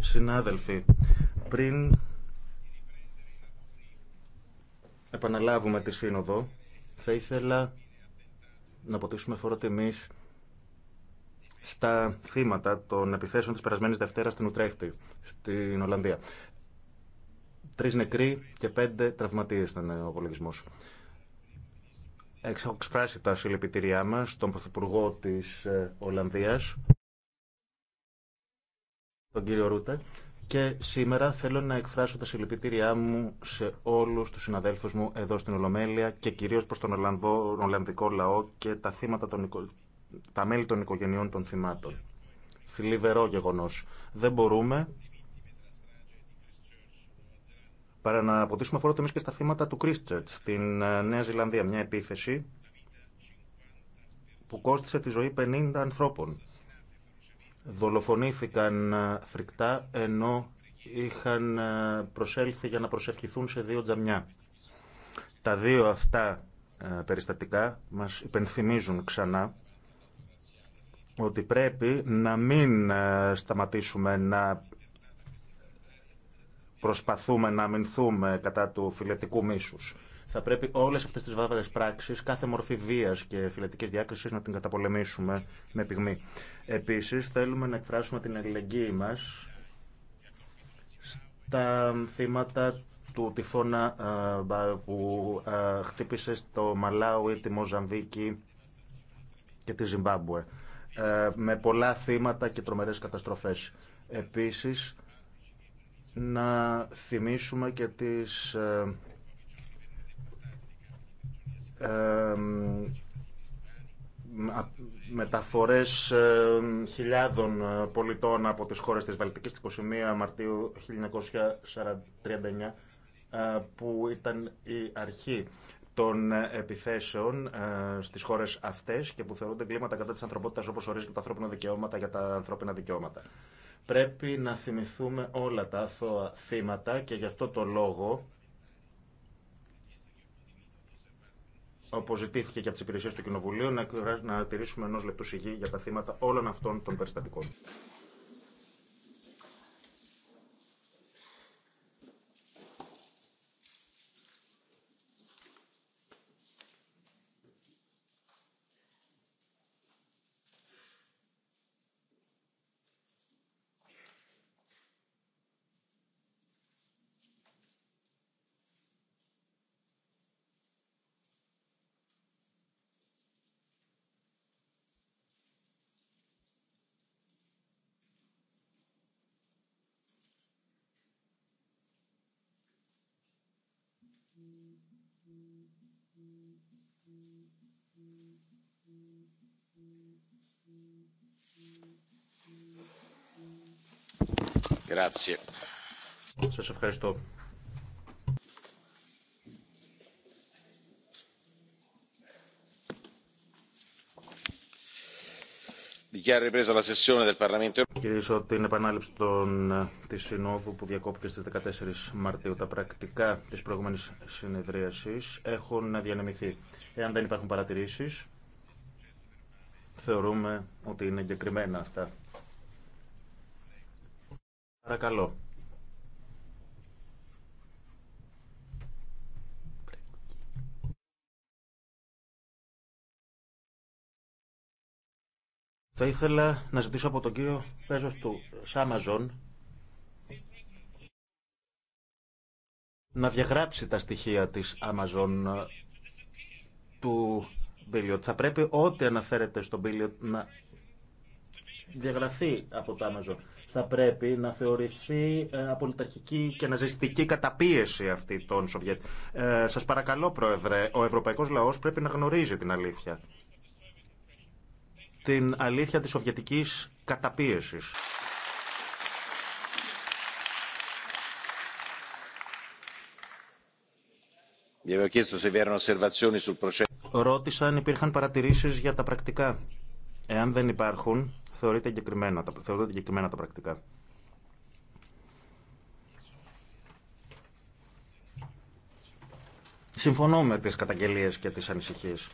Συνάδελφοι, πριν επαναλάβουμε τη σύνοδο, θα ήθελα να αποτίσουμε φορό τιμή στα θύματα των επιθέσεων της περασμένης Δευτέρα στην Ουτρέχτη, στην Ολλανδία. Τρεις νεκροί και πέντε τραυματίες ήταν ο απολογισμός. Έχω εξφράσει τα συλληπιτήριά μας στον Πρωθυπουργό της ε, Ολλανδία. τον κύριο Ρούτε, και σήμερα θέλω να εκφράσω τα συλληπιτήριά μου σε όλους του συναδέλφου μου εδώ στην Ολομέλεια και κυρίως προς τον Ολλανδό, Ολλανδικό λαό και τα, θύματα των, τα μέλη των οικογενειών των θυμάτων. Θλιβερό γεγονό. Δεν μπορούμε παρά να αφορά φορό τιμή και στα θύματα του Κρίστσετ στην ε, Νέα Ζηλανδία. Μια επίθεση που κόστησε τη ζωή 50 ανθρώπων. Δολοφονήθηκαν ε, φρικτά ενώ είχαν ε, προσέλθει για να προσευχηθούν σε δύο τζαμιά. Τα δύο αυτά περιστατικά μας υπενθυμίζουν ξανά ότι πρέπει να μην σταματήσουμε να προσπαθούμε να αμυνθούμε κατά του φιλετικού μίσους. Θα πρέπει όλες αυτές τις βάβαρε πράξεις, κάθε μορφή βία και φυλετική διάκριση να την καταπολεμήσουμε με πυγμή. Επίσης θέλουμε να εκφράσουμε την αλληλεγγύη μας στα θύματα του τυφώνα που χτύπησε στο Μαλάουι, τη Μοζαμβίκη και τη Ζιμπάμπουε. Με πολλά θύματα και τρομερές καταστροφές. Επίσης, να θυμίσουμε και τις ε, ε μεταφορές ε, χιλιάδων ε, πολιτών από τις χώρες της Βαλτικής 21 Μαρτίου 1939 που ήταν η αρχή των επιθέσεων στις χώρες αυτές και που θεωρούνται κλίματα κατά της ανθρωπότητας όπως και τα ανθρώπινα δικαιώματα για τα ανθρώπινα δικαιώματα. Πρέπει να θυμηθούμε όλα τα αθώα θύματα και γι' αυτό το λόγο όπω ζητήθηκε και από τις υπηρεσίες του Κοινοβουλίου, να, τηρήσουμε ενό λεπτού σιγή για τα θύματα όλων αυτών των περιστατικών. Σας ευχαριστώ. Κυρίσω την επανάληψη των, της Συνόδου που διακόπηκε στις 14 Μαρτίου. Τα πρακτικά της προηγούμενης συνεδρίασης έχουν διανεμηθεί. Εάν δεν υπάρχουν παρατηρήσεις, θεωρούμε ότι είναι εγκεκριμένα αυτά. Παρακαλώ. Θα ήθελα να ζητήσω από τον κύριο Πέζος του Amazon να διαγράψει τα στοιχεία της Amazon ε, του Billiot. Θα πρέπει ό,τι αναφέρεται στο Billiot να διαγραφεί από το Amazon. Θα πρέπει να θεωρηθεί ε, απολυταρχική και ναζιστική καταπίεση αυτή των Σοβιέτ. Ε, σας παρακαλώ, Πρόεδρε, ο ευρωπαϊκός λαός πρέπει να γνωρίζει την αλήθεια την αλήθεια της σοβιετικής καταπίεσης. Ρώτησαν αν υπήρχαν παρατηρήσεις για τα πρακτικά. Εάν δεν υπάρχουν, θεωρείται εγκεκριμένα, θεωρείται εγκεκριμένα τα πρακτικά. Συμφωνώ με τις καταγγελίες και τις ανησυχίες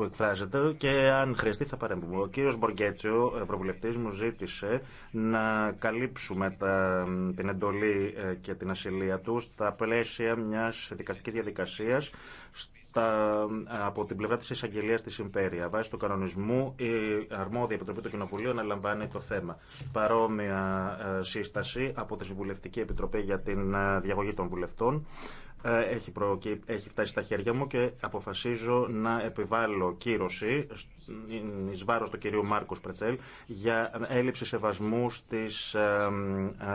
που εκφράζεται και αν χρειαστεί θα παρέμβουμε. Ο κύριος Μποργκέτσιο, ευρωβουλευτής, μου ζήτησε να καλύψουμε τα, την εντολή ε, και την ασυλία του στα πλαίσια μιας δικαστικής διαδικασίας τα, από την πλευρά της εισαγγελία της Ιμπέρια. Βάσει του κανονισμού, η αρμόδια Επιτροπή του Κοινοβουλίου αναλαμβάνει το θέμα. Παρόμοια ε, σύσταση από τη Συμβουλευτική Επιτροπή για την ε, Διαγωγή των Βουλευτών ε, έχει, έχει φτάσει στα χέρια μου και αποφασίζω να επιβάλλω κύρωση εις βάρος του κυρίου Μάρκος Πρετσέλ για έλλειψη σεβασμού στις ε,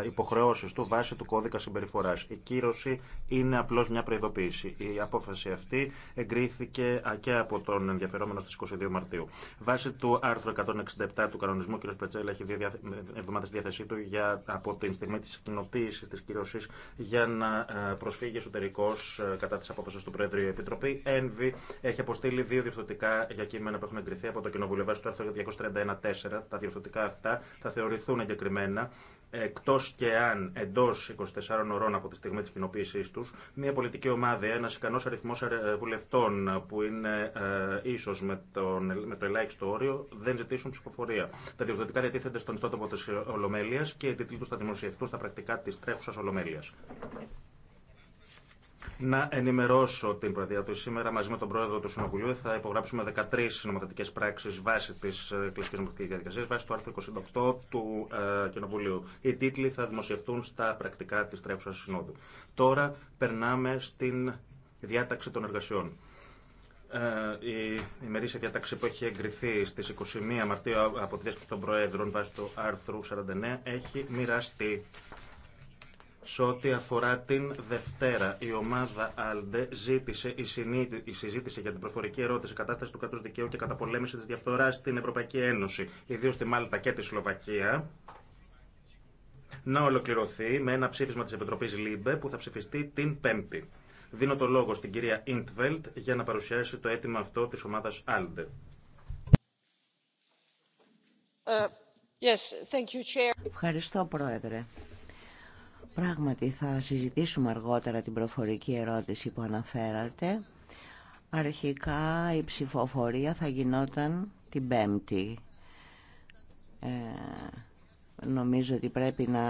υποχρεώσεις του βάσει του κώδικα συμπεριφοράς. Η κύρωση είναι απλώς μια προειδοποίηση. Η απόφαση αυτή εγκρίθηκε και από τον ενδιαφερόμενο στις 22 Μαρτίου. Βάσει του άρθρου 167 του κανονισμού, ο κύριος Πρετσέλ έχει δύο εβδομάδες διάθεσή του για, από την στιγμή της κοινοποίηση τη κύρωσης για να ε, προσφύγει εσωτερικά ε, κατά τη απόφαση του Προεδρείου. Επιτροπή ΕΝΒΗ έχει αποστείλει δύο διορθωτικά για κείμενα που έχουν εγκριθεί από το Κοινοβούλιο βάσει του άρθρου 231.4. Τα διορθωτικά αυτά θα θεωρηθούν εγκεκριμένα εκτό και αν εντό 24 ωρών από τη στιγμή τη κοινοποίησή του, μια πολιτική ομάδα, ένα ικανό αριθμό ε, βουλευτών που είναι ε, ίσω με, με το ελάχιστο όριο, δεν ζητήσουν ψηφοφορία. Τα διορθωτικά διατίθενται στον ιστότοπο τη Ολομέλεια και οι τίτλοι του θα δημοσιευτούν στα πρακτικά τη τρέχουσα Ολομέλεια να ενημερώσω την Προεδρία του. Σήμερα, μαζί με τον Πρόεδρο του Συνοβουλίου, θα υπογράψουμε 13 νομοθετικέ πράξει βάσει τη ε, κλασική νομοθετική διαδικασία, βάσει του άρθρου 28 του ε, Κοινοβουλίου. Οι τίτλοι θα δημοσιευτούν στα πρακτικά τη τρέχουσα συνόδου. Τώρα περνάμε στην διάταξη των εργασιών ε, η ημερήσια διάταξη που έχει εγκριθεί στι 21 Μαρτίου από τη διάσκεψη των Προέδρων βάσει του άρθρου 49 έχει μοιραστεί. Σε ό,τι αφορά την Δευτέρα, η ομάδα Άλντε ζήτησε η, συζήτηση για την προφορική ερώτηση κατάσταση του κράτου δικαίου και καταπολέμηση τη διαφθορά στην Ευρωπαϊκή Ένωση, ιδίω στη Μάλτα και τη Σλοβακία, να ολοκληρωθεί με ένα ψήφισμα τη Επιτροπή ΛΥΜΠΕ που θα ψηφιστεί την Πέμπτη. Δίνω το λόγο στην κυρία Ιντβελτ για να παρουσιάσει το αίτημα αυτό τη ομάδα Άλντε. Ε, Ευχαριστώ, Πρόεδρε. Πράγματι θα συζητήσουμε αργότερα την προφορική ερώτηση που αναφέρατε. Αρχικά η ψηφοφορία θα γινόταν την Πέμπτη. Ε, νομίζω ότι πρέπει να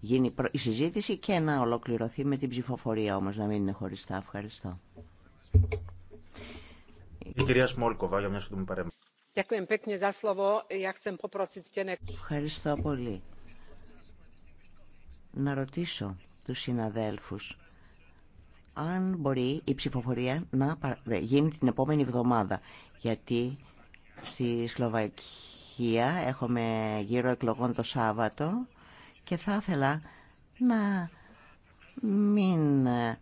γίνει η συζήτηση και να ολοκληρωθεί με την ψηφοφορία όμως, να μην είναι χωριστά. Ευχαριστώ. Η κυρία Σμόλκοβα για μια παρέμβαση. Ευχαριστώ πολύ να ρωτήσω τους συναδέλφους αν μπορεί η ψηφοφορία να ε, γίνει την επόμενη εβδομάδα. Γιατί στη Σλοβακία έχουμε γύρω εκλογών το Σάββατο και θα ήθελα να μην ε,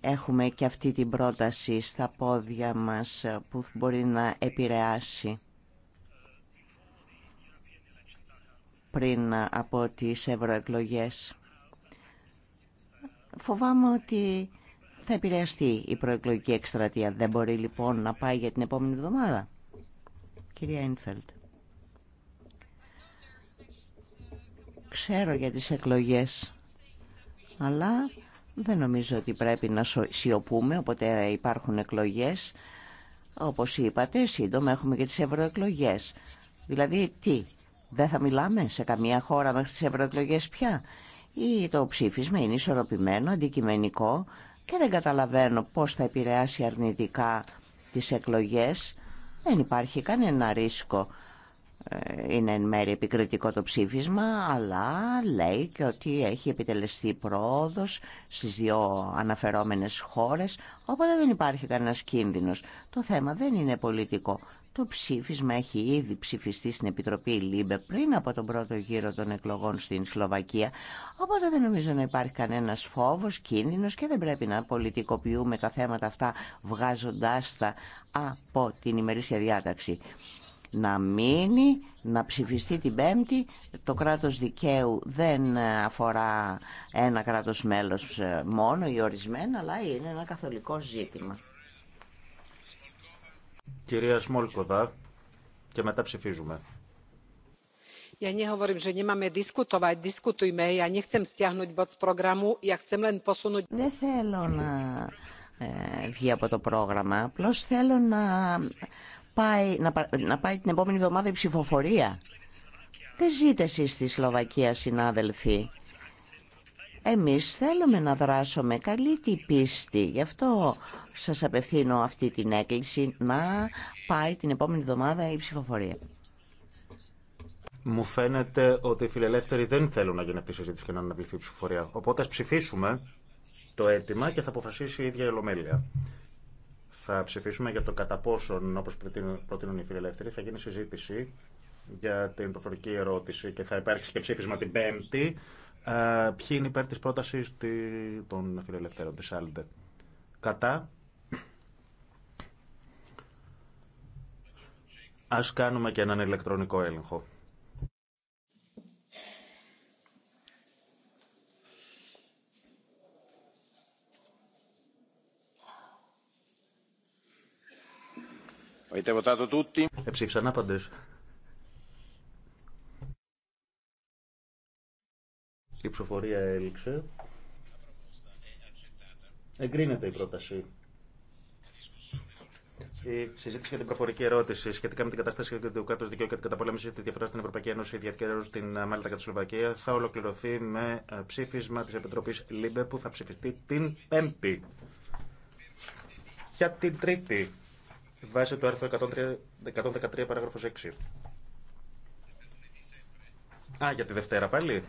έχουμε και αυτή την πρόταση στα πόδια μας ε, που μπορεί να επηρεάσει πριν από τις ευρωεκλογές. Φοβάμαι ότι θα επηρεαστεί η προεκλογική εκστρατεία. Δεν μπορεί λοιπόν να πάει για την επόμενη εβδομάδα. Κυρία Ίνφελτ. Ξέρω για τις εκλογές, αλλά δεν νομίζω ότι πρέπει να σιωπούμε, οπότε υπάρχουν εκλογές. Όπως είπατε, σύντομα έχουμε και τις ευρωεκλογές. Δηλαδή τι, δεν θα μιλάμε σε καμία χώρα μέχρι τις ευρωεκλογέ πια. Ή το ψήφισμα είναι ισορροπημένο, αντικειμενικό και δεν καταλαβαίνω πώς θα επηρεάσει αρνητικά τις εκλογές. Δεν υπάρχει κανένα ρίσκο. Ε, είναι εν μέρει επικριτικό το ψήφισμα, αλλά λέει και ότι έχει επιτελεστεί πρόοδος στις δύο αναφερόμενες χώρες, οπότε δεν υπάρχει κανένα κίνδυνος. Το θέμα δεν είναι πολιτικό. Το ψήφισμα έχει ήδη ψηφιστεί στην Επιτροπή ΛΥΜΠΕ πριν από τον πρώτο γύρο των εκλογών στην Σλοβακία, οπότε δεν νομίζω να υπάρχει κανένας φόβος, κίνδυνος και δεν πρέπει να πολιτικοποιούμε τα θέματα αυτά βγάζοντάς τα από την ημερήσια διάταξη. Να μείνει, να ψηφιστεί την Πέμπτη, το κράτος δικαίου δεν αφορά ένα κράτος μέλος ε, μόνο ή ορισμένα, αλλά είναι ένα καθολικό ζήτημα. Κυρία Σμόλκοβα, και μετά ψηφίζουμε. Δεν θέλω να ε, βγει από το πρόγραμμα, απλώς θέλω να πάει, να πάει την επόμενη εβδομάδα η ψηφοφορία. Δεν ζείτε εσείς στη Σλοβακία, συνάδελφοι. Εμείς θέλουμε να δράσουμε καλή την πίστη. Γι' αυτό σας απευθύνω αυτή την έκκληση να πάει την επόμενη εβδομάδα η ψηφοφορία. Μου φαίνεται ότι οι φιλελεύθεροι δεν θέλουν να γίνει αυτή η συζήτηση και να αναβληθεί η ψηφοφορία. Οπότε ας ψηφίσουμε το αίτημα και θα αποφασίσει η ίδια η Ολομέλεια. Θα ψηφίσουμε για το κατά πόσον, όπως προτείνουν οι φιλελεύθεροι, θα γίνει συζήτηση για την προφορική ερώτηση και θα υπάρξει και ψήφισμα την Πέμπτη ε, ποιοι είναι υπέρ της πρότασης των φιλελευθέρων της Άλντε. Κατά. Ας κάνουμε και έναν ηλεκτρονικό έλεγχο. Avete votato άπαντες. Η ψηφοφορία έληξε. Εγκρίνεται η πρόταση. Η συζήτηση για την προφορική ερώτηση σχετικά με την κατάσταση του κράτου δικαίου και την καταπολέμηση τη διαφορά στην Ευρωπαϊκή Ένωση, ιδιαίτερα στην Μάλτα και τη Σλοβακία, θα ολοκληρωθεί με ε, ψήφισμα τη Επιτροπή ΛΥΜΠΕ που θα ψηφιστεί την Πέμπτη. Για την Τρίτη, βάσει του άρθρου 113 παράγραφο 6. Α, για τη Δευτέρα πάλι.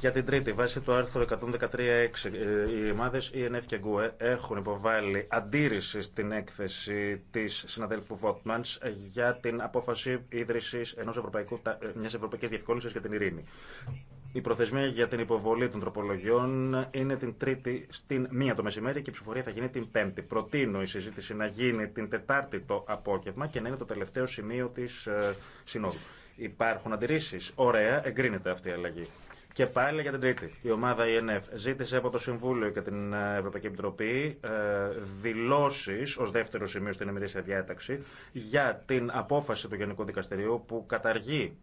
Για την τρίτη, βάσει του άρθρου 113.6, ε, οι ομάδε ENF και GUE ε έχουν υποβάλει αντίρρηση στην έκθεση τη συναδέλφου Βότμαν για την απόφαση ίδρυση ε, μια Ευρωπαϊκή Διευκόλυνση για την Ειρήνη. Η προθεσμία για την υποβολή των τροπολογιών είναι την Τρίτη στην μία το μεσημέρι και η ψηφορία θα γίνει την Πέμπτη. Προτείνω η συζήτηση να γίνει την Τετάρτη το απόγευμα και να είναι το τελευταίο σημείο τη Συνόδου. Υπάρχουν αντιρρήσει. Ωραία, εγκρίνεται αυτή η αλλαγή. Και πάλι για την Τρίτη. Η ομάδα ΕΝΕΦ ζήτησε από το Συμβούλιο και την ε, Ευρωπαϊκή Επιτροπή ε, δηλώσει ω δεύτερο σημείο στην ημερήσια διάταξη για την απόφαση του Γενικού Δικαστηρίου που καταργεί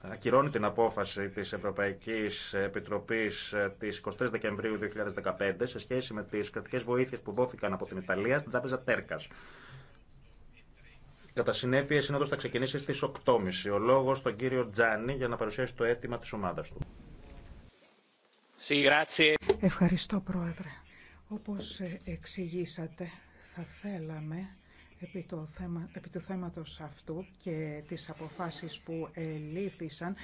ακυρώνει την απόφαση της Ευρωπαϊκής Επιτροπής ε, της 23 Δεκεμβρίου 2015 σε σχέση με τις κρατικές βοήθειες που δόθηκαν από την Ιταλία στην τράπεζα Τέρκας. Κατά συνέπεια, η Σύνοδο θα ξεκινήσει στι 8.30. Ο λόγος στον κύριο Τζάνι για να παρουσιάσει το αίτημα της ομάδας του. Ευχαριστώ, Πρόεδρε. Όπως ε, εξηγήσατε, θα θέλαμε επί, του θέματος αυτού και τις αποφάσεις που ελήφθησαν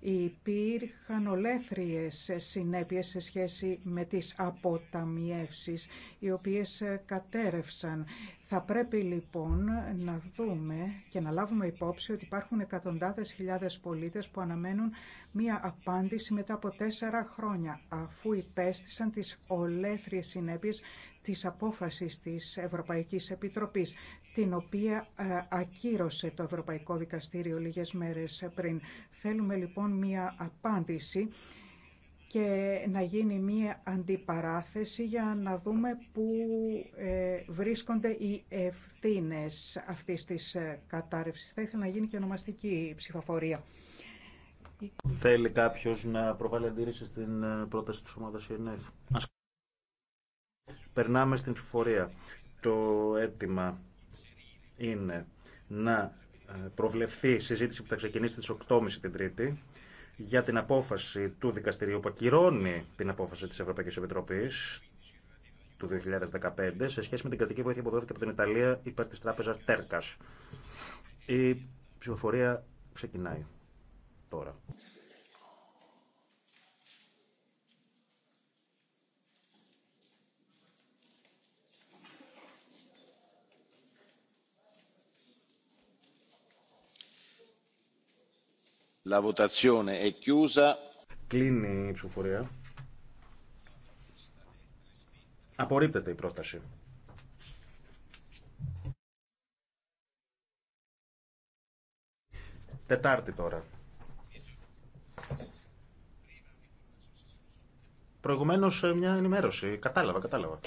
υπήρχαν ολέθριες συνέπειες σε σχέση με τις αποταμιεύσεις οι οποίες κατέρευσαν. Θα πρέπει λοιπόν να δούμε και να λάβουμε υπόψη ότι υπάρχουν εκατοντάδες χιλιάδες πολίτες που αναμένουν μία απάντηση μετά από τέσσερα χρόνια αφού υπέστησαν τις ολέθριες συνέπειες της απόφασης της Ευρωπαϊκής Επιτροπής, την οποία ε, ακύρωσε το Ευρωπαϊκό Δικαστήριο λίγες μέρες πριν. Θέλουμε λοιπόν μία απάντηση και να γίνει μία αντιπαράθεση για να δούμε πού ε, βρίσκονται οι ευθύνε αυτής της ε, κατάρρευσης. Θα ήθελα να γίνει και ονομαστική ψηφοφορία. Θέλει κάποιος να προβάλλει αντίρρηση στην πρόταση της ομάδας ΕΝΕΦ. Περνάμε στην ψηφοφορία. Το αίτημα είναι να ε, προβλεφθεί συζήτηση που θα ξεκινήσει στις 8.30 την Τρίτη για την απόφαση του δικαστηρίου που ακυρώνει την απόφαση της Ευρωπαϊκής Επιτροπής του 2015 σε σχέση με την κρατική βοήθεια που δόθηκε από την Ιταλία υπέρ της τράπεζας Τέρκας. Η ψηφοφορία ξεκινάει τώρα. Κλείνει η ψηφοφορία. Απορρίπτεται η πρόταση. Τετάρτη τώρα. Προηγουμένως ε, μια ενημέρωση. Κατάλαβα, κατάλαβα.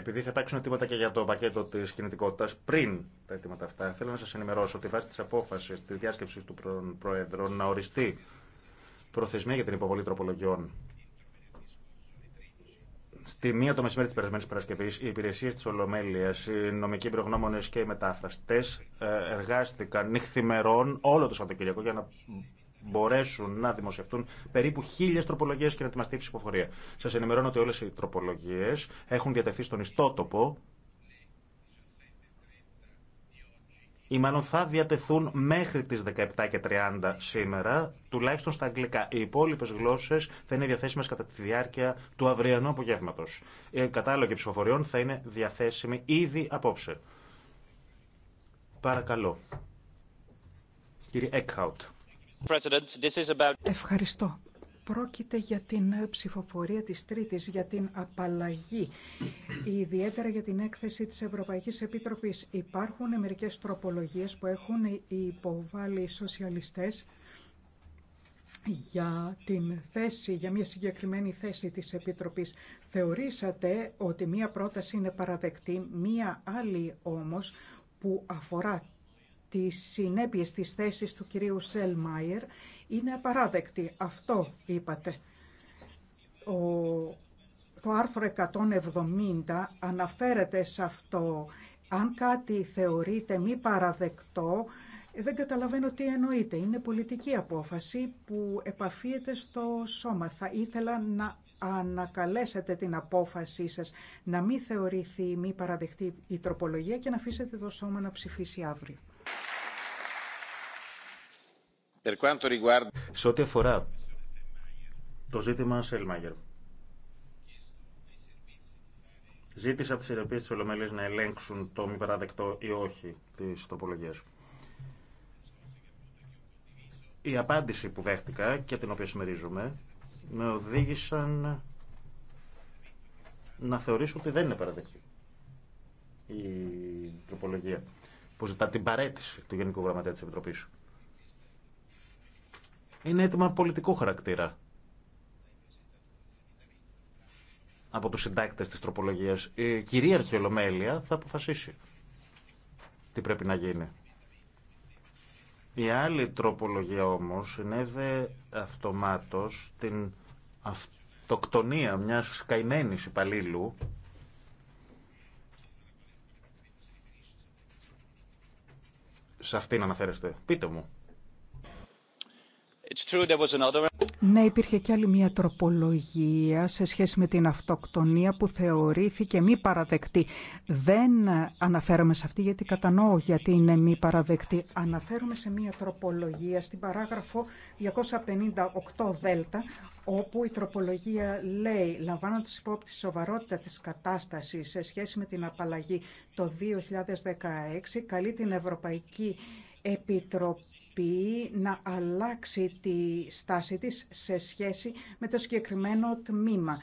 Επειδή θα τάξουν τίποτα και για το πακέτο τη κινητικότητα πριν τα αιτήματα αυτά, θέλω να σα ενημερώσω ότι βάσει τη απόφαση τη διάσκεψη του Προέδρου να οριστεί προθεσμία για την υποβολή τροπολογιών στη μία το μεσημέρι τη περασμένη Παρασκευή, οι υπηρεσίε τη Ολομέλεια, οι νομικοί προγνώμονε και οι μετάφραστε ε, εργάστηκαν νυχθημερών όλο το Σαββατοκύριακο για να μπορέσουν να δημοσιευτούν περίπου χίλιε τροπολογίε και να ετοιμαστεί η ψηφοφορία. Σα ενημερώνω ότι όλε οι τροπολογίε έχουν διατεθεί στον ιστότοπο ή μάλλον θα διατεθούν μέχρι τις 17.30 σήμερα, τουλάχιστον στα αγγλικά. Οι υπόλοιπε γλώσσες θα είναι διαθέσιμες κατά τη διάρκεια του αυριανού απογεύματος. Η ε, κατάλογη ψηφοφοριών θα είναι διαθέσιμη ήδη απόψε. Παρακαλώ. Κύριε Εκχάουτ. Ευχαριστώ. Πρόκειται για την ψηφοφορία της Τρίτης, για την απαλλαγή, ιδιαίτερα για την έκθεση της Ευρωπαϊκής Επιτροπής. Υπάρχουν μερικές τροπολογίες που έχουν υποβάλει οι σοσιαλιστές για την θέση, για μια συγκεκριμένη θέση της Επιτροπής. Θεωρήσατε ότι μία πρόταση είναι παραδεκτή, μία άλλη όμως που αφορά τις συνέπειες της θέσης του κυρίου Σέλμαϊερ είναι απαράδεκτη. Αυτό είπατε. το άρθρο 170 αναφέρεται σε αυτό. Αν κάτι θεωρείται μη παραδεκτό, δεν καταλαβαίνω τι εννοείται. Είναι πολιτική απόφαση που επαφίεται στο σώμα. Θα ήθελα να ανακαλέσετε την απόφασή σας να μην θεωρηθεί μη παραδεκτή η τροπολογία και να αφήσετε το σώμα να ψηφίσει αύριο. Σε ό,τι αφορά το ζήτημα Σελμάγερ, ζήτησα από τι ερευνητέ τη Ολομέλεια να ελέγξουν το μη παραδεκτό ή όχι τη τοπολογία. Η απάντηση που δέχτηκα και την οποία συμμερίζομαι με οδήγησαν να θεωρήσω ότι δεν είναι παραδεκτή η τροπολογία που ζητά την παρέτηση του Γενικού Γραμματέα της Επιτροπής είναι έτοιμα πολιτικού χαρακτήρα. Από τους συντάκτες της τροπολογίας. Η κυρίαρχη ολομέλεια θα αποφασίσει τι πρέπει να γίνει. Η άλλη τροπολογία όμως συνέδε αυτομάτως την αυτοκτονία μιας καημένης υπαλλήλου σε αυτήν αναφέρεστε. Πείτε μου. Ναι, υπήρχε κι άλλη μια τροπολογία σε σχέση με την αυτοκτονία που θεωρήθηκε μη παραδεκτή. Δεν αναφέρομαι σε αυτή γιατί κατανοώ γιατί είναι μη παραδεκτή. Αναφέρομαι σε μια τροπολογία στην παράγραφο 258 Δέλτα, όπου η τροπολογία λέει, λαμβάνοντας υπόψη σοβαρότητα της κατάστασης σε σχέση με την απαλλαγή το 2016, καλεί την Ευρωπαϊκή Επιτροπή να αλλάξει τη στάση της σε σχέση με το συγκεκριμένο τμήμα.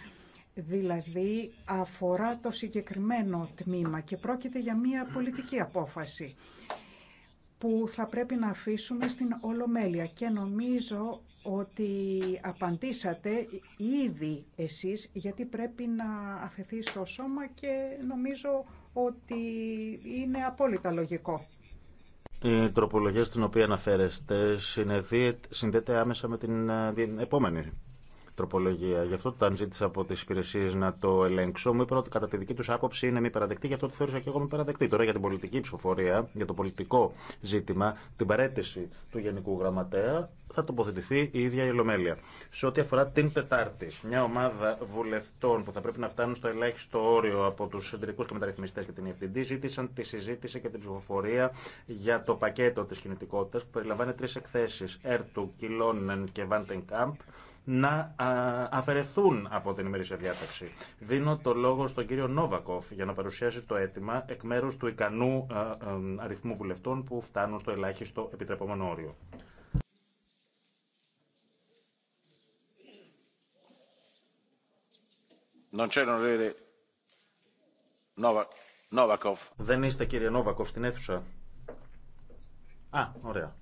Δηλαδή αφορά το συγκεκριμένο τμήμα και πρόκειται για μια πολιτική απόφαση που θα πρέπει να αφήσουμε στην Ολομέλεια και νομίζω ότι απαντήσατε ήδη εσείς γιατί πρέπει να αφαιθεί στο σώμα και νομίζω ότι είναι απόλυτα λογικό. Η τροπολογία στην οποία αναφέρεστε συνδέεται άμεσα με την ε, επόμενη τροπολογία. Γι' αυτό όταν ζήτησα από τι υπηρεσίε να το ελέγξω, μου είπαν ότι κατά τη δική του άποψη είναι μη παραδεκτή, γι' αυτό το θεώρησα και εγώ μη παραδεκτή. Τώρα για την πολιτική ψηφοφορία, για το πολιτικό ζήτημα, την παρέτηση του Γενικού Γραμματέα, θα τοποθετηθεί η ίδια η Ολομέλεια. Σε ό,τι αφορά την Τετάρτη, μια ομάδα βουλευτών που θα πρέπει να φτάνουν στο ελάχιστο όριο από του συντηρικού και μεταρρυθμιστέ και την EFTD ζήτησαν τη συζήτηση και την ψηφοφορία για το πακέτο τη κινητικότητα που περιλαμβάνει τρει εκθέσει, Ερτου, Κιλόνεν και Βάντεν Κάμπ να αφαιρεθούν από την ημερήσια διάταξη. Δίνω το λόγο στον κύριο Νόβακοφ για να παρουσιάσει το αίτημα εκ μέρους του ικανού αριθμού βουλευτών που φτάνουν στο ελάχιστο επιτρεπόμενο όριο. Δεν είστε κύριε Νόβακοφ στην αίθουσα. Α, ωραία.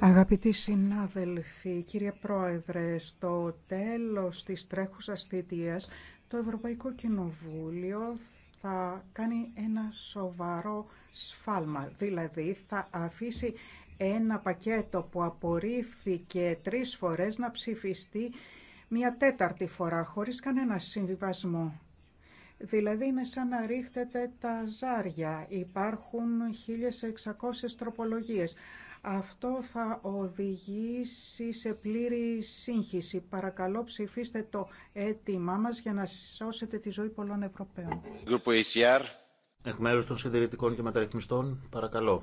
Αγαπητοί συνάδελφοι, κύριε Πρόεδρε, στο τέλος της τρέχουσας θητείας το Ευρωπαϊκό Κοινοβούλιο θα κάνει ένα σοβαρό σφάλμα, δηλαδή θα αφήσει ένα πακέτο που απορρίφθηκε τρεις φορές να ψηφιστεί μια τέταρτη φορά χωρίς κανένα συμβιβασμό. Δηλαδή είναι σαν να ρίχτεται τα ζάρια. Υπάρχουν 1.600 τροπολογίες. Αυτό θα οδηγήσει σε πλήρη σύγχυση. Παρακαλώ ψηφίστε το αίτημά μας για να σώσετε τη ζωή πολλών Ευρωπαίων. Εκ μέρους των συντηρητικών και μεταρρυθμιστών, παρακαλώ.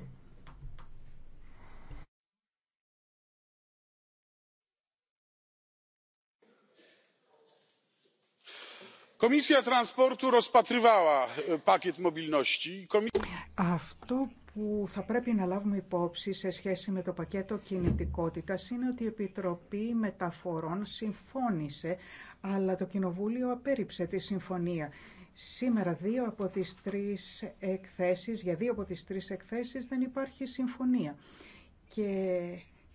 Komisja Transportu rozpatrywała e, pakiet mobilności. Αυτό που θα πρέπει να λάβουμε υπόψη σε σχέση με το πακέτο κινητικότητας είναι ότι η Επιτροπή Μεταφορών συμφώνησε, αλλά το Κοινοβούλιο απέρριψε τη συμφωνία. Σήμερα δύο από τις τρεις εκθέσεις, για δύο από τις τρεις εκθέσεις δεν υπάρχει συμφωνία. Και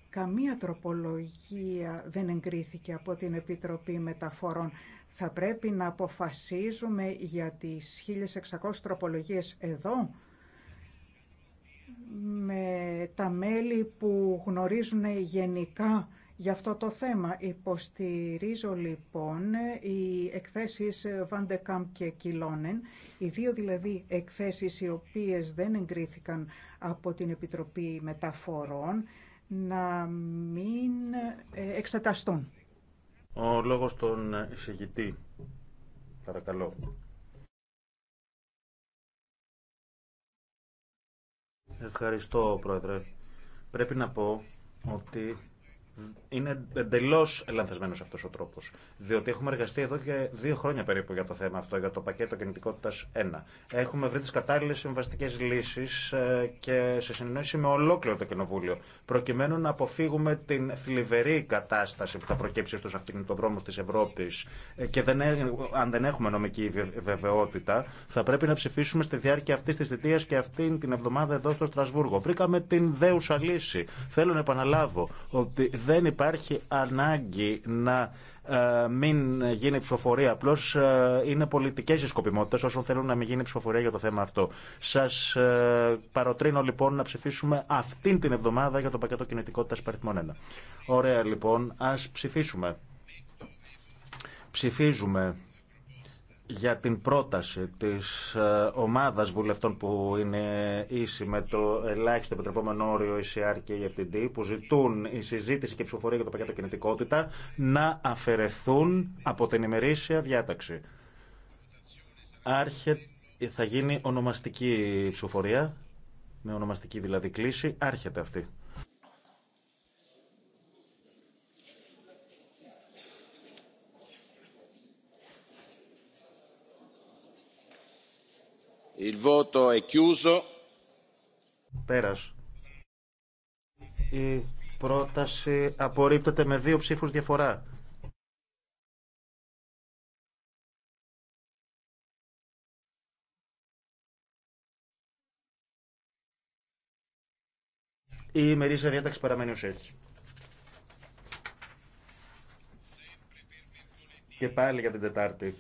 καμία τροπολογία δεν εγκρίθηκε από την Επιτροπή Μεταφορών. Θα πρέπει να αποφασίζουμε για τις 1.600 τροπολογίες εδώ με τα μέλη που γνωρίζουν γενικά για αυτό το θέμα. Υποστηρίζω λοιπόν οι εκθέσεις Βαντεκάμπ και Κιλόνεν, οι δύο δηλαδή εκθέσεις οι οποίες δεν εγκρίθηκαν από την Επιτροπή Μεταφορών, να μην ε, εξεταστούν. Ο λόγος των εισηγητή, παρακαλώ. Ευχαριστώ, Πρόεδρε. Πρέπει να πω ότι είναι εντελώ λανθασμένο αυτό ο τρόπο. Διότι έχουμε εργαστεί εδώ και δύο χρόνια περίπου για το θέμα αυτό, για το πακέτο κινητικότητα 1. Έχουμε βρει τι κατάλληλε συμβαστικέ λύσει ε, και σε συνεννόηση με ολόκληρο το Κοινοβούλιο, προκειμένου να αποφύγουμε την θλιβερή κατάσταση που θα προκύψει στου αυτοκινητοδρόμου τη Ευρώπη. Ε, και δεν, ε, αν δεν έχουμε νομική βεβαιότητα, θα πρέπει να ψηφίσουμε στη διάρκεια αυτή τη θητεία και αυτή την εβδομάδα εδώ στο Στρασβούργο. Βρήκαμε την δέουσα λύση. Θέλω να επαναλάβω ότι δεν υπάρχει ανάγκη να ε, μην γίνει ψηφοφορία. Απλώ ε, είναι πολιτικέ οι σκοπιμότητε όσων θέλουν να μην γίνει ψηφοφορία για το θέμα αυτό. Σα ε, παροτρύνω λοιπόν να ψηφίσουμε αυτήν την εβδομάδα για το πακέτο κινητικότητα παριθμών 1. Ωραία λοιπόν, α ψηφίσουμε. Ψηφίζουμε για την πρόταση της ε, ομάδας βουλευτών που είναι ίση με το ελάχιστο επιτρεπόμενο όριο ECR και EFTD που ζητούν η συζήτηση και η ψηφοφορία για το πακέτο κινητικότητα να αφαιρεθούν από την ημερήσια διάταξη. Άρχε, θα γίνει ονομαστική ψηφοφορία, με ονομαστική δηλαδή κλίση, άρχεται αυτή. Πέρας. Η πρόταση απορρίπτεται με δύο ψήφους διαφορά. Η ημερήσια διάταξη παραμένει ως έχει. Και πάλι για την Τετάρτη.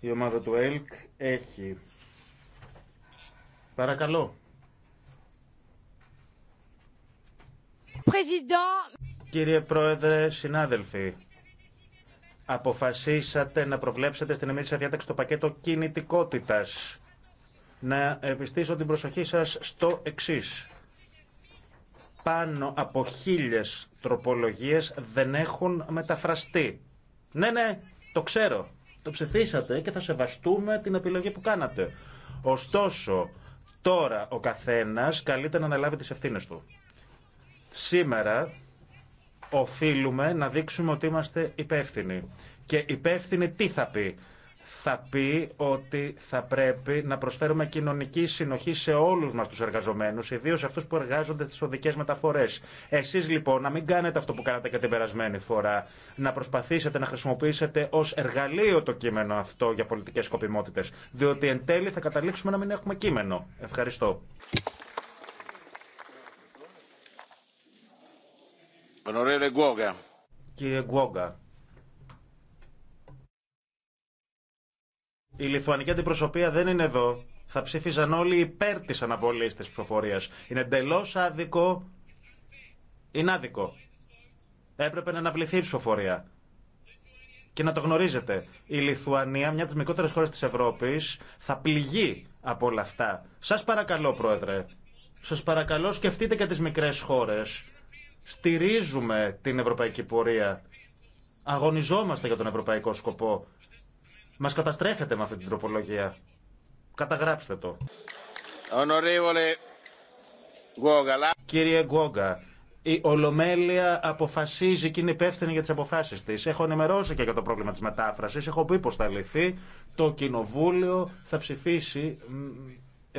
Η ομάδα του ΕΛΚ έχει Παρακαλώ. Κύριε Πρόεδρε, συνάδελφοι, αποφασίσατε να προβλέψετε στην εμείς διάταξη το πακέτο κινητικότητας. Να επιστήσω την προσοχή σας στο εξής. Πάνω από χίλιες τροπολογίες δεν έχουν μεταφραστεί. Ναι, ναι, το ξέρω. Το ψηφίσατε και θα σεβαστούμε την επιλογή που κάνατε. Ωστόσο, Τώρα ο καθένας καλείται να αναλάβει τις ευθύνες του. Σήμερα οφείλουμε να δείξουμε ότι είμαστε υπεύθυνοι. Και υπεύθυνοι τι θα πει θα πει ότι θα πρέπει να προσφέρουμε κοινωνική συνοχή σε όλους μας τους εργαζομένους, ιδίως αυτούς που εργάζονται στις οδικές μεταφορές. Εσείς λοιπόν να μην κάνετε αυτό που κάνατε και την περασμένη φορά, να προσπαθήσετε να χρησιμοποιήσετε ως εργαλείο το κείμενο αυτό για πολιτικές σκοπιμότητες, διότι εν τέλει θα καταλήξουμε να μην έχουμε κείμενο. Ευχαριστώ. Κύριε Γκουόγκα. Η λιθουανική αντιπροσωπεία δεν είναι εδώ. Θα ψήφιζαν όλοι υπέρ τη αναβολή τη ψηφοφορία. Είναι εντελώ άδικο. Είναι άδικο. Έπρεπε να αναβληθεί η ψηφοφορία. Και να το γνωρίζετε. Η Λιθουανία, μια από τι μικρότερε χώρε τη Ευρώπη, θα πληγεί από όλα αυτά. Σα παρακαλώ, Πρόεδρε. Σα παρακαλώ, σκεφτείτε και τι μικρέ χώρε. Στηρίζουμε την ευρωπαϊκή πορεία. Αγωνιζόμαστε για τον ευρωπαϊκό σκοπό. Μας καταστρέφετε με αυτή την τροπολογία. Καταγράψτε το. Κύριε Γκόγκα, η Ολομέλεια αποφασίζει και είναι υπεύθυνη για τι αποφάσει τη. Έχω ενημερώσει και για το πρόβλημα τη μετάφραση. Έχω πει πω θα λυθεί. Το Κοινοβούλιο θα ψηφίσει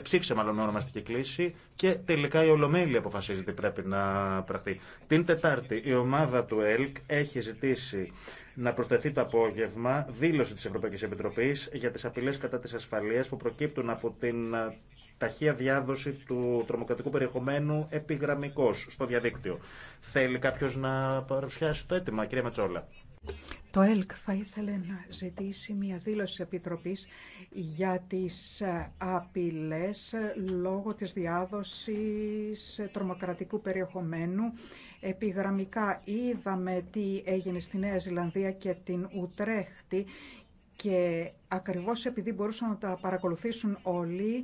ψήφισε μάλλον με ονομαστική κλίση και τελικά η Ολομέλεια αποφασίζει τι πρέπει να πραχθεί. Την Τετάρτη η ομάδα του ΕΛΚ έχει ζητήσει να προσθεθεί το απόγευμα δήλωση της Ευρωπαϊκής Επιτροπής για τις απειλές κατά της ασφαλείας που προκύπτουν από την ε, ταχεία διάδοση του τρομοκρατικού περιεχομένου επιγραμμικός στο διαδίκτυο. Θέλει κάποιος να παρουσιάσει το αίτημα, κυρία Μετσόλα. Το ΕΛΚ θα ήθελε να ζητήσει μια δήλωση επιτροπής για τις ε, απειλές ε, λόγω της διάδοσης ε, τρομοκρατικού περιεχομένου. Επιγραμμικά είδαμε τι έγινε στη Νέα Ζηλανδία και την Ουτρέχτη και ακριβώς επειδή μπορούσαν να τα παρακολουθήσουν όλοι,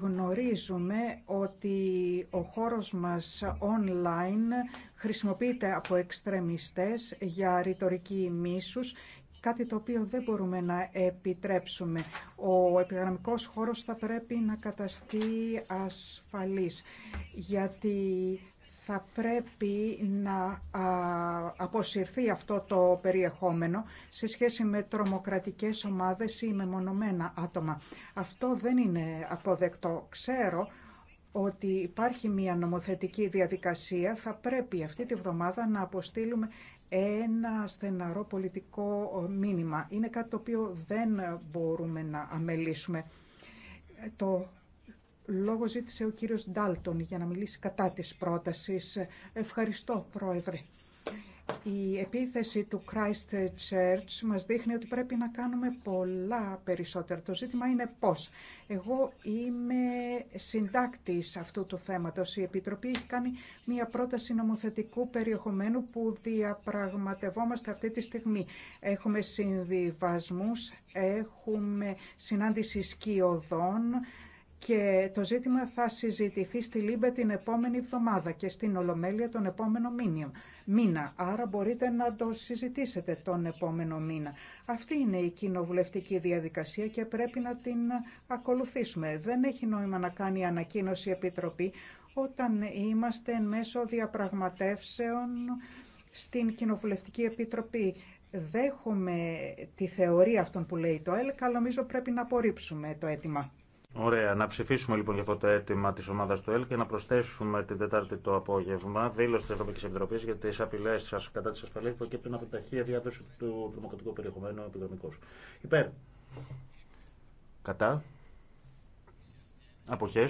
γνωρίζουμε ότι ο χώρος μας online χρησιμοποιείται από εξτρεμιστές για ρητορική μίσους, κάτι το οποίο δεν μπορούμε να επιτρέψουμε. Ο επιγραμμικός χώρος θα πρέπει να καταστεί ασφαλής, γιατί θα πρέπει να αποσυρθεί αυτό το περιεχόμενο σε σχέση με τρομοκρατικές ομάδες ή με μονομένα άτομα. Αυτό δεν είναι αποδεκτό. Ξέρω ότι υπάρχει μια νομοθετική διαδικασία, θα πρέπει αυτή τη βδομάδα να αποστείλουμε ένα στεναρό πολιτικό μήνυμα. Είναι κάτι το οποίο δεν μπορούμε να αμελήσουμε. Το λόγο ζήτησε ο κύριος Ντάλτον για να μιλήσει κατά της πρότασης. Ευχαριστώ, Πρόεδρε. Η επίθεση του Christ Church μας δείχνει ότι πρέπει να κάνουμε πολλά περισσότερα. Το ζήτημα είναι πώς. Εγώ είμαι συντάκτης αυτού του θέματος. Η Επιτροπή έχει κάνει μια πρόταση νομοθετικού περιεχομένου που διαπραγματευόμαστε αυτή τη στιγμή. Έχουμε συνδυασμούς, έχουμε συνάντηση σκιωδών, και το ζήτημα θα συζητηθεί στη Λίμπε την επόμενη εβδομάδα και στην Ολομέλεια τον επόμενο μήνυμα μήνα. Άρα μπορείτε να το συζητήσετε τον επόμενο μήνα. Αυτή είναι η κοινοβουλευτική διαδικασία και πρέπει να την ακολουθήσουμε. Δεν έχει νόημα να κάνει ανακοίνωση η Επιτροπή όταν είμαστε εν μέσω διαπραγματεύσεων στην Κοινοβουλευτική Επιτροπή. Δέχομαι τη θεωρία αυτών που λέει το ΕΛΚ, αλλά νομίζω πρέπει να απορρίψουμε το αίτημα. Ωραία. Να ψηφίσουμε λοιπόν για αυτό το αίτημα τη ομάδα του ΕΛ και να προσθέσουμε την Τετάρτη το απόγευμα δήλωση τη Ευρωπαϊκή Επιτροπή για τι απειλέ κατά τη ασφαλεία που προκύπτουν από ταχεία διάδοση του τρομοκρατικού περιεχομένου επιδομικώ. Υπέρ. Κατά. Αποχέ.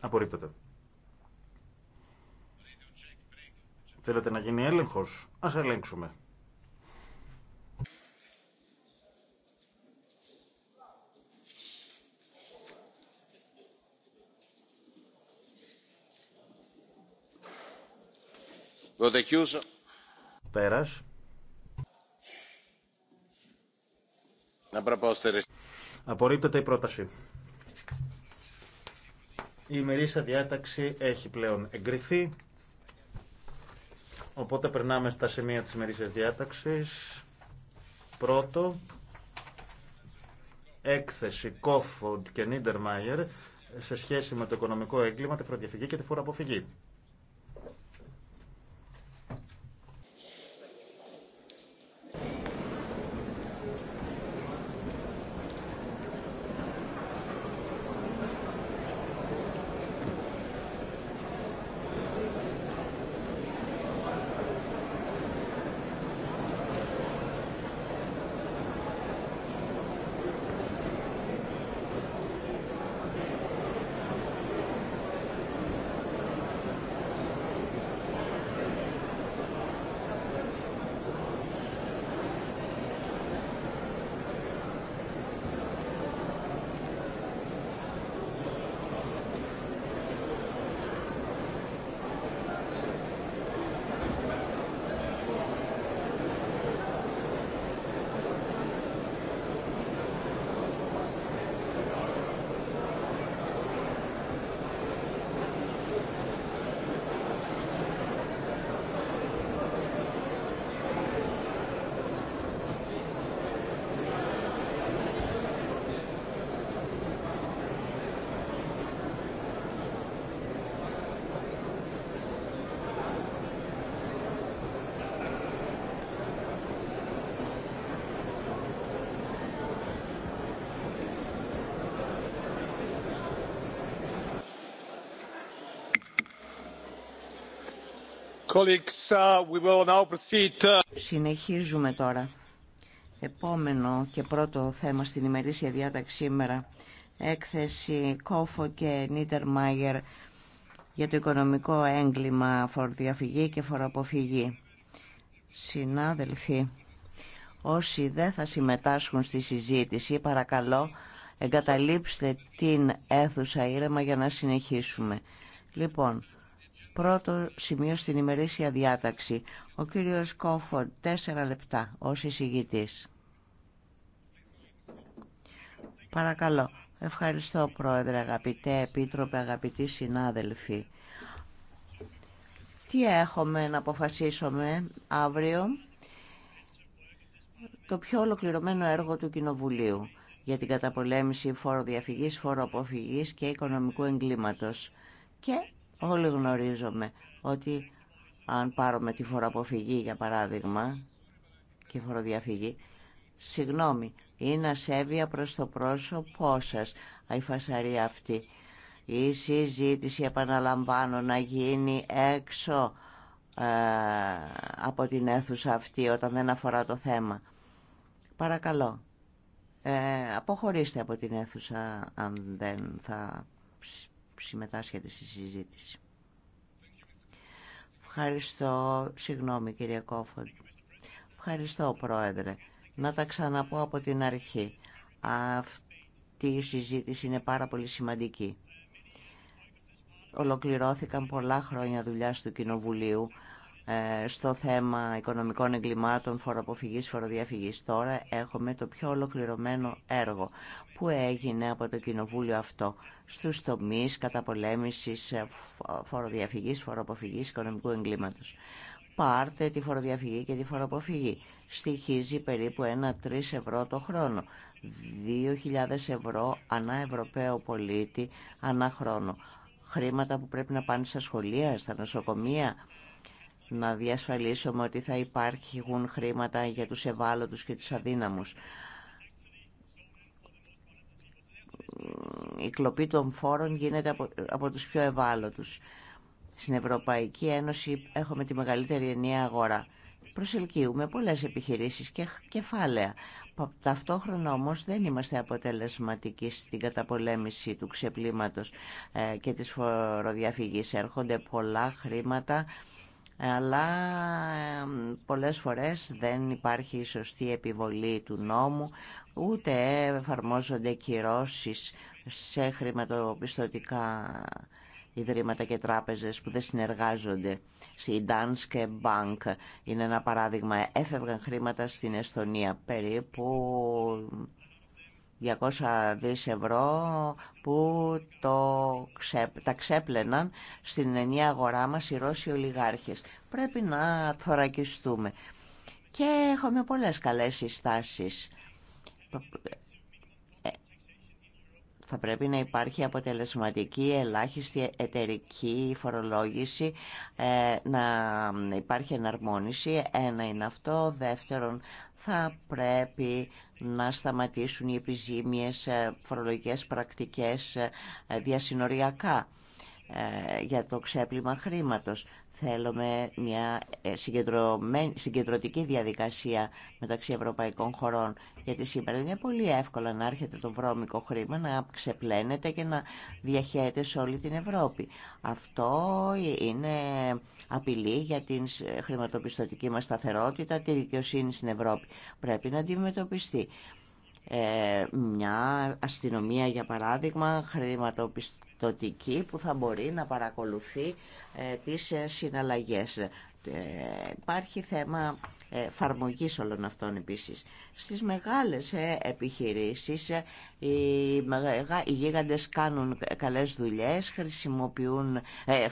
Απορρίπτεται. Θέλετε να γίνει έλεγχο. Α ελέγξουμε. Πέρας. Απορρίπτεται η πρόταση. Η ημερήσια διάταξη έχει πλέον εγκριθεί. Οπότε περνάμε στα σημεία της ημερήσιας διάταξης. Πρώτο, έκθεση Κόφοντ και Νίντερμαϊερ σε σχέση με το οικονομικό έγκλημα, τη φοροδιαφυγή και τη φοροαποφυγή. Uh, uh, Συνεχίζουμε τώρα. Επόμενο και πρώτο θέμα στην ημερήσια διάταξη σήμερα. Έκθεση Κόφο και Νίτερ Μάγερ για το οικονομικό έγκλημα φοροδιαφυγή και φοροαποφυγή. Συνάδελφοι, όσοι δεν θα συμμετάσχουν στη συζήτηση, παρακαλώ εγκαταλείψτε την αίθουσα ήρεμα για να συνεχίσουμε. Λοιπόν, Πρώτο σημείο στην ημερήσια διάταξη. Ο κύριος Κόφον, τέσσερα λεπτά ως εισηγητής. Παρακαλώ. Ευχαριστώ πρόεδρε, αγαπητέ επίτροπε, αγαπητοί συνάδελφοι. Τι έχουμε να αποφασίσουμε αύριο. Το πιο ολοκληρωμένο έργο του Κοινοβουλίου για την καταπολέμηση φόρο διαφυγής, και οικονομικού εγκλήματος. Και Όλοι γνωρίζουμε ότι αν πάρουμε τη φοροαποφυγή για παράδειγμα και φοροδιαφυγή, συγγνώμη, είναι ασέβεια προς το πρόσωπό σας η φασαρία αυτή. Η συζήτηση επαναλαμβάνω να γίνει έξω ε, από την αίθουσα αυτή όταν δεν αφορά το θέμα. Παρακαλώ, ε, αποχωρήστε από την αίθουσα αν δεν θα συμμετάσχετε στη συζήτηση. Ευχαριστώ. Συγγνώμη κύριε Κόφον. Ευχαριστώ πρόεδρε. Να τα ξαναπώ από την αρχή. Αυτή η συζήτηση είναι πάρα πολύ σημαντική. Ολοκληρώθηκαν πολλά χρόνια δουλειά του Κοινοβουλίου ε, στο θέμα οικονομικών εγκλημάτων, φοροποφυγής, φοροδιαφυγής. Τώρα έχουμε το πιο ολοκληρωμένο έργο που έγινε από το Κοινοβούλιο αυτό στους τομείς καταπολέμησης ε, φοροδιαφυγής, φοροποφυγής, οικονομικού εγκλήματος. Πάρτε τη φοροδιαφυγή και τη φοροποφυγή. Στοιχίζει περίπου 1-3 ευρώ το χρόνο. 2.000 ευρώ ανά Ευρωπαίο πολίτη ανά χρόνο. Χρήματα που πρέπει να πάνε στα σχολεία, στα νοσοκομεία, να διασφαλίσουμε ότι θα υπάρχουν χρήματα για τους ευάλωτους και τους αδύναμους. Η κλοπή των φόρων γίνεται από, τους πιο ευάλωτους. Στην Ευρωπαϊκή Ένωση έχουμε τη μεγαλύτερη ενιαία αγορά. Προσελκύουμε πολλές επιχειρήσεις και κεφάλαια. Ταυτόχρονα όμως δεν είμαστε αποτελεσματικοί στην καταπολέμηση του ξεπλήματος ε, και της φοροδιαφυγής. Έρχονται πολλά χρήματα αλλά πολλές φορές δεν υπάρχει η σωστή επιβολή του νόμου, ούτε εφαρμόζονται κυρώσεις σε χρηματοπιστωτικά ιδρύματα και τράπεζες που δεν συνεργάζονται. Στην Danske Bank είναι ένα παράδειγμα. Έφευγαν χρήματα στην Εστονία περίπου 200 δις ευρώ που το τα ξέπλαιναν στην ενιαία αγορά μας οι Ρώσοι ολιγάρχες. Πρέπει να θωρακιστούμε. Και έχουμε πολλές καλές συστάσεις θα πρέπει να υπάρχει αποτελεσματική, ελάχιστη εταιρική φορολόγηση, ε, να υπάρχει εναρμόνιση. Ένα είναι αυτό. Δεύτερον, θα πρέπει να σταματήσουν οι επιζήμιες ε, φορολογικές πρακτικές ε, διασυνοριακά για το ξέπλυμα χρήματος. Θέλουμε μια ε, συγκεντρωτική διαδικασία μεταξύ ευρωπαϊκών χωρών, γιατί σήμερα είναι πολύ εύκολο να έρχεται το βρώμικο χρήμα να ξεπλένεται και να διαχέεται σε όλη την Ευρώπη. Αυτό είναι απειλή για την ε, χρηματοπιστωτική μας σταθερότητα, τη δικαιοσύνη στην Ευρώπη. Πρέπει να αντιμετωπιστεί. Ε, μια αστυνομία για παράδειγμα χρηματοπιστωτική που θα μπορεί να παρακολουθεί ε, τις ε, συναλλαγές. Υπάρχει θέμα εφαρμογή όλων αυτών επίσης. Στις μεγάλες ε, επιχειρήσεις ε, οι γίγαντες κάνουν καλές δουλειές, χρησιμοποιούν, ε,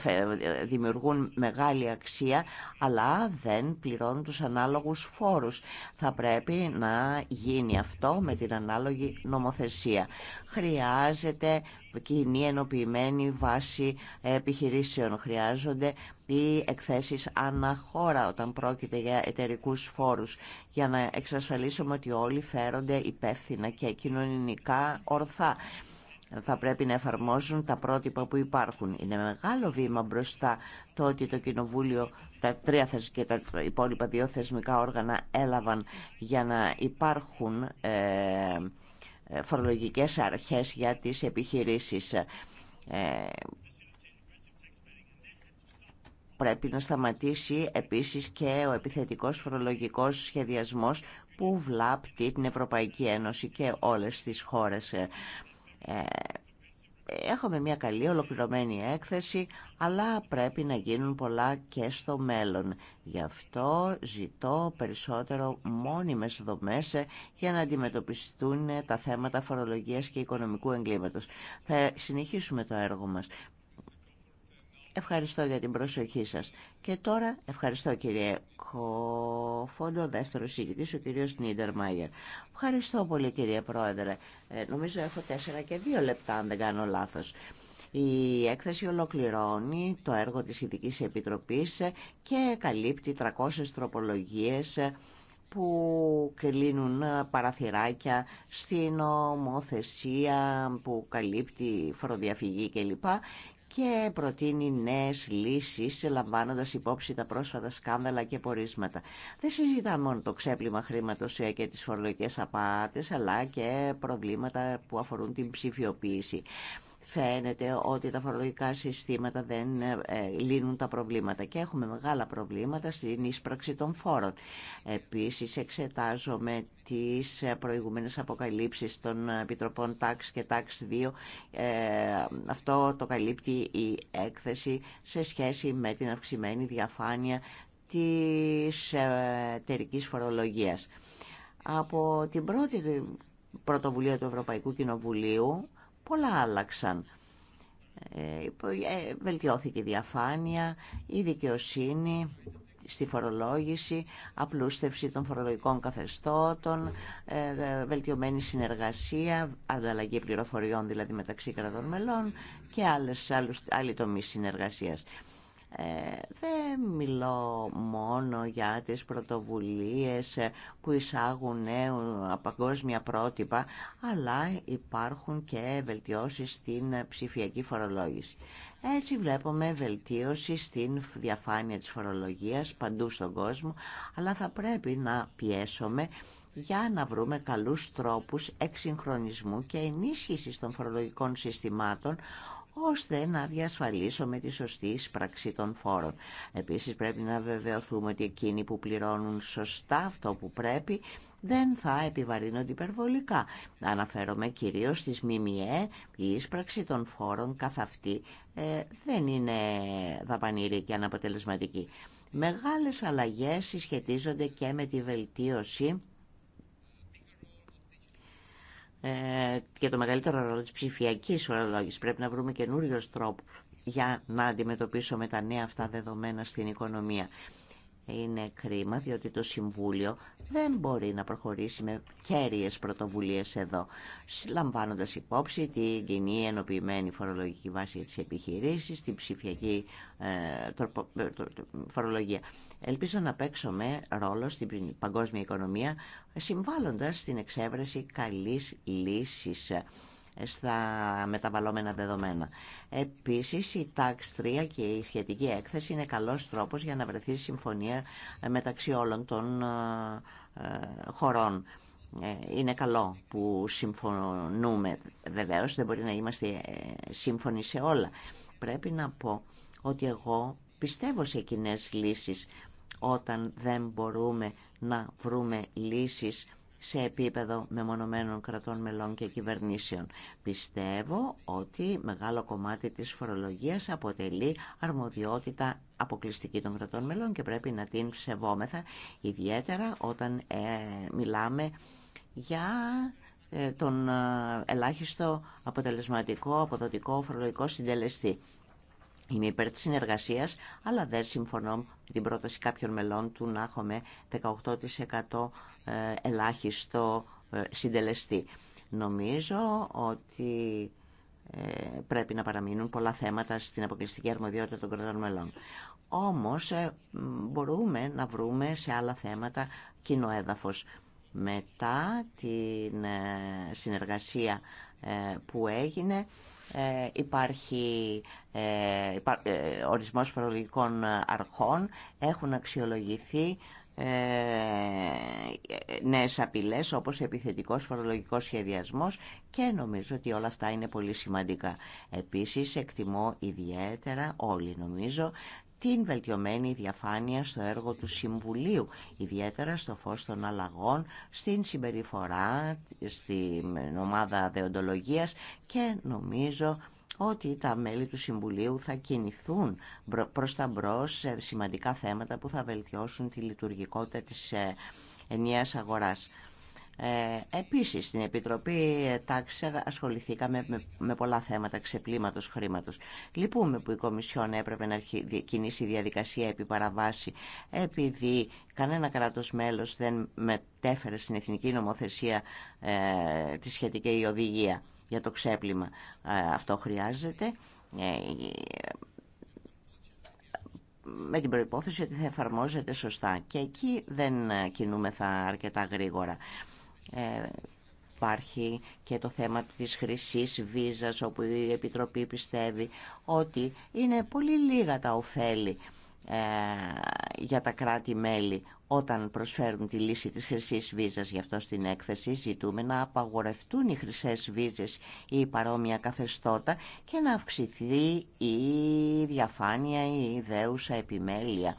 δημιουργούν μεγάλη αξία, αλλά δεν πληρώνουν τους ανάλογους φόρους. Θα πρέπει να γίνει αυτό με την ανάλογη νομοθεσία. Χρειάζεται κοινή ενοποιημένη βάση επιχειρήσεων. Χρειάζονται οι εκθέσεις αναχώρα όταν πρόκειται για εταιρικούς φόρους για να εξασφαλίσουμε ότι όλοι φέρονται υπεύθυνα και κοινωνικά ορθά. Θα πρέπει να εφαρμόζουν τα πρότυπα που υπάρχουν. Είναι μεγάλο βήμα μπροστά το ότι το Κοινοβούλιο, τα τρία και τα υπόλοιπα δύο θεσμικά όργανα έλαβαν για να υπάρχουν ε, ε, φορολογικές αρχές για τις επιχειρήσεις. Ε, πρέπει να σταματήσει επίσης και ο επιθετικός φορολογικός σχεδιασμός που βλάπτει την Ευρωπαϊκή Ένωση και όλες τις χώρες. Ε, ε, έχουμε μια καλή ολοκληρωμένη έκθεση, αλλά πρέπει να γίνουν πολλά και στο μέλλον. Γι' αυτό ζητώ περισσότερο μόνιμες δομές ε, για να αντιμετωπιστούν τα θέματα φορολογίας και οικονομικού εγκλήματος. Θα συνεχίσουμε το έργο μας Ευχαριστώ για την προσοχή σας. Και τώρα ευχαριστώ κύριε Κοφόντο, δεύτερο συγκητής, ο κύριος Σνίντερ Μάγερ. Ευχαριστώ πολύ κύριε Πρόεδρε. Ε, νομίζω έχω τέσσερα και δύο λεπτά αν δεν κάνω λάθος. Η έκθεση ολοκληρώνει το έργο της ειδική Επιτροπής και καλύπτει 300 τροπολογίες που κλείνουν παραθυράκια στην ομοθεσία που καλύπτει φοροδιαφυγή κλπ και προτείνει νέες λύσεις λαμβάνοντας υπόψη τα πρόσφατα σκάνδαλα και πορίσματα. Δεν συζητά μόνο το ξέπλυμα χρήματος ε, και τις φορολογικές απάτες αλλά και προβλήματα που αφορούν την ψηφιοποίηση φαίνεται ότι τα φορολογικά συστήματα δεν ε, ε, λύνουν τα προβλήματα και έχουμε μεγάλα προβλήματα στην ίσπραξη των φόρων. Επίσης εξετάζομαι τις ε, προηγούμενες αποκαλύψεις των Επιτροπών ΤΑΞ και ΤΑΞ 2. αυτό το καλύπτει η έκθεση σε σχέση με την αυξημένη διαφάνεια της εταιρική φορολογίας. Από την πρώτη πρωτοβουλία του Ευρωπαϊκού Κοινοβουλίου πολλά άλλαξαν. Ε, ε, βελτιώθηκε η διαφάνεια, η δικαιοσύνη στη φορολόγηση, απλούστευση των φορολογικών καθεστώτων, ε, βελτιωμένη συνεργασία, ανταλλαγή πληροφοριών δηλαδή μεταξύ κρατών μελών και άλλες, άλλους, άλλοι τομείς συνεργασίας. Ε, δεν μιλώ μόνο για τις πρωτοβουλίες που εισάγουν νέου παγκόσμια πρότυπα, αλλά υπάρχουν και βελτιώσεις στην ψηφιακή φορολόγηση. Έτσι βλέπουμε βελτίωση στην διαφάνεια της φορολογίας παντού στον κόσμο, αλλά θα πρέπει να πιέσουμε για να βρούμε καλούς τρόπους εξυγχρονισμού και ενίσχυσης των φορολογικών συστημάτων ώστε να διασφαλίσουμε τη σωστή εισπραξή των φόρων. Επίσης πρέπει να βεβαιωθούμε ότι εκείνοι που πληρώνουν σωστά αυτό που πρέπει δεν θα επιβαρύνονται υπερβολικά. Αναφέρομαι κυρίως στις ΜΜΕ, η ίσπραξη των φόρων καθ' αυτή ε, δεν είναι δαπανήρη και αναποτελεσματική. Μεγάλες αλλαγές συσχετίζονται και με τη βελτίωση ε, και το μεγαλύτερο ρόλο της ψηφιακής φορολόγησης. Πρέπει να βρούμε καινούριο τρόπους για να αντιμετωπίσουμε τα νέα αυτά δεδομένα στην οικονομία. Είναι κρίμα διότι το Συμβούλιο δεν μπορεί να προχωρήσει με κέρυες πρωτοβουλίες εδώ, λαμβάνοντας υπόψη την κοινή ενοποιημένη φορολογική βάση για επιχείρησης την ψηφιακή ε, ε, φορολογία. Ελπίζω να παίξουμε ρόλο στην παγκόσμια οικονομία συμβάλλοντας στην εξέβρεση καλής λύσης ε, στα μεταβαλλόμενα δεδομένα. Επίσης, η TAX 3 και η σχετική έκθεση είναι καλός τρόπος για να βρεθεί συμφωνία ε, μεταξύ όλων των ε, χωρών. Είναι καλό που συμφωνούμε. Βεβαίως, δεν μπορεί να είμαστε σύμφωνοι σε όλα. Πρέπει να πω ότι εγώ πιστεύω σε κοινέ λύσεις όταν δεν μπορούμε να βρούμε λύσεις σε επίπεδο μεμονωμένων κρατών μελών και κυβερνήσεων. Πιστεύω ότι μεγάλο κομμάτι της φορολογίας αποτελεί αρμοδιότητα αποκλειστική των κρατών μελών και πρέπει να την σεβόμεθα ιδιαίτερα όταν ε, μιλάμε για ε, τον ε, ελάχιστο αποτελεσματικό αποδοτικό φορολογικό συντελεστή. Είμαι υπέρ τη συνεργασία, αλλά δεν συμφωνώ με την πρόταση κάποιων μελών του να έχουμε 18% ε, ελάχιστο ε, συντελεστή. Νομίζω ότι ε, πρέπει να παραμείνουν πολλά θέματα στην αποκλειστική αρμοδιότητα των κρατών μελών. Όμως μπορούμε να βρούμε σε άλλα θέματα κοινό έδαφος. Μετά την συνεργασία που έγινε ε, υπάρχει ε, ε, ορισμός φορολογικών αρχών, έχουν αξιολογηθεί ε, νέες απειλές όπως επιθετικός φορολογικός σχεδιασμός και νομίζω ότι όλα αυτά είναι πολύ σημαντικά. Επίσης εκτιμώ ιδιαίτερα όλοι νομίζω την βελτιωμένη διαφάνεια στο έργο του Συμβουλίου, ιδιαίτερα στο φως των αλλαγών, στην συμπεριφορά, στην ομάδα δεοντολογίας και νομίζω ότι τα μέλη του Συμβουλίου θα κινηθούν προς τα μπρος σε σημαντικά θέματα που θα βελτιώσουν τη λειτουργικότητα της ε, ενιαίας αγοράς. Ε, επίσης, στην Επιτροπή ε, τάξη ε, ασχοληθήκαμε με πολλά θέματα ξεπλήματος χρήματος. Λυπούμε που η Κομισιόν έπρεπε να κινήσει διαδικασία επί παραβάση, επειδή κανένα κράτος μέλος δεν μετέφερε στην Εθνική Νομοθεσία ε, τη σχετική οδηγία για το ξέπλυμα. Αυτό χρειάζεται με την προϋπόθεση ότι θα εφαρμόζεται σωστά. Και εκεί δεν κινούμεθα αρκετά γρήγορα υπάρχει και το θέμα της χρυσή βίζας όπου η Επιτροπή πιστεύει ότι είναι πολύ λίγα τα ωφέλη ε, για τα κράτη-μέλη όταν προσφέρουν τη λύση της χρυσή βίζας. Γι' αυτό στην έκθεση ζητούμε να απαγορευτούν οι χρυσέ βίζες ή η παρομοια καθεστώτα και να αυξηθεί η διαφάνεια ή η ιδέουσα επιμέλεια.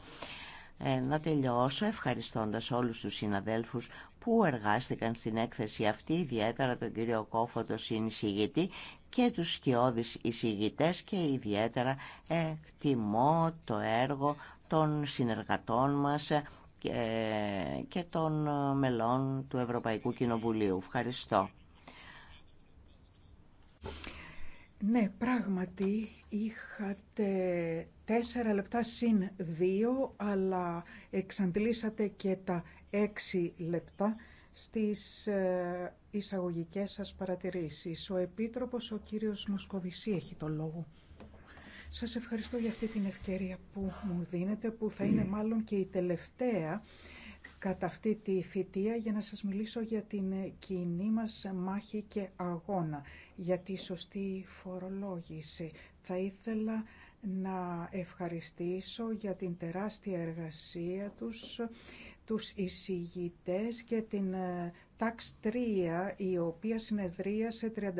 Ε, να τελειώσω ευχαριστώντας όλους τους συναδέλφους που εργάστηκαν στην έκθεση αυτή, ιδιαίτερα τον κύριο Κόφο, το συνεισηγητή και τους σκιώδεις εισηγητέ και ιδιαίτερα εκτιμώ το έργο των συνεργατών μας ε, και των μελών του Ευρωπαϊκού Κοινοβουλίου. Ευχαριστώ. Ναι, πράγματι είχατε τέσσερα λεπτά συν δύο, αλλά εξαντλήσατε και τα έξι λεπτά στις ε, εισαγωγικές σας παρατηρήσεις. Ο Επίτροπος, ο κύριος Μοσκοβισή, έχει το λόγο. Σας ευχαριστώ για αυτή την ευκαιρία που μου δίνετε, που θα είναι μάλλον και η τελευταία κατά αυτή τη θητεία για να σας μιλήσω για την κοινή μας μάχη και αγώνα, για τη σωστή φορολόγηση. Θα ήθελα να ευχαριστήσω για την τεράστια εργασία τους τους εισηγητές και την ε, τάξτρια 3 η οποία συνεδρίασε 34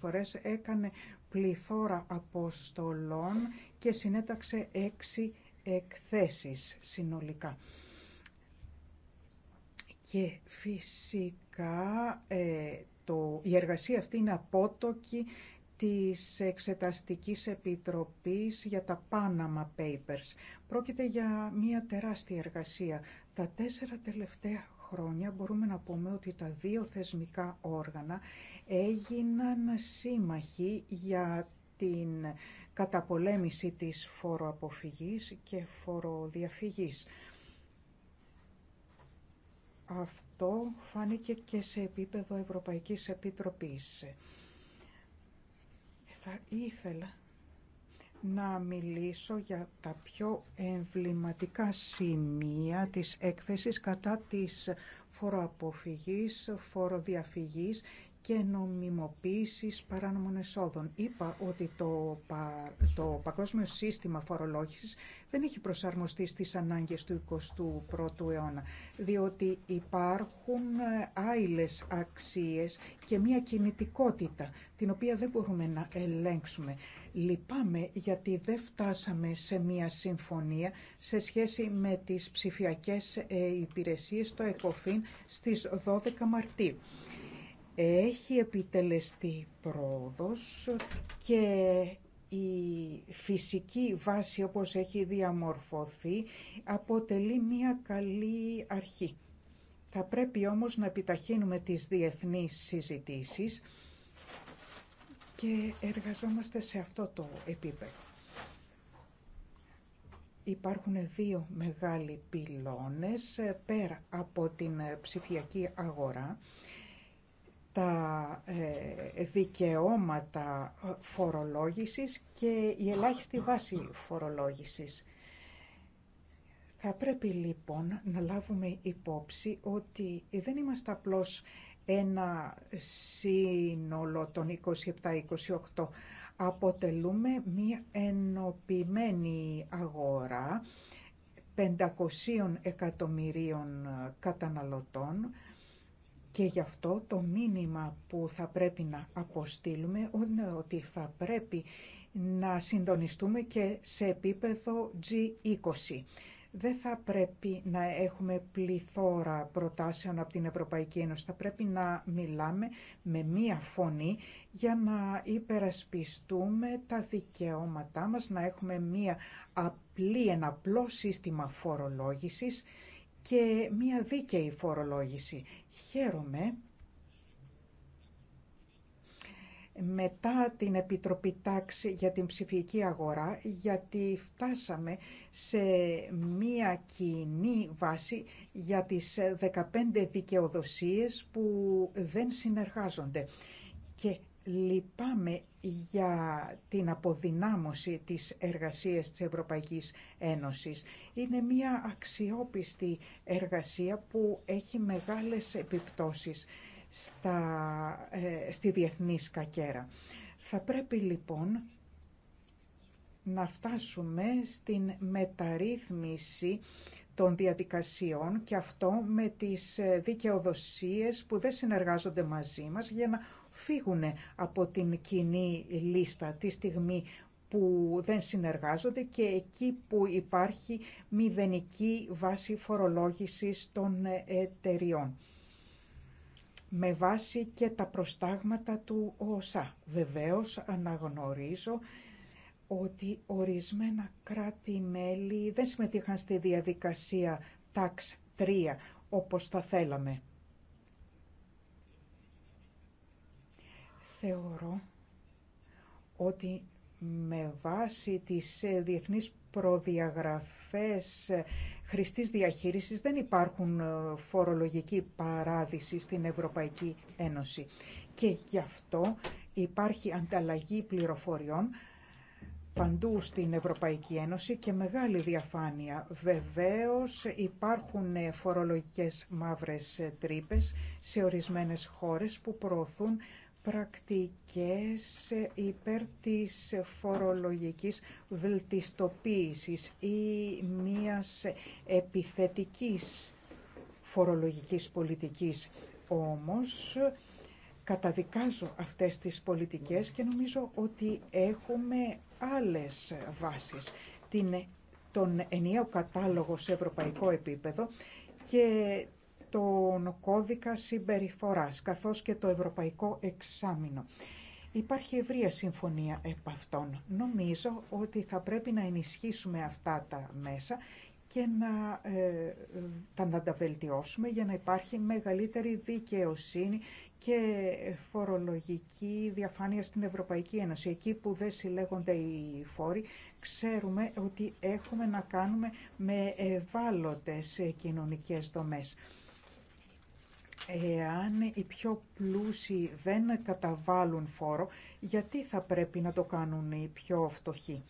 φορές, έκανε πληθώρα αποστολών και συνέταξε 6 εκθέσεις συνολικά. Και φυσικά ε, το, η εργασία αυτή είναι απότοκη της Εξεταστικής Επιτροπής για τα Panama Papers. Πρόκειται για μια τεράστια εργασία τα τέσσερα τελευταία χρόνια μπορούμε να πούμε ότι τα δύο θεσμικά όργανα έγιναν σύμμαχοι για την καταπολέμηση της φοροαποφυγής και φοροδιαφυγής. Αυτό φάνηκε και σε επίπεδο Ευρωπαϊκής Επιτροπής. Θα ήθελα να μιλήσω για τα πιο εμβληματικά σημεία της έκθεσης κατά της φοροαποφυγής, φοροδιαφυγής και νομιμοποίησης παράνομων εσόδων. Είπα ότι το, το παγκόσμιο σύστημα φορολόγησης δεν έχει προσαρμοστεί στις ανάγκες του 21ου αιώνα, διότι υπάρχουν άειλες αξίες και μία κινητικότητα, την οποία δεν μπορούμε να ελέγξουμε. Λυπάμαι γιατί δεν φτάσαμε σε μία συμφωνία σε σχέση με τις ψηφιακές ε, υπηρεσίες στο ΕΚΟΦΗΝ στις 12 Μαρτίου. Έχει επιτελεστεί πρόοδος και η φυσική βάση όπως έχει διαμορφωθεί αποτελεί μία καλή αρχή. Θα πρέπει όμως να επιταχύνουμε τις διεθνείς συζητήσεις και εργαζόμαστε σε αυτό το επίπεδο. Υπάρχουν δύο μεγάλοι πυλώνες ε, πέρα από την ε, ψηφιακή αγορά. Τα ε, δικαιώματα φορολόγησης και η ελάχιστη βάση φορολόγησης. Θα πρέπει λοιπόν να λάβουμε υπόψη ότι δεν είμαστε απλώς ένα σύνολο των 27-28. Αποτελούμε μία ενοποιημένη αγορά 500 εκατομμυρίων καταναλωτών και γι' αυτό το μήνυμα που θα πρέπει να αποστείλουμε είναι ότι θα πρέπει να συντονιστούμε και σε επίπεδο G20. Δεν θα πρέπει να έχουμε πληθώρα προτάσεων από την Ευρωπαϊκή Ένωση. Θα πρέπει να μιλάμε με μία φωνή για να υπερασπιστούμε τα δικαιώματά μας, να έχουμε μία απλή, ένα απλό σύστημα φορολόγησης και μία δίκαιη φορολόγηση. Χαίρομαι μετά την Επιτροπή Τάξη για την ψηφιακή αγορά, γιατί φτάσαμε σε μία κοινή βάση για τις 15 δικαιοδοσίες που δεν συνεργάζονται. Και λυπάμαι για την αποδυνάμωση της εργασίας της Ευρωπαϊκής Ένωσης. Είναι μια αξιόπιστη εργασία που έχει μεγάλες επιπτώσεις στα, ε, στη διεθνή σκακέρα. Θα πρέπει λοιπόν να φτάσουμε στην μεταρρύθμιση των διαδικασιών και αυτό με τις ε, δικαιοδοσίες που δεν συνεργάζονται μαζί μας για να φύγουν από την κοινή λίστα τη στιγμή που δεν συνεργάζονται και εκεί που υπάρχει μηδενική βάση φορολόγησης των ε, εταιριών με βάση και τα προστάγματα του ΟΣΑ. Βεβαίως αναγνωρίζω ότι ορισμένα κράτη-μέλη δεν συμμετείχαν στη διαδικασία τάξη 3 όπως θα θέλαμε. Θεωρώ ότι με βάση τις ε, διεθνείς προδιαγραφές χρηστής διαχείρισης δεν υπάρχουν ε, φορολογικοί παράδεισοι στην Ευρωπαϊκή Ένωση. Και γι' αυτό υπάρχει ανταλλαγή πληροφοριών παντού στην Ευρωπαϊκή Ένωση και μεγάλη διαφάνεια. Βεβαίως υπάρχουν ε, φορολογικές μαύρες τρύπες σε ορισμένες χώρες που προωθούν πρακτικές υπέρ της φορολογικής βελτιστοποίησης ή μιας επιθετικής φορολογικής πολιτικής. Όμως καταδικάζω αυτές τις πολιτικές και νομίζω ότι έχουμε άλλες βάσεις. Την, τον ενιαίο κατάλογο σε ευρωπαϊκό επίπεδο και τον κώδικα συμπεριφοράς, καθώς και το Ευρωπαϊκό Εξάμεινο. Υπάρχει ευρεία συμφωνία επ' αυτών. Νομίζω ότι θα πρέπει να ενισχύσουμε αυτά τα μέσα και να ε, τα, να για να υπάρχει μεγαλύτερη δικαιοσύνη και φορολογική διαφάνεια στην Ευρωπαϊκή Ένωση. Εκεί που δεν συλλέγονται οι φόροι, ξέρουμε ότι έχουμε να κάνουμε με ευάλωτες κοινωνικές δομές. Εάν οι πιο πλούσιοι δεν καταβάλουν φόρο, γιατί θα πρέπει να το κάνουν οι πιο φτωχοί.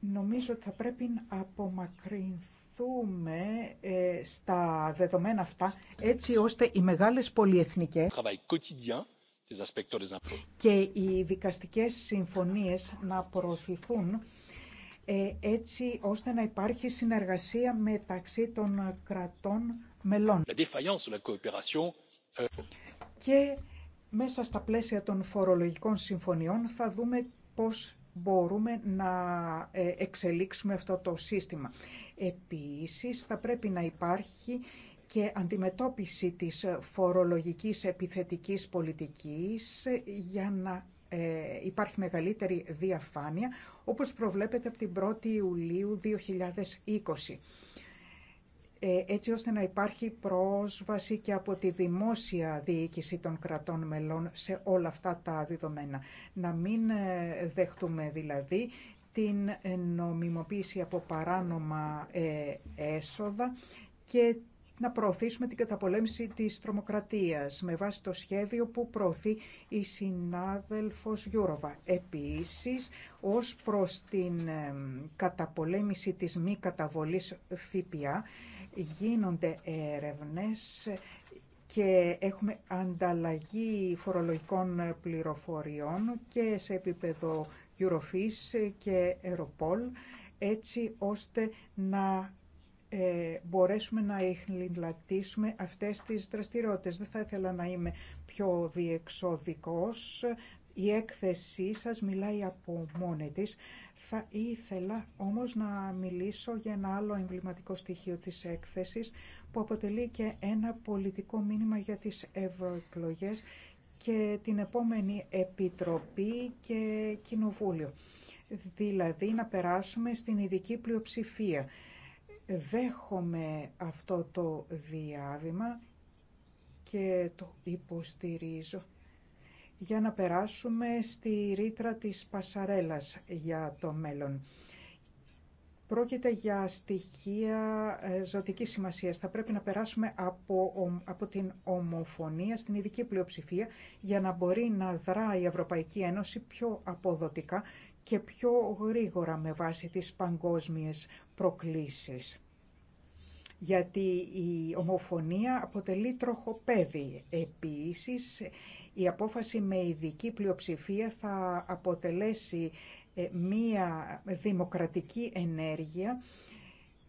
Νομίζω ότι θα πρέπει να απομακρυνθούμε ε, στα δεδομένα αυτά, έτσι ώστε οι μεγάλες πολυεθνικές και οι δικαστικές συμφωνίες να προωθηθούν ε, έτσι ώστε να υπάρχει συνεργασία μεταξύ των κρατών Euh, και μέσα στα πλαίσια των φορολογικών συμφωνιών θα δούμε πώς μπορούμε να ε, εξελίξουμε αυτό το σύστημα. Επίσης, θα πρέπει να υπάρχει και αντιμετώπιση της φορολογικής επιθετικής πολιτικής για να ε, υπάρχει μεγαλύτερη διαφάνεια, όπως προβλέπεται από την 1η Ιουλίου 2020. Ε, έτσι ώστε να υπάρχει πρόσβαση και από τη δημόσια διοίκηση των κρατών μελών σε όλα αυτά τα δεδομένα. Να μην ε, δεχτούμε δηλαδή την ε, νομιμοποίηση από παράνομα έσοδα και να προωθήσουμε την καταπολέμηση της τρομοκρατίας με βάση το σχέδιο που προωθεί η συνάδελφος Γιούροβα. Επίσης, ως προς την καταπολέμηση της μη καταβολής ΦΠΑ, γίνονται έρευνες και έχουμε ανταλλαγή φορολογικών πληροφοριών και σε επίπεδο Eurofis και Europol έτσι ώστε να ε, μπορέσουμε να εχνηλατήσουμε αυτές τις δραστηριότητες. Δεν θα ήθελα να είμαι πιο διεξοδικός. Η έκθεσή σας μιλάει από μόνη της θα ήθελα όμως να μιλήσω για ένα άλλο εμβληματικό στοιχείο της έκθεσης που αποτελεί και ένα πολιτικό μήνυμα για τις ευρωεκλογέ και την επόμενη Επιτροπή και Κοινοβούλιο. Δηλαδή να περάσουμε στην ειδική πλειοψηφία. Δέχομαι αυτό το διάβημα και το υποστηρίζω για να περάσουμε στη ρήτρα της πασαρέλας για το μέλλον. Πρόκειται για στοιχεία ε, ζωτικής σημασίας. Θα πρέπει να περάσουμε από, την ομοφωνία στην ειδική πλειοψηφία για να μπορεί να δράει η Ευρωπαϊκή Ένωση πιο αποδοτικά και πιο γρήγορα με βάση τις παγκόσμιες προκλήσεις γιατί η ομοφωνία αποτελεί τροχοπέδι. Επίσης, η απόφαση με ειδική πλειοψηφία θα αποτελέσει ε, μία δημοκρατική ενέργεια,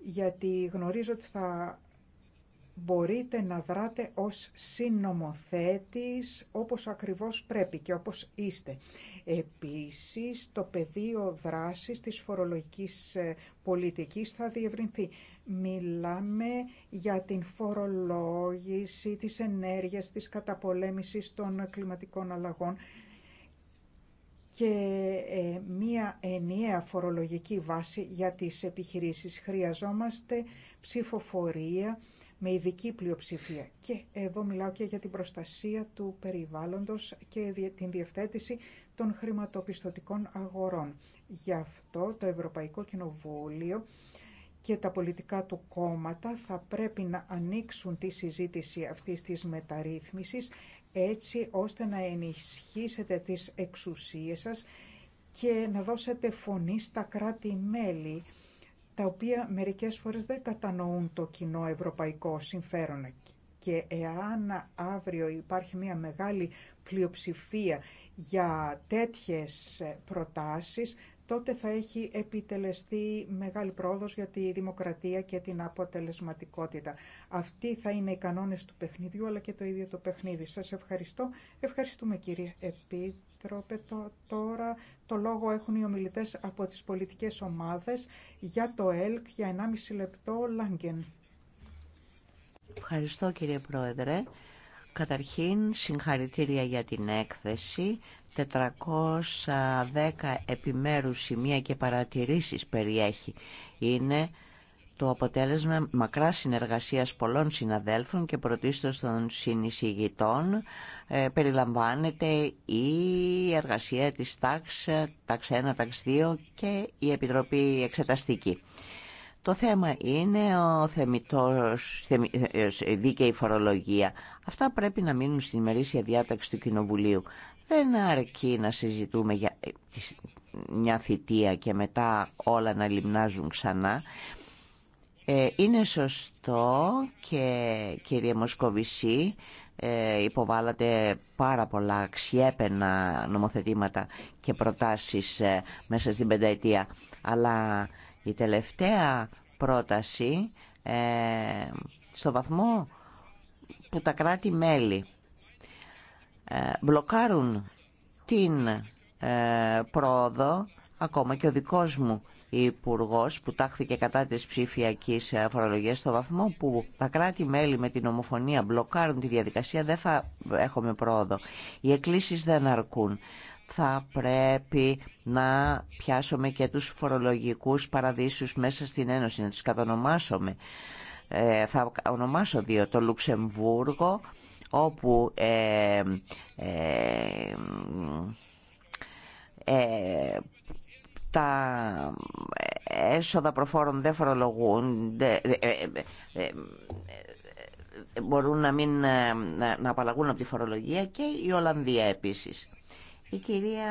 γιατί γνωρίζω ότι θα μπορείτε να δράτε ως συνομοθέτης όπως ακριβώς πρέπει και όπως είστε. Επίσης, το πεδίο δράσης της φορολογικής ε, πολιτικής θα διευρυνθεί. Μιλάμε για την φορολόγηση της ενέργειας, της καταπολέμησης των κλιματικών αλλαγών και ε, μία ενιαία φορολογική βάση για τις επιχειρήσεις. Χρειαζόμαστε ψηφοφορία με ειδική πλειοψηφία. Και εδώ μιλάω και για την προστασία του περιβάλλοντος και την διευθέτηση των χρηματοπιστωτικών αγορών. Γι' αυτό το Ευρωπαϊκό Κοινοβούλιο και τα πολιτικά του κόμματα θα πρέπει να ανοίξουν τη συζήτηση αυτής της μεταρρύθμισης έτσι ώστε να ενισχύσετε τις εξουσίες σας και να δώσετε φωνή στα κράτη-μέλη τα οποία μερικές φορές δεν κατανοούν το κοινό ευρωπαϊκό συμφέρον. Και εάν αύριο υπάρχει μια μεγάλη πλειοψηφία για τέτοιες προτάσεις, τότε θα έχει επιτελεστεί μεγάλη πρόοδος για τη δημοκρατία και την αποτελεσματικότητα. Αυτοί θα είναι οι κανόνες του παιχνιδιού, αλλά και το ίδιο το παιχνίδι. Σας ευχαριστώ. Ευχαριστούμε κύριε Επίτροπε. Τώρα το λόγο έχουν οι ομιλητές από τις πολιτικές ομάδες για το ΕΛΚ για 1,5 λεπτό Λάγκεν. Ευχαριστώ κύριε Πρόεδρε. Καταρχήν, συγχαρητήρια για την έκθεση. 410 επιμέρους σημεία και παρατηρήσεις περιέχει. Είναι το αποτέλεσμα μακρά συνεργασίας πολλών συναδέλφων και πρωτίστως των συνεισηγητών ε, περιλαμβάνεται η εργασία της ΤΑΞ, ΤΑΞ 1, ΤΑΞ 2 και η Επιτροπή Εξεταστική. Το θέμα είναι ο θεμητός, ε, ε, δίκαιη φορολογία. Αυτά πρέπει να μείνουν στην ημερήσια διάταξη του Κοινοβουλίου. Δεν αρκεί να συζητούμε για ε, μια θητεία και μετά όλα να λιμνάζουν ξανά. Ε, είναι σωστό και κύριε Μοσκοβισή ε, υποβάλλατε πάρα πολλά αξιέπαινα νομοθετήματα και προτάσεις μέσα στην πενταετία. Αλλά η τελευταία πρόταση στο βαθμό που τα κράτη-μέλη ε, μπλοκάρουν την ε, πρόοδο ακόμα και ο δικός μου υπουργό που τάχθηκε κατά της ψηφιακής ε, φορολογίας στο βαθμό που τα κράτη-μέλη με την ομοφωνία μπλοκάρουν τη διαδικασία δεν θα έχουμε πρόοδο. Οι εκκλήσεις δεν αρκούν. Θα πρέπει να πιάσουμε και τους φορολογικούς παραδείσους μέσα στην Ένωση, να του κατονομάσουμε. θα ονομάσω δύο, το Λουξεμβούργο όπου ε, τα έσοδα προφόρων δεν φορολογούν μπορούν να μην να, να απαλλαγούν από τη φορολογία και η Ολλανδία επίσης. Η κυρία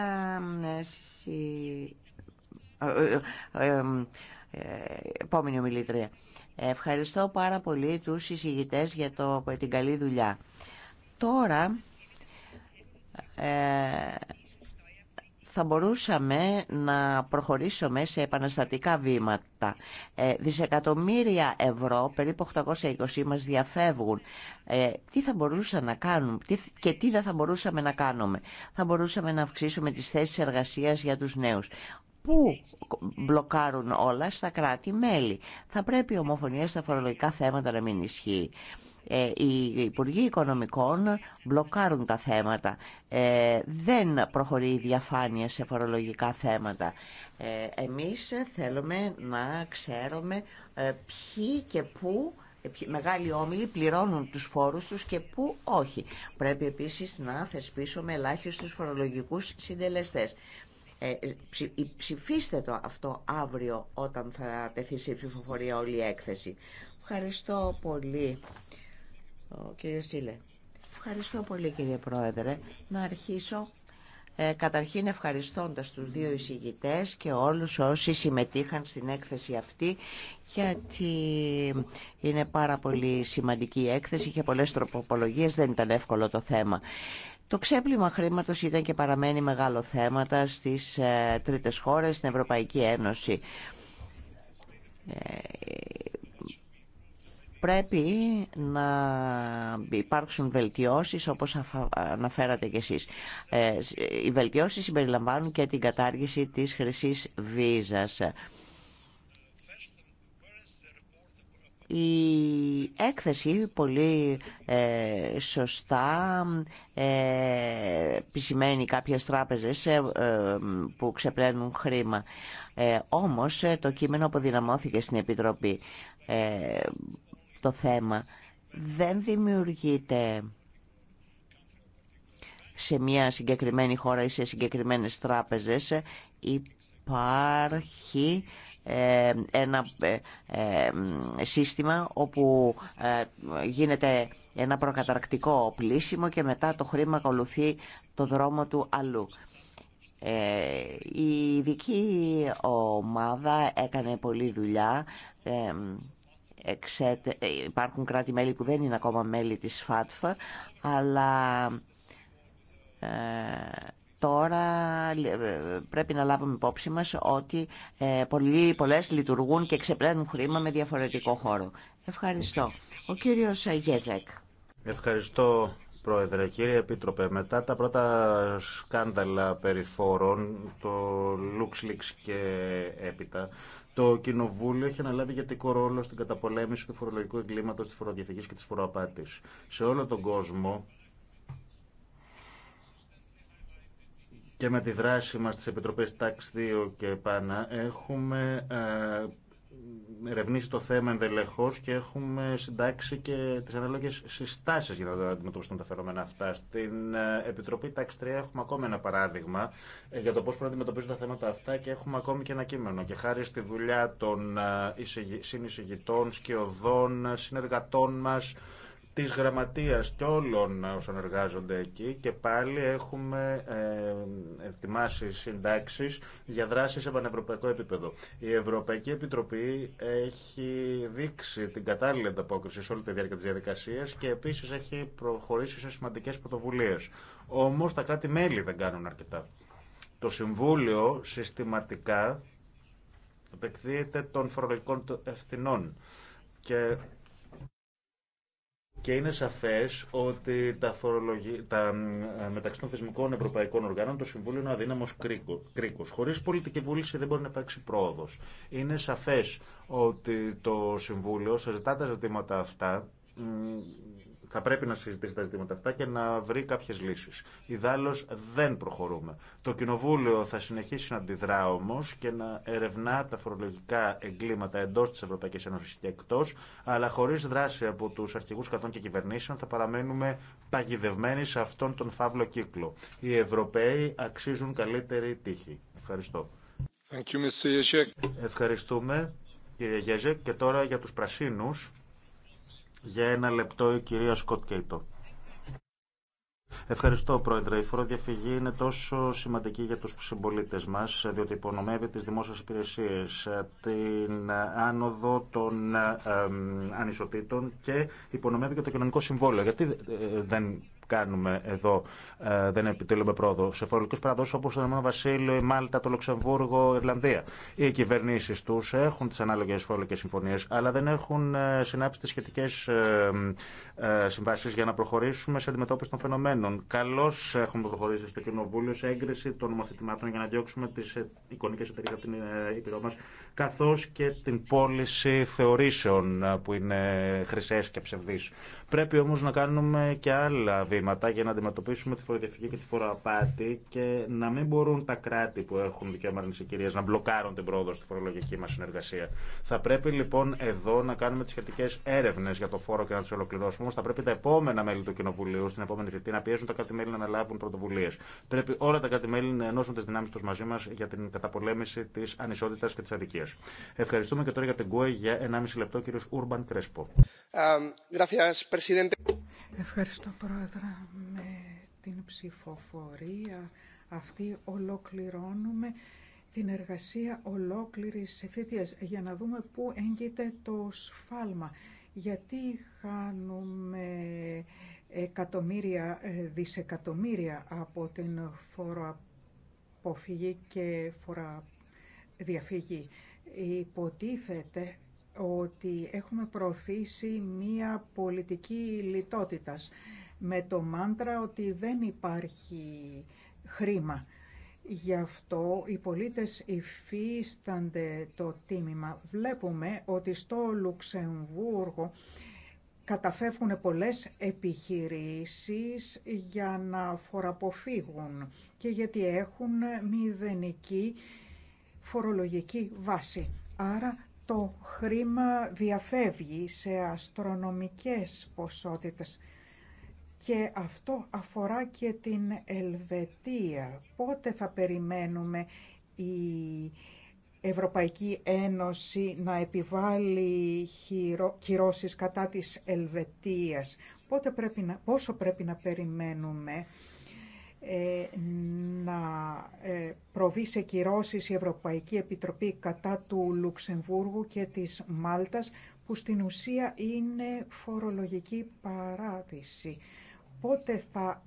επόμενη ομιλήτρια. Ευχαριστώ πάρα πολύ τους εισηγητές για το, την καλή δουλειά. Τώρα ε, θα μπορούσαμε να προχωρήσουμε σε επαναστατικά βήματα. Ε, δισεκατομμύρια ευρώ, περίπου 820 μας διαφεύγουν. Ε, τι θα μπορούσαμε να κάνουμε τι, και τι δεν θα μπορούσαμε να κάνουμε. Θα μπορούσαμε να αυξήσουμε τις θέσεις εργασίας για τους νέους που μπλοκάρουν όλα στα κράτη-μέλη. Θα πρέπει η ομοφωνία στα φορολογικά θέματα να μην ισχύει. Ε, οι Υπουργοί Οικονομικών μπλοκάρουν τα θέματα. Ε, δεν προχωρεί η διαφάνεια σε φορολογικά θέματα. Ε, εμείς θέλουμε να ξέρουμε ε, ποιοι και πού μεγάλοι όμιλοι πληρώνουν τους φόρους τους και πού όχι. Πρέπει επίσης να θεσπίσουμε ελάχιστους φορολογικούς συντελεστές. Ε, ψηφίστε το αυτό αύριο όταν θα τεθεί σε ψηφοφορία όλη η έκθεση. Ευχαριστώ πολύ, ο κύριε Σίλε. Ευχαριστώ πολύ κύριε Πρόεδρε. Να αρχίσω ε, καταρχήν ευχαριστώντας τους δύο εισηγητές και όλους όσοι συμμετείχαν στην έκθεση αυτή γιατί είναι πάρα πολύ σημαντική η έκθεση, είχε πολλές τροποπολογίες, δεν ήταν εύκολο το θέμα. Το ξέπλυμα χρήματος ήταν και παραμένει μεγάλο θέματα στις ε, τρίτες χώρες, στην Ευρωπαϊκή Ένωση. Ε, πρέπει να υπάρξουν βελτιώσεις όπως αναφέρατε κι εσείς. Ε, οι βελτιώσεις συμπεριλαμβάνουν και την κατάργηση της χρυσής βίζας. Η έκθεση πολύ ε, σωστά ε, επισημαίνει κάποιες τράπεζες ε, ε, που ξεπλένουν χρήμα. Όμως το κείμενο που δυναμώθηκε στην Επιτροπή. Το θέμα δεν δημιουργείται σε μια συγκεκριμένη χώρα ή σε συγκεκριμένες τράπεζες. Υπάρχει ε, ένα ε, ε, σύστημα όπου γίνεται ένα προκαταρκτικό πλήσιμο και μετά το χρήμα ακολουθεί το δρόμο του αλλού. Η ειδική ομάδα έκανε πολλή δουλειά. Υπάρχουν κράτη-μέλη που δεν είναι ακόμα μέλη της ΦΑΤΦΑ, αλλά Τώρα ε, πρέπει να λάβουμε υπόψη μας ότι ε, πολλοί, πολλές λειτουργούν και ξεπλένουν χρήμα με διαφορετικό χώρο. Ευχαριστώ. Ο κύριος Γέζεκ. Ευχαριστώ Πρόεδρε, κύριε Επίτροπε, μετά τα πρώτα σκάνδαλα περιφόρων, το LuxLeaks και έπειτα, το Κοινοβούλιο έχει αναλάβει γιατικό ρόλο στην καταπολέμηση του φορολογικού εγκλήματος τη φοροδιαφυγής και τη φοροαπάτη. Σε όλο τον κόσμο και με τη δράση μας στις Επιτροπές Τάξη 2 και επάνω έχουμε ε, ερευνήσει το θέμα ενδελεχώς και έχουμε συντάξει και τις αναλόγες συστάσεις για να αντιμετωπιστούν τα φαινόμενα αυτά. Στην ε, Επιτροπή Τάξη 3 έχουμε ακόμα ένα παράδειγμα ε, για το πώς πρέπει να αντιμετωπίζουν τα θέματα αυτά και έχουμε ακόμη και ένα κείμενο. Και χάρη στη δουλειά των συνεισηγητών, σκιωδών, συνεργατών μας, της γραμματείας και όλων όσων εργάζονται εκεί και πάλι έχουμε ε, ετοιμάσει συντάξεις για δράσεις σε πανευρωπαϊκό επίπεδο. Η Ευρωπαϊκή Επιτροπή έχει δείξει την κατάλληλη ανταπόκριση σε όλη τη διάρκεια της διαδικασίας και επίσης έχει προχωρήσει σε σημαντικές πρωτοβουλίες. Όμως τα κράτη-μέλη δεν κάνουν αρκετά. Το Συμβούλιο συστηματικά επεκδίεται των φορολογικών ευθυνών και και είναι σαφέ ότι τα, τα ε, μεταξύ των θεσμικών ευρωπαϊκών οργάνων το Συμβούλιο είναι αδύναμο κρίκο. Χωρί πολιτική βούληση δεν μπορεί να υπάρξει πρόοδο. Είναι σαφέ ότι το Συμβούλιο ζητά τα ζητήματα αυτά θα πρέπει να συζητήσει τα ζητήματα αυτά και να βρει κάποιε λύσει. Ιδάλω δεν προχωρούμε. Το Κοινοβούλιο θα συνεχίσει να αντιδρά όμω και να ερευνά τα φορολογικά εγκλήματα εντό τη Ευρωπαϊκή Ένωση και εκτό, αλλά χωρί δράση από του αρχηγού κρατών και κυβερνήσεων θα παραμένουμε παγιδευμένοι σε αυτόν τον φαύλο κύκλο. Οι Ευρωπαίοι αξίζουν καλύτερη τύχη. Ευχαριστώ. Thank you, Mr. Ευχαριστούμε, κύριε Γέζεκ. Και τώρα για του πράσινου. Για ένα λεπτό η κυρία Σκοτ Κέιτο. Ευχαριστώ, Πρόεδρε. Η φοροδιαφυγή είναι τόσο σημαντική για τους συμπολίτε μας, διότι υπονομεύει τις δημόσιες υπηρεσίες, την άνοδο των ανισοτήτων και υπονομεύει και το κοινωνικό συμβόλαιο. Γιατί ε, δεν κάνουμε εδώ ε, δεν επιτελούμε πρόοδο. Σε φορολογικού παραδόσει όπω το Ηνωμένο Βασίλειο, η Μάλτα, το Λουξεμβούργο, η Ιρλανδία. Οι κυβερνήσει του έχουν τι ανάλογε φορολογικέ συμφωνίε, αλλά δεν έχουν ε, συνάψει τι σχετικέ ε, συμβάσει για να προχωρήσουμε σε αντιμετώπιση των φαινομένων. Καλώ έχουμε προχωρήσει στο Κοινοβούλιο σε έγκριση των νομοθετημάτων για να διώξουμε τι εικονικέ εταιρείε από την ήπειρό μα καθώς και την πώληση θεωρήσεων που είναι χρυσές και ψευδείς. Πρέπει όμως να κάνουμε και άλλα βήματα για να αντιμετωπίσουμε τη φοροδιαφυγή και τη φοροαπάτη και να μην μπορούν τα κράτη που έχουν δικαίωμα κυρίες να μπλοκάρουν την πρόοδο στη φορολογική μας συνεργασία. Θα πρέπει λοιπόν εδώ να κάνουμε τις σχετικές έρευνες για το φόρο και να τις ολοκληρώσουμε. Όμως θα πρέπει τα επόμενα μέλη του Κοινοβουλίου στην επόμενη θητή να πιέζουν τα κράτη-μέλη να αναλάβουν πρωτοβουλίες. Πρέπει όλα τα κράτη-μέλη να ενώσουν τις δυνάμεις τους μαζί μας για την καταπολέμηση της ανισότητας και της αδικίας. Ευχαριστούμε και τώρα για την ΚΟΕ για 1,5 λεπτό, κύριο Ούρμπαν Κρέσπο. Ευχαριστώ, πρόεδρα. Με την ψηφοφορία αυτή ολοκληρώνουμε την εργασία ολόκληρης ευθύτειας για να δούμε πού έγκυται το σφάλμα. Γιατί χάνουμε εκατομμύρια, ε, δισεκατομμύρια από την φοροαποφυγή και φοροδιαφυγή. Υποτίθεται ότι έχουμε προωθήσει μία πολιτική λιτότητας με το μάντρα ότι δεν υπάρχει χρήμα. Γι' αυτό οι πολίτες υφίστανται το τίμημα. Βλέπουμε ότι στο Λουξεμβούργο καταφεύγουν πολλές επιχειρήσεις για να φοραποφύγουν και γιατί έχουν μηδενική φορολογική βάση. Άρα το χρήμα διαφεύγει σε αστρονομικές ποσότητες. Και αυτό αφορά και την Ελβετία. Πότε θα περιμένουμε η Ευρωπαϊκή Ένωση να επιβάλλει κυρώσεις κατά της Ελβετίας. Πότε πόσο πρέπει να περιμένουμε ε, να ε, προβεί σε κυρώσεις η Ευρωπαϊκή Επιτροπή κατά του Λουξεμβούργου και της Μάλτας, που στην ουσία είναι φορολογική παράδειση. Πότε θα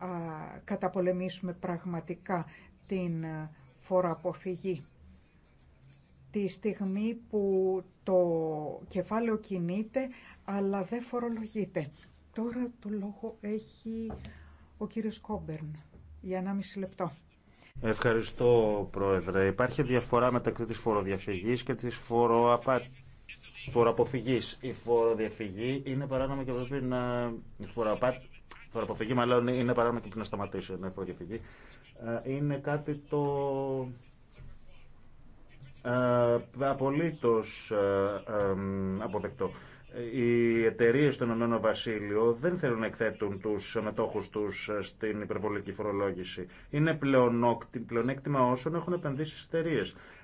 καταπολεμήσουμε πραγματικά την ε, φοροαποφυγή. Τη στιγμή που το κεφάλαιο κινείται, αλλά δεν φορολογείται. Τώρα το λόγο έχει ο κύριος Κόμπερν για 1,5 λεπτό. Ευχαριστώ, Πρόεδρε. Υπάρχει διαφορά μεταξύ της φοροδιαφυγής και της φοροαπα... φοροαποφυγής. Η φοροδιαφυγή είναι παράνομη και πρέπει να... Η φοροαπα... φοροαποφυγή, μάλλον, είναι παράνομη και πρέπει να σταματήσει. Ναι, φοροδιαφυγή. Ε, είναι κάτι το... Ε, απολύτως ε, ε, αποδεκτό οι εταιρείε στον Ηνωμένο Βασίλειο δεν θέλουν να εκθέτουν του μετόχου του στην υπερβολική φορολόγηση. Είναι πλεονέκτημα όσων έχουν επενδύσει στι εταιρείε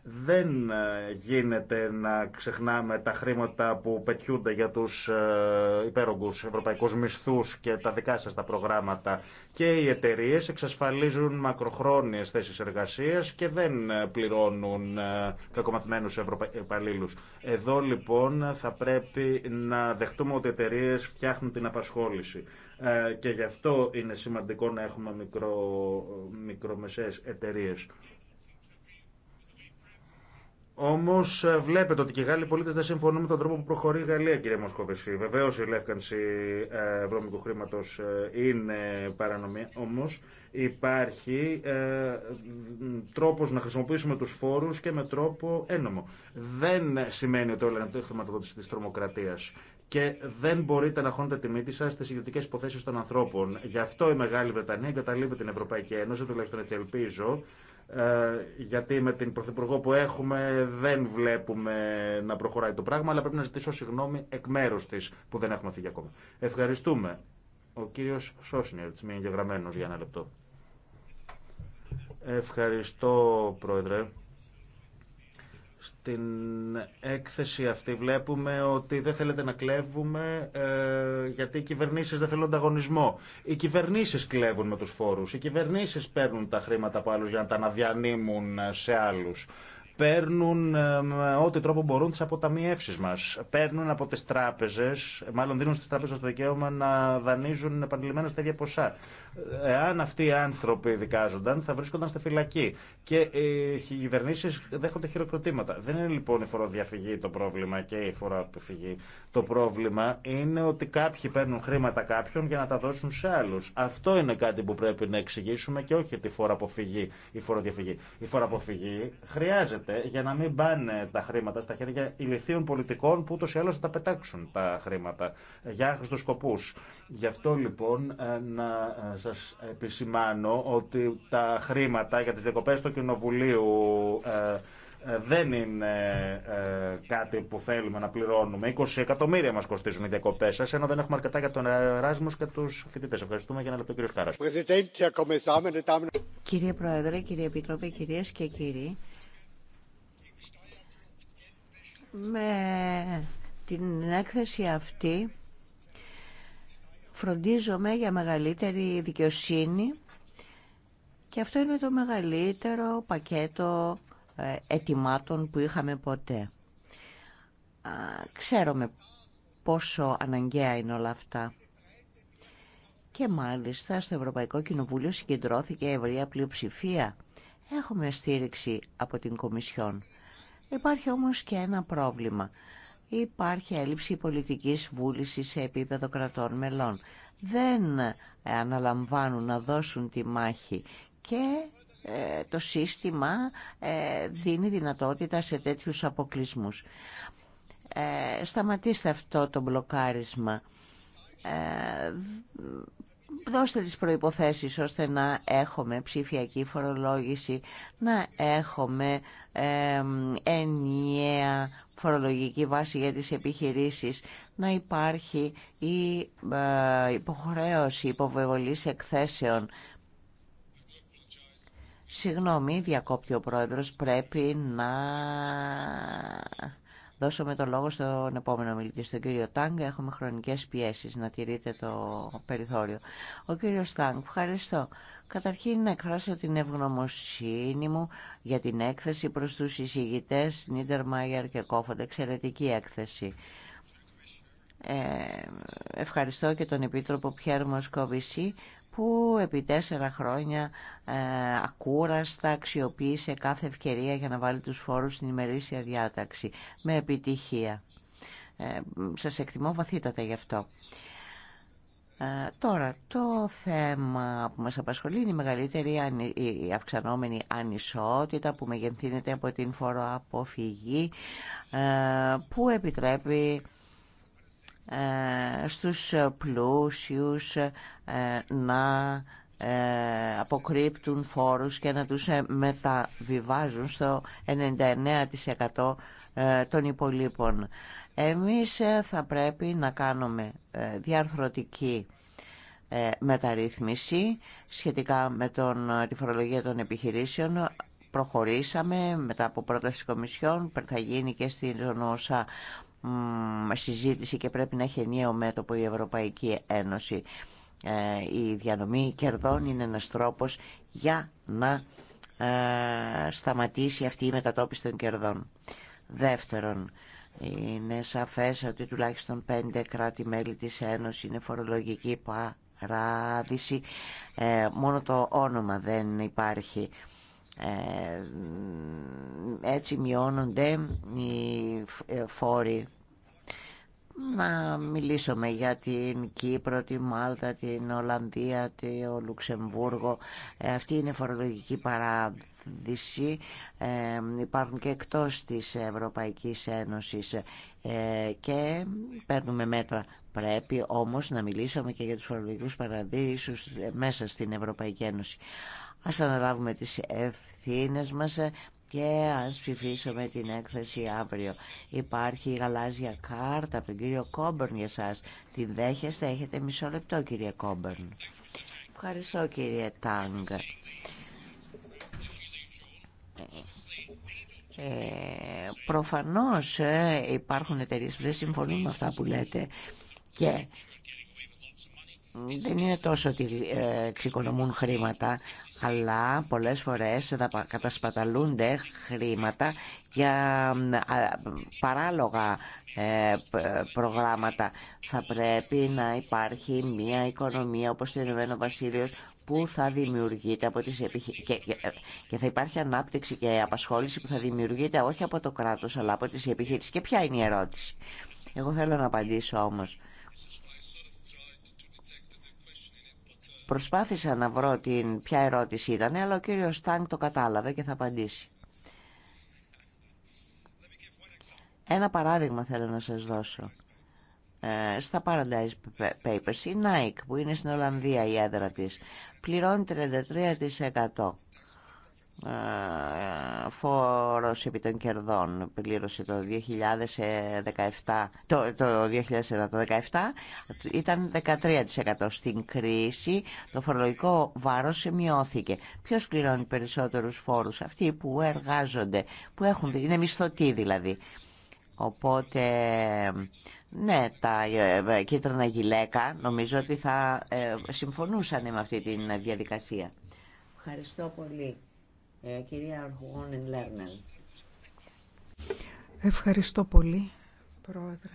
δεν ε, γίνεται να ξεχνάμε τα χρήματα που πετιούνται για τους ε, υπέρογκους ευρωπαϊκούς μισθούς και τα δικά σας τα προγράμματα. Και οι εταιρείε εξασφαλίζουν μακροχρόνιες θέσεις εργασίας και δεν ε, πληρώνουν κακομαθημένους υπαλλήλους. Εδώ λοιπόν θα πρέπει να δεχτούμε ότι οι εταιρείε φτιάχνουν την απασχόληση. Και γι' αυτό είναι σημαντικό να έχουμε μικρο, μικρομεσαίες εταιρείες. Όμω ε, βλέπετε ότι και οι Γάλλοι πολίτε δεν συμφωνούν με τον τρόπο που προχωρεί η Γαλλία, κύριε Μοσκοβεσί. Βεβαίω η λεύκανση ε, βρώμικου χρήματο ε, είναι παρανομή. Όμω υπάρχει τρόπο να χρησιμοποιήσουμε του φόρου και με τρόπο ένομο. Δεν σημαίνει ότι όλα είναι το χρηματοδότηση τη τρομοκρατία. Και δεν μπορείτε να χώνετε τη μύτη σα στι ιδιωτικέ υποθέσει των ανθρώπων. Γι' αυτό η Μεγάλη Βρετανία εγκαταλείπει την Ευρωπαϊκή Ένωση, τουλάχιστον έτσι ελπίζω, ε, γιατί με την Πρωθυπουργό που έχουμε δεν βλέπουμε να προχωράει το πράγμα, αλλά πρέπει να ζητήσω συγγνώμη εκ μέρου τη που δεν έχουμε φύγει ακόμα. Ευχαριστούμε. Ο κύριο Σόσνιερτ, μη εγγεγραμμένο για ένα λεπτό. Ευχαριστώ, Πρόεδρε. Στην έκθεση αυτή βλέπουμε ότι δεν θέλετε να κλέβουμε ε, γιατί οι κυβερνήσεις δεν θέλουν ανταγωνισμό. Οι κυβερνήσεις κλέβουν με τους φόρους, οι κυβερνήσεις παίρνουν τα χρήματα από άλλους για να τα αναδιανύμουν σε άλλους παίρνουν ε, με ό,τι τρόπο μπορούν τι αποταμιεύσει μα. Παίρνουν από τι τράπεζε, μάλλον δίνουν στι τράπεζε το δικαίωμα να δανείζουν επανειλημμένω τα ίδια ποσά. Εάν αυτοί οι άνθρωποι δικάζονταν, θα βρίσκονταν στη φυλακή. Και οι κυβερνήσει δέχονται χειροκροτήματα. Δεν είναι λοιπόν η φοροδιαφυγή το πρόβλημα και η φοροαποφυγή. Το πρόβλημα είναι ότι κάποιοι παίρνουν χρήματα κάποιων για να τα δώσουν σε άλλου. Αυτό είναι κάτι που πρέπει να εξηγήσουμε και όχι τη φοροαποφυγή ή φοροδιαφυγή. Η φοροαποφυγή χρειάζεται για να μην πάνε τα χρήματα στα χέρια ηλικίων πολιτικών που ούτω ή άλλω θα τα πετάξουν τα χρήματα για άχρηστου σκοπού. Γι' αυτό λοιπόν ε, να ε, σας επισημάνω ότι τα χρήματα για τις διακοπές του Κοινοβουλίου ε, ε, δεν είναι ε, κάτι που θέλουμε να πληρώνουμε. 20 εκατομμύρια μας κοστίζουν οι διακοπέ σα ενώ δεν έχουμε αρκετά για τον Εράσμο και του φοιτητέ. Ευχαριστούμε για ένα λεπτό κύριο Κάρα. Κύριε Πρόεδρε, κύριε Επιτρόπε, κυρίε και κύριοι, με την έκθεση αυτή φροντίζομαι για μεγαλύτερη δικαιοσύνη και αυτό είναι το μεγαλύτερο πακέτο ε, ετοιμάτων που είχαμε ποτέ. Ξέρουμε πόσο αναγκαία είναι όλα αυτά. Και μάλιστα στο Ευρωπαϊκό Κοινοβούλιο συγκεντρώθηκε ευρεία πλειοψηφία. Έχουμε στήριξη από την Κομισιόν. Υπάρχει όμως και ένα πρόβλημα υπάρχει έλλειψη πολιτικής βούλησης σε επίπεδο κρατών μελών. Δεν ε, αναλαμβάνουν να δώσουν τη μάχη και ε, το σύστημα ε, δίνει δυνατότητα σε τέτοιους αποκλεισμούς. Σταματήστε αυτό το μπλοκάρισμα δώστε τις προϋποθέσεις ώστε να έχουμε ψηφιακή φορολόγηση, να έχουμε ε, ενιαία φορολογική βάση για τις επιχειρήσεις, να υπάρχει η ε, υποχρέωση υποβεβολής εκθέσεων. Συγγνώμη, διακόπτει ο πρόεδρος, πρέπει να... Δώσαμε το λόγο στον επόμενο μιλητή, στον κύριο Τάγκ. Έχουμε χρονικές πιέσεις να τηρείτε το περιθώριο. Ο κύριος Τάγκ, ευχαριστώ. Καταρχήν να εκφράσω την ευγνωμοσύνη μου για την έκθεση προς τους εισηγητές Νίτερ Μάγερ και Κόφοντα. Εξαιρετική έκθεση. Ε, ευχαριστώ και τον Επίτροπο Πιέρ Μοσκοβισή που επί τέσσερα χρόνια ε, ακούραστα αξιοποίησε κάθε ευκαιρία για να βάλει τους φόρους στην ημερήσια διάταξη. Με επιτυχία. Ε, σας εκτιμώ βαθύτατα γι' αυτό. Ε, τώρα, το θέμα που μας απασχολεί είναι η μεγαλύτερη αυξανόμενη ανισότητα που μεγενθύνεται από την φοροαποφυγή ε, που επιτρέπει ε, στους πλούσιους ε, να ε, αποκρύπτουν φόρους και να τους μεταβιβάζουν στο 99% των υπολείπων. Εμείς θα πρέπει να κάνουμε διαρθρωτική μεταρρύθμιση σχετικά με τον, τη φορολογία των επιχειρήσεων. Προχωρήσαμε μετά από πρόταση κομισιών, θα γίνει και στην ΩΣΑ συζήτηση και πρέπει να έχει ενιαίο μέτωπο η Ευρωπαϊκή Ένωση. Ε, η διανομή κερδών είναι ένας τρόπος για να ε, σταματήσει αυτή η μετατόπιση των κερδών. Δεύτερον, είναι σαφές ότι τουλάχιστον πέντε κράτη-μέλη της Ένωσης είναι φορολογική παράδειση. Ε, μόνο το όνομα δεν υπάρχει. Ε, έτσι μειώνονται οι ε, φόροι. Να μιλήσουμε για την Κύπρο, τη Μάλτα, την Ολλανδία, το Λουξεμβούργο. Ε, αυτή είναι φορολογική παράδειση. Υπάρχουν και εκτός της Ευρωπαϊκής Ένωσης και παίρνουμε μέτρα. Πρέπει όμως να μιλήσουμε και για τους φορολογικούς παραδείσους μέσα στην Ευρωπαϊκή Ένωση. Ας αναλάβουμε τις ευθύνες μας και ας ψηφίσουμε την έκθεση αύριο. Υπάρχει η γαλάζια κάρτα από τον κύριο Κόμπερν για σας. Την δέχεστε, έχετε μισό λεπτό κύριε Κόμπερν. Ευχαριστώ κύριε Τάγκ. Ε, προφανώς ε, υπάρχουν εταιρείε που δεν συμφωνούν με αυτά που λέτε και δεν είναι τόσο ότι ε, χρήματα αλλά πολλές φορές κατασπαταλούνται χρήματα για παράλογα ε, προγράμματα. Θα πρέπει να υπάρχει μια οικονομία όπως το Ηνωμένο Βασίλειο που θα δημιουργείται από τις επιχειρήσεις και, θα υπάρχει ανάπτυξη και απασχόληση που θα δημιουργείται όχι από το κράτος αλλά από τις επιχειρήσεις. Και ποια είναι η ερώτηση. Εγώ θέλω να απαντήσω όμως. Προσπάθησα να βρω την ποια ερώτηση ήταν, αλλά ο κύριος Τάνκ το κατάλαβε και θα απαντήσει. Ένα παράδειγμα θέλω να σας δώσω. Ε, στα Paradise Papers, η Nike που είναι στην Ολλανδία η έδρα της, πληρώνει 33% ε, φόρος επί των κερδών πλήρωσε το 2017 το, το 2017 ήταν 13% στην κρίση το φορολογικό βάρος μειώθηκε ποιος πληρώνει περισσότερους φόρους αυτοί που εργάζονται που έχουν, είναι μισθωτοί δηλαδή οπότε ναι τα ε, κίτρινα γυλαίκα νομίζω ότι θα ε, συμφωνούσαν με αυτή τη διαδικασία Ευχαριστώ πολύ. Ε, κυρία Λέρνεν. Ευχαριστώ πολύ, Πρόεδρε.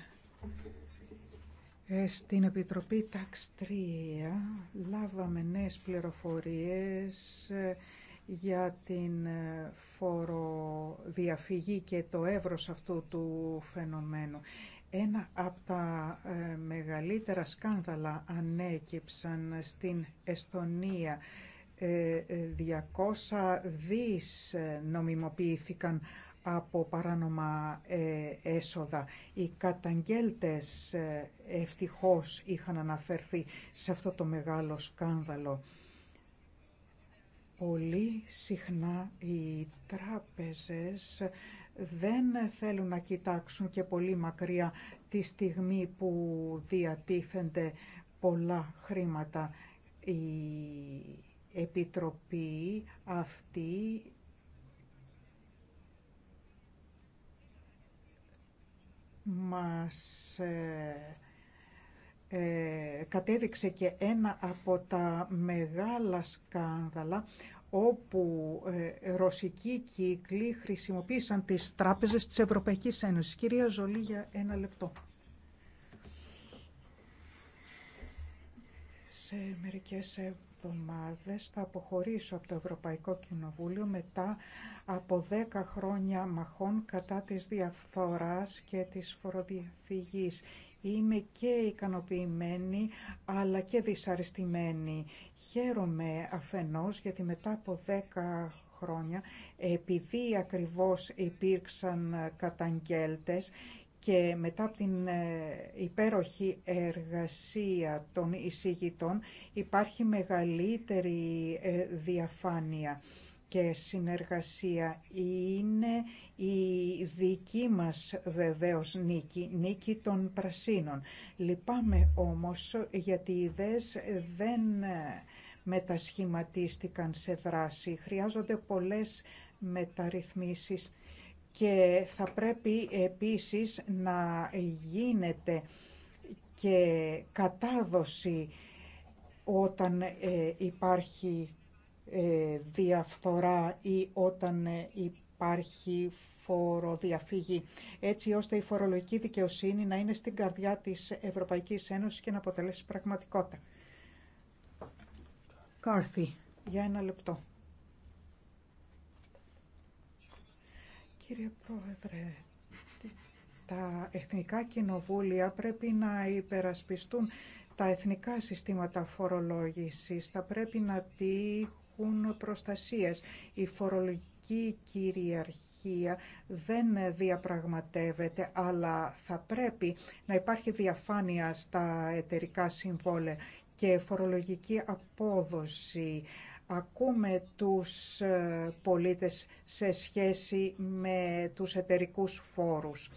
Ε, στην Επιτροπή Tax 3 λάβαμε νέες πληροφορίες ε, για την φοροδιαφυγή και το εύρος αυτού του φαινομένου. Ένα από τα μεγαλύτερα σκάνδαλα ανέκυψαν στην Εσθονία... 200 δις νομιμοποιήθηκαν από παράνομα ε, έσοδα. Οι καταγγέλτες ε, ευτυχώς είχαν αναφερθεί σε αυτό το μεγάλο σκάνδαλο. Πολύ συχνά οι τράπεζες δεν θέλουν να κοιτάξουν και πολύ μακριά τη στιγμή που διατίθενται πολλά χρήματα. Οι επιτροπή αυτή μας ε, ε, κατέδειξε και ένα από τα μεγάλα σκάνδαλα όπου ε, ρωσικοί κύκλοι χρησιμοποίησαν τις τράπεζες της Ευρωπαϊκής Ένωσης. Κυρία Ζολή, για ένα λεπτό. Σε μερικές εβδομάδες θα αποχωρήσω από το Ευρωπαϊκό Κοινοβούλιο μετά από 10 χρόνια μαχών κατά της διαφθοράς και της φοροδιαφυγής. Είμαι και ικανοποιημένη αλλά και δυσαρεστημένη. Χαίρομαι αφενός γιατί μετά από 10 χρόνια επειδή ακριβώς υπήρξαν καταγγέλτες και μετά από την ε, υπέροχη εργασία των εισηγητών υπάρχει μεγαλύτερη ε, διαφάνεια και συνεργασία. Είναι η δική μας βεβαίως νίκη, νίκη των πρασίνων. Λυπάμαι όμως γιατί οι ιδέες δεν ε, μετασχηματίστηκαν σε δράση. Χρειάζονται πολλές μεταρρυθμίσεις και θα πρέπει επίσης να γίνεται και κατάδοση όταν ε, υπάρχει ε, διαφθορά ή όταν ε, υπάρχει φοροδιαφύγη, έτσι ώστε η φορολογική δικαιοσύνη να είναι στην καρδιά της Ευρωπαϊκής Ένωσης και να αποτελέσει πραγματικότητα. Κάρθι, για ένα λεπτό. Κύριε Πρόεδρε, τα εθνικά κοινοβούλια πρέπει να υπερασπιστούν τα εθνικά συστήματα φορολόγησης. Θα πρέπει να τύχουν προστασίες. Η φορολογική κυριαρχία δεν διαπραγματεύεται, αλλά θα πρέπει να υπάρχει διαφάνεια στα εταιρικά συμβόλαια και φορολογική απόδοση ακούμε τους ε, πολίτες σε σχέση με τους εταιρικούς φόρους.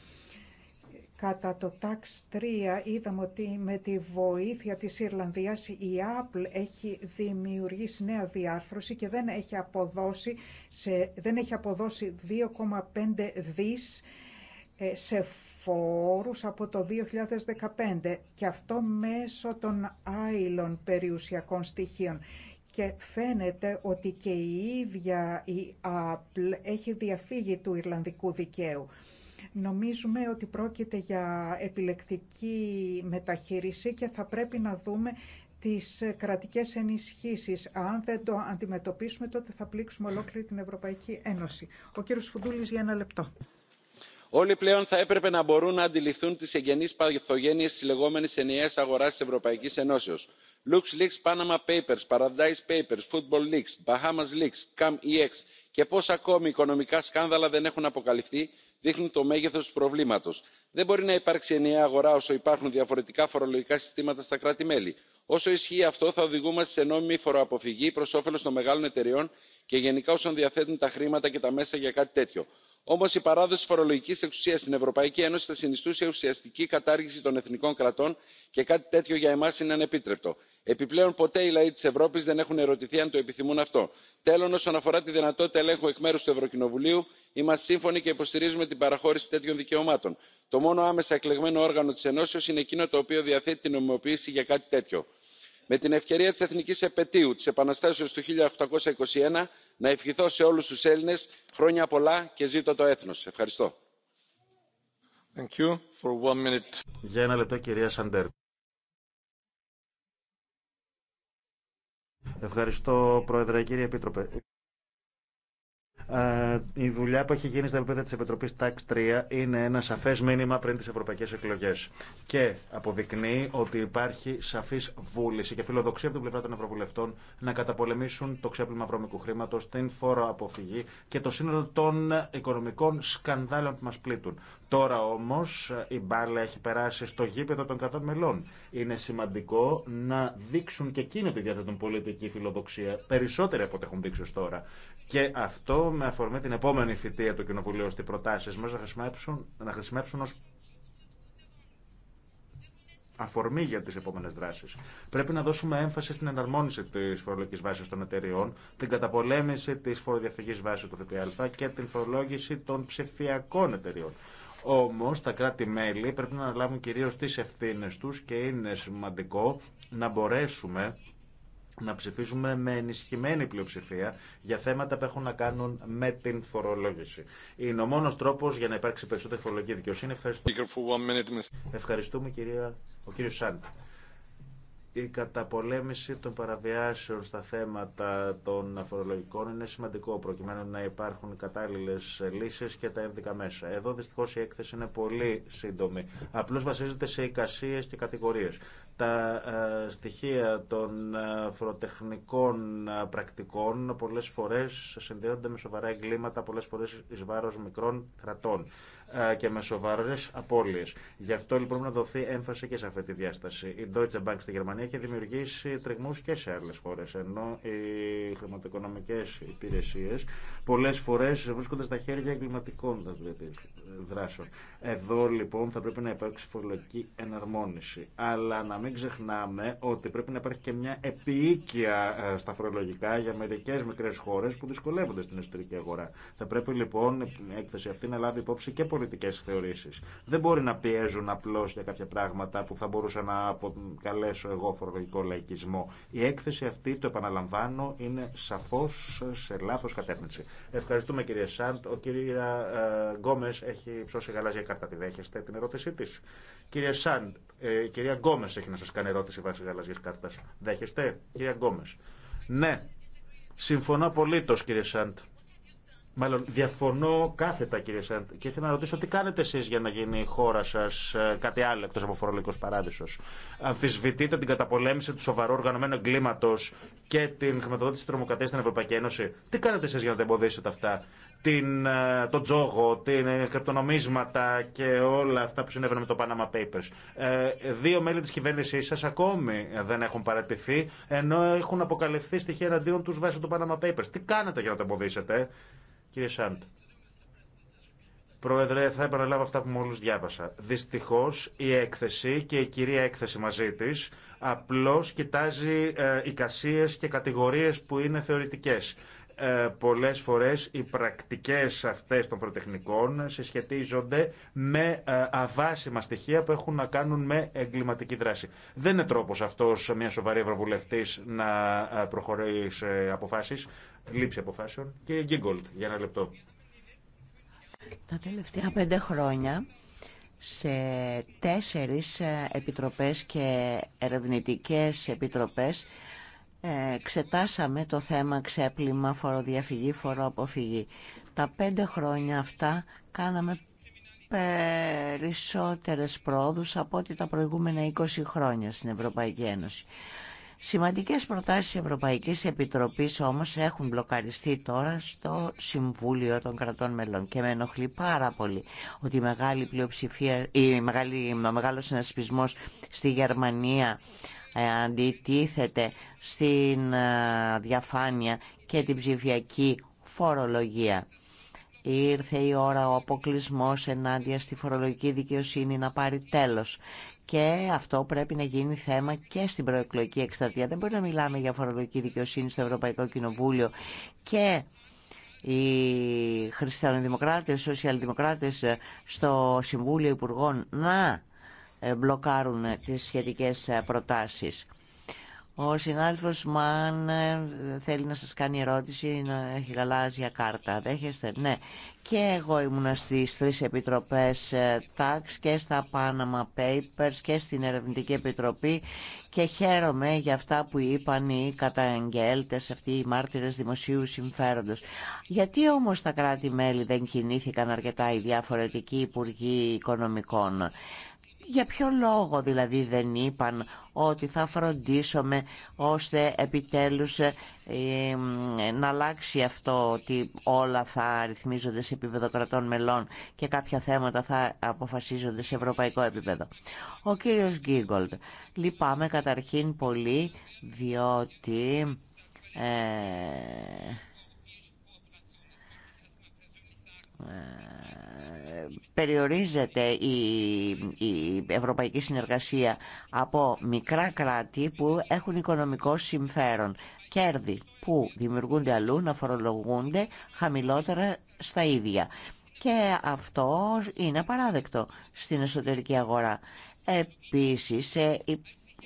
Κατά το Tax 3 είδαμε ότι με τη βοήθεια της Ιρλανδίας η Apple έχει δημιουργήσει νέα διάρθρωση και δεν έχει αποδώσει, δεν 2,5 δις ε, σε φόρους από το 2015 και αυτό μέσω των άειλων περιουσιακών στοιχείων και φαίνεται ότι και η ίδια η Apple έχει διαφύγει του Ιρλανδικού δικαίου. Νομίζουμε ότι πρόκειται για επιλεκτική μεταχείριση και θα πρέπει να δούμε τις κρατικές ενισχύσεις. Αν δεν το αντιμετωπίσουμε τότε θα πλήξουμε ολόκληρη την Ευρωπαϊκή Ένωση. Ο κύριος Φουντούλης για ένα λεπτό. Όλοι πλέον θα έπρεπε να μπορούν να αντιληφθούν τις εγγενείς παθογένειες της λεγόμενης ενιαίας αγοράς της Ευρωπαϊκής Ενώσεως luxleaks panama papers paradise papers football leaks bahamas leaks cum ex και πόσα ακόμη οικονομικά σκάνδαλα δεν έχουν αποκαλυφθεί δείχνουν το μέγεθο του προβλήματο. δεν μπορεί να υπάρξει ενιαία αγορά όσο υπάρχουν διαφορετικά φορολογικά συστήματα στα κράτη μέλη. όσο ισχύει αυτό θα οδηγούμαστε σε νόμιμη φοροαποφυγή προ όφελο των μεγάλων εταιριών και γενικά όσων διαθέτουν τα χρήματα και τα μέσα για κάτι τέτοιο όμω η παράδοση φορολογική εξουσία στην ευρωπαϊκή ένωση θα συνιστούσε ουσιαστική κατάργηση των εθνικών κρατών και κάτι τέτοιο για εμά είναι ανεπίτρεπτο. επιπλέον ποτέ οι λαοί τη ευρώπη δεν έχουν ερωτηθεί αν το επιθυμούν αυτό. Τέλο, όσον αφορά τη δυνατότητα ελέγχου εκ μέρου του ευρωκοινοβουλίου είμαστε σύμφωνοι και υποστηρίζουμε την παραχώρηση τέτοιων δικαιωμάτων. το μόνο άμεσα εκλεγμένο όργανο τη ενώσεω είναι εκείνο το οποίο διαθέτει την νομιμοποίηση για κάτι τέτοιο. με την ευκαιρία τη εθνική επετείου τη επαναστάσεω του 1821 να ευχηθώ σε όλους τους έλληνες χρόνια πολλά και ζήτω το έθνος. ευχαριστώ. Thank you for one minute. Για ένα λεπτό, κυρία Σαντέρ. Ευχαριστώ, Πρόεδρε, κύριε Επίτροπε. Ε, η δουλειά που έχει γίνει στα επίπεδα τη Επιτροπή Tax 3 είναι ένα σαφέ μήνυμα πριν τι ευρωπαϊκέ εκλογέ. Και αποδεικνύει ότι υπάρχει σαφή βούληση και φιλοδοξία από την πλευρά των Ευρωβουλευτών να καταπολεμήσουν το ξέπλυμα βρώμικου χρήματο, την φόρο αποφυγή και το σύνολο των οικονομικών σκανδάλων που μα πλήττουν. Τώρα όμω η μπάλα έχει περάσει στο γήπεδο των κρατών μελών. Είναι σημαντικό να δείξουν και εκείνοι ότι διαθέτουν πολιτική φιλοδοξία περισσότερη από ό,τι έχουν δείξει τώρα. Και αυτό με αφορμή την επόμενη θητεία του Κοινοβουλίου στι προτάσεις μας να χρησιμεύσουν, να χρησιμεύσουν ως αφορμή για τι επόμενε δράσει. Πρέπει να δώσουμε έμφαση στην εναρμόνιση τη φορολογική βάση των εταιριών, την καταπολέμηση τη φοροδιαφυγή βάση του ΦΠΑ και την φορολόγηση των ψηφιακών εταιριών. Όμω τα κράτη-μέλη πρέπει να αναλάβουν κυρίω τι ευθύνε του και είναι σημαντικό να μπορέσουμε να ψηφίσουμε με ενισχυμένη πλειοψηφία για θέματα που έχουν να κάνουν με την φορολόγηση. Είναι ο μόνος τρόπο για να υπάρξει περισσότερη φορολογική δικαιοσύνη. Ευχαριστούμε. Ευχαριστούμε κυρία, ο κύριο Σάντ η καταπολέμηση των παραβιάσεων στα θέματα των αφορολογικών είναι σημαντικό προκειμένου να υπάρχουν κατάλληλε λύσει και τα ένδικα μέσα. Εδώ δυστυχώ η έκθεση είναι πολύ σύντομη. Απλώ βασίζεται σε εικασίε και κατηγορίε. Τα ε, στοιχεία των ε, φοροτεχνικών ε, πρακτικών πολλέ φορέ συνδέονται με σοβαρά εγκλήματα, πολλέ φορέ ει βάρο μικρών κρατών. Ε, και με σοβαρέ απώλειε. Γι' αυτό λοιπόν να δοθεί έμφαση και σε αυτή τη διάσταση. Η Deutsche Bank στη Γερμανία έχει δημιουργήσει τριγμού και σε άλλε χώρε. Ενώ οι χρηματοοικονομικέ υπηρεσίε πολλέ φορέ βρίσκονται στα χέρια εγκληματικών δράσεων. Εδώ λοιπόν θα πρέπει να υπάρξει φορολογική εναρμόνιση. Αλλά να μην ξεχνάμε ότι πρέπει να υπάρχει και μια επίοικια ε, στα φορολογικά για μερικέ μικρέ χώρε που δυσκολεύονται στην εσωτερική αγορά. Θα πρέπει λοιπόν η έκθεση αυτή να λάβει υπόψη και πολιτικέ θεωρήσει. Δεν μπορεί να πιέζουν απλώ για κάποια πράγματα που θα μπορούσα να αποκαλέσω εγώ φορολογικό λαϊκισμό. Η έκθεση αυτή, το επαναλαμβάνω, είναι σαφώ σε λάθο κατεύθυνση. Ευχαριστούμε κύριε Σάντ. Ο κύριε. Ε, Γκόμε έχει ψώσει γαλάζια κάρτα. Τη δέχεστε την ερώτησή τη. Κύριε Σαν, ε, κυρία Γκόμε έχει να σα κάνει ερώτηση βάσει γαλάζια κάρτα. Δέχεστε, κυρία Γκόμε. Ναι, συμφωνώ απολύτω, κύριε Σαντ. Μάλλον διαφωνώ κάθετα, κύριε Σαντ. Και ήθελα να ρωτήσω τι κάνετε εσεί για να γίνει η χώρα σα ε, κάτι άλλο εκτό από φορολογικό παράδεισο. Αμφισβητείτε την καταπολέμηση του σοβαρού οργανωμένου εγκλήματο και την χρηματοδότηση τη τρομοκρατία στην Ευρωπαϊκή Ένωση. Τι κάνετε εσεί για να τα εμποδίσετε αυτά την, ε, τον τζόγο, την ε, κρυπτονομίσματα και όλα αυτά που συνέβαιναν με το Panama Papers. Ε, δύο μέλη της κυβέρνησής σας ακόμη δεν έχουν παρατηθεί, ενώ έχουν αποκαλυφθεί στοιχεία εναντίον τους βάσει του Panama Papers. Τι κάνετε για να τα εμποδίσετε, κύριε Σάντ. Πρόεδρε, θα επαναλάβω αυτά που μόλις διάβασα. Δυστυχώς η έκθεση και η κυρία έκθεση μαζί της απλώς κοιτάζει ε, εικασίες και κατηγορίες που είναι θεωρητικές. Ε, πολλές φορές οι πρακτικές αυτές των φροντεχνικών συσχετίζονται με ε, αβάσιμα στοιχεία που έχουν να κάνουν με εγκληματική δράση. Δεν είναι τρόπος αυτός μια σοβαρή ευρωβουλευτής να ε, προχωρεί σε αποφάσεις, λήψη αποφάσεων. Κύριε Γκίγκολτ, για ένα λεπτό. Τα τελευταία πέντε χρόνια σε τέσσερις επιτροπές και ερευνητικές επιτροπές εξετάσαμε το θέμα ξέπλυμα, φοροδιαφυγή, φοροαποφυγή. Τα πέντε χρόνια αυτά κάναμε περισσότερες πρόοδους από ό,τι τα προηγούμενα 20 χρόνια στην Ευρωπαϊκή Ένωση. Σημαντικές προτάσεις Ευρωπαϊκής Επιτροπής όμως έχουν μπλοκαριστεί τώρα στο Συμβούλιο των Κρατών Μελών και με ενοχλεί πάρα πολύ ότι η μεγάλη πλειοψηφία, η μεγάλη, ο μεγάλος στη Γερμανία αντιτίθεται στην ε, διαφάνεια και την ψηφιακή φορολογία. Ήρθε η ώρα ο αποκλεισμό ενάντια στη φορολογική δικαιοσύνη να πάρει τέλος. Και αυτό πρέπει να γίνει θέμα και στην προεκλογική εκστρατεία. Δεν μπορεί να μιλάμε για φορολογική δικαιοσύνη στο Ευρωπαϊκό Κοινοβούλιο και οι χριστιανοδημοκράτες, οι σοσιαλδημοκράτες ε, στο Συμβούλιο Υπουργών να ε, μπλοκάρουν τις σχετικές ε, προτάσεις. Ο συνάδελφος Μαν ε, θέλει να σας κάνει ερώτηση, να έχει γαλάζια κάρτα. Δέχεστε, ναι. Και εγώ ήμουν στις τρεις επιτροπές τάξ και στα Panama Papers και στην Ερευνητική Επιτροπή και χαίρομαι για αυτά που είπαν οι καταγγέλτες, αυτοί οι μάρτυρες δημοσίου συμφέροντος. Γιατί όμως τα κράτη-μέλη δεν κινήθηκαν αρκετά οι διαφορετικοί υπουργοί οικονομικών. Για ποιο λόγο δηλαδή δεν είπαν ότι θα φροντίσουμε ώστε επιτέλους ε, να αλλάξει αυτό ότι όλα θα ρυθμίζονται σε επίπεδο κρατών μελών και κάποια θέματα θα αποφασίζονται σε ευρωπαϊκό επίπεδο. Ο κύριος Γκίγκολτ, λυπάμαι καταρχήν πολύ διότι... Ε, περιορίζεται η, η ευρωπαϊκή συνεργασία από μικρά κράτη που έχουν οικονομικό συμφέρον. Κέρδη που δημιουργούνται αλλού να φορολογούνται χαμηλότερα στα ίδια. Και αυτό είναι απαράδεκτο στην εσωτερική αγορά. Επίσης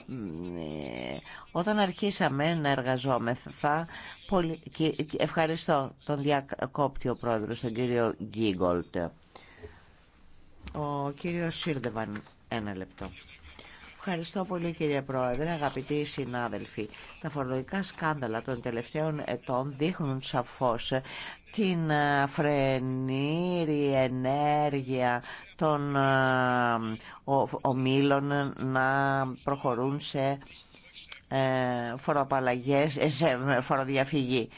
ε, όταν αρχίσαμε να εργαζόμεθα, ευχαριστώ τον διακόπτη ο πρόεδρος, τον κύριο Γκίγκολτ. Ο κύριος Σίρδεβαν, ένα λεπτό. Ευχαριστώ πολύ κύριε Πρόεδρε, αγαπητοί συνάδελφοι. Τα φορολογικά σκάνδαλα των τελευταίων ετών δείχνουν σαφώς την ε, φρενήρη ενέργεια των ε, ομίλων να προχωρούν σε ε, ε σε φοροδιαφυγή.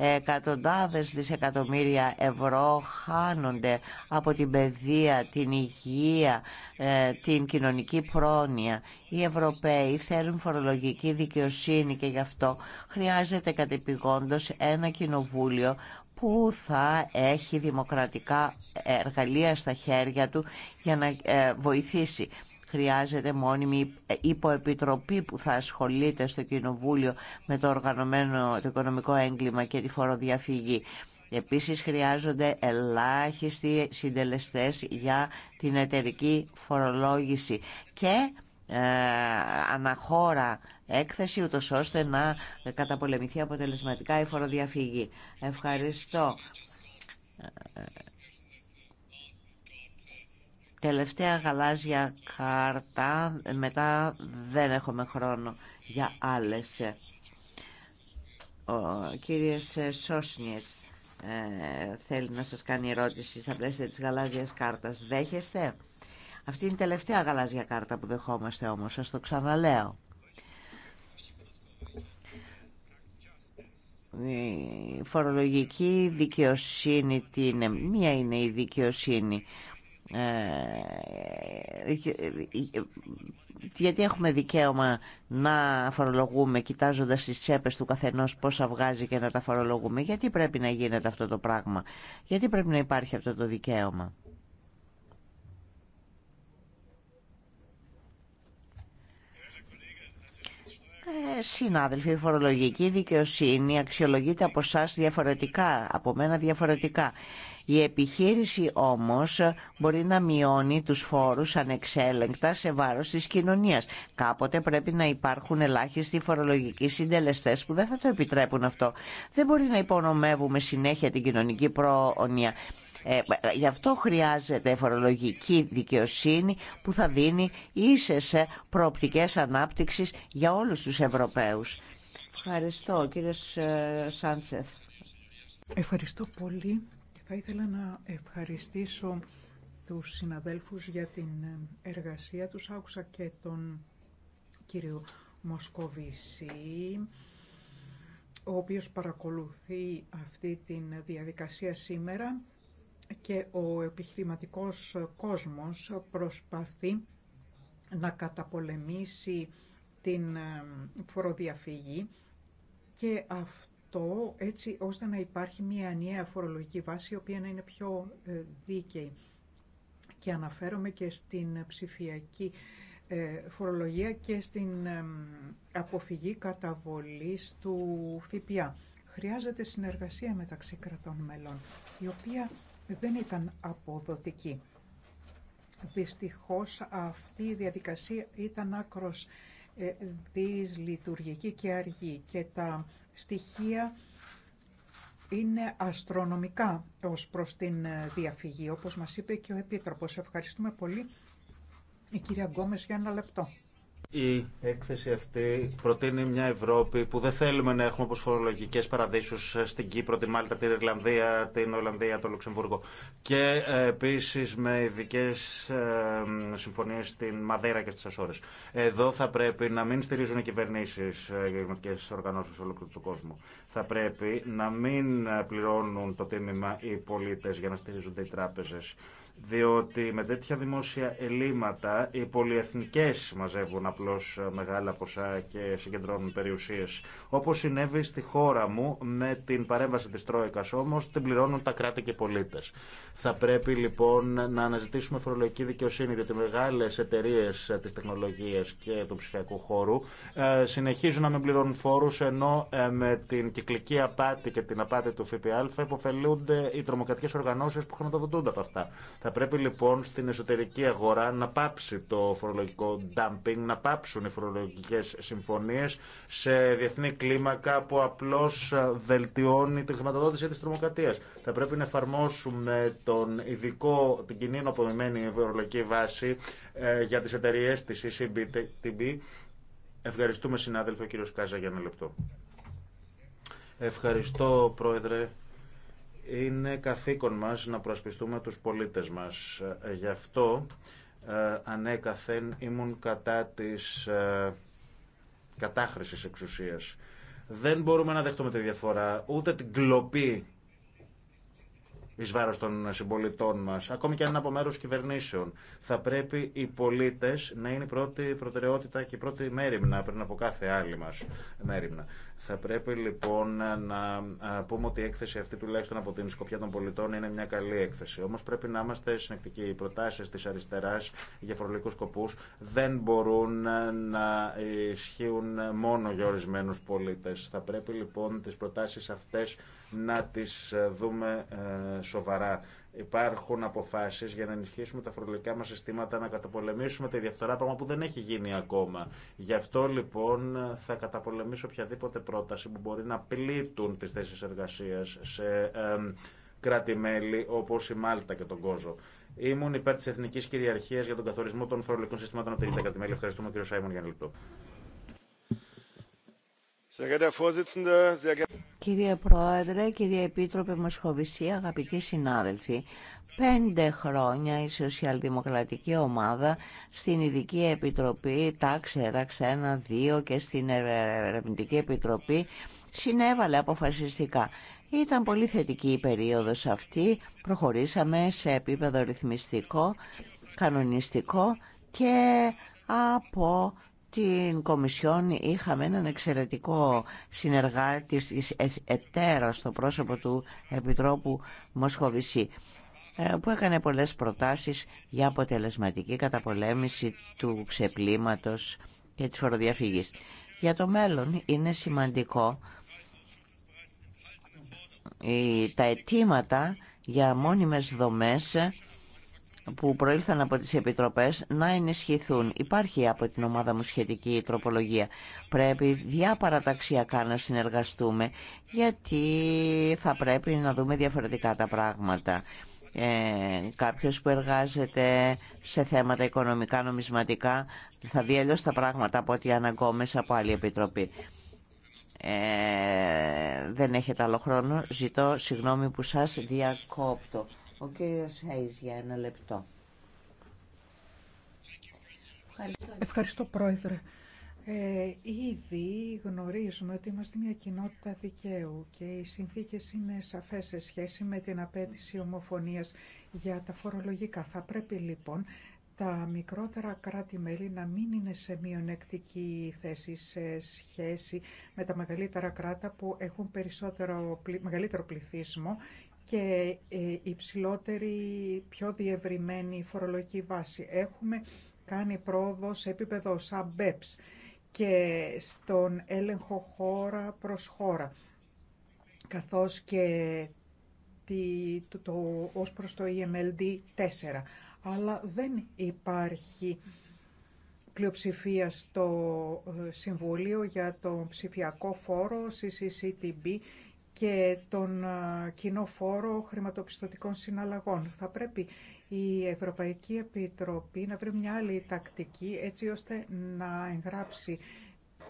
Εκατοντάδες δισεκατομμύρια ευρώ χάνονται από την παιδεία, την υγεία, ε, την κοινωνική πρόνοια. Οι Ευρωπαίοι θέλουν φορολογική δικαιοσύνη και γι' αυτό χρειάζεται κατεπηγόντως ένα κοινοβούλιο που θα έχει δημοκρατικά εργαλεία στα χέρια του για να ε, βοηθήσει Χρειάζεται μόνιμη υποεπιτροπή που θα ασχολείται στο Κοινοβούλιο με το οργανωμένο το οικονομικό έγκλημα και τη φοροδιαφυγή. Επίσης χρειάζονται ελάχιστοι συντελεστές για την εταιρική φορολόγηση και ε, αναχώρα έκθεση ούτως ώστε να καταπολεμηθεί αποτελεσματικά η φοροδιαφυγή. Ευχαριστώ. Ε, Τελευταία γαλάζια κάρτα, μετά δεν έχουμε χρόνο για άλλες. Ε, ο κύριος ε, Σόσνιετ ε, θέλει να σας κάνει ερώτηση στα πλαίσια της γαλάζιας κάρτας. Δέχεστε? Αυτή είναι η τελευταία γαλάζια κάρτα που δεχόμαστε όμως, σας το ξαναλέω. Η φορολογική δικαιοσύνη τι είναι. Μία είναι η δικαιοσύνη. Ε, ε, γιατί έχουμε δικαίωμα να φορολογούμε κοιτάζοντας τις τσέπες του καθενός πόσα βγάζει και να τα φορολογούμε. Γιατί πρέπει να γίνεται αυτό το πράγμα. Γιατί πρέπει να υπάρχει αυτό το δικαίωμα. Ε, συνάδελφοι, η φορολογική δικαιοσύνη αξιολογείται από εσά διαφορετικά, από μένα διαφορετικά. Η επιχείρηση όμως μπορεί να μειώνει τους φόρους ανεξέλεγκτα σε βάρος της κοινωνίας. Κάποτε πρέπει να υπάρχουν ελάχιστοι φορολογικοί συντελεστές που δεν θα το επιτρέπουν αυτό. Δεν μπορεί να υπονομεύουμε συνέχεια την κοινωνική πρόνοια. Ε, γι' αυτό χρειάζεται φορολογική δικαιοσύνη που θα δίνει ίσες προοπτικές ανάπτυξης για όλους τους Ευρωπαίους. Ευχαριστώ Κύριε Σάντσεθ. Ευχαριστώ πολύ. Θα ήθελα να ευχαριστήσω τους συναδέλφους για την εργασία τους. Άκουσα και τον κύριο Μοσκοβισή, ο οποίος παρακολουθεί αυτή την διαδικασία σήμερα και ο επιχειρηματικός κόσμος προσπαθεί να καταπολεμήσει την φοροδιαφυγή και αυτό αυτό έτσι ώστε να υπάρχει μια ενιαία φορολογική βάση η οποία να είναι πιο ε, δίκαιη. Και αναφέρομαι και στην ψηφιακή ε, φορολογία και στην αποφυγή καταβολής του ΦΠΑ. Χρειάζεται συνεργασία μεταξύ κρατών μελών, η οποία δεν ήταν αποδοτική. Δυστυχώς αυτή η διαδικασία ήταν άκρος ε, δυσλειτουργική και αργή και τα στοιχεία είναι αστρονομικά ως προς την ε, διαφυγή, όπως μας είπε και ο Επίτροπος. Ευχαριστούμε πολύ η κυρία Γκόμες για ένα λεπτό. Η έκθεση αυτή προτείνει μια Ευρώπη που δεν θέλουμε να έχουμε όπως φορολογικές παραδείσους στην Κύπρο, την Μάλτα, την Ιρλανδία, την Ολλανδία, το Λουξεμβούργο και ε, επίσης με ειδικέ ε, συμφωνίες στην Μαδέρα και στις Ασόρες. Εδώ θα πρέπει να μην στηρίζουν οι κυβερνήσεις ε, οργανώσει οργανώσεις ολόκληρου του κόσμου. Θα πρέπει να μην πληρώνουν το τίμημα οι πολίτες για να στηρίζονται οι τράπεζες διότι με τέτοια δημόσια ελλείμματα οι πολυεθνικές μαζεύουν απλώς ε, μεγάλα ποσά και συγκεντρώνουν περιουσίες. Όπως συνέβη στη χώρα μου με την παρέμβαση της Τρόικας όμως την πληρώνουν τα κράτη και πολίτες. Θα πρέπει λοιπόν να αναζητήσουμε φορολογική δικαιοσύνη, διότι μεγάλε εταιρείε ε, τη τεχνολογία και του ψηφιακού χώρου ε, συνεχίζουν να μην πληρώνουν φόρου, ενώ ε, με την κυκλική απάτη και την απάτη του ΦΠΑ υποφελούνται οι τρομοκρατικέ οργανώσει που χρηματοδοτούνται από αυτά. Θα πρέπει λοιπόν στην εσωτερική αγορά να πάψει το φορολογικό dumping, να πάψουν οι φορολογικέ συμφωνίε σε διεθνή κλίμακα που απλώ βελτιώνει τη χρηματοδότηση τη τρομοκρατία. Θα πρέπει να εφαρμόσουμε τον ειδικό, την κοινή ενωπομημένη ευρωλογική βάση ε, για τις εταιρείε της ECBTB. Ευχαριστούμε συνάδελφο κύριο Κάζα για ένα λεπτό. Ευχαριστώ πρόεδρε. Είναι καθήκον μας να προασπιστούμε τους πολίτες μας. Ε, γι' αυτό ε, ανέκαθεν ήμουν κατά της κατάχρησης εξουσίας. Δεν μπορούμε να δεχτούμε τη διαφορά, ούτε την κλοπή ει βάρο των συμπολιτών μα, ακόμη και αν είναι από μέρου κυβερνήσεων. Θα πρέπει οι πολίτε να είναι η πρώτη προτεραιότητα και η πρώτη μέρημνα πριν από κάθε άλλη μα μέρημνα. Θα πρέπει λοιπόν να πούμε ότι η έκθεση αυτή, τουλάχιστον από την Σκοπιά των Πολιτών, είναι μια καλή έκθεση. Όμω πρέπει να είμαστε συνεκτικοί. Οι προτάσει τη αριστερά για φορολογικού σκοπού δεν μπορούν να ισχύουν μόνο για ορισμένου πολίτε. Θα πρέπει λοιπόν τι προτάσει αυτέ να τις ε, δούμε ε, σοβαρά. Υπάρχουν αποφάσεις για να ενισχύσουμε τα φορολογικά μας συστήματα, να καταπολεμήσουμε τη διαφθορά, πράγμα που δεν έχει γίνει ακόμα. Γι' αυτό λοιπόν θα καταπολεμήσω οποιαδήποτε πρόταση που μπορεί να πλήττουν τις θέσεις εργασίας σε κράτη-μέλη όπως η Μάλτα και τον Κόζο. Ήμουν υπέρ τη εθνικής κυριαρχίας για τον καθορισμό των φορολογικών συστημάτων από τα μελη Ευχαριστούμε, κύριο Σάιμον, για ένα λεπτό. Κύριε Πρόεδρε, κύριε Επίτροπε Μοσχοβησία, αγαπητοί συνάδελφοι, πέντε χρόνια η Σοσιαλδημοκρατική Ομάδα στην Ειδική Επιτροπή, Επιτροπή τάξε 1, 2 και στην Ερευνητική Επιτροπή συνέβαλε αποφασιστικά. Ήταν πολύ θετική η περίοδος αυτή, προχωρήσαμε σε επίπεδο ρυθμιστικό, κανονιστικό και από την Κομισιόν είχαμε έναν εξαιρετικό συνεργάτη εταίρο στο πρόσωπο του Επιτρόπου Μοσχοβησί ε, που έκανε πολλές προτάσεις για αποτελεσματική καταπολέμηση του ξεπλήματος και της φοροδιαφυγής. Για το μέλλον είναι σημαντικό τα αιτήματα για μόνιμες δομές που προήλθαν από τις επιτροπές να ενισχυθούν. Υπάρχει από την ομάδα μου σχετική τροπολογία. Πρέπει διαπαραταξιακά να συνεργαστούμε γιατί θα πρέπει να δούμε διαφορετικά τα πράγματα. Ε, κάποιος που εργάζεται σε θέματα οικονομικά, νομισματικά θα δει τα πράγματα από ό,τι αναγκόμες από άλλη επιτροπή. Ε, δεν έχετε άλλο χρόνο. Ζητώ συγγνώμη που σας διακόπτω. Ο κύριος Χέι για ένα λεπτό. Ευχαριστώ πρόεδρε. Ε, ήδη γνωρίζουμε ότι είμαστε μια κοινότητα δικαίου και οι συνθήκες είναι σαφές σε σχέση με την απέτηση ομοφωνίας για τα φορολογικά. Θα πρέπει λοιπόν τα μικρότερα κράτη-μέλη να μην είναι σε μειονεκτική θέση σε σχέση με τα μεγαλύτερα κράτα που έχουν περισσότερο, μεγαλύτερο πληθυσμό και ε, υψηλότερη, πιο διευρυμένη φορολογική βάση. Έχουμε κάνει πρόοδο σε επίπεδο ΣΑΜΠΕΠΣ και στον έλεγχο χώρα προς χώρα, καθώς και το, το, ως προς το EMLD 4. Αλλά δεν υπάρχει πλειοψηφία στο ε, Συμβουλίο για το ψηφιακό φόρο, CCCTB, και τον κοινό φόρο χρηματοπιστωτικών συναλλαγών. Θα πρέπει η Ευρωπαϊκή Επιτροπή να βρει μια άλλη τακτική έτσι ώστε να εγγράψει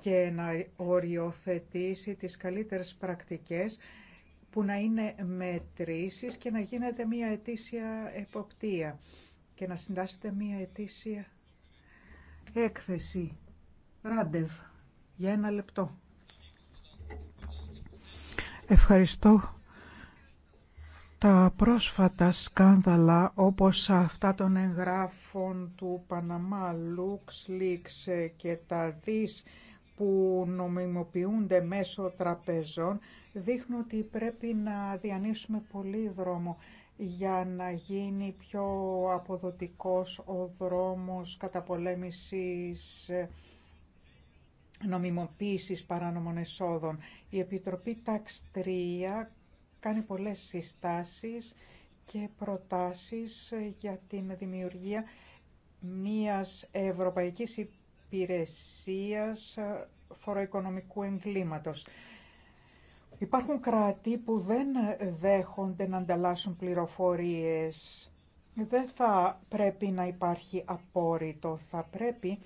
και να οριοθετήσει τις καλύτερες πρακτικές που να είναι μετρήσεις και να γίνεται μια ετήσια εποπτεία και να συντάσσεται μια ετήσια έκθεση. Ράντευ, για ένα λεπτό. Ευχαριστώ. Τα πρόσφατα σκάνδαλα όπως αυτά των εγγράφων του Παναμά, Λουξ, και τα δις που νομιμοποιούνται μέσω τραπεζών δείχνουν ότι πρέπει να διανύσουμε πολύ δρόμο για να γίνει πιο αποδοτικός ο δρόμος καταπολέμησης νομιμοποίησης παράνομων εσόδων. Η Επιτροπή Tax 3 κάνει πολλές συστάσεις και προτάσεις για την δημιουργία μιας ευρωπαϊκής υπηρεσίας φοροοικονομικού εγκλήματος. Υπάρχουν κράτη που δεν δέχονται να ανταλλάσσουν πληροφορίες. Δεν θα πρέπει να υπάρχει απόρριτο, θα πρέπει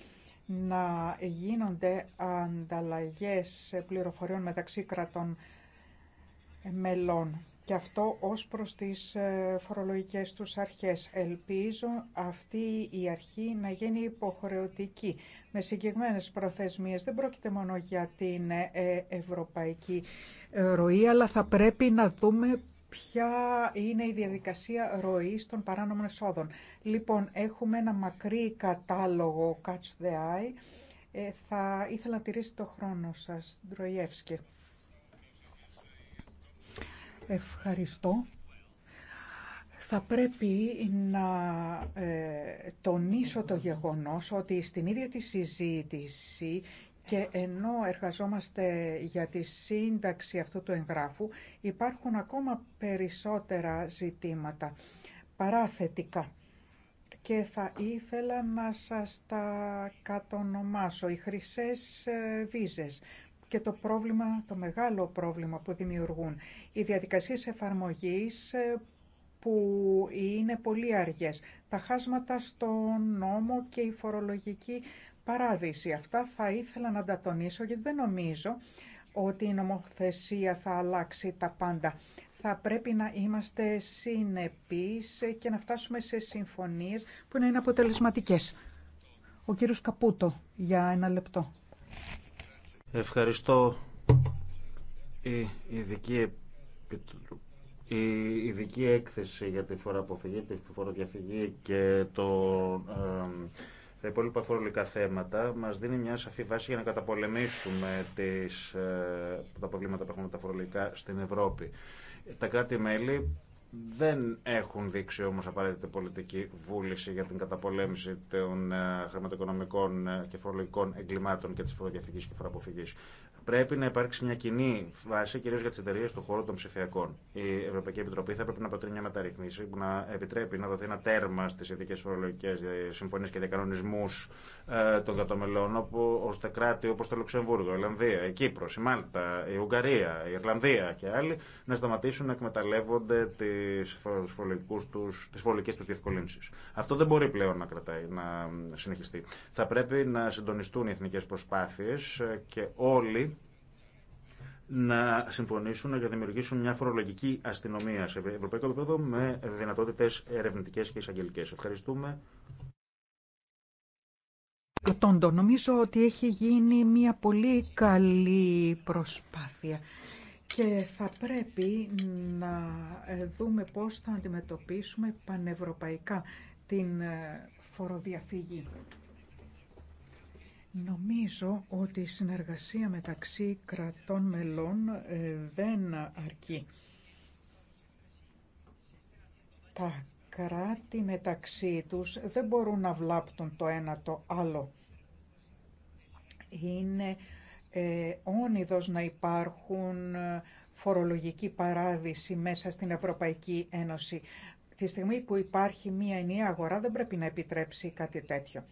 να γίνονται ανταλλαγές πληροφοριών μεταξύ κρατών μελών και αυτό ως προς τις ε, φορολογικές τους αρχές. Ελπίζω αυτή η αρχή να γίνει υποχρεωτική με συγκεκριμένες προθεσμίες. Δεν πρόκειται μόνο για την ε, ευρωπαϊκή ε, ροή, αλλά θα πρέπει να δούμε ποια είναι η διαδικασία ροής των παράνομων εσόδων. Λοιπόν, έχουμε ένα μακρύ κατάλογο Catch the Eye. Ε, θα ήθελα να τηρήσετε το χρόνο σας, Ντροϊεύσκη. Ευχαριστώ. Θα πρέπει να ε, τονίσω το γεγονός ότι στην ίδια τη συζήτηση και ενώ εργαζόμαστε για τη σύνταξη αυτού του εγγράφου, υπάρχουν ακόμα περισσότερα ζητήματα παράθετικά. Και θα ήθελα να σας τα κατονομάσω. Οι χρυσές ε, βίζες και το πρόβλημα, το μεγάλο πρόβλημα που δημιουργούν. Οι διαδικασίες εφαρμογής ε, που είναι πολύ αργές. Τα χάσματα στον νόμο και η φορολογική παράδειση. Αυτά θα ήθελα να τα τονίσω γιατί δεν νομίζω ότι η νομοθεσία θα αλλάξει τα πάντα. Θα πρέπει να είμαστε συνεπείς και να φτάσουμε σε συμφωνίες που να είναι αποτελεσματικές. Ο κύριος Καπούτο, για ένα λεπτό. Ευχαριστώ. Η ειδική, η ειδική έκθεση για τη φοροαποφυγή, τη φοροδιαφυγή και το ε, τα υπόλοιπα φορολογικά θέματα μας δίνει μια σαφή βάση για να καταπολεμήσουμε τις, ε, τα προβλήματα που έχουμε τα φορολογικά στην Ευρώπη. Τα κράτη-μέλη δεν έχουν δείξει όμως απαραίτητη πολιτική βούληση για την καταπολέμηση των ε, χρηματοοικονομικών ε, και φορολογικών εγκλημάτων και της φοροδιαφυγής και φοροαποφυγής. Πρέπει να υπάρξει μια κοινή βάση, κυρίω για τι εταιρείε του χώρου των ψηφιακών. Η Ευρωπαϊκή Επιτροπή θα πρέπει να προτείνει μια μεταρρυθμίση που να επιτρέπει να δοθεί ένα τέρμα στι ειδικέ φορολογικέ συμφωνίε και διακανονισμού ε, των κατομελών, όπου, ώστε κράτη όπω το Λουξεμβούργο, η Ολλανδία, η Κύπρο, η Μάλτα, η Ουγγαρία, η Ιρλανδία και άλλοι να σταματήσουν να εκμεταλλεύονται τι φορολογικέ του διευκολύνσει. Αυτό δεν μπορεί πλέον να, κρατάει, να συνεχιστεί. Θα πρέπει να συντονιστούν οι εθνικέ προσπάθειε ε, και όλοι να συμφωνήσουν να δημιουργήσουν μια φορολογική αστυνομία σε ευρωπαϊκό επίπεδο με δυνατότητε ερευνητικέ και εισαγγελικέ. Ευχαριστούμε. Τόντο, νομίζω ότι έχει γίνει μια πολύ καλή προσπάθεια και θα πρέπει να δούμε πώς θα αντιμετωπίσουμε πανευρωπαϊκά την φοροδιαφυγή. Νομίζω ότι η συνεργασία μεταξύ κρατών μελών ε, δεν αρκεί. Τα κράτη μεταξύ τους δεν μπορούν να βλάπτουν το ένα το άλλο. Είναι ε, όνειδος να υπάρχουν ε, φορολογική παράδειση μέσα στην Ευρωπαϊκή Ένωση. Τη στιγμή που υπάρχει μία ενιαία αγορά δεν πρέπει να επιτρέψει κάτι τέτοιο.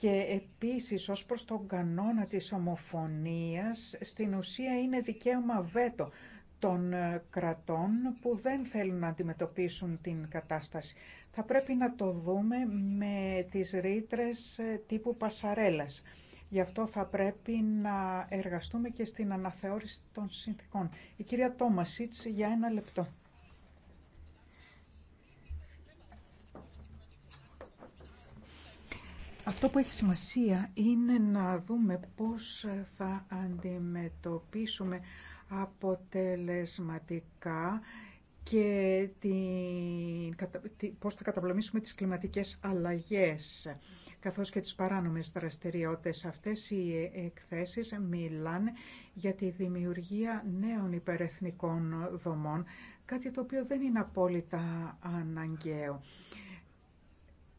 Και επίσης ως προς τον κανόνα της ομοφωνίας, στην ουσία είναι δικαίωμα βέτο των ε, κρατών που δεν θέλουν να αντιμετωπίσουν την κατάσταση. Θα πρέπει να το δούμε με τις ρήτρε ε, τύπου πασαρέλας. Γι' αυτό θα πρέπει να εργαστούμε και στην αναθεώρηση των συνθήκων. Η κυρία Τόμασίτς για ένα λεπτό. Αυτό που έχει σημασία είναι να δούμε πώς θα αντιμετωπίσουμε αποτελεσματικά και την, πώς θα καταπλωμίσουμε τις κλιματικές αλλαγές καθώς και τις παράνομες δραστηριότητες. Αυτές οι εκθέσεις μιλάνε για τη δημιουργία νέων υπερεθνικών δομών, κάτι το οποίο δεν είναι απόλυτα αναγκαίο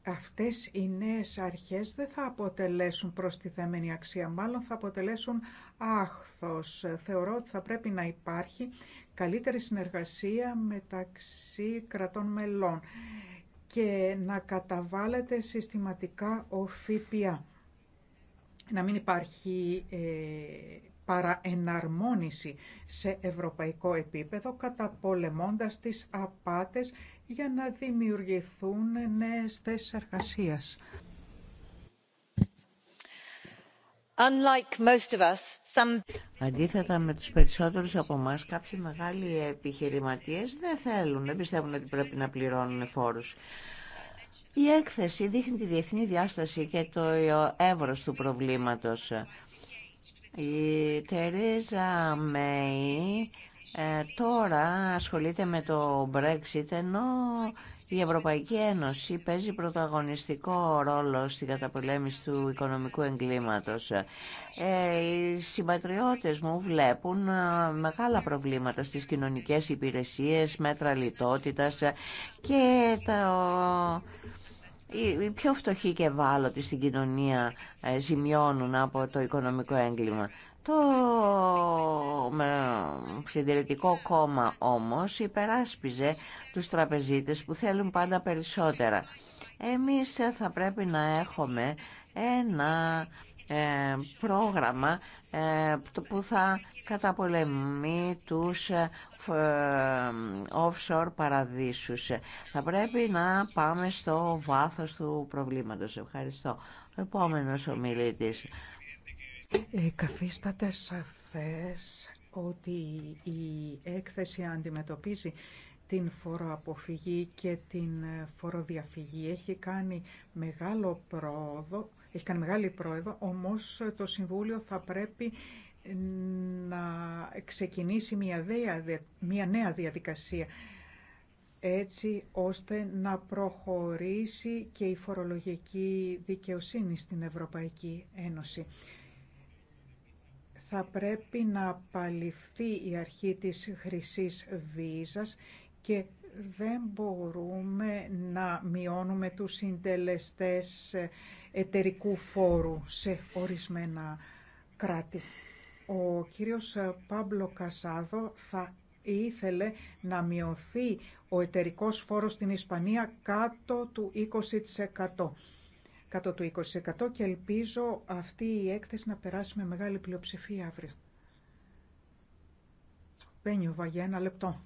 αυτές οι νέες αρχές δεν θα αποτελέσουν προστιθέμενη αξία, μάλλον θα αποτελέσουν άχθος. Θεωρώ ότι θα πρέπει να υπάρχει καλύτερη συνεργασία μεταξύ κρατών μελών και να καταβάλλεται συστηματικά ο ΦΠΑ. Να μην υπάρχει ε, παραεναρμόνιση σε ευρωπαϊκό επίπεδο, καταπολεμώντας τις απάτες για να δημιουργηθούν νέες θέσεις εργασίας. Αντίθετα με τους περισσότερους από εμά, κάποιοι μεγάλοι επιχειρηματίες δεν θέλουν, δεν πιστεύουν ότι πρέπει να πληρώνουν φόρους. Η έκθεση δείχνει τη διεθνή διάσταση και το εύρος του προβλήματος. Η Τερίζα Μέη ε, τώρα ασχολείται με το Brexit ενώ η Ευρωπαϊκή Ένωση παίζει πρωταγωνιστικό ρόλο στην καταπολέμηση του οικονομικού εγκλήματος. Ε, οι συμπατριώτες μου βλέπουν ε, μεγάλα προβλήματα στις κοινωνικές υπηρεσίες, μέτρα λιτότητας και τα... Οι πιο φτωχοί και ευάλωτοι στην κοινωνία ζημιώνουν από το οικονομικό έγκλημα. Το συντηρητικό κόμμα όμως υπεράσπιζε τους τραπεζίτες που θέλουν πάντα περισσότερα. Εμείς θα πρέπει να έχουμε ένα ε, πρόγραμμα ε, που θα καταπολεμεί τους ε, offshore παραδείσους. Θα πρέπει να πάμε στο βάθος του προβλήματος. Ευχαριστώ. Ο επόμενος ομιλητής. Ε, καθίσταται σαφές ότι η έκθεση αντιμετωπίζει την φοροαποφυγή και την φοροδιαφυγή. Έχει κάνει μεγάλο πρόοδο, έχει κάνει μεγάλη πρόοδο, όμως το Συμβούλιο θα πρέπει να ξεκινήσει μια, μια νέα διαδικασία έτσι ώστε να προχωρήσει και η φορολογική δικαιοσύνη στην Ευρωπαϊκή Ένωση θα πρέπει να απαλληφθεί η αρχή της χρυσής βίζας και δεν μπορούμε να μειώνουμε τους συντελεστές εταιρικού φόρου σε ορισμένα κράτη. Ο κύριος Πάμπλο Κασάδο θα ήθελε να μειωθεί ο εταιρικός φόρος στην Ισπανία κάτω του 20% κάτω το 20% και ελπίζω αυτή η έκθεση να περάσει με μεγάλη πλειοψηφία αύριο. Πένιο λεπτό.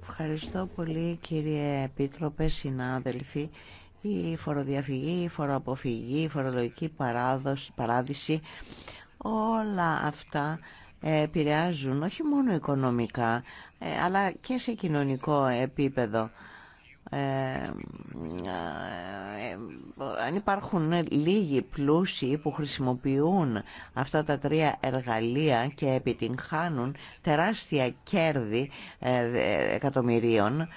Ευχαριστώ. πολύ κύριε Επίτροπε, συνάδελφοι. Η φοροδιαφυγή, η φοροαποφυγή, η φορολογική παράδοση, παράδειση, όλα αυτά επηρεάζουν όχι μόνο οικονομικά, ε, αλλά και σε κοινωνικό επίπεδο. Ε, ε, ε, αν υπάρχουν λίγοι πλούσιοι που χρησιμοποιούν αυτά τα τρία εργαλεία και επιτυγχάνουν τεράστια κέρδη εκατομμυρίων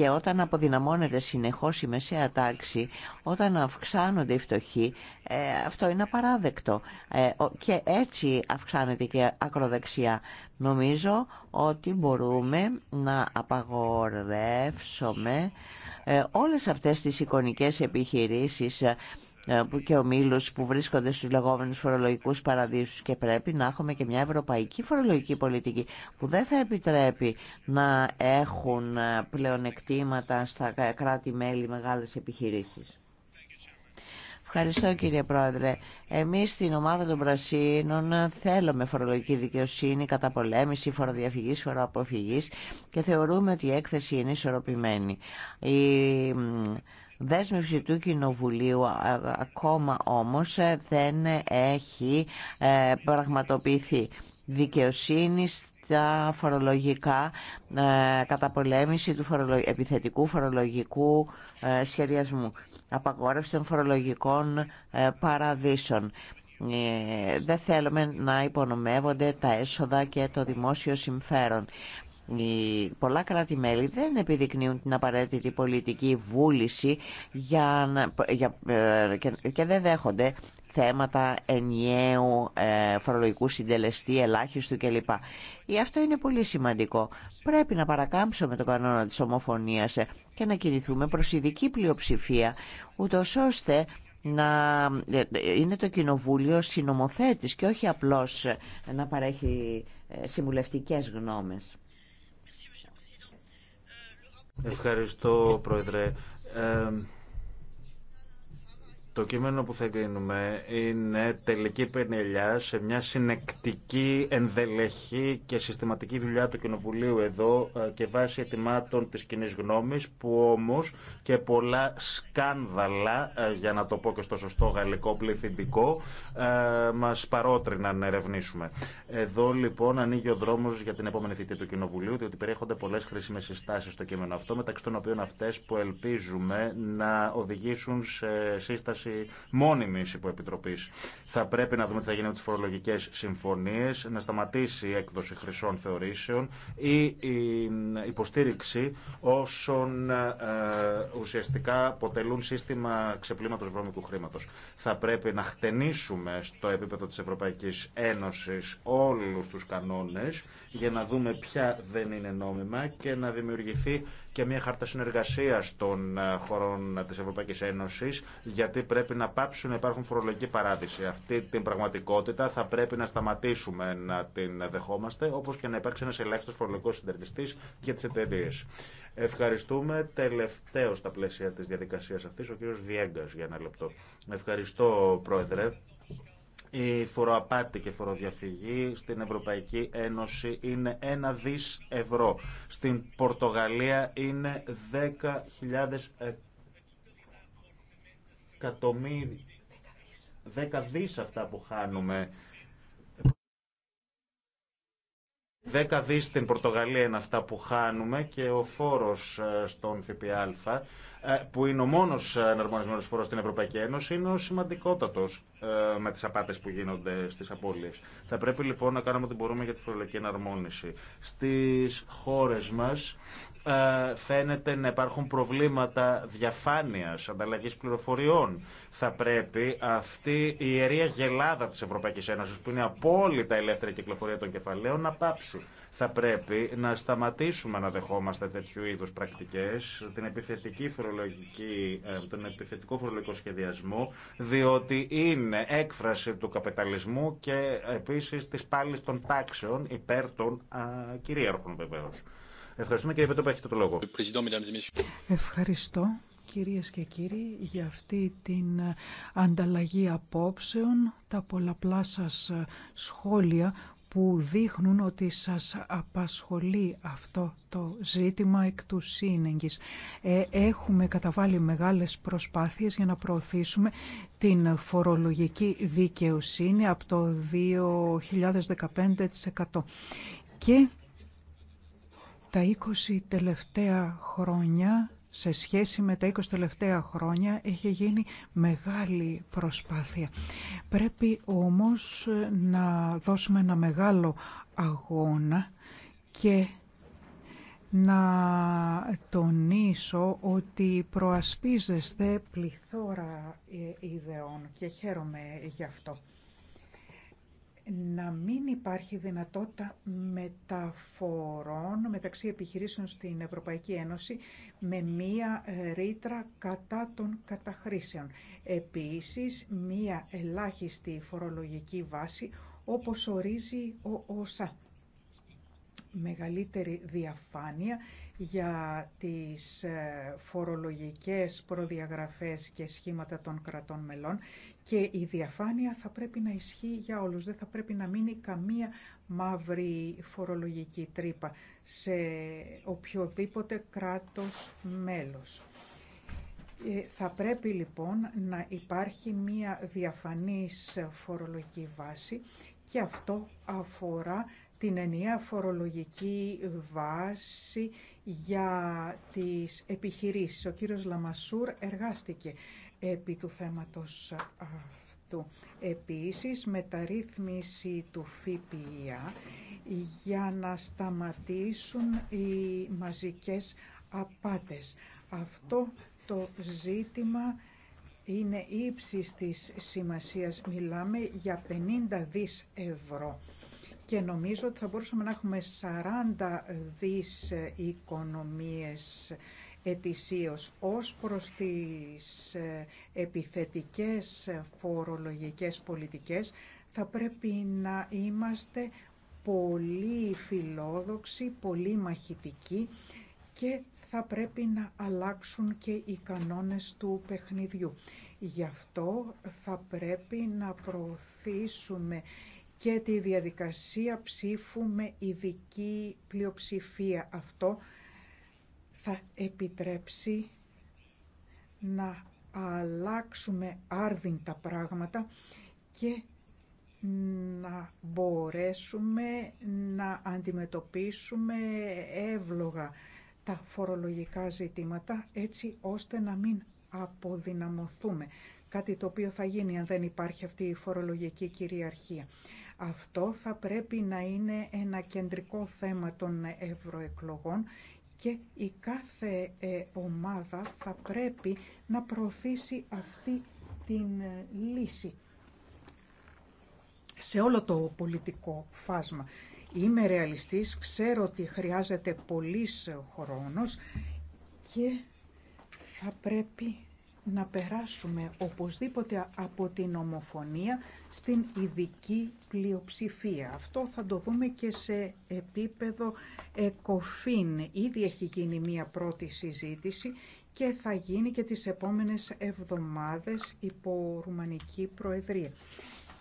και όταν αποδυναμώνεται συνεχώς η μεσαία τάξη, όταν αυξάνονται οι φτωχοί, ε, αυτό είναι απαράδεκτο. Ε, και έτσι αυξάνεται και ακροδεξιά. Νομίζω ότι μπορούμε να απαγορεύσουμε ε, όλες αυτές τις εικονικές επιχειρήσεις ε, και ομίλους που βρίσκονται στους λεγόμενου φορολογικού παραδείσους και πρέπει να έχουμε και μια ευρωπαϊκή φορολογική πολιτική που δεν θα επιτρέπει να έχουν ε, πλεονεκτήματα στα κράτη-μέλη μεγάλες επιχειρήσεις. Ευχαριστώ κύριε Πρόεδρε. Εμείς στην ομάδα των Πρασίνων θέλουμε φορολογική δικαιοσύνη, καταπολέμηση, φοροδιαφυγής, φοροαποφυγής και θεωρούμε ότι η έκθεση είναι ισορροπημένη. Η δέσμευση του Κοινοβουλίου ακόμα όμως ε, δεν έχει ε, πραγματοποιηθεί. Δικαιοσύνη στα φορολογικά, ε, καταπολέμηση του επιθετικού φορολογικού σχεδιασμού, απαγόρευση των φορολογικών παραδείσων. Δεν θέλουμε να υπονομεύονται τα έσοδα και το δημόσιο συμφέρον πολλά κράτη-μέλη δεν επιδεικνύουν την απαραίτητη πολιτική βούληση για, ε, και δεν δέχονται θέματα ενιαίου ε, φορολογικού συντελεστή, ελάχιστου κλπ. Ή αυτό είναι πολύ σημαντικό. Πρέπει να παρακάμψουμε το κανόνα της ομοφωνίας ε, και να κινηθούμε προς ειδική πλειοψηφία, ούτως ώστε να είναι το Κοινοβούλιο συνομοθέτης και όχι απλώς να παρέχει συμβουλευτικές γνώμες. Ευχαριστώ, Πρόεδρε. Ε, το κείμενο που θα εγκρίνουμε είναι τελική πενελιά σε μια συνεκτική, ενδελεχή και συστηματική δουλειά του Κοινοβουλίου εδώ ε, και βάσει ετοιμάτων της κοινή γνώμης που όμως και πολλά σκάνδαλα, ε, για να το πω και στο σωστό γαλλικό πληθυντικό, ε, μας παρότριναν να ερευνήσουμε. Εδώ λοιπόν ανοίγει ο δρόμος για την επόμενη θητή του Κοινοβουλίου διότι περιέχονται πολλές χρήσιμες συστάσεις στο κείμενο αυτό μεταξύ των οποίων που ελπίζουμε να οδηγήσουν σε σύσταση Μόνη μόνιμη υποεπιτροπή. Θα πρέπει να δούμε τι θα γίνει με τι φορολογικέ συμφωνίε, να σταματήσει η έκδοση χρυσών θεωρήσεων ή η υποστήριξη όσων ε, ουσιαστικά αποτελούν σύστημα ξεπλήματο βρώμικου χρήματο. Θα πρέπει να χτενίσουμε στο επίπεδο τη Ευρωπαϊκή Ένωση όλου του κανόνε για να δούμε ποια δεν είναι νόμιμα και να δημιουργηθεί και μια χάρτα συνεργασία των ε, χωρών τη Ευρωπαϊκή Ένωση, γιατί πρέπει να πάψουν να υπάρχουν φορολογικοί παράδεισοι. Αυτή την πραγματικότητα θα πρέπει να σταματήσουμε να την δεχόμαστε, όπω και να υπάρξει ένα ελάχιστο φορολογικό συντερνιστή για τι εταιρείε. Ευχαριστούμε. Τελευταίο στα πλαίσια τη διαδικασία αυτή, ο κ. Βιέγκα, για ένα λεπτό. Ευχαριστώ, Πρόεδρε. Η φοροαπάτη και φοροδιαφυγή στην Ευρωπαϊκή Ένωση είναι ένα δις ευρώ. Στην Πορτογαλία είναι 10.000 εκατομμύρια. 10 δις αυτά που χάνουμε. 10 δις στην Πορτογαλία είναι αυτά που χάνουμε και ο φόρος ε, στον ΦΠΑ ε, που είναι ο μόνο ε, εναρμονισμένο φορό στην Ευρωπαϊκή Ένωση, είναι ο σημαντικότατο ε, με τι απάτε που γίνονται στι απώλειε. Θα πρέπει λοιπόν να κάνουμε ό,τι μπορούμε για τη φορολογική εναρμόνιση. Στι χώρε μα ε, φαίνεται να υπάρχουν προβλήματα διαφάνειας, ανταλλαγής πληροφοριών. Θα πρέπει αυτή η ιερία γελάδα της Ευρωπαϊκής Ένωσης, που είναι απόλυτα ελεύθερη κυκλοφορία των κεφαλαίων, να πάψει. Θα πρέπει να σταματήσουμε να δεχόμαστε τέτοιου είδους πρακτικές, την επιθετική φορολογική, ε, τον επιθετικό φορολογικό σχεδιασμό, διότι είναι έκφραση του καπιταλισμού και επίσης της πάλης των τάξεων υπέρ των κυρίαρχων Ευχαριστούμε κύριε που έχετε το λόγο. Ευχαριστώ κυρίες και κύριοι για αυτή την ανταλλαγή απόψεων, τα πολλαπλά σας σχόλια που δείχνουν ότι σας απασχολεί αυτό το ζήτημα εκ του σύνεγγης. Ε, έχουμε καταβάλει μεγάλες προσπάθειες για να προωθήσουμε την φορολογική δικαιοσύνη από το 2015% και τα 20 τελευταία χρόνια, σε σχέση με τα 20 τελευταία χρόνια, έχει γίνει μεγάλη προσπάθεια. Πρέπει όμως να δώσουμε ένα μεγάλο αγώνα και να τονίσω ότι προασπίζεστε πληθώρα ε, ιδεών και χαίρομαι γι' αυτό να μην υπάρχει δυνατότητα μεταφορών μεταξύ επιχειρήσεων στην Ευρωπαϊκή Ένωση με μία ε, ρήτρα κατά των καταχρήσεων. Επίσης, μία ελάχιστη φορολογική βάση όπως ορίζει ο ΟΣΑ. Μεγαλύτερη διαφάνεια για τις ε, φορολογικές προδιαγραφές και σχήματα των κρατών μελών και η διαφάνεια θα πρέπει να ισχύει για όλους, δεν θα πρέπει να μείνει καμία μαύρη φορολογική τρύπα σε οποιοδήποτε κράτος μέλος. Ε, θα πρέπει λοιπόν να υπάρχει μία διαφανής φορολογική βάση και αυτό αφορά την ενιαία φορολογική βάση για τις επιχειρήσεις. Ο κύριος Λαμασούρ εργάστηκε επί του θέματος αυτού. Επίσης, μεταρρύθμιση του ΦΠΑ για να σταματήσουν οι μαζικές απάτες. Αυτό το ζήτημα είναι ύψης της σημασίας. Μιλάμε για 50 δις ευρώ και νομίζω ότι θα μπορούσαμε να έχουμε 40 δις οικονομίες ετησίως ως προς τις ε, επιθετικές φορολογικές πολιτικές θα πρέπει να είμαστε πολύ φιλόδοξοι, πολύ μαχητικοί και θα πρέπει να αλλάξουν και οι κανόνες του παιχνιδιού. Γι' αυτό θα πρέπει να προωθήσουμε και τη διαδικασία ψήφου με ειδική πλειοψηφία. Αυτό θα επιτρέψει να αλλάξουμε άρδιν τα πράγματα και να μπορέσουμε να αντιμετωπίσουμε εύλογα τα φορολογικά ζητήματα έτσι ώστε να μην αποδυναμωθούμε. Κάτι το οποίο θα γίνει αν δεν υπάρχει αυτή η φορολογική κυριαρχία. Αυτό θα πρέπει να είναι ένα κεντρικό θέμα των ευρωεκλογών και η κάθε ε, ομάδα θα πρέπει να προωθήσει αυτή την ε, λύση σε όλο το πολιτικό φάσμα. Είμαι ρεαλιστής, ξέρω ότι χρειάζεται πολύς χρόνος και θα πρέπει να περάσουμε οπωσδήποτε από την ομοφωνία στην ειδική πλειοψηφία. Αυτό θα το δούμε και σε επίπεδο εκοφήν. Ήδη έχει γίνει μία πρώτη συζήτηση και θα γίνει και τις επόμενες εβδομάδες υπό Ρουμανική Προεδρία.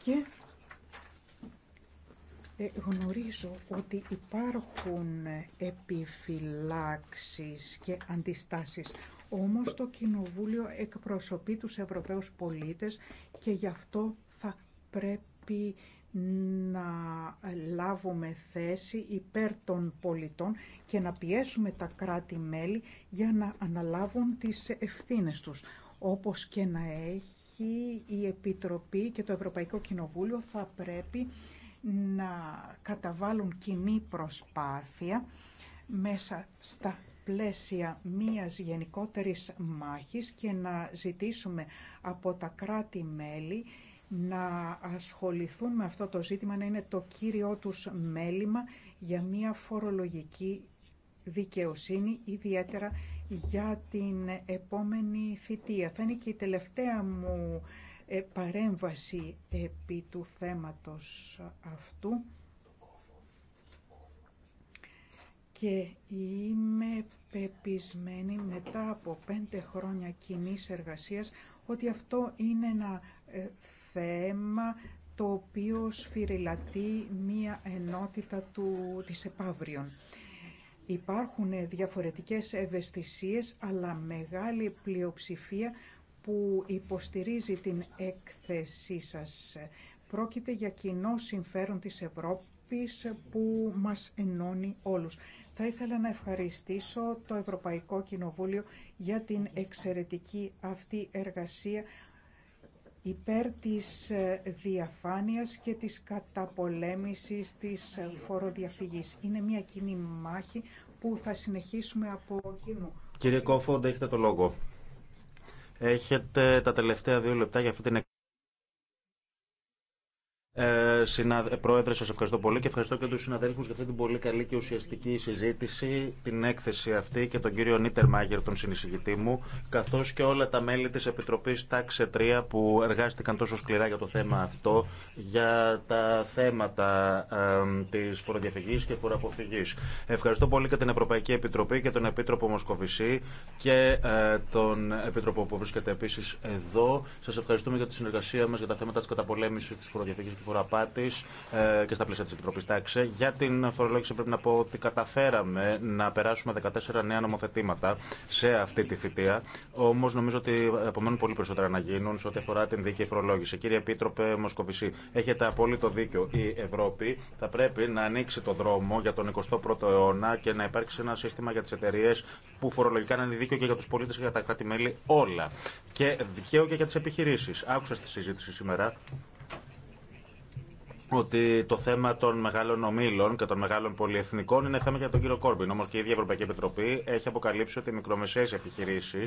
Και ε, γνωρίζω ότι υπάρχουν επιφυλάξεις και αντιστάσεις όμως το Κοινοβούλιο εκπροσωπεί τους Ευρωπαίους πολίτες και γι' αυτό θα πρέπει να λάβουμε θέση υπέρ των πολιτών και να πιέσουμε τα κράτη-μέλη για να αναλάβουν τις ευθύνες τους. Όπως και να έχει η Επιτροπή και το Ευρωπαϊκό Κοινοβούλιο θα πρέπει να καταβάλουν κοινή προσπάθεια μέσα στα πλαίσια μίας γενικότερης μάχης και να ζητήσουμε από τα κράτη-μέλη να ασχοληθούν με αυτό το ζήτημα, να είναι το κύριο τους μέλημα για μια φορολογική δικαιοσύνη, ιδιαίτερα για την επόμενη θητεία. Θα είναι και η τελευταία μου ε, παρέμβαση επί του θέματος αυτού και είμαι πεπισμένη μετά από πέντε χρόνια κοινή εργασίας ότι αυτό είναι ένα ε, θέμα το οποίο σφυριλατεί μία ενότητα του, της επαύριων. Υπάρχουν ε, διαφορετικές ευαισθησίες αλλά μεγάλη πλειοψηφία που υποστηρίζει την έκθεσή σας. Πρόκειται για κοινό συμφέρον της Ευρώπης που μας ενώνει όλους. Θα ήθελα να ευχαριστήσω το Ευρωπαϊκό Κοινοβούλιο για την εξαιρετική αυτή εργασία υπέρ της ε, διαφάνειας και της καταπολέμησης της ε, φοροδιαφυγής. Είναι μια κοινή μάχη που θα συνεχίσουμε από κοινού. Κύριε έχετε το λόγο. Έχετε τα τελευταία δύο λεπτά για αυτή την Πρόεδρε, σα ευχαριστώ πολύ και ευχαριστώ και του συναδέλφου για αυτή την πολύ καλή και ουσιαστική συζήτηση, την έκθεση αυτή και τον κύριο Νίτερ Μάγερ, τον συνεισηγητή μου, καθώ και όλα τα μέλη τη Επιτροπή ΤΑΞΕ 3 που εργάστηκαν τόσο σκληρά για το θέμα αυτό, για τα θέματα ε, τη φοροδιαφυγή και φοροαποφυγή. Ευχαριστώ πολύ και την Ευρωπαϊκή Επιτροπή και τον Επίτροπο Μοσκοβισή και ε, τον Επίτροπο που βρίσκεται επίση εδώ. Σα ευχαριστούμε για τη συνεργασία μα για τα θέματα τη καταπολέμηση τη φοροδιαφυγή και τη φοροαπάτη τη ε, και στα πλαίσια τη Επιτροπή Τάξε. Για την φορολόγηση πρέπει να πω ότι καταφέραμε να περάσουμε 14 νέα νομοθετήματα σε αυτή τη θητεία. Όμω νομίζω ότι απομένουν πολύ περισσότερα να γίνουν σε ό,τι αφορά την δίκαιη φορολόγηση. Κύριε Επίτροπε Μοσκοβισή, έχετε απόλυτο δίκιο. Η Ευρώπη θα πρέπει να ανοίξει το δρόμο για τον 21ο αιώνα και να υπάρξει ένα σύστημα για τι εταιρείε που φορολογικά να είναι δίκαιο και για του πολίτε και για τα κράτη-μέλη όλα. Και δικαίω και για τι επιχειρήσει. Άκουσα στη συζήτηση σήμερα ότι το θέμα των μεγάλων ομίλων και των μεγάλων πολυεθνικών είναι θέμα για τον κύριο Κόρμπιν. Όμω και η ίδια Ευρωπαϊκή Επιτροπή έχει αποκαλύψει ότι οι μικρομεσαίε επιχειρήσει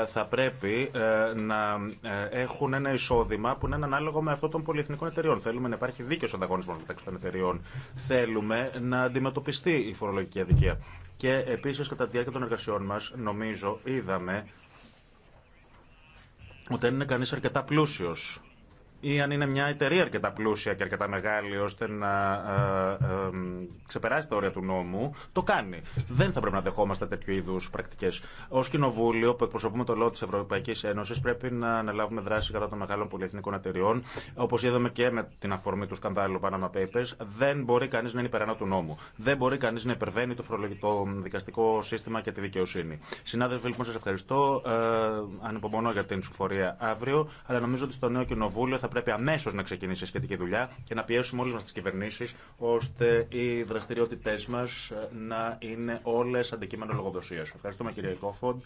ε, θα πρέπει ε, να ε, έχουν ένα εισόδημα που είναι ανάλογο με αυτό των πολυεθνικών εταιριών. Θέλουμε να υπάρχει δίκαιο ανταγωνισμό μεταξύ των εταιριών. Θέλουμε να αντιμετωπιστεί η φορολογική αδικία. Και επίση, κατά τη διάρκεια των εργασιών μα, νομίζω είδαμε ότι δεν είναι κανεί αρκετά πλούσιο ή αν είναι μια εταιρεία αρκετά πλούσια και αρκετά μεγάλη ώστε να ε, ε, ε, ξεπεράσει τα όρια του νόμου, το κάνει. Δεν θα πρέπει να δεχόμαστε τέτοιου είδου πρακτικέ. Ω Κοινοβούλιο που εκπροσωπούμε το λόγο τη Ευρωπαϊκή Ένωση, πρέπει να αναλάβουμε δράση κατά των μεγάλων πολυεθνικών εταιριών. Όπω είδαμε και με την αφορμή του σκανδάλου Panama Papers, δεν μπορεί κανεί να είναι υπεράνω του νόμου. Δεν μπορεί κανεί να υπερβαίνει το, δικαστικό σύστημα και τη δικαιοσύνη. Συνάδελφοι, λοιπόν, σα ευχαριστώ. Ε, ανυπομονώ για την ψηφοφορία αύριο, αλλά νομίζω ότι στο νέο Κοινοβούλιο θα πρέπει αμέσω να ξεκινήσει η σχετική δουλειά και να πιέσουμε όλε μα τι κυβερνήσει ώστε οι δραστηριότητέ μα να είναι όλε αντικείμενο λογοδοσία. Ευχαριστούμε κύριε Κόφοντ.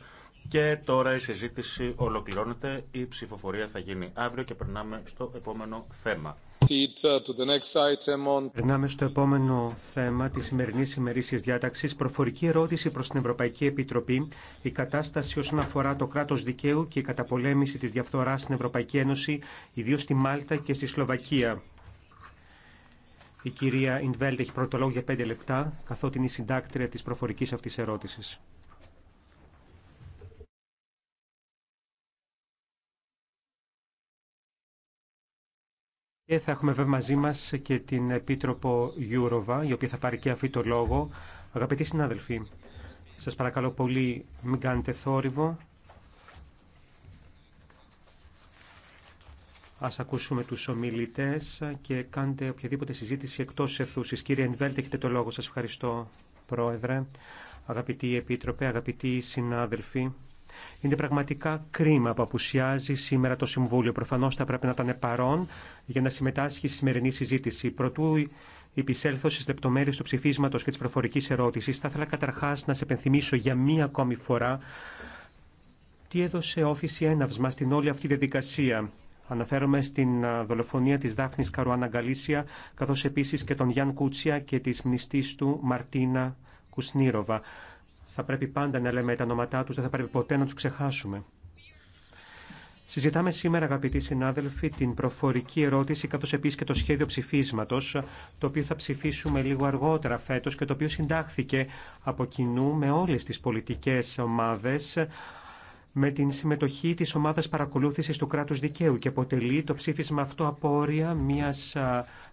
Και τώρα η συζήτηση ολοκληρώνεται. Η ψηφοφορία θα γίνει αύριο και περνάμε στο επόμενο θέμα. Περνάμε στο επόμενο θέμα τη σημερινή ημερήσια διάταξη. Προφορική ερώτηση προ την Ευρωπαϊκή Επιτροπή. Η κατάσταση όσον αφορά το κράτο δικαίου και η καταπολέμηση τη διαφθορά στην Ευρωπαϊκή Ένωση, ιδίω στη Μάλτα και στη Σλοβακία. Η κυρία Ιντβέλτ έχει πρώτο λόγο για πέντε λεπτά, καθότι είναι η συντάκτρια τη προφορική αυτή ερώτηση. Και θα έχουμε βέβαια μαζί μας και την Επίτροπο Γιούροβα, η οποία θα πάρει και αυτή το λόγο. Αγαπητοί συνάδελφοι, σας παρακαλώ πολύ μην κάνετε θόρυβο. Ας ακούσουμε τους ομιλητές και κάντε οποιαδήποτε συζήτηση εκτός εθούσης. Κύριε Ενβέλτε, έχετε το λόγο. Σας ευχαριστώ, Πρόεδρε. Αγαπητοί Επίτροπε, αγαπητοί συνάδελφοι. Είναι πραγματικά κρίμα που απουσιάζει σήμερα το Συμβούλιο. Προφανώ θα πρέπει να ήταν παρόν για να συμμετάσχει στη σημερινή συζήτηση. Προτού επισέλθω στι λεπτομέρειε του ψηφίσματο και τη προφορική ερώτηση, θα ήθελα καταρχά να σε επενθυμίσω για μία ακόμη φορά τι έδωσε όφηση έναυσμα στην όλη αυτή διαδικασία. Αναφέρομαι στην δολοφονία της Δάφνης Καρουάνα Γκαλίσια, καθώς επίσης και τον Γιάν Κούτσια και τη μνηστής του Μαρτίνα Κουσνίροβα. Θα πρέπει πάντα να λέμε τα ονόματά τους, δεν θα πρέπει ποτέ να τους ξεχάσουμε. Συζητάμε σήμερα, αγαπητοί συνάδελφοι, την προφορική ερώτηση, καθώ επίσης και το σχέδιο ψηφίσματος, το οποίο θα ψηφίσουμε λίγο αργότερα φέτος και το οποίο συντάχθηκε από κοινού με όλες τις πολιτικές ομάδες, με την συμμετοχή της ομάδας παρακολούθησης του κράτους δικαίου και αποτελεί το ψήφισμα αυτό απόρρια μιας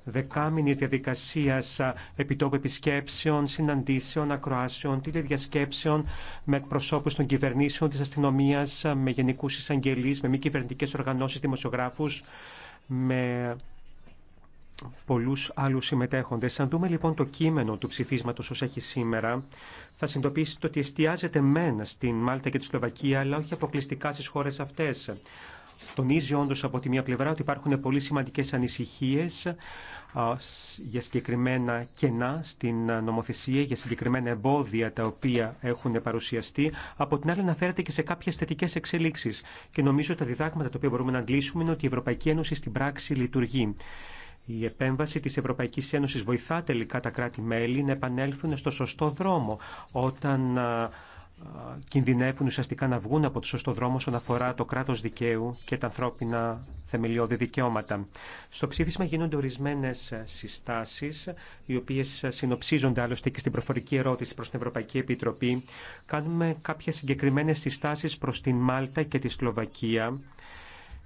δεκάμινης διαδικασίας επιτόπου επισκέψεων, συναντήσεων, ακροάσεων, τηλεδιασκέψεων με εκπροσώπους των κυβερνήσεων, της αστυνομίας, με γενικούς εισαγγελείς, με μη κυβερνητικές οργανώσεις, δημοσιογράφους, με πολλούς άλλους συμμετέχοντες. Αν δούμε λοιπόν το κείμενο του ψηφίσματος ως έχει σήμερα, θα συνειδητοποιήσετε ότι εστιάζεται μένα στην Μάλτα και τη Σλοβακία, αλλά όχι αποκλειστικά στις χώρες αυτές. Τονίζει όντω από τη μία πλευρά ότι υπάρχουν πολύ σημαντικές ανησυχίες για συγκεκριμένα κενά στην νομοθεσία, για συγκεκριμένα εμπόδια τα οποία έχουν παρουσιαστεί. Από την άλλη αναφέρεται και σε κάποιε θετικέ εξελίξει. Και νομίζω τα διδάγματα τα οποία μπορούμε να αντλήσουμε είναι ότι η Ευρωπαϊκή Ένωση στην πράξη λειτουργεί. Η επέμβαση της Ευρωπαϊκής Ένωσης βοηθά τελικά τα κράτη-μέλη να επανέλθουν στο σωστό δρόμο όταν κινδυνεύουν ουσιαστικά να βγουν από το σωστό δρόμο όσον αφορά το κράτος δικαίου και τα ανθρώπινα θεμελιώδη δικαιώματα. Στο ψήφισμα γίνονται ορισμένες συστάσεις, οι οποίες συνοψίζονται άλλωστε και στην προφορική ερώτηση προς την Ευρωπαϊκή Επιτροπή. Κάνουμε κάποιες συγκεκριμένες συστάσεις προς την Μάλτα και τη Σλοβακία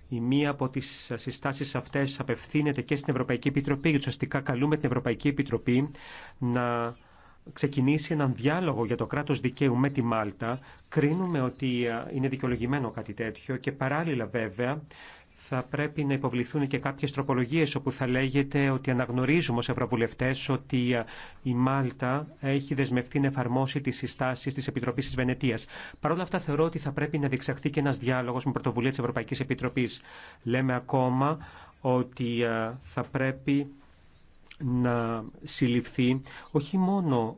η μία από τι συστάσει αυτέ απευθύνεται και στην Ευρωπαϊκή Επιτροπή, γιατί ουσιαστικά καλούμε την Ευρωπαϊκή Επιτροπή να ξεκινήσει έναν διάλογο για το κράτος δικαίου με τη Μάλτα. Κρίνουμε ότι ε, είναι δικαιολογημένο κάτι τέτοιο και παράλληλα βέβαια θα πρέπει να υποβληθούν και κάποιες τροπολογίες όπου θα λέγεται ότι αναγνωρίζουμε ως Ευρωβουλευτές ότι ε, η Μάλτα έχει δεσμευτεί να εφαρμόσει τις συστάσεις της Επιτροπής της Βενετίας. Παρ' όλα αυτά θεωρώ ότι θα πρέπει να διεξαχθεί και ένας διάλογος με πρωτοβουλία της Ευρωπαϊκής Επιτροπής. Λέμε ακόμα ότι ε, θα πρέπει να συλληφθεί όχι μόνο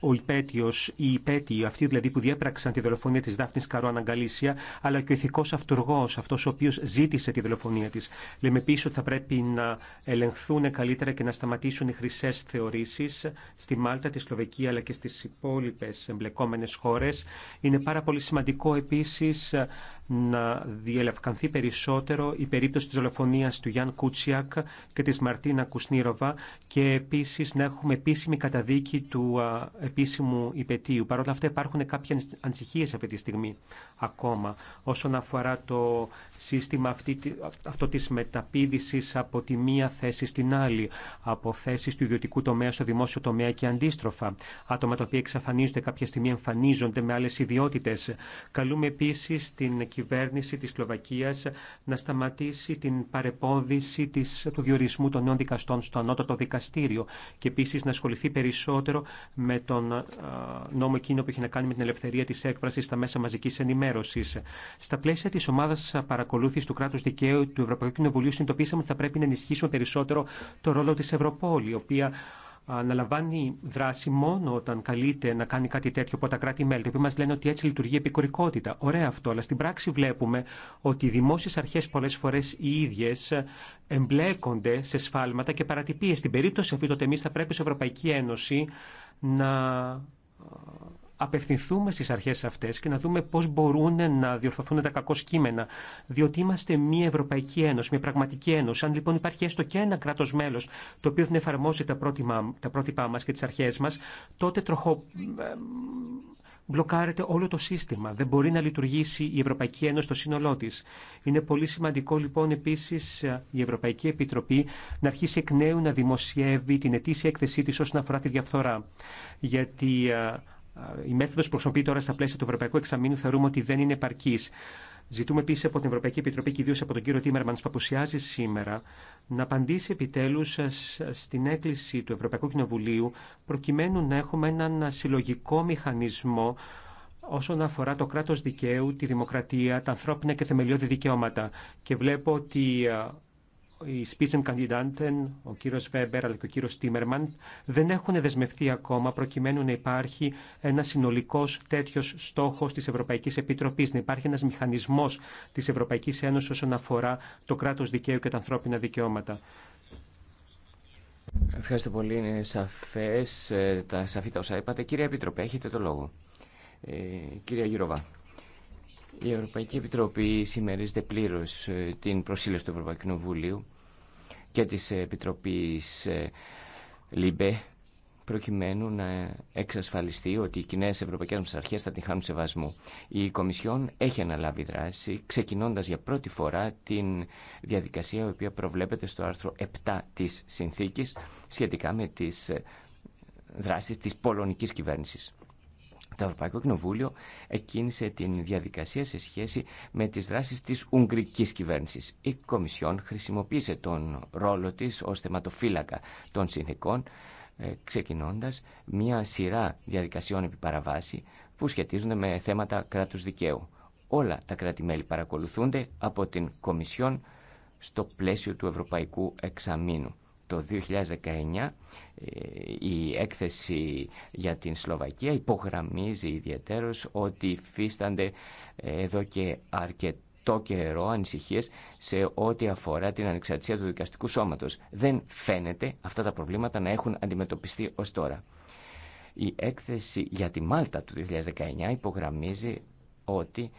ο υπέτειος ή η υπέτειοι, αυτοί δηλαδή που διέπραξαν τη δολοφονία της Δάφνης Καρό Αναγκαλίσια, αλλά και ο ηθικός αυτοργός, αυτός ο οποίος ζήτησε τη δολοφονία της. Λέμε επίση ότι θα πρέπει να ελεγχθούν καλύτερα και να σταματήσουν οι χρυσέ θεωρήσεις στη Μάλτα, τη Σλοβεκία αλλά και στις υπόλοιπες εμπλεκόμενες χώρες. Είναι πάρα πολύ σημαντικό επίσης να διελευκανθεί περισσότερο η περίπτωση της δολοφονίας του Γιάν Κούτσιακ και της Μαρτίνα Κουσνίροβα και επίσης να έχουμε επίσημη καταδίκη του επίσημου υπετίου. Παρ' όλα αυτά υπάρχουν κάποιες ανησυχίες αυτή τη στιγμή ακόμα όσον αφορά το σύστημα αυτή, αυτό της μεταπίδησης από τη μία θέση στην άλλη, από θέσεις του ιδιωτικού τομέα στο δημόσιο τομέα και αντίστροφα. Άτομα τα οποία εξαφανίζονται κάποια στιγμή εμφανίζονται με άλλες ιδιότητες. Καλούμε επίσης την κυβέρνηση της Σλοβακίας να σταματήσει την παρεπόδηση της, του διορισμού των νέων δικαστών στο ανώτατο δικαστήριο και επίσης να ασχοληθεί περισσότερο με τον νόμο εκείνο που έχει να κάνει με την ελευθερία της έκφρασης στα μέσα μαζικής ενημέρωσης. Στα πλαίσια της ομάδας παρακολούθησης του κράτους δικαίου του Ευρωπαϊκού Κοινοβουλίου συνειδητοποίησαμε ότι θα πρέπει να ενισχύσουμε περισσότερο το ρόλο της Ευρωπόλη, η οποία αναλαμβάνει δράση μόνο όταν καλείται να κάνει κάτι τέτοιο από τα κράτη-μέλη, τα μα λένε ότι έτσι λειτουργεί η επικορικότητα. Ωραία αυτό, αλλά στην πράξη βλέπουμε ότι οι δημόσιε αρχέ πολλέ φορέ οι ίδιε ε, εμπλέκονται σε σφάλματα και παρατυπίε. Στην περίπτωση αυτή, τότε εμεί θα πρέπει σε Ευρωπαϊκή Ένωση να απευθυνθούμε στις αρχές αυτές και να δούμε πώς μπορούν να διορθωθούν τα κακό κείμενα. Διότι είμαστε μια Ευρωπαϊκή Ένωση, μια πραγματική ένωση. Αν λοιπόν υπάρχει έστω και ένα κράτος μέλος το οποίο δεν εφαρμόζει τα, πρότυπα, τα πρότυπά μας και τις αρχές μας, τότε τροχο... Μπλοκάρεται όλο το σύστημα. Δεν μπορεί να λειτουργήσει η Ευρωπαϊκή Ένωση στο σύνολό τη. Είναι πολύ σημαντικό λοιπόν επίση ε, η Ευρωπαϊκή Επιτροπή να αρχίσει εκ νέου να δημοσιεύει την ετήσια έκθεσή τη όσον αφορά τη διαφθορά. Γιατί ε, η μέθοδο που χρησιμοποιεί τώρα στα πλαίσια του Ευρωπαϊκού Εξαμήνου θεωρούμε ότι δεν είναι επαρκή. Ζητούμε επίση από την Ευρωπαϊκή Επιτροπή και ιδίω από τον κύριο Τίμερμαν που απουσιάζει σήμερα να απαντήσει επιτέλου στην έκκληση του Ευρωπαϊκού Κοινοβουλίου προκειμένου να έχουμε έναν συλλογικό μηχανισμό όσον αφορά το κράτο δικαίου, τη δημοκρατία, τα ανθρώπινα και θεμελιώδη δικαιώματα. Και βλέπω ότι ε, οι Spitzenkandidaten, ο κύριος Βέμπερ αλλά και ο κύριος Τίμερμαν δεν έχουν δεσμευτεί ακόμα προκειμένου να υπάρχει ένα συνολικός τέτοιο στόχος της Ευρωπαϊκής Επιτροπής, να υπάρχει ένας μηχανισμός της Ευρωπαϊκής Ένωσης όσον αφορά το κράτος δικαίου και τα ανθρώπινα δικαιώματα. Ευχαριστώ πολύ. Είναι σαφές, ε, τα, σαφή τα όσα είπατε. Κύριε Επιτροπέ, έχετε το λόγο. Ε, κυρία Γιουροβά. Η Ευρωπαϊκή Επιτροπή συμμερίζεται πλήρω ε, την προσήλωση του Ευρωπαϊκού Βουλίου και τη Επιτροπή ε, ΛΥΜΠΕ προκειμένου να εξασφαλιστεί ότι οι κοινέ ευρωπαϊκέ μα αρχέ θα την χάνουν σεβασμού. Η Κομισιόν έχει αναλάβει δράση, ξεκινώντα για πρώτη φορά την διαδικασία η οποία προβλέπεται στο άρθρο 7 τη συνθήκη σχετικά με τι ε, δράσει τη πολωνική κυβέρνηση. Το Ευρωπαϊκό Κοινοβούλιο εκκίνησε την διαδικασία σε σχέση με τις δράσεις της Ουγγρικής κυβέρνησης. Η Κομισιόν χρησιμοποίησε τον ρόλο της ως θεματοφύλακα των συνθήκων, ε, ξεκινώντας μια σειρά διαδικασιών επί παραβάση που σχετίζονται με θέματα κράτους δικαίου. Όλα τα κράτη-μέλη παρακολουθούνται από την Κομισιόν στο πλαίσιο του Ευρωπαϊκού Εξαμήνου το 2019 ε, η έκθεση για την Σλοβακία υπογραμμίζει ιδιαίτερος ότι υφίστανται ε, εδώ και αρκετό καιρό ανησυχίες σε ό,τι αφορά την ανεξαρτησία του δικαστικού σώματος. Δεν φαίνεται αυτά τα προβλήματα να έχουν αντιμετωπιστεί ως τώρα. Η έκθεση για τη Μάλτα του 2019 υπογραμμίζει ότι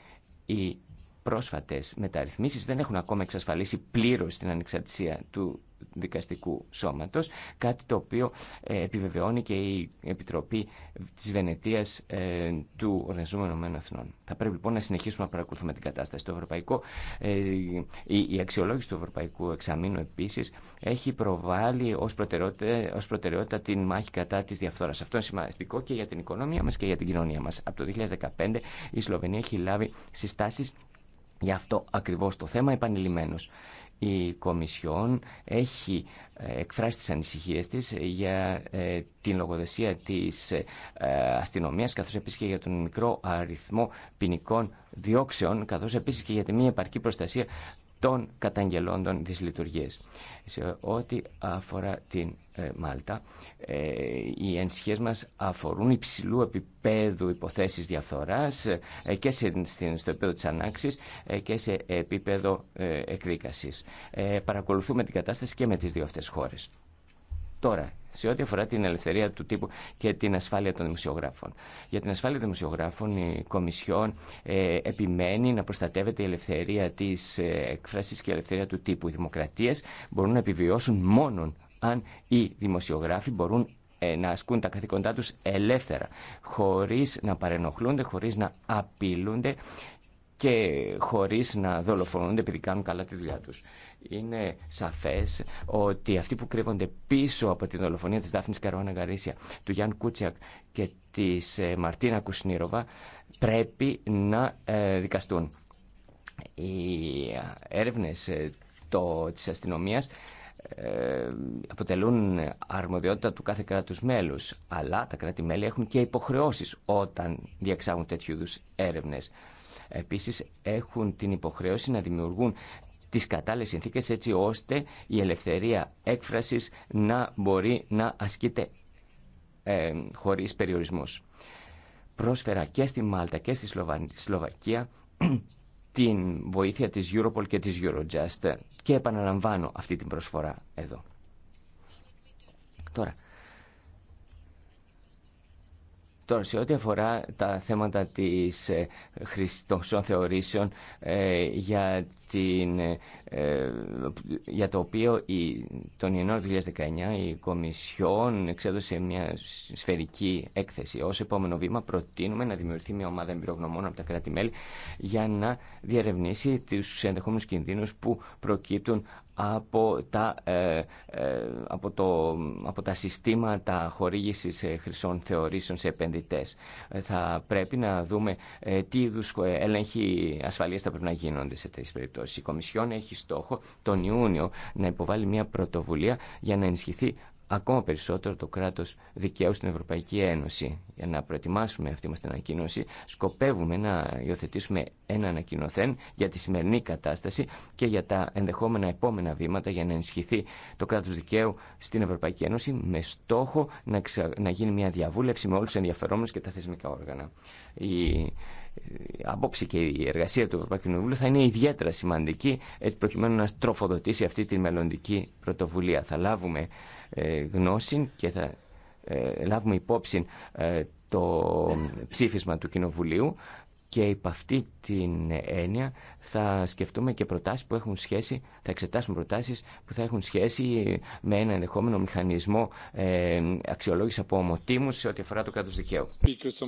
οι πρόσφατες μεταρρυθμίσεις δεν έχουν ακόμα εξασφαλίσει πλήρως την ανεξαρτησία του δικαστικού σώματος, κάτι το οποίο ε, επιβεβαιώνει και η Επιτροπή της Βενετίας ε, του ΟΕΕ Θα πρέπει λοιπόν να συνεχίσουμε να παρακολουθούμε την κατάσταση. Το ευρωπαϊκό, ε, η, αξιολόγηση του Ευρωπαϊκού Εξαμήνου επίσης έχει προβάλλει ως προτεραιότητα, την μάχη κατά της διαφθόρας. Αυτό είναι σημαντικό και για την οικονομία μας και για την κοινωνία μας. Από το 2015 η Σλοβενία έχει λάβει συστάσεις για αυτό ακριβώς το θέμα επανειλημμένως η Κομισιόν έχει ε, εκφράσει τις ανησυχίες της για ε, την λογοδεσία της ε, αστυνομίας καθώς επίσης και για τον μικρό αριθμό ποινικών διώξεων καθώς επίσης και για τη μη επαρκή προστασία των καταγγελόντων της λειτουργίας. Σε ό,τι αφορά την ε, Μάλτα. Ε, οι ενσυχίες μας αφορούν υψηλού επίπεδου υποθέσεις διαφθοράς ε, και στο επίπεδο της ανάξης και σε επίπεδο εκδίκασης. παρακολουθούμε την κατάσταση και με τις δύο αυτές χώρες. Τώρα, σε ό,τι αφορά την ελευθερία του τύπου και την ασφάλεια των δημοσιογράφων. Για την ασφάλεια των δημοσιογράφων, η Κομισιόν επιμένει να προστατεύεται η ελευθερία τη ε, έκφραση και η ελευθερία του τύπου. Οι δημοκρατίε μπορούν να επιβιώσουν μόνον αν οι δημοσιογράφοι μπορούν ε, να ασκούν τα καθήκοντά τους ελεύθερα, χωρίς να παρενοχλούνται, χωρίς να απειλούνται και χωρίς να δολοφονούνται επειδή κάνουν καλά τη δουλειά τους. Είναι σαφές ότι αυτοί που κρύβονται πίσω από τη δολοφονία της Δάφνης Καρόνα Γαρίσια, του Γιάνν Κούτσιακ και της ε, Μαρτίνα Κουσνίροβα πρέπει να ε, δικαστούν. Οι έρευνες το, της αστυνομίας ε, αποτελούν αρμοδιότητα του κάθε κράτους μέλους αλλά τα κράτη-μέλη έχουν και υποχρεώσεις όταν διεξάγουν τέτοιου είδους έρευνες. Επίσης έχουν την υποχρέωση να δημιουργούν τις κατάλληλες συνθήκες έτσι ώστε η ελευθερία έκφρασης να μπορεί να ασκείται ε, χωρίς περιορισμούς. Πρόσφερα και στη Μάλτα και στη Σλοβακία την βοήθεια της Europol και της Eurojust και επαναλαμβάνω αυτή την προσφορά εδώ. Τώρα, Τώρα, σε ό,τι αφορά τα θέματα της ε, θεωρήσεων ε, για ε, ε, για το οποίο η, τον Ιανουάριο 2019 η Κομισιόν εξέδωσε μια σφαιρική έκθεση. Ως επόμενο βήμα προτείνουμε να δημιουργηθεί μια ομάδα εμπειρογνωμών από τα κράτη-μέλη για να διερευνήσει τους ενδεχόμενους κινδύνους που προκύπτουν από τα, ε, από το, από τα συστήματα χορήγησης χρυσών θεωρήσεων σε επενδυτές. Θα πρέπει να δούμε τι είδους έλεγχοι ασφαλείας θα πρέπει να γίνονται σε τέτοιες περιπτώσεις περίπτωση. Η Κομισιόν έχει στόχο τον Ιούνιο να υποβάλει μια πρωτοβουλία για να ενισχυθεί ακόμα περισσότερο το κράτος δικαίου στην Ευρωπαϊκή Ένωση. Για να προετοιμάσουμε αυτή μας την ανακοίνωση, σκοπεύουμε να υιοθετήσουμε ένα ανακοινωθέν για τη σημερινή κατάσταση και για τα ενδεχόμενα επόμενα βήματα για να ενισχυθεί το κράτος δικαίου στην Ευρωπαϊκή Ένωση με στόχο να, να γίνει μια διαβούλευση με όλους τους ενδιαφερόμενους και τα θεσμικά όργανα. Η απόψη και η εργασία του Ευρωπαϊκού Κοινοβουλίου θα είναι ιδιαίτερα σημαντική έτσι προκειμένου να τροφοδοτήσει αυτή τη μελλοντική πρωτοβουλία. Θα λάβουμε ε, γνώση και θα ε, λάβουμε υπόψη ε, το ψήφισμα του Κοινοβουλίου και υπ' αυτή την έννοια θα σκεφτούμε και προτάσεις που έχουν σχέση, θα εξετάσουμε προτάσεις που θα έχουν σχέση με ένα ενδεχόμενο μηχανισμό ε, αξιολόγηση από ομοτήμους σε ό,τι αφορά το κράτος δικαίου.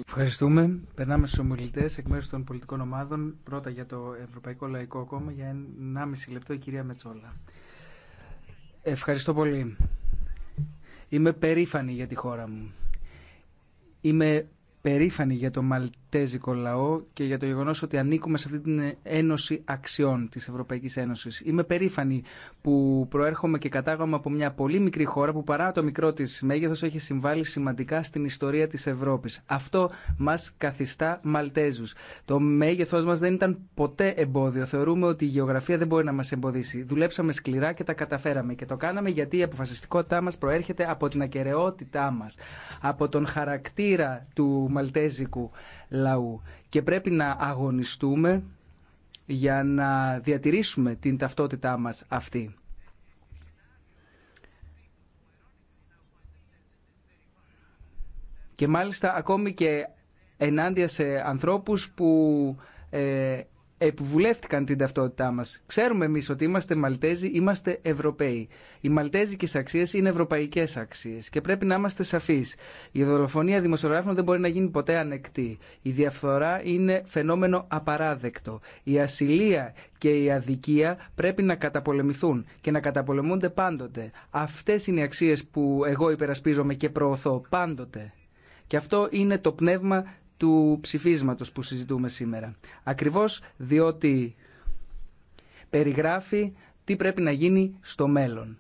Ευχαριστούμε. Περνάμε στους ομιλητές εκ μέρους των πολιτικών ομάδων. Πρώτα για το Ευρωπαϊκό Λαϊκό Κόμμα για 1,5 λεπτό η κυρία Μετσόλα. Ευχαριστώ πολύ. Είμαι περήφανη για τη χώρα μου. Είμαι περήφανοι για το μαλτέζικο λαό και για το γεγονός ότι ανήκουμε σε αυτή την ένωση αξιών της Ευρωπαϊκής Ένωσης. Είμαι περήφανη που προέρχομαι και κατάγομαι από μια πολύ μικρή χώρα που παρά το μικρό της μέγεθος έχει συμβάλει σημαντικά στην ιστορία της Ευρώπης. Αυτό μας καθιστά Μαλτέζους. Το μέγεθός μας δεν ήταν ποτέ εμπόδιο. Θεωρούμε ότι η γεωγραφία δεν μπορεί να μας εμποδίσει. Δουλέψαμε σκληρά και τα καταφέραμε και το κάναμε γιατί η αποφασιστικότητά μας προέρχεται από την ακαιρεότητά μας, από τον χαρακτήρα του μαλτέζικου λαού. Και πρέπει να αγωνιστούμε για να διατηρήσουμε την ταυτότητά μας αυτή. Και μάλιστα ακόμη και ενάντια σε ανθρώπους που ε, επιβουλεύτηκαν την ταυτότητά μα. Ξέρουμε εμεί ότι είμαστε Μαλτέζοι, είμαστε Ευρωπαίοι. Οι Μαλτέζικε αξίε είναι ευρωπαϊκέ αξίε και πρέπει να είμαστε σαφεί. Η δολοφονία δημοσιογράφων δεν μπορεί να γίνει ποτέ ανεκτή. Η διαφθορά είναι φαινόμενο απαράδεκτο. Η ασυλία και η αδικία πρέπει να καταπολεμηθούν και να καταπολεμούνται πάντοτε. Αυτέ είναι οι αξίε που εγώ υπερασπίζομαι και προωθώ πάντοτε. Και αυτό είναι το πνεύμα του ψηφίσματος που συζητούμε σήμερα. Ακριβώς διότι περιγράφει τι πρέπει να γίνει στο μέλλον.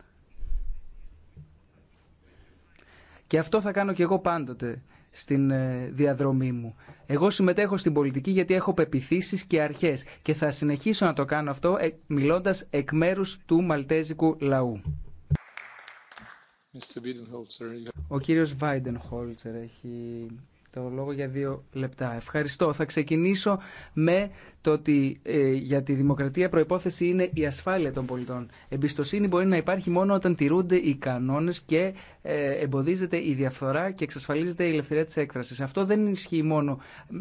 Και αυτό θα κάνω και εγώ πάντοτε στην ε, διαδρομή μου. Εγώ συμμετέχω στην πολιτική γιατί έχω πεπιθήσεις και αρχές και θα συνεχίσω να το κάνω αυτό ε, μιλώντας εκ μέρους του μαλτέζικου λαού. Ο κύριος Βάιντεν έχει το λόγο για δύο λεπτά. Ευχαριστώ. Θα ξεκινήσω με το ότι ε, για τη δημοκρατία προϋπόθεση είναι η ασφάλεια των πολιτών. Εμπιστοσύνη μπορεί να υπάρχει μόνο όταν τηρούνται οι κανόνες και ε, εμποδίζεται η διαφθορά και εξασφαλίζεται η ελευθερία της έκφρασης. Αυτό δεν ισχύει μόνο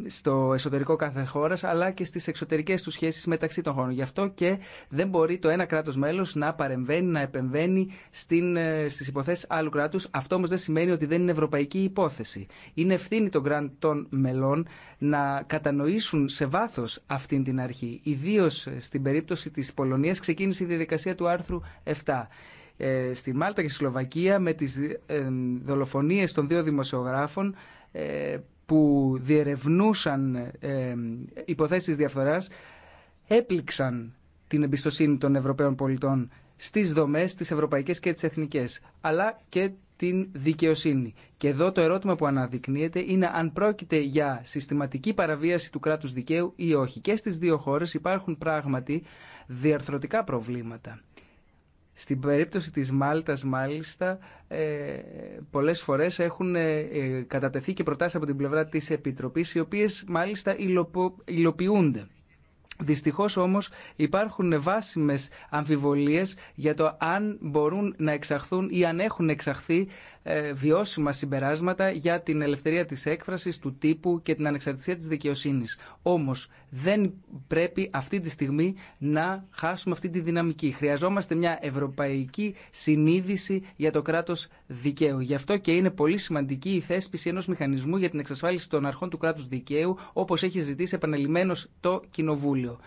στο εσωτερικό κάθε χώρα, αλλά και στις εξωτερικές του σχέσεις μεταξύ των χώρων. Γι' αυτό και δεν μπορεί το ένα κράτος μέλος να παρεμβαίνει, να επεμβαίνει στην, ε, στις υποθέσεις άλλου κράτους. Αυτό όμως δεν σημαίνει ότι δεν είναι ευρωπαϊκή υπόθεση. Είναι ευθύνη των κρατών μελών να κατανοήσουν σε βάθος αυτή την αρχή. ιδίω ε, στην περίπτωση της Πολωνίας ξεκίνησε η διαδικασία του άρθρου 7 ε, στη Μάλτα και στη Σλοβακία με τις ε, δολοφονίες των δύο δημοσιογράφων που διερευνούσαν υποθέσεις διαφθοράς έπληξαν την εμπιστοσύνη των Ευρωπαίων πολιτών στις δομές, τις ευρωπαϊκές και τις εθνικές, αλλά και την δικαιοσύνη. Και εδώ το ερώτημα που αναδεικνύεται είναι αν πρόκειται για συστηματική παραβίαση του κράτους δικαίου ή όχι. Και στις δύο χώρες υπάρχουν πράγματι διαρθρωτικά προβλήματα. Στην περίπτωση της Μάλτας, μάλιστα, ε, πολλές φορές έχουν ε, ε, κατατεθεί και προτάσεις από την πλευρά της Επιτροπής, οι οποίες μάλιστα υλοποιούνται. Δυστυχώς όμως υπάρχουν βάσιμες αμφιβολίες για το αν μπορούν να εξαχθούν ή αν έχουν εξαχθεί ε, βιώσιμα συμπεράσματα για την ελευθερία της έκφρασης, του τύπου και την ανεξαρτησία της δικαιοσύνης. Όμως δεν πρέπει αυτή τη στιγμή να χάσουμε αυτή τη δυναμική. Χρειαζόμαστε μια ευρωπαϊκή συνείδηση για το κράτος δικαίου. Γι' αυτό και είναι πολύ σημαντική η θέσπιση ενός μηχανισμού για την εξασφάλιση των αρχών του κράτους δικαίου, όπως έχει ζητήσει επαναλημμένος το Κοινοβούλιο.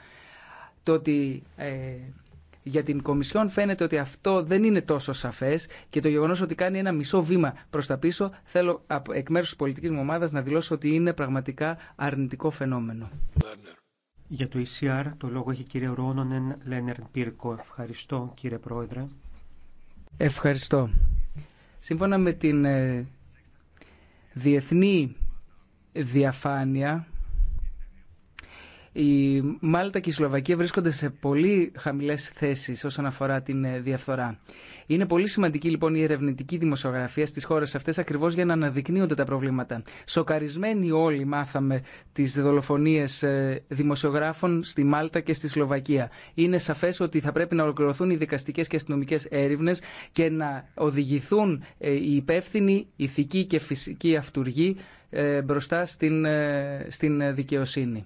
Το ότι ε, για την Κομισιόν φαίνεται ότι αυτό δεν είναι τόσο σαφέ και το γεγονό ότι κάνει ένα μισό βήμα προ τα πίσω, θέλω εκ μέρου τη πολιτική μου ομάδα να δηλώσω ότι είναι πραγματικά αρνητικό φαινόμενο. Για το ECR, το λόγο έχει κύριε Ρόνονεν Λένερ Πύρκο. Ευχαριστώ κύριε Πρόεδρε. Ευχαριστώ. Σύμφωνα με την ε, διεθνή διαφάνεια, η Μάλτα και η Σλοβακία βρίσκονται σε πολύ χαμηλέ θέσει όσον αφορά την ε, διαφθορά. Είναι πολύ σημαντική λοιπόν η ερευνητική δημοσιογραφία στι χώρε αυτέ ακριβώ για να αναδεικνύονται τα προβλήματα. Σοκαρισμένοι όλοι μάθαμε τι δολοφονίε ε, δημοσιογράφων στη Μάλτα και στη Σλοβακία. Είναι σαφέ ότι θα πρέπει να ολοκληρωθούν οι δικαστικέ και αστυνομικέ έρευνε και να οδηγηθούν ε, οι υπεύθυνοι ηθικοί και φυσικοί αυτούργοι μπροστά στην, στην δικαιοσύνη.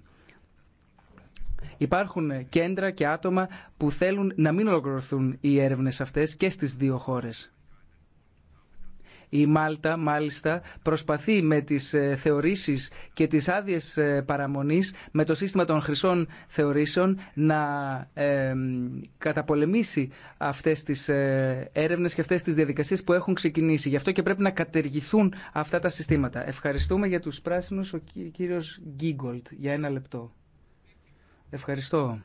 Υπάρχουν κέντρα και άτομα που θέλουν να μην ολοκληρωθούν οι έρευνες αυτές και στις δύο χώρες. Η Μάλτα, μάλιστα, προσπαθεί με τις ε, θεωρήσεις και τις άδειες ε, παραμονής, με το σύστημα των χρυσών θεωρήσεων, να ε, καταπολεμήσει αυτές τις έρευνες και αυτές τις διαδικασίες που έχουν ξεκινήσει. Γι' αυτό και πρέπει να κατεργηθούν αυτά τα συστήματα. Ευχαριστούμε για τους πράσινους ο κύριος Γκίγκολτ για ένα λεπτό. Ευχαριστώ.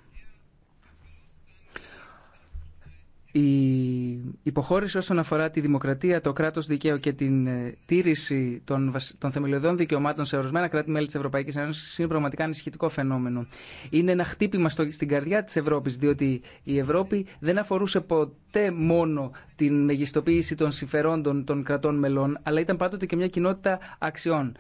Η υποχώρηση όσον αφορά τη δημοκρατία, το κράτο δικαίου και την ε, τήρηση των, θεμελιωδών δικαιωμάτων σε ορισμένα κράτη-μέλη τη Ευρωπαϊκή Ένωση είναι πραγματικά ανησυχητικό φαινόμενο. Είναι ένα χτύπημα στο, στην καρδιά τη Ευρώπη, διότι η Ευρώπη δεν αφορούσε ποτέ μόνο την μεγιστοποίηση των συμφερόντων των κρατών μελών, αλλά ήταν πάντοτε και μια κοινότητα αξιών.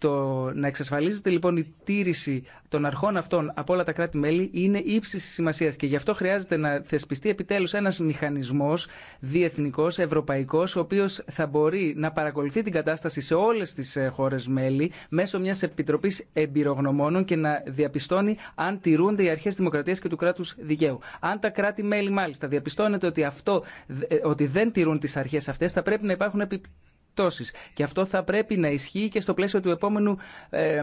Το να εξασφαλίζεται λοιπόν η τήρηση των αρχών αυτών από όλα τα κράτη-μέλη είναι ύψη τη σημασία και γι' αυτό χρειάζεται να θεσπιστεί επιτέλου ένα μηχανισμό διεθνικό, ευρωπαϊκό, ο οποίο θα μπορεί να παρακολουθεί την κατάσταση σε όλε τι ε, χώρε μέλη μέσω μια επιτροπή εμπειρογνωμόνων και να διαπιστώνει αν τηρούνται οι αρχέ δημοκρατία και του κράτου δικαίου. Αν τα κράτη-μέλη μάλιστα διαπιστώνεται ότι, αυτό, ε, ότι δεν τηρούν τι αρχέ αυτέ, θα πρέπει να υπάρχουν και αυτό θα πρέπει να ισχύει και στο πλαίσιο του επόμενου ε,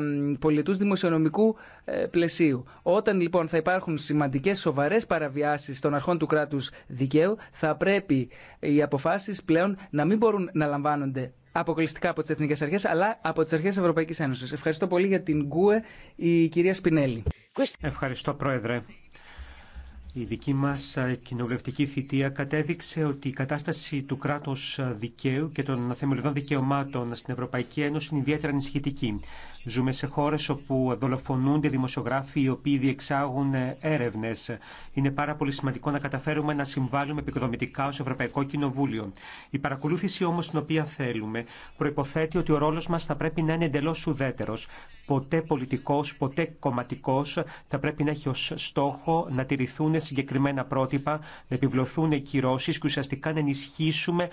δημοσιονομικού ε, πλαισίου. Όταν λοιπόν θα υπάρχουν σημαντικές σοβαρέ παραβιάσεις των αρχών του κράτους δικαίου, θα πρέπει οι αποφάσεις πλέον να μην μπορούν να λαμβάνονται αποκλειστικά από τις εθνικές αρχές, αλλά από τις αρχές Ευρωπαϊκή Ένωση. Ευχαριστώ πολύ για την ΚΟΕ, η κυρία Σπινέλη. Ευχαριστώ, Πρόεδρε. Η δική μας ε, κοινοβουλευτική θητεία κατέδειξε ότι η κατάσταση του κράτους ε, δικαίου και των θεμελιωδών δικαιωμάτων στην Ευρωπαϊκή Ένωση είναι ιδιαίτερα ανησυχητική. Ζούμε σε χώρες όπου δολοφονούνται δημοσιογράφοι οι οποίοι διεξάγουν έρευνες. Είναι πάρα πολύ σημαντικό να καταφέρουμε να συμβάλλουμε επικοδομητικά ως Ευρωπαϊκό Κοινοβούλιο. Η παρακολούθηση όμως την οποία θέλουμε προϋποθέτει ότι ο ρόλος μας θα πρέπει να είναι εντελώς ουδέτερος. Ποτέ πολιτικός, ποτέ κομματικός θα πρέπει να έχει ως στόχο να τηρηθούν συγκεκριμένα πρότυπα, να επιβλωθούν κυρώσεις και ουσιαστικά να ενισχύσουμε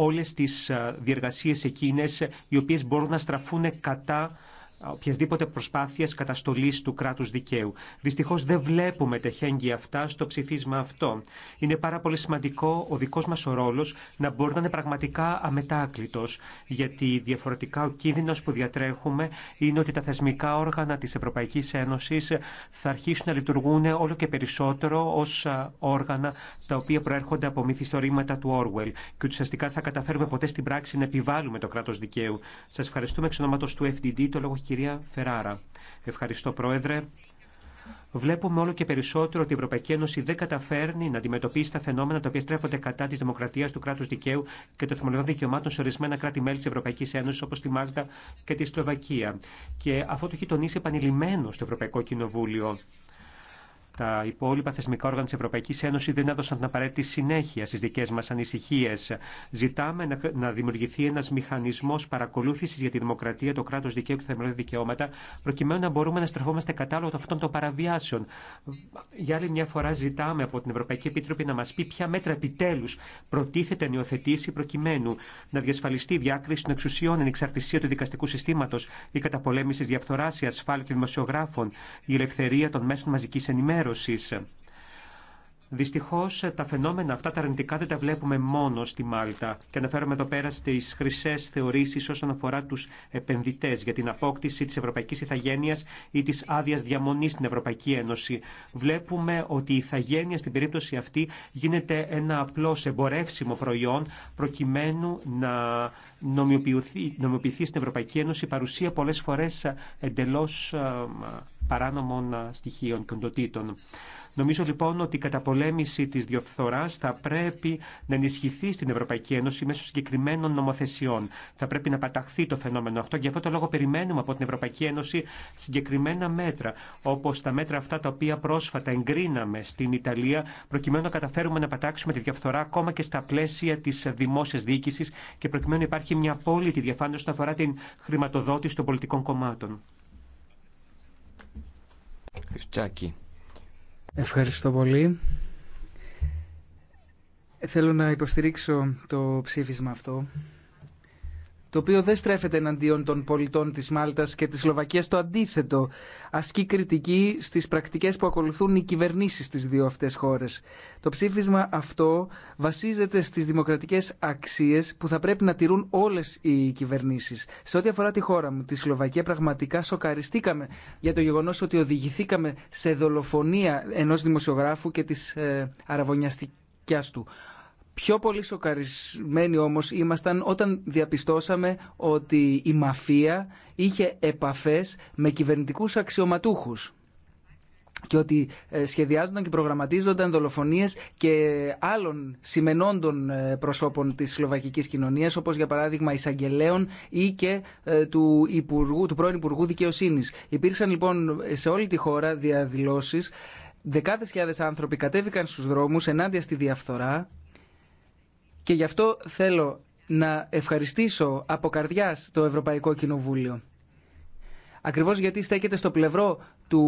όλες τις ε, διεργασίες εκείνες ε, οι οποίες μπορούν να στραφούν κατά οποιασδήποτε προσπάθεια καταστολή του κράτου δικαίου. Δυστυχώ δεν βλέπουμε τεχέγγυα αυτά στο ψηφίσμα αυτό. Είναι πάρα πολύ σημαντικό ο δικό μα ο ρόλος να μπορεί να είναι πραγματικά αμετάκλητο, γιατί διαφορετικά ο κίνδυνο που διατρέχουμε είναι ότι τα θεσμικά όργανα τη Ευρωπαϊκή Ένωση θα αρχίσουν να λειτουργούν όλο και περισσότερο ω όργανα τα οποία προέρχονται από μυθιστορήματα του Orwell και ουσιαστικά θα καταφέρουμε ποτέ στην πράξη να επιβάλλουμε το κράτο δικαίου. Σα ευχαριστούμε εξ του FDD. Το λόγο κυρία Φεράρα. Ευχαριστώ, Πρόεδρε. Βλέπουμε όλο και περισσότερο ότι η Ευρωπαϊκή Ένωση δεν καταφέρνει να αντιμετωπίσει τα φαινόμενα τα οποία στρέφονται κατά τη δημοκρατία, του κράτου δικαίου και των θεμελιωδών δικαιωμάτων σε ορισμένα κράτη-μέλη τη Ευρωπαϊκή Ένωση, όπω τη Μάλτα και τη Σλοβακία. Και αυτό το έχει τονίσει επανειλημμένο στο Ευρωπαϊκό Κοινοβούλιο τα υπόλοιπα θεσμικά όργανα τη Ευρωπαϊκή Ένωση δεν έδωσαν την απαραίτητη συνέχεια στι δικέ μα ανησυχίε. Ζητάμε να δημιουργηθεί ένα μηχανισμό παρακολούθηση για τη δημοκρατία, το κράτο δικαίου και τα θεμελιώδη δικαιώματα, προκειμένου να μπορούμε να στρεφόμαστε κατάλογο αυτών των παραβιάσεων. Για άλλη μια φορά, ζητάμε από την Ευρωπαϊκή Επίτροπη να μα πει ποια μέτρα επιτέλου προτίθεται να υιοθετήσει προκειμένου να διασφαλιστεί η διάκριση των εξουσιών, η εξαρτησία του δικαστικού συστήματο, η καταπολέμηση διαφθορά, η ασφάλεια των δημοσιογράφων, η ελευθερία των μέσων μαζική ενημέρωση ενημέρωσης Δυστυχώ ε, τα φαινόμενα αυτά τα αρνητικά δεν τα βλέπουμε μόνο στη Μάλτα. Και αναφέρομαι εδώ πέρα στι χρυσέ θεωρήσει όσον αφορά του επενδυτέ για την απόκτηση τη Ευρωπαϊκή Ιθαγένεια ή τη άδεια διαμονή στην Ευρωπαϊκή Ένωση. Βλέπουμε ότι η Ιθαγένεια στην περίπτωση αυτή γίνεται ένα απλώ εμπορεύσιμο προϊόν προκειμένου να νομιμοποιηθεί, νομιμοποιηθεί στην Ευρωπαϊκή ενα απλο παρουσία πολλέ στην ευρωπαικη εντελώ ε, παράνομων ε, στοιχείων και οντοτήτων. Νομίζω λοιπόν ότι η καταπολέμηση τη διαφθορά θα πρέπει να ενισχυθεί στην Ευρωπαϊκή Ένωση μέσω συγκεκριμένων νομοθεσιών. Θα πρέπει να παταχθεί το φαινόμενο αυτό. Γι' αυτό το λόγο περιμένουμε από την Ευρωπαϊκή Ένωση συγκεκριμένα μέτρα, Όπω τα μέτρα αυτά τα οποία πρόσφατα εγκρίναμε στην Ιταλία, προκειμένου να καταφέρουμε να πατάξουμε τη διαφθορά ακόμα και στα πλαίσια τη δημόσια διοίκηση και προκειμένου να υπάρχει μια απόλυτη διαφάνεια όσον αφορά την χρηματοδότηση των πολιτικών κομμάτων. Ευχαριστώ πολύ. Θέλω να υποστηρίξω το ψήφισμα αυτό το οποίο δεν στρέφεται εναντίον των πολιτών της Μάλτας και της Σλοβακίας, το αντίθετο, ασκεί κριτική στις πρακτικές που ακολουθούν οι κυβερνήσεις στις δύο αυτές χώρες. Το ψήφισμα αυτό βασίζεται στις δημοκρατικές αξίες που θα πρέπει να τηρούν όλες οι κυβερνήσεις. Σε ό,τι αφορά τη χώρα μου, τη Σλοβακία, πραγματικά σοκαριστήκαμε για το γεγονός ότι οδηγηθήκαμε σε δολοφονία ενός δημοσιογράφου και της ε, αραβωνιαστικιάς του. Πιο πολύ σοκαρισμένοι όμως ήμασταν όταν διαπιστώσαμε ότι η μαφία είχε επαφές με κυβερνητικούς αξιωματούχους και ότι ε, σχεδιάζονταν και προγραμματίζονταν δολοφονίες και άλλων σημενόντων ε, προσώπων της σλοβακικής κοινωνίας όπως για παράδειγμα εισαγγελέων ή και ε, του, υπουργού, του πρώην Υπουργού Δικαιοσύνης. Υπήρξαν λοιπόν σε όλη τη χώρα διαδηλώσεις Δεκάδες χιλιάδες άνθρωποι κατέβηκαν στους δρόμους ενάντια στη διαφθορά και γι' αυτό θέλω να ευχαριστήσω από καρδιάς το Ευρωπαϊκό Κοινοβούλιο. Ακριβώς γιατί στέκεται στο πλευρό του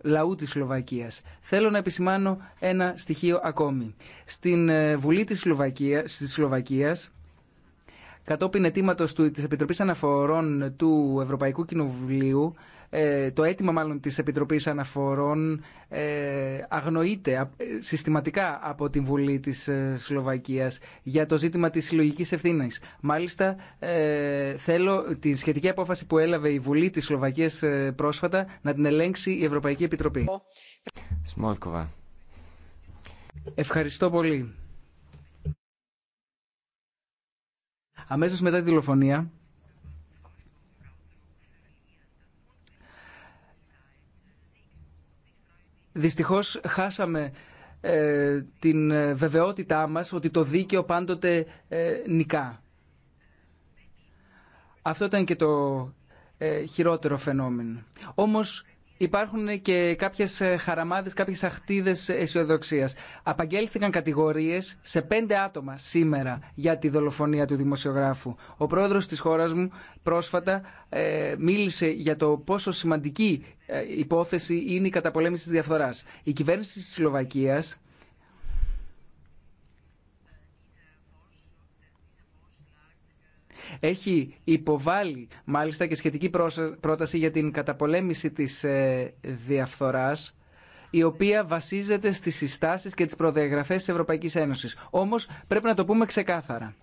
λαού της Σλοβακίας. Θέλω να επισημάνω ένα στοιχείο ακόμη. Στην ε, Βουλή της Σλοβακίας, κατόπιν αιτήματος του, της Επιτροπής Αναφορών του Ευρωπαϊκού Κοινοβουλίου, ε, το αίτημα μάλλον της Επιτροπής Αναφορών ε, αγνοείται ε, συστηματικά από την Βουλή της Σλοβακίας για το ζήτημα της συλλογικής ευθύνης. Μάλιστα, θέλω τη σχετική απόφαση που έλαβε η Βουλή της Σλοβακίας πρόσφατα να την ελέγξει η Ευρωπαϊκή Επιτροπή. Σμόλκοβα. Ευχαριστώ πολύ. Αμέσως μετά τη τηλεφωνία Δυστυχώς χάσαμε ε, την βεβαιότητά μας ότι το δίκαιο πάντοτε ε, νικά. Αυτό ήταν και το ε, χειρότερο φαινόμενο. Όμως Υπάρχουν και κάποιες ε, χαραμάδες, κάποιες αχτίδες αισιοδοξία. Απαγγέλθηκαν κατηγορίες σε πέντε άτομα σήμερα για τη δολοφονία του δημοσιογράφου. Ο πρόεδρος της χώρας μου πρόσφατα ε, μίλησε για το πόσο σημαντική ε, υπόθεση είναι η καταπολέμηση τη διαφθοράς. Η κυβέρνηση της Σλοβακία. Έχει υποβάλει μάλιστα και σχετική πρόταση για την καταπολέμηση της ε, διαφθοράς η οποία βασίζεται στις συστάσεις και τις προδιαγραφές της Ευρωπαϊκής Ένωσης. Όμως πρέπει να το πούμε ξεκάθαρα.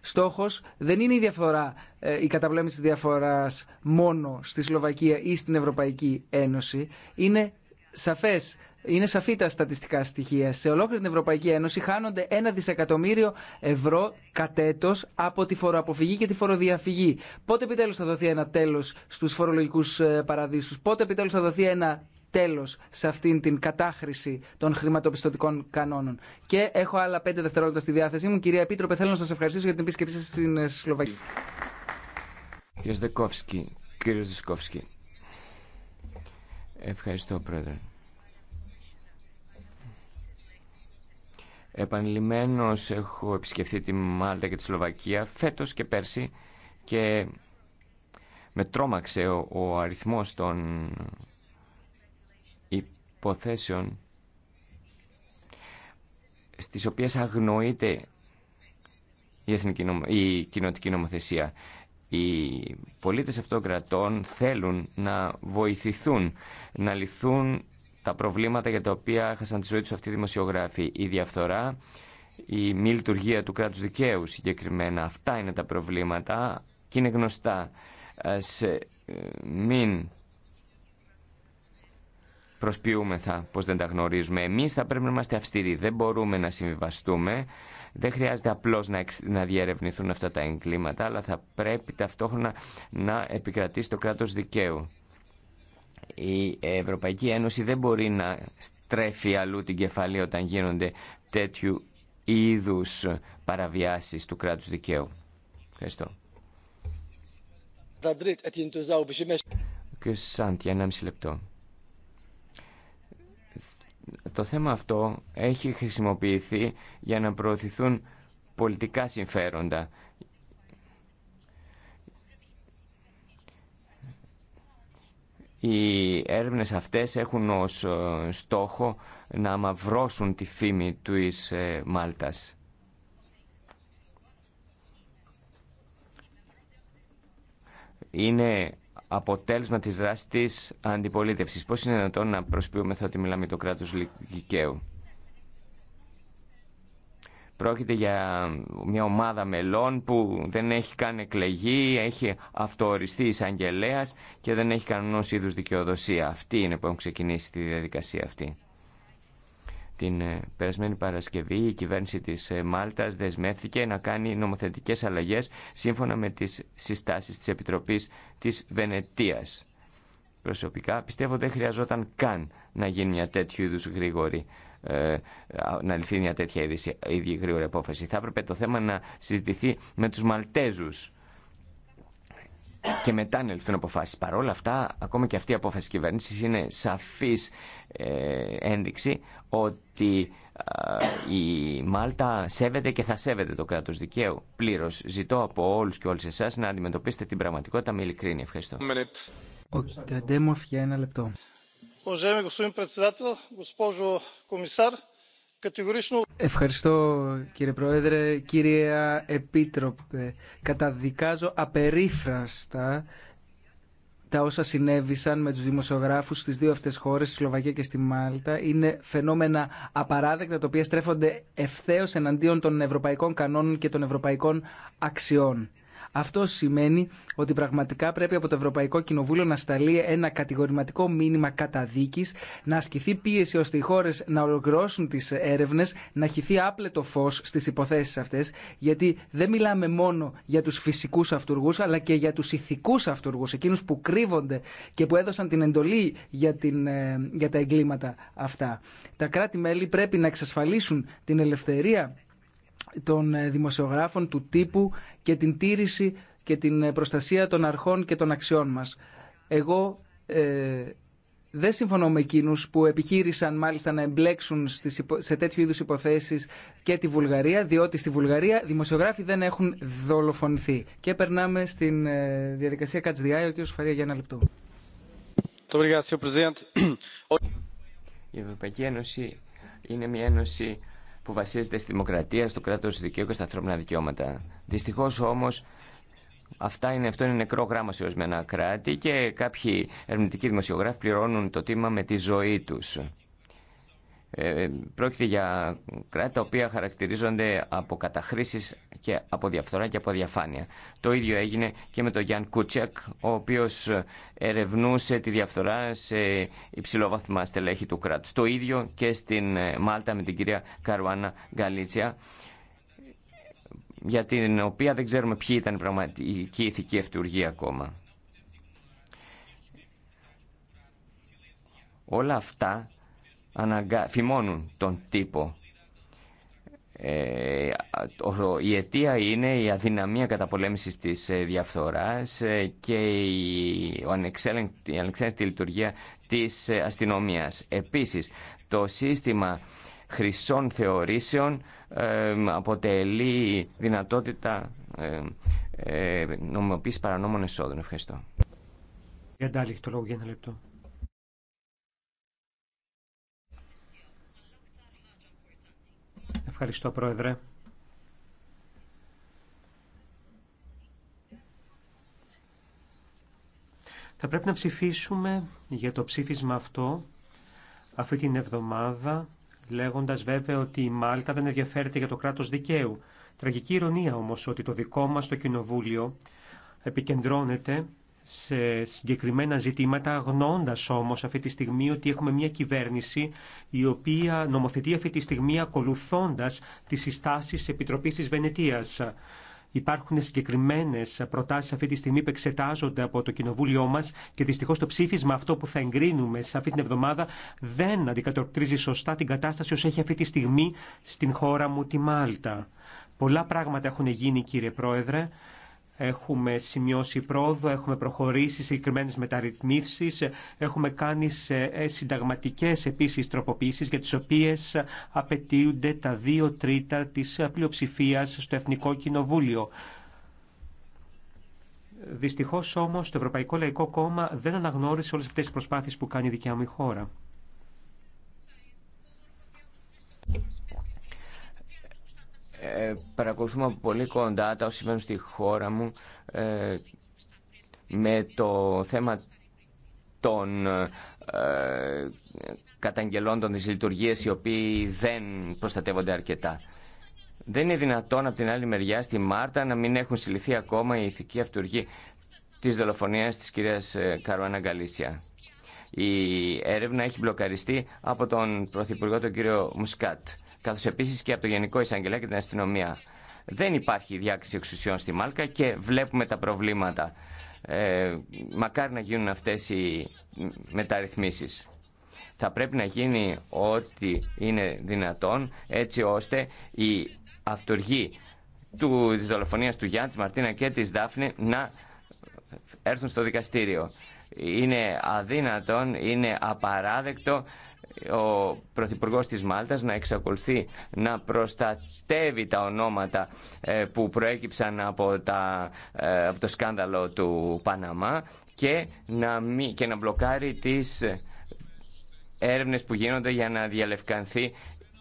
Στόχος δεν είναι η διαφθορά, ε, η καταπολέμηση της διαφθοράς μόνο στη Σλοβακία ή στην Ευρωπαϊκή Ένωση. Είναι σαφές είναι σαφή τα στατιστικά στοιχεία. Σε ολόκληρη την Ευρωπαϊκή Ένωση χάνονται ένα δισεκατομμύριο ευρώ κατέτο από τη φοροαποφυγή και τη φοροδιαφυγή. Πότε επιτέλου θα δοθεί ένα τέλο στου φορολογικού ε, παραδείσου, πότε επιτέλου θα δοθεί ένα τέλο σε αυτήν την κατάχρηση των χρηματοπιστωτικών κανόνων. Και έχω άλλα πέντε δευτερόλεπτα στη διάθεσή μου. Κυρία Επίτροπε, θέλω να σα ευχαριστήσω για την επίσκεψή σα στην ε, Σλοβακία. Κύριε Δεκόφσκι, κύριε Δεκόφσκι. Ευχαριστώ, Πρόεδρε. Επανειλημμένως έχω επισκεφθεί τη Μάλτα και τη Σλοβακία φέτος και πέρσι και με τρόμαξε ο, ο αριθμός των υποθέσεων στις οποίες αγνοείται η, εθνική νομο, η κοινωτική νομοθεσία. Οι πολίτες αυτών κρατών θέλουν να βοηθηθούν, να λυθούν τα προβλήματα για τα οποία έχασαν τη ζωή του αυτοί οι δημοσιογράφοι. Η διαφθορά, η μη λειτουργία του κράτους δικαίου συγκεκριμένα. Αυτά είναι τα προβλήματα και είναι γνωστά. Σε μην προσποιούμεθα πως δεν τα γνωρίζουμε. Εμείς θα πρέπει να είμαστε αυστηροί. Δεν μπορούμε να συμβιβαστούμε. Δεν χρειάζεται απλώς να, να διερευνηθούν αυτά τα εγκλήματα, αλλά θα πρέπει ταυτόχρονα να επικρατήσει το κράτος δικαίου η Ευρωπαϊκή Ένωση δεν μπορεί να στρέφει αλλού την κεφαλή όταν γίνονται τέτοιου είδους παραβιάσεις του κράτους δικαίου. Ευχαριστώ. Σάντ, ένα μισή λεπτό. Το θέμα αυτό έχει χρησιμοποιηθεί για να προωθηθούν πολιτικά συμφέροντα Οι έρευνες αυτές έχουν ως ε, στόχο να μαυρώσουν τη φήμη του εις Μάλτας. Είναι αποτέλεσμα της δράσης της αντιπολίτευσης. Πώς είναι δυνατόν να προσποιούμεθα ότι μιλάμε το κράτος δικαίου. Πρόκειται για μια ομάδα μελών που δεν έχει καν εκλεγεί, έχει αυτοοριστεί εισαγγελέα και δεν έχει κανένα είδου δικαιοδοσία. Αυτή είναι που έχουν ξεκινήσει τη διαδικασία αυτή. Την ε, περασμένη Παρασκευή η κυβέρνηση της ε, Μάλτας δεσμεύτηκε να κάνει νομοθετικές αλλαγές σύμφωνα με τις συστάσεις της Επιτροπής της Βενετίας. Προσωπικά πιστεύω δεν χρειαζόταν καν να γίνει μια τέτοιου είδους γρήγορη ε, να λυθεί μια τέτοια είδηση, ίδια γρήγορη απόφαση. Θα έπρεπε το θέμα να συζητηθεί με τους Μαλτέζους και μετά να ληφθούν αποφάσεις. Παρ' όλα αυτά, ακόμα και αυτή η απόφαση κυβέρνηση είναι σαφής ε, ένδειξη ότι ε, η Μάλτα σέβεται και θα σέβεται το κράτος δικαίου πλήρως. Ζητώ από όλους και όλες εσάς να αντιμετωπίσετε την πραγματικότητα με ειλικρίνη. Ευχαριστώ. Ο Καντέμοφ για ένα λεπτό господин госпожо Ευχαριστώ κύριε Πρόεδρε, κύριε Επίτροπε. Καταδικάζω απερίφραστα τα όσα συνέβησαν με τους δημοσιογράφους στις δύο αυτές χώρες, στη Σλοβακία και στη Μάλτα, είναι φαινόμενα απαράδεκτα, τα οποία στρέφονται ευθέως εναντίον των ευρωπαϊκών κανόνων και των ευρωπαϊκών αξιών. Αυτό σημαίνει ότι πραγματικά πρέπει από το Ευρωπαϊκό Κοινοβούλιο να σταλεί ένα κατηγορηματικό μήνυμα καταδίκη, να ασκηθεί πίεση ώστε οι χώρε να ολοκληρώσουν τι έρευνε, να χυθεί άπλετο φω στι υποθέσει αυτέ, γιατί δεν μιλάμε μόνο για του φυσικού αυτούργου, αλλά και για του ηθικού αυτούργου, εκείνου που κρύβονται και που έδωσαν την εντολή για, την, ε, για τα εγκλήματα αυτά. Τα κράτη-μέλη πρέπει να εξασφαλίσουν την ελευθερία των ε, δημοσιογράφων του τύπου και την τήρηση και την ε, προστασία των αρχών και των αξιών μας. Εγώ ε, δεν συμφωνώ με εκείνους που επιχείρησαν μάλιστα να εμπλέξουν στις, σε τέτοιου είδους υποθέσεις και τη Βουλγαρία, διότι στη Βουλγαρία δημοσιογράφοι δεν έχουν δολοφονηθεί. Και περνάμε στην ε, διαδικασία Κατσδιάη, ο κ. Φαρία για ένα λεπτό. Η Ευρωπαϊκή Ένωση είναι μια ένωση που βασίζεται στη δημοκρατία, στο κράτο δικαίου και στα ανθρώπινα δικαιώματα. Δυστυχώ όμω, Αυτά είναι, αυτό είναι νεκρό γράμμα σε ορισμένα κράτη και κάποιοι ερευνητικοί δημοσιογράφοι πληρώνουν το τίμα με τη ζωή τους. Ε, πρόκειται για κράτη τα οποία χαρακτηρίζονται από καταχρήσεις και από διαφθορά και από διαφάνεια. Το ίδιο έγινε και με τον Γιάν Κούτσιακ, ο οποίος ερευνούσε τη διαφθορά σε υψηλόβαθμα στελέχη του κράτους. Το ίδιο και στην ε, Μάλτα με την κυρία Καρουάνα Γκαλίτσια για την οποία δεν ξέρουμε ποιοι ήταν η πραγματική ηθική ευτουργή ακόμα. Όλα αυτά αναγκα... φημώνουν τον τύπο. Ε, η αιτία είναι η αδυναμία καταπολέμησης της ε, διαφθοράς ε, και η, ανεξέλεγκτη, η ανεξέλεγκτη λειτουργία της αστυνομίας. Επίσης, το σύστημα χρυσών θεωρήσεων αποτελεί δυνατότητα ε, νομιμοποίησης παρανόμων εσόδων. Ευχαριστώ. το Ευχαριστώ, Πρόεδρε. Θα πρέπει να ψηφίσουμε για το ψήφισμα αυτό αυτή την εβδομάδα, λέγοντας βέβαια ότι η Μάλτα δεν ενδιαφέρεται για το κράτος δικαίου. Τραγική ηρωνία όμως ότι το δικό μας το Κοινοβούλιο επικεντρώνεται σε συγκεκριμένα ζητήματα, γνώντα όμω αυτή τη στιγμή ότι έχουμε μια κυβέρνηση η οποία νομοθετεί αυτή τη στιγμή ακολουθώντα τι συστάσει τη Επιτροπή τη Βενετία. Υπάρχουν συγκεκριμένε προτάσει αυτή τη στιγμή που εξετάζονται από το Κοινοβούλιο μα και δυστυχώ το ψήφισμα αυτό που θα εγκρίνουμε σε αυτή την εβδομάδα δεν αντικατοπτρίζει σωστά την κατάσταση όσο έχει αυτή τη στιγμή στην χώρα μου, τη Μάλτα. Πολλά πράγματα έχουν γίνει, κύριε Πρόεδρε. Έχουμε σημειώσει πρόοδο, έχουμε προχωρήσει σε συγκεκριμένε μεταρρυθμίσει, έχουμε κάνει σε ε, συνταγματικέ επίση τροποποιήσει για τι οποίε απαιτούνται τα δύο τρίτα τη πλειοψηφία στο Εθνικό Κοινοβούλιο. Δυστυχώ όμω το Ευρωπαϊκό Λαϊκό Κόμμα δεν αναγνώρισε όλε αυτέ τι προσπάθειε που κάνει η δικιά μου η χώρα. παρακολουθούμε από πολύ κοντά τα όσοι συμβαίνουν στη χώρα μου ε, με το θέμα των ε, καταγγελών των δυσλειτουργίες οι οποίοι δεν προστατεύονται αρκετά. Δεν είναι δυνατόν από την άλλη μεριά στη Μάρτα να μην έχουν συλληφθεί ακόμα οι ηθικοί αυτούργοι της δολοφονίας της κυρίας ε, Καρουάνα Γκαλίσια. Η έρευνα έχει μπλοκαριστεί από τον Πρωθυπουργό τον κύριο Μουσκάτ. Καθώ επίση και από το Γενικό Εισαγγελέα και την αστυνομία. Δεν υπάρχει διάκριση εξουσιών στη Μάλκα και βλέπουμε τα προβλήματα. Ε, μακάρι να γίνουν αυτές οι μεταρρυθμίσει. Θα πρέπει να γίνει ό,τι είναι δυνατόν έτσι ώστε η αυτοργοί του, της δολοφονίας του Γιάννη, τη Μαρτίνα και της Δάφνη να έρθουν στο δικαστήριο. Είναι αδύνατον, είναι απαράδεκτο ο Πρωθυπουργό της Μάλτας να εξακολουθεί να προστατεύει τα ονόματα ε, που προέκυψαν από, τα, ε, από το σκάνδαλο του Παναμά και να, μη, και να μπλοκάρει τις έρευνες που γίνονται για να διαλευκανθεί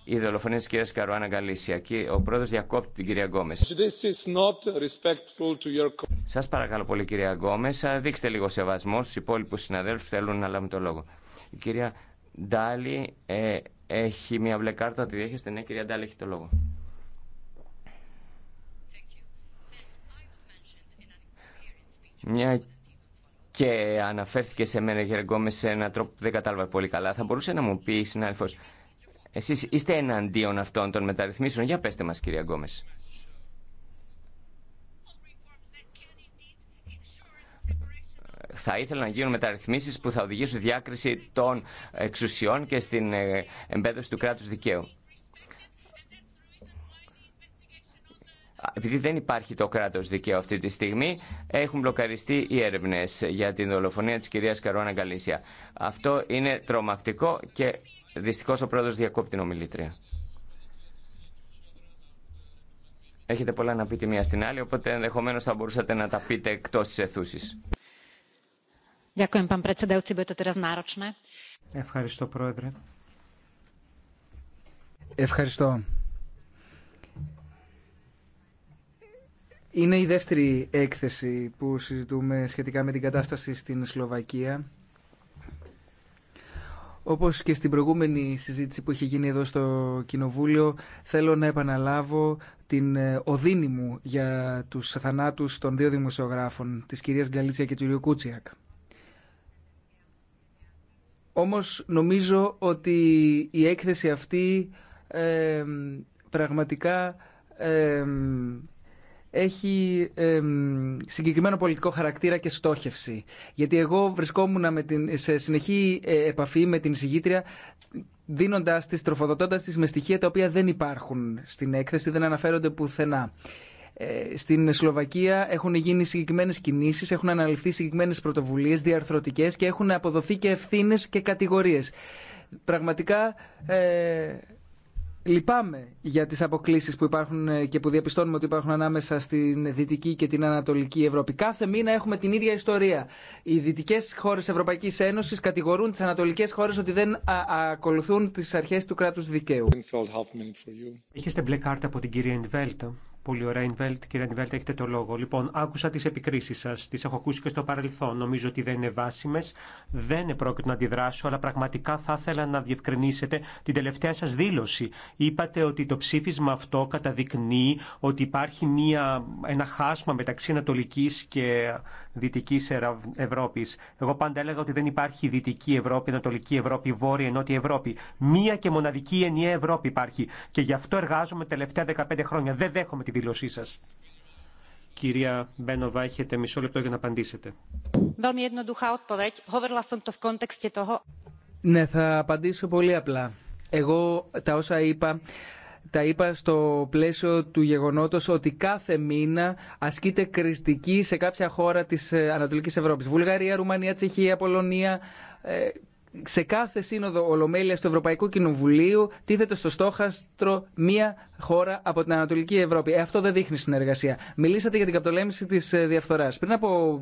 η δολοφονία της κυρίας Καρουάνα Γκαλίσια. Ο πρόεδρος διακόπτει την κυρία Γκόμες. Your... Σας παρακαλώ πολύ κυρία Γκόμες, δείξτε λίγο σεβασμό στους υπόλοιπους συναδέλφους που θέλουν να λάβουν το λόγο. Η κυρία Ντάλι ε, έχει μια μπλε κάρτα, τη δέχεστε. Ναι, κυρία Ντάλι, έχει το λόγο. Μια και αναφέρθηκε σε μένα, Γκόμε, σε έναν τρόπο που δεν κατάλαβα πολύ καλά. Θα μπορούσε να μου πει, συνάδελφο, εσείς είστε εναντίον αυτών των μεταρρυθμίσεων. Για πέστε μα κυρία Γκόμε. θα ήθελα να γίνουν μεταρρυθμίσει που θα οδηγήσουν διάκριση των εξουσιών και στην ε, εμπέδωση του κράτους δικαίου. Επειδή δεν υπάρχει το κράτο δικαίου αυτή τη στιγμή, έχουν μπλοκαριστεί οι έρευνε για την δολοφονία τη κυρία Καρουάνα Γκαλίσια. Αυτό είναι τρομακτικό και δυστυχώ ο πρόεδρο διακόπτει την ομιλήτρια. Έχετε πολλά να πείτε μία στην άλλη, οπότε ενδεχομένω θα μπορούσατε να τα πείτε εκτό τη αιθούση. Ευχαριστώ, Πρόεδρε. Ευχαριστώ. Είναι η δεύτερη έκθεση που συζητούμε σχετικά με την κατάσταση στην Σλοβακία. Όπως και στην προηγούμενη συζήτηση που είχε γίνει εδώ στο Κοινοβούλιο, θέλω να επαναλάβω την οδύνη μου για τους θανάτους των δύο δημοσιογράφων, της κυρίας Γκαλίτσια και του Ιωκούτσιακ. Όμως νομίζω ότι η έκθεση αυτή πραγματικά έχει συγκεκριμένο πολιτικό χαρακτήρα και στόχευση. Γιατί εγώ βρισκόμουν με την, σε συνεχή ε, επαφή με την συγγήτρια δίνοντας τις, τροφοδοτώντας τις με στοιχεία τα οποία δεν υπάρχουν στην έκθεση, δεν αναφέρονται πουθενά. Ε, στην Σλοβακία έχουν γίνει συγκεκριμένε κινήσει, έχουν αναλυφθεί συγκεκριμένε πρωτοβουλίε διαρθρωτικέ και έχουν αποδοθεί και ευθύνε και κατηγορίε. Πραγματικά ε, λυπάμαι για τις αποκλήσεις που υπάρχουν ε, και που διαπιστώνουμε ότι υπάρχουν ανάμεσα στην Δυτική και την Ανατολική Ευρώπη. Κάθε μήνα έχουμε την ίδια ιστορία. Οι Δυτικές χώρες Ευρωπαϊκής Ένωσης κατηγορούν τις ανατολικές χώρες ότι δεν ακολουθούν τις αρχές του κράτους δικαίου. μπλε κάρτα από την κυρία Πολύ ωραία, Ινβέλτ. Κύριε Ινβέλτ, έχετε το λόγο. Λοιπόν, άκουσα τι επικρίσει σα. Τι έχω ακούσει και στο παρελθόν. Νομίζω ότι δεν είναι βάσιμε. Δεν επρόκειτο να αντιδράσω, αλλά πραγματικά θα ήθελα να διευκρινίσετε την τελευταία σα δήλωση. Είπατε ότι το ψήφισμα αυτό καταδεικνύει ότι υπάρχει μια, ένα χάσμα μεταξύ Ανατολική και Δυτική Ευρώπη. Εγώ πάντα έλεγα ότι δεν υπάρχει Δυτική Ευρώπη, Ανατολική Ευρώπη, Βόρεια, Νότια Ευρώπη. Μία και μοναδική ενιαία Ευρώπη υπάρχει. Και γι' αυτό εργάζομαι τελευταία 15 χρόνια. Δεν δέχομαι δήλωσή σας. Κυρία Μπένοβα, έχετε μισό λεπτό για να απαντήσετε. Ναι, θα απαντήσω πολύ απλά. Εγώ τα όσα είπα τα είπα στο πλαίσιο του γεγονότος ότι κάθε μήνα ασκείται κριστική σε κάποια χώρα της ε, Ανατολικής Ευρώπης. Βουλγαρία, Ρουμανία, Τσεχία, Πολωνία, ε, σε κάθε σύνοδο ολομέλειας του Ευρωπαϊκού Κοινοβουλίου τίθεται στο στόχαστρο μία χώρα από την Ανατολική Ευρώπη. Ε, αυτό δεν δείχνει συνεργασία. Μιλήσατε για την καπτολέμηση της ε, διαφθοράς. Πριν από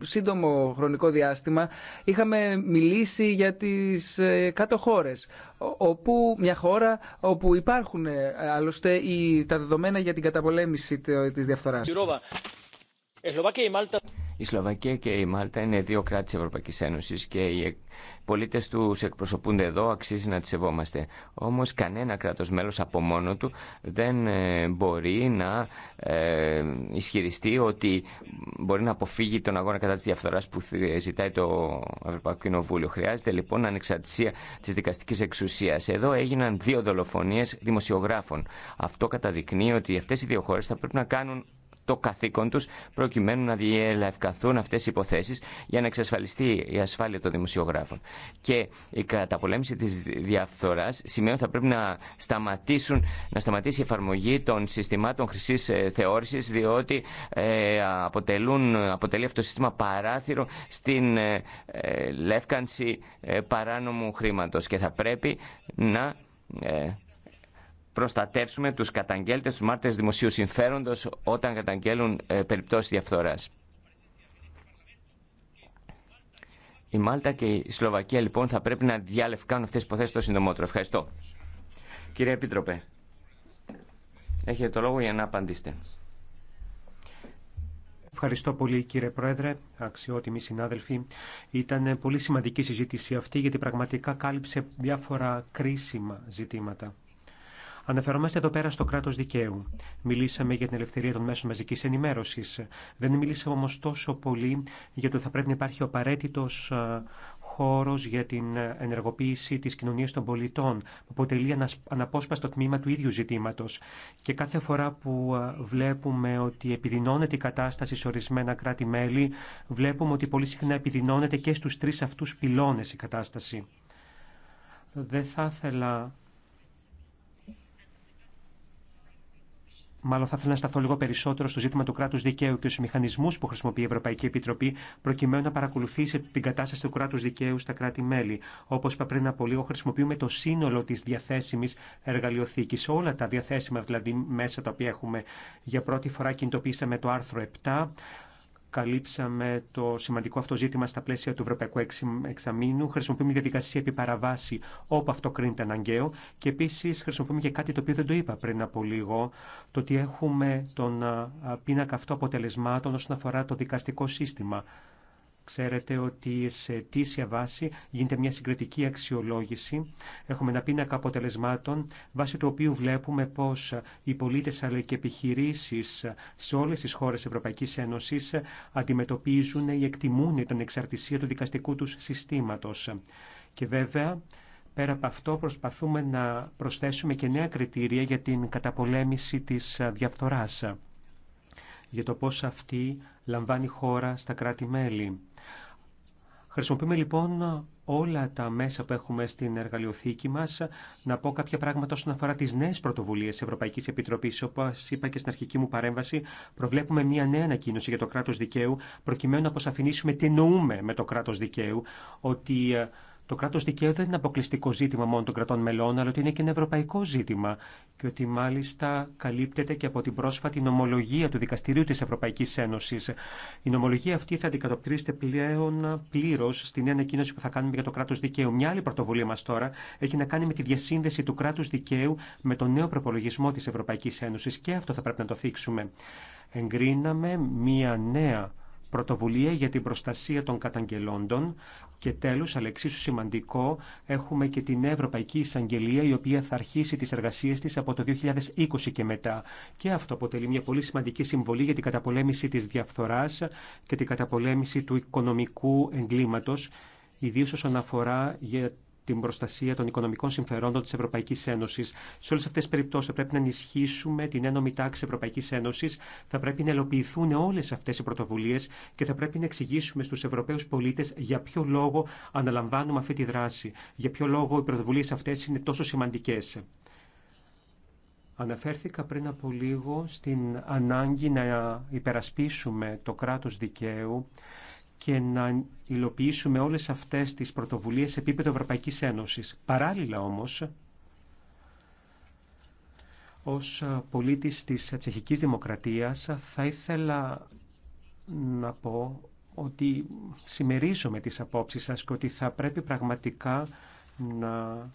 σύντομο χρονικό διάστημα είχαμε μιλήσει για τις ε, κάτω χώρες όπου μια χώρα όπου υπάρχουν άλλωστε τα δεδομένα για την καταπολέμηση της διαφθοράς. Η Σλοβακία και η Μάλτα είναι δύο κράτη της Ευρωπαϊκής Ένωσης και οι πολίτες του εκπροσωπούνται εδώ, αξίζει να τις σεβόμαστε. Όμως κανένα κράτος μέλος από μόνο του δεν ε, μπορεί να ε, ισχυριστεί ότι μπορεί να αποφύγει τον αγώνα κατά της διαφθοράς που ζητάει το Ευρωπαϊκό Κοινοβούλιο. Χρειάζεται λοιπόν ανεξαρτησία της δικαστικής εξουσίας. Εδώ έγιναν δύο δολοφονίες δημοσιογράφων. Αυτό καταδεικνύει ότι αυτές οι δύο χώρες θα πρέπει να κάνουν το καθήκον τους προκειμένου να διελευκανθούν αυτές οι υποθέσεις για να εξασφαλιστεί η ασφάλεια των δημοσιογράφων. Και η καταπολέμηση της διαφθοράς σημαίνει ότι θα πρέπει να, σταματήσουν, να σταματήσει η εφαρμογή των συστημάτων χρυσή ε, θεώρησης διότι ε, αποτελούν, αποτελεί αυτό το σύστημα παράθυρο στην ε, ε λεύκανση παράνομου χρήματο. και θα πρέπει να προστατεύσουμε τους καταγγέλτες, τους μάρτυρες δημοσίου συμφέροντος όταν καταγγέλουν ε, περιπτώσεις διαφθοράς. Η Μάλτα και η Σλοβακία λοιπόν θα πρέπει να διαλευκάνουν αυτές τις υποθέσεις το συντομότερο. Ευχαριστώ. Κύριε Επίτροπε, έχετε το λόγο για να απαντήσετε. Ευχαριστώ πολύ κύριε Πρόεδρε, αξιότιμοι συνάδελφοι. Ήταν πολύ σημαντική συζήτηση αυτή γιατί πραγματικά κάλυψε διάφορα κρίσιμα ζητήματα. Αναφερόμαστε εδώ πέρα στο κράτο δικαίου. Μιλήσαμε για την ελευθερία των μέσων μαζική ενημέρωση. Δεν μιλήσαμε όμω τόσο πολύ για το ότι θα πρέπει να υπάρχει ο απαραίτητο χώρος για την ενεργοποίηση τη κοινωνία των πολιτών, που αποτελεί αναπόσπαστο τμήμα του ίδιου ζητήματο. Και κάθε φορά που βλέπουμε ότι επιδεινώνεται η κατάσταση σε ορισμένα κράτη-μέλη, βλέπουμε ότι πολύ συχνά επιδεινώνεται και στου τρει αυτού πυλώνες η κατάσταση. Δεν θα ήθελα Μάλλον θα ήθελα να σταθώ λίγο περισσότερο στο ζήτημα του κράτου δικαίου και στου μηχανισμού που χρησιμοποιεί η Ευρωπαϊκή Επιτροπή προκειμένου να παρακολουθήσει την κατάσταση του κράτου δικαίου στα κράτη-μέλη. Όπω είπα πριν από λίγο, χρησιμοποιούμε το σύνολο τη διαθέσιμη εργαλειοθήκη. Όλα τα διαθέσιμα δηλαδή μέσα τα οποία έχουμε. Για πρώτη φορά κινητοποίησαμε το άρθρο 7 καλύψαμε το σημαντικό αυτό ζήτημα στα πλαίσια του Ευρωπαϊκού Εξαμήνου. Χρησιμοποιούμε διαδικασία επί παραβάση όπου αυτό κρίνεται αναγκαίο. Και επίση χρησιμοποιούμε και κάτι το οποίο δεν το είπα πριν από λίγο, το ότι έχουμε τον πίνακα αυτό αποτελεσμάτων όσον αφορά το δικαστικό σύστημα. Ξέρετε ότι σε αιτήσια βάση γίνεται μια συγκριτική αξιολόγηση. Έχουμε ένα πίνακα αποτελεσμάτων, βάσει του οποίου βλέπουμε πώ οι πολίτε αλλά και επιχειρήσει σε όλε τι χώρε Ευρωπαϊκή Ένωση αντιμετωπίζουν ή εκτιμούν την εξαρτησία του δικαστικού του συστήματο. Και βέβαια, πέρα από αυτό, προσπαθούμε να προσθέσουμε και νέα κριτήρια για την καταπολέμηση της διαφθοράς, για το πώς αυτή λαμβάνει χώρα στα κράτη-μέλη. Χρησιμοποιούμε λοιπόν όλα τα μέσα που έχουμε στην εργαλειοθήκη μας. Να πω κάποια πράγματα όσον αφορά τις νέες πρωτοβουλίες Ευρωπαϊκή Επιτροπή, όπω είπα και στην αρχική μου παρέμβαση, προβλέπουμε μια νέα ανακοίνωση για το κράτο δικαίου, προκειμένου να αποσαφηνίσουμε τι εννοούμε με το κράτο δικαίου, ότι ε, το κράτο δικαίου δεν είναι αποκλειστικό ζήτημα μόνο των κρατών μελών, αλλά ότι είναι και ένα ευρωπαϊκό ζήτημα και ότι μάλιστα καλύπτεται και από την πρόσφατη νομολογία του Δικαστηρίου τη Ευρωπαϊκή Ένωση. Η νομολογία αυτή θα αντικατοπτρίζεται πλέον πλήρω στην νέα ανακοίνωση που θα κάνουμε για το κράτο δικαίου. Μια άλλη πρωτοβουλία μα τώρα έχει να κάνει με τη διασύνδεση του κράτου δικαίου με τον νέο προπολογισμό τη Ευρωπαϊκή Ένωση και αυτό θα πρέπει να το θίξουμε. Εγκρίναμε μια νέα πρωτοβουλία για την προστασία των καταγγελόντων και τέλος, αλλά σημαντικό, έχουμε και την Ευρωπαϊκή Εισαγγελία η οποία θα αρχίσει τις εργασίες της από το 2020 και μετά. Και αυτό αποτελεί μια πολύ σημαντική συμβολή για την καταπολέμηση της διαφθοράς και την καταπολέμηση του οικονομικού εγκλήματος ιδίως όσον αφορά για την προστασία των οικονομικών συμφερόντων τη Ευρωπαϊκή Ένωση. Σε όλε αυτέ τι περιπτώσει πρέπει να ενισχύσουμε την ένωμη τάξη Ευρωπαϊκή Ένωση, θα πρέπει να ελοποιηθούν όλε αυτέ οι πρωτοβουλίε και θα πρέπει να εξηγήσουμε στου Ευρωπαίου πολίτε για ποιο λόγο αναλαμβάνουμε αυτή τη δράση, για ποιο λόγο οι πρωτοβουλίε αυτέ είναι τόσο σημαντικέ. Αναφέρθηκα πριν από λίγο στην ανάγκη να υπερασπίσουμε το κράτος δικαίου, και να υλοποιήσουμε όλες αυτές τις πρωτοβουλίες σε επίπεδο Ευρωπαϊκής Ένωσης. Παράλληλα όμως, ως πολίτης της τσεχικής δημοκρατίας θα ήθελα να πω ότι συμμερίζομαι τις απόψεις σας και ότι θα πρέπει πραγματικά να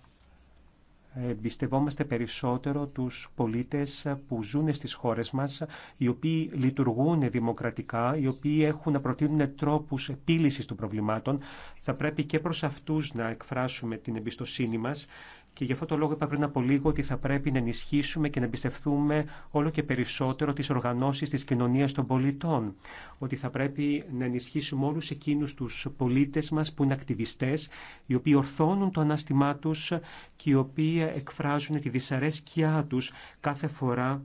εμπιστευόμαστε περισσότερο τους πολίτες που ζουν στις χώρες μας, οι οποίοι λειτουργούν δημοκρατικά, οι οποίοι έχουν να προτείνουν τρόπους επίλυσης των προβλημάτων. Θα πρέπει και προς αυτούς να εκφράσουμε την εμπιστοσύνη μας και γι' αυτό το λόγο είπα πριν από λίγο ότι θα πρέπει να ενισχύσουμε και να εμπιστευτούμε όλο και περισσότερο τι οργανώσει τη κοινωνία των πολιτών. Ότι θα πρέπει να ενισχύσουμε όλου εκείνου του πολίτε μα που είναι ακτιβιστέ, οι οποίοι ορθώνουν το ανάστημά του και οι οποίοι εκφράζουν τη δυσαρέσκειά του κάθε φορά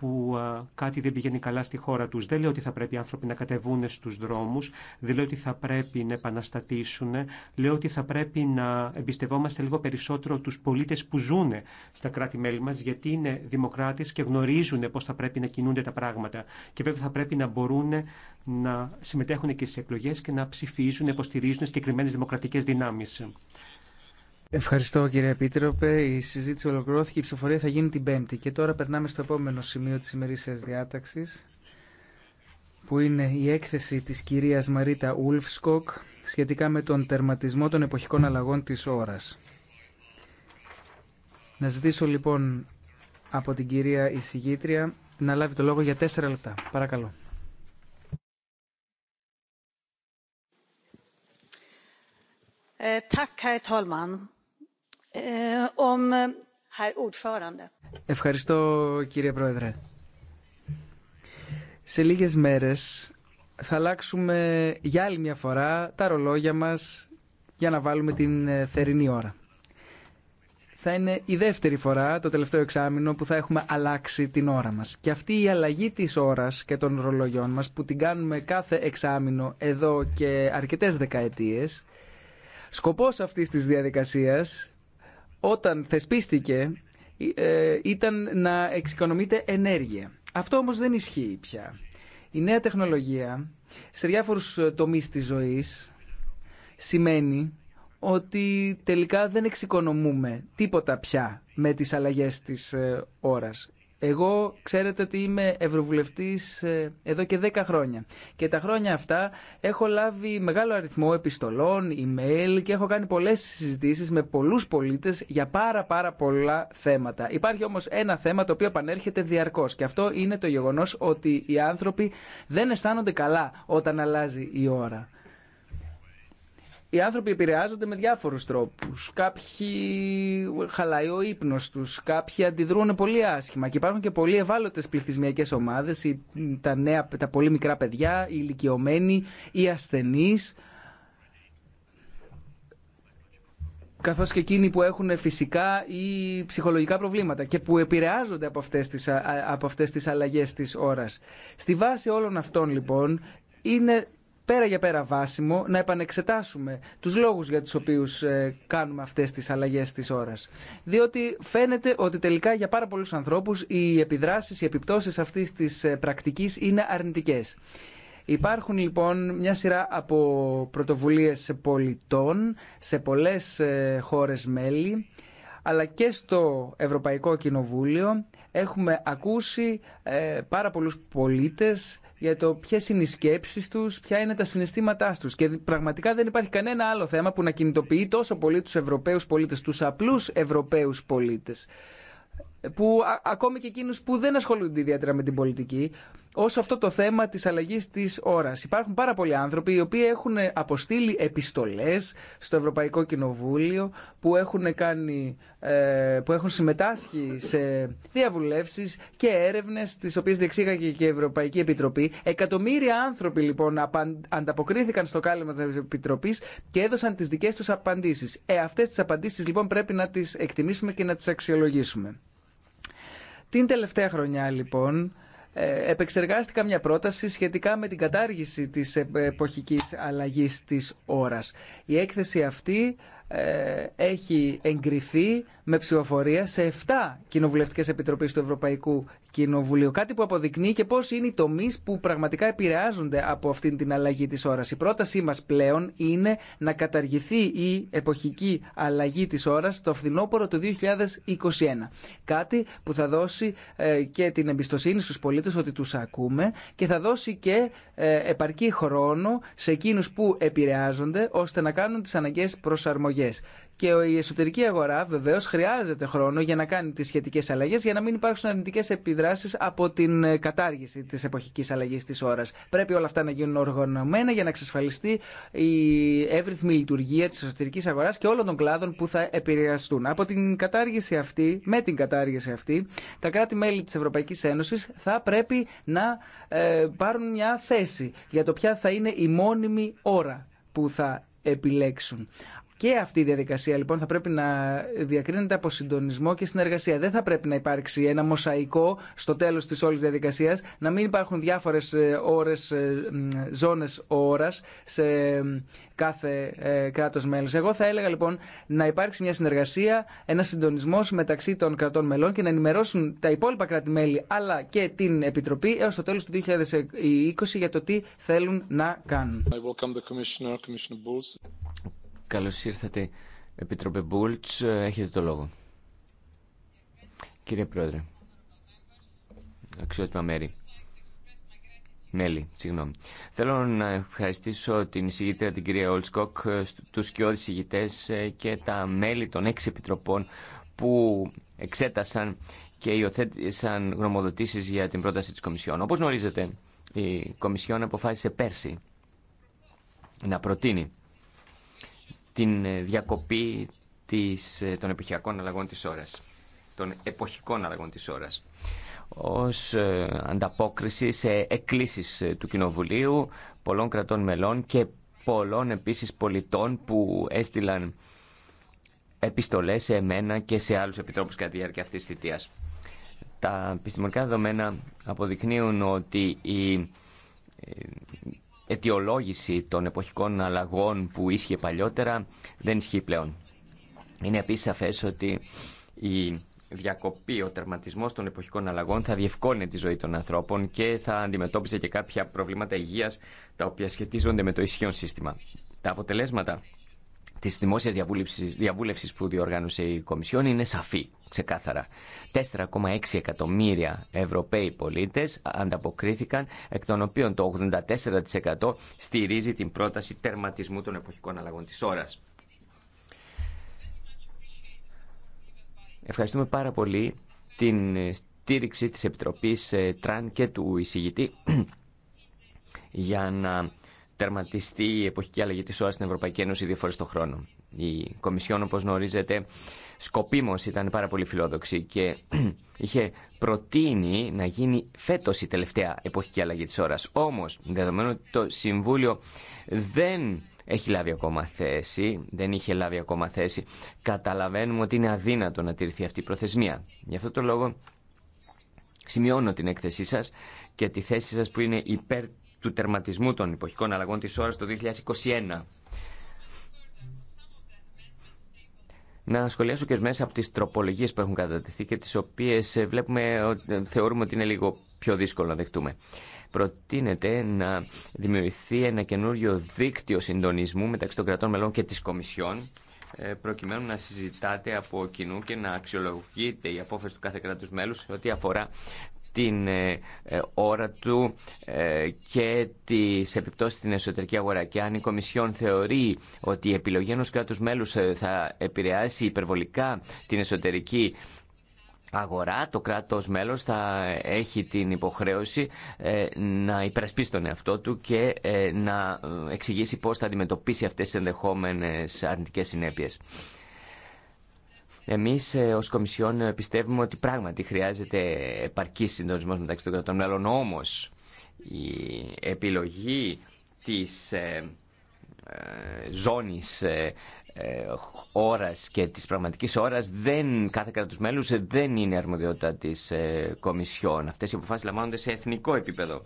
που κάτι δεν πηγαίνει καλά στη χώρα τους. Δεν λέω ότι θα πρέπει οι άνθρωποι να κατεβούν στους δρόμους, δεν λέω ότι θα πρέπει να επαναστατήσουν, λέω ότι θα πρέπει να εμπιστευόμαστε λίγο περισσότερο τους πολίτες που ζουν στα κράτη-μέλη μας, γιατί είναι δημοκράτες και γνωρίζουν πώς θα πρέπει να κινούνται τα πράγματα. Και βέβαια θα πρέπει να μπορούν να συμμετέχουν και στις εκλογές και να ψηφίζουν, να υποστηρίζουν συγκεκριμένε δημοκρατικές δυνάμεις. Ευχαριστώ κύριε Επίτροπε. Η συζήτηση ολοκληρώθηκε. Η ψηφοφορία θα γίνει την Πέμπτη. Και τώρα περνάμε στο επόμενο σημείο της ημερήσιας διάταξης που είναι η έκθεση της κυρίας Μαρίτα Ουλφσκοκ σχετικά με τον τερματισμό των εποχικών αλλαγών τη ώρας. Να ζητήσω λοιπόν από την κυρία εισηγήτρια να λάβει το λόγο για τέσσερα λεπτά. Παρακαλώ. Ε, ε Eh, eh, Ευχαριστώ κύριε Πρόεδρε. Σε λίγες μέρες θα αλλάξουμε για άλλη μια φορά τα ρολόγια μας για να βάλουμε την ε, θερινή ώρα. Θα είναι η δεύτερη φορά το τελευταίο εξάμεινο που θα έχουμε αλλάξει την ώρα μας. Και αυτή η αλλαγή της ώρας και των ρολογιών μας που την κάνουμε κάθε εξάμεινο εδώ και αρκετές δεκαετίες, σκοπός αυτής της διαδικασίας όταν θεσπίστηκε ε, ήταν να εξοικονομείται ενέργεια. Αυτό όμως δεν ισχύει πια. Η νέα τεχνολογία σε διάφορους ε, τομείς της ζωής σημαίνει ότι τελικά δεν εξοικονομούμε τίποτα πια με τις αλλαγές της ε, ώρας. Εγώ ξέρετε ότι είμαι ευρωβουλευτής ε, εδώ και 10 χρόνια και τα χρόνια αυτά έχω λάβει μεγάλο αριθμό επιστολών, email και έχω κάνει πολλές συζητήσεις με πολλούς πολίτες για πάρα πάρα πολλά θέματα. Υπάρχει όμως ένα θέμα το οποίο επανέρχεται διαρκώς και αυτό είναι το γεγονός ότι οι άνθρωποι δεν αισθάνονται καλά όταν αλλάζει η ώρα οι άνθρωποι επηρεάζονται με διάφορους τρόπους. Κάποιοι χαλάει ο ύπνος τους, κάποιοι αντιδρούν πολύ άσχημα και υπάρχουν και πολύ ευάλωτες πληθυσμιακές ομάδες, τα, νέα, τα πολύ μικρά παιδιά, οι ηλικιωμένοι, οι ασθενείς, καθώς και εκείνοι που έχουν φυσικά ή ψυχολογικά προβλήματα και που επηρεάζονται από αυτές τις, από αυτές τις αλλαγές της ώρας. Στη βάση όλων αυτών λοιπόν είναι πέρα για πέρα βάσιμο να επανεξετάσουμε τους λόγους για τους οποίους ε, κάνουμε αυτές τις αλλαγές της ώρας. Διότι φαίνεται ότι τελικά για πάρα πολλούς ανθρώπους οι επιδράσεις, οι επιπτώσεις αυτής της ε, πρακτικής είναι αρνητικές. Υπάρχουν λοιπόν μια σειρά από πρωτοβουλίες πολιτών σε πολλές ε, χώρες μέλη αλλά και στο Ευρωπαϊκό Κοινοβούλιο έχουμε ακούσει ε, πάρα πολλούς πολίτες για το ποιε είναι οι σκέψεις τους, ποια είναι τα συναισθήματά τους και πραγματικά δεν υπάρχει κανένα άλλο θέμα που να κινητοποιεί τόσο πολύ τους Ευρωπαίους πολίτες, τους απλούς Ευρωπαίους πολίτες που ακόμη και εκείνου που δεν ασχολούνται ιδιαίτερα με την πολιτική, όσο αυτό το θέμα τη αλλαγή τη ώρα. Υπάρχουν πάρα πολλοί άνθρωποι οι οποίοι έχουν αποστείλει επιστολέ στο Ευρωπαϊκό Κοινοβούλιο που έχουν, κάνει, ε, που έχουν συμμετάσχει σε διαβουλεύσεις και έρευνε τι οποίε διεξήγαγε και η Ευρωπαϊκή Επιτροπή. Εκατομμύρια άνθρωποι λοιπόν ανταποκρίθηκαν στο κάλεσμα τη Επιτροπής και έδωσαν τι δικέ του απαντήσει. Ε, αυτές τις απαντήσεις λοιπόν πρέπει να τι εκτιμήσουμε και να τι αξιολογήσουμε. Την τελευταία χρονιά λοιπόν ε, επεξεργάστηκα μια πρόταση σχετικά με την κατάργηση της εποχικής αλλαγής της ώρας. Η έκθεση αυτή ε, έχει εγκριθεί με ψηφοφορία σε 7 κοινοβουλευτικές επιτροπές του Ευρωπαϊκού Κοινοβουλίου. Κάτι που αποδεικνύει και πώς είναι οι τομείς που πραγματικά επηρεάζονται από αυτήν την αλλαγή της ώρας. Η πρότασή μας πλέον είναι να καταργηθεί η εποχική αλλαγή της ώρας το φθινόπωρο του 2021. Κάτι που θα δώσει ε, και την εμπιστοσύνη στους πολίτες ότι τους ακούμε και θα δώσει και ε, επαρκή χρόνο σε εκείνους που επηρεάζονται ώστε να κάνουν τις αναγκαίες προσαρμογές και η εσωτερική αγορά βεβαίω χρειάζεται χρόνο για να κάνει τι σχετικέ αλλαγέ για να μην υπάρξουν αρνητικέ επιδράσει από την ε, κατάργηση τη εποχική αλλαγή τη ώρα. Πρέπει όλα αυτά να γίνουν οργανωμένα για να εξασφαλιστεί η εύρυθμη λειτουργία τη εσωτερική αγορά και όλων των κλάδων που θα επηρεαστούν. Από την κατάργηση αυτή, με την κατάργηση αυτή, τα κράτη-μέλη τη Ευρωπαϊκή Ένωση θα πρέπει να ε, πάρουν μια θέση για το ποια θα είναι η μόνιμη ώρα που θα επιλέξουν. Και αυτή η διαδικασία λοιπόν θα πρέπει να διακρίνεται από συντονισμό και συνεργασία. Δεν θα πρέπει να υπάρξει ένα μοσαϊκό στο τέλο τη όλη διαδικασία, να μην υπάρχουν διάφορε ε, ώρες, ε, ζώνες ώρας σε κάθε ε, κράτο μέλο. Εγώ θα έλεγα λοιπόν να υπάρξει μια συνεργασία, ένα συντονισμό μεταξύ των κρατών μελών και να ενημερώσουν τα υπόλοιπα κράτη-μέλη αλλά και την Επιτροπή έω το τέλο του 2020 για το τι θέλουν να κάνουν. Καλώς ήρθατε, Επίτροπε Μπούλτς. Έχετε το λόγο. Κύριε Πρόεδρε, αξιότιμα μέρη. Μέλη, συγγνώμη. Θέλω να ευχαριστήσω την εισηγητήρα, την κυρία Ολτσκοκ, τους κοιόδης εισηγητές και τα μέλη των έξι επιτροπών που εξέτασαν και υιοθέτησαν γνωμοδοτήσεις για την πρόταση της Κομισιόν. Όπως γνωρίζετε, η Κομισιόν αποφάσισε πέρσι να προτείνει την ε, διακοπή της, ε, των εποχιακών αλλαγών της ώρας, των εποχικών αλλαγών της ώρας ως ε, ανταπόκριση σε εκκλήσεις του Κοινοβουλίου, πολλών κρατών μελών και πολλών επίσης πολιτών που έστειλαν επιστολές σε εμένα και σε άλλους επιτρόπους κατά τη διάρκεια αυτής της θητείας. Τα επιστημονικά δεδομένα αποδεικνύουν ότι η αιτιολόγηση των εποχικών αλλαγών που ίσχυε παλιότερα δεν ισχύει πλέον. Είναι επίσης σαφές ότι η διακοπή, ο τερματισμός των εποχικών αλλαγών θα διευκόλυνε τη ζωή των ανθρώπων και θα αντιμετώπιζε και κάποια προβλήματα υγείας τα οποία σχετίζονται με το ισχύον σύστημα. Τα αποτελέσματα της δημόσιας διαβούλευσης που διοργάνωσε η Κομισιόν είναι σαφή, ξεκάθαρα. 4,6 εκατομμύρια Ευρωπαίοι πολίτες ανταποκρίθηκαν, εκ των οποίων το 84% στηρίζει την πρόταση τερματισμού των εποχικών αλλαγών της ώρας. Ευχαριστούμε πάρα πολύ την στήριξη της Επιτροπής ε, Τραν και του εισηγητή για να τερματιστεί η εποχική αλλαγή της ώρας στην Ευρωπαϊκή Ένωση δύο φορές το χρόνο. Η Κομισιόν, όπως γνωρίζετε, σκοπίμως ήταν πάρα πολύ φιλόδοξη και είχε προτείνει να γίνει φέτος η τελευταία εποχική αλλαγή της ώρας. Όμως, δεδομένου ότι το Συμβούλιο δεν έχει λάβει ακόμα θέση, δεν είχε λάβει ακόμα θέση, καταλαβαίνουμε ότι είναι αδύνατο να τηρηθεί αυτή η προθεσμία. Γι' αυτό το λόγο σημειώνω την έκθεσή σας και τη θέση σας που είναι υπέρ του τερματισμού των εποχικών αλλαγών της ώρας το 2021. να σχολιάσω και μέσα από τις τροπολογίες που έχουν κατατεθεί και τις οποίες ε, βλέπουμε, ε, θεωρούμε ότι είναι λίγο πιο δύσκολο να δεχτούμε. Προτείνεται να δημιουργηθεί ένα καινούριο δίκτυο συντονισμού μεταξύ των κρατών μελών και της Κομισιόν ε, προκειμένου να συζητάτε από κοινού και να αξιολογείτε η απόφαση του κάθε κράτους μέλους ό,τι αφορά την ε, ε, ώρα του ε, και τις επιπτώσεις στην εσωτερική αγορά. Και αν η Κομισιόν θεωρεί ότι η επιλογή ενός κράτους μέλους θα επηρεάσει υπερβολικά την εσωτερική αγορά, το κράτος μέλος θα έχει την υποχρέωση να υπερασπίσει τον εαυτό του και να εξηγήσει πώς θα αντιμετωπίσει αυτές τις ενδεχόμενες αρνητικές συνέπειες. Εμείς ε, ω Κομισιόν ε, πιστεύουμε ότι πράγματι χρειάζεται επαρκή συντονισμό μεταξύ των κρατών μέλων, όμω, η επιλογή της ε, ζώνης ώρας και της πραγματικής ώρας δεν, κάθε κράτος μέλους δεν είναι αρμοδιότητα της Κομισιόν. Αυτές οι αποφάσεις λαμβάνονται σε εθνικό επίπεδο.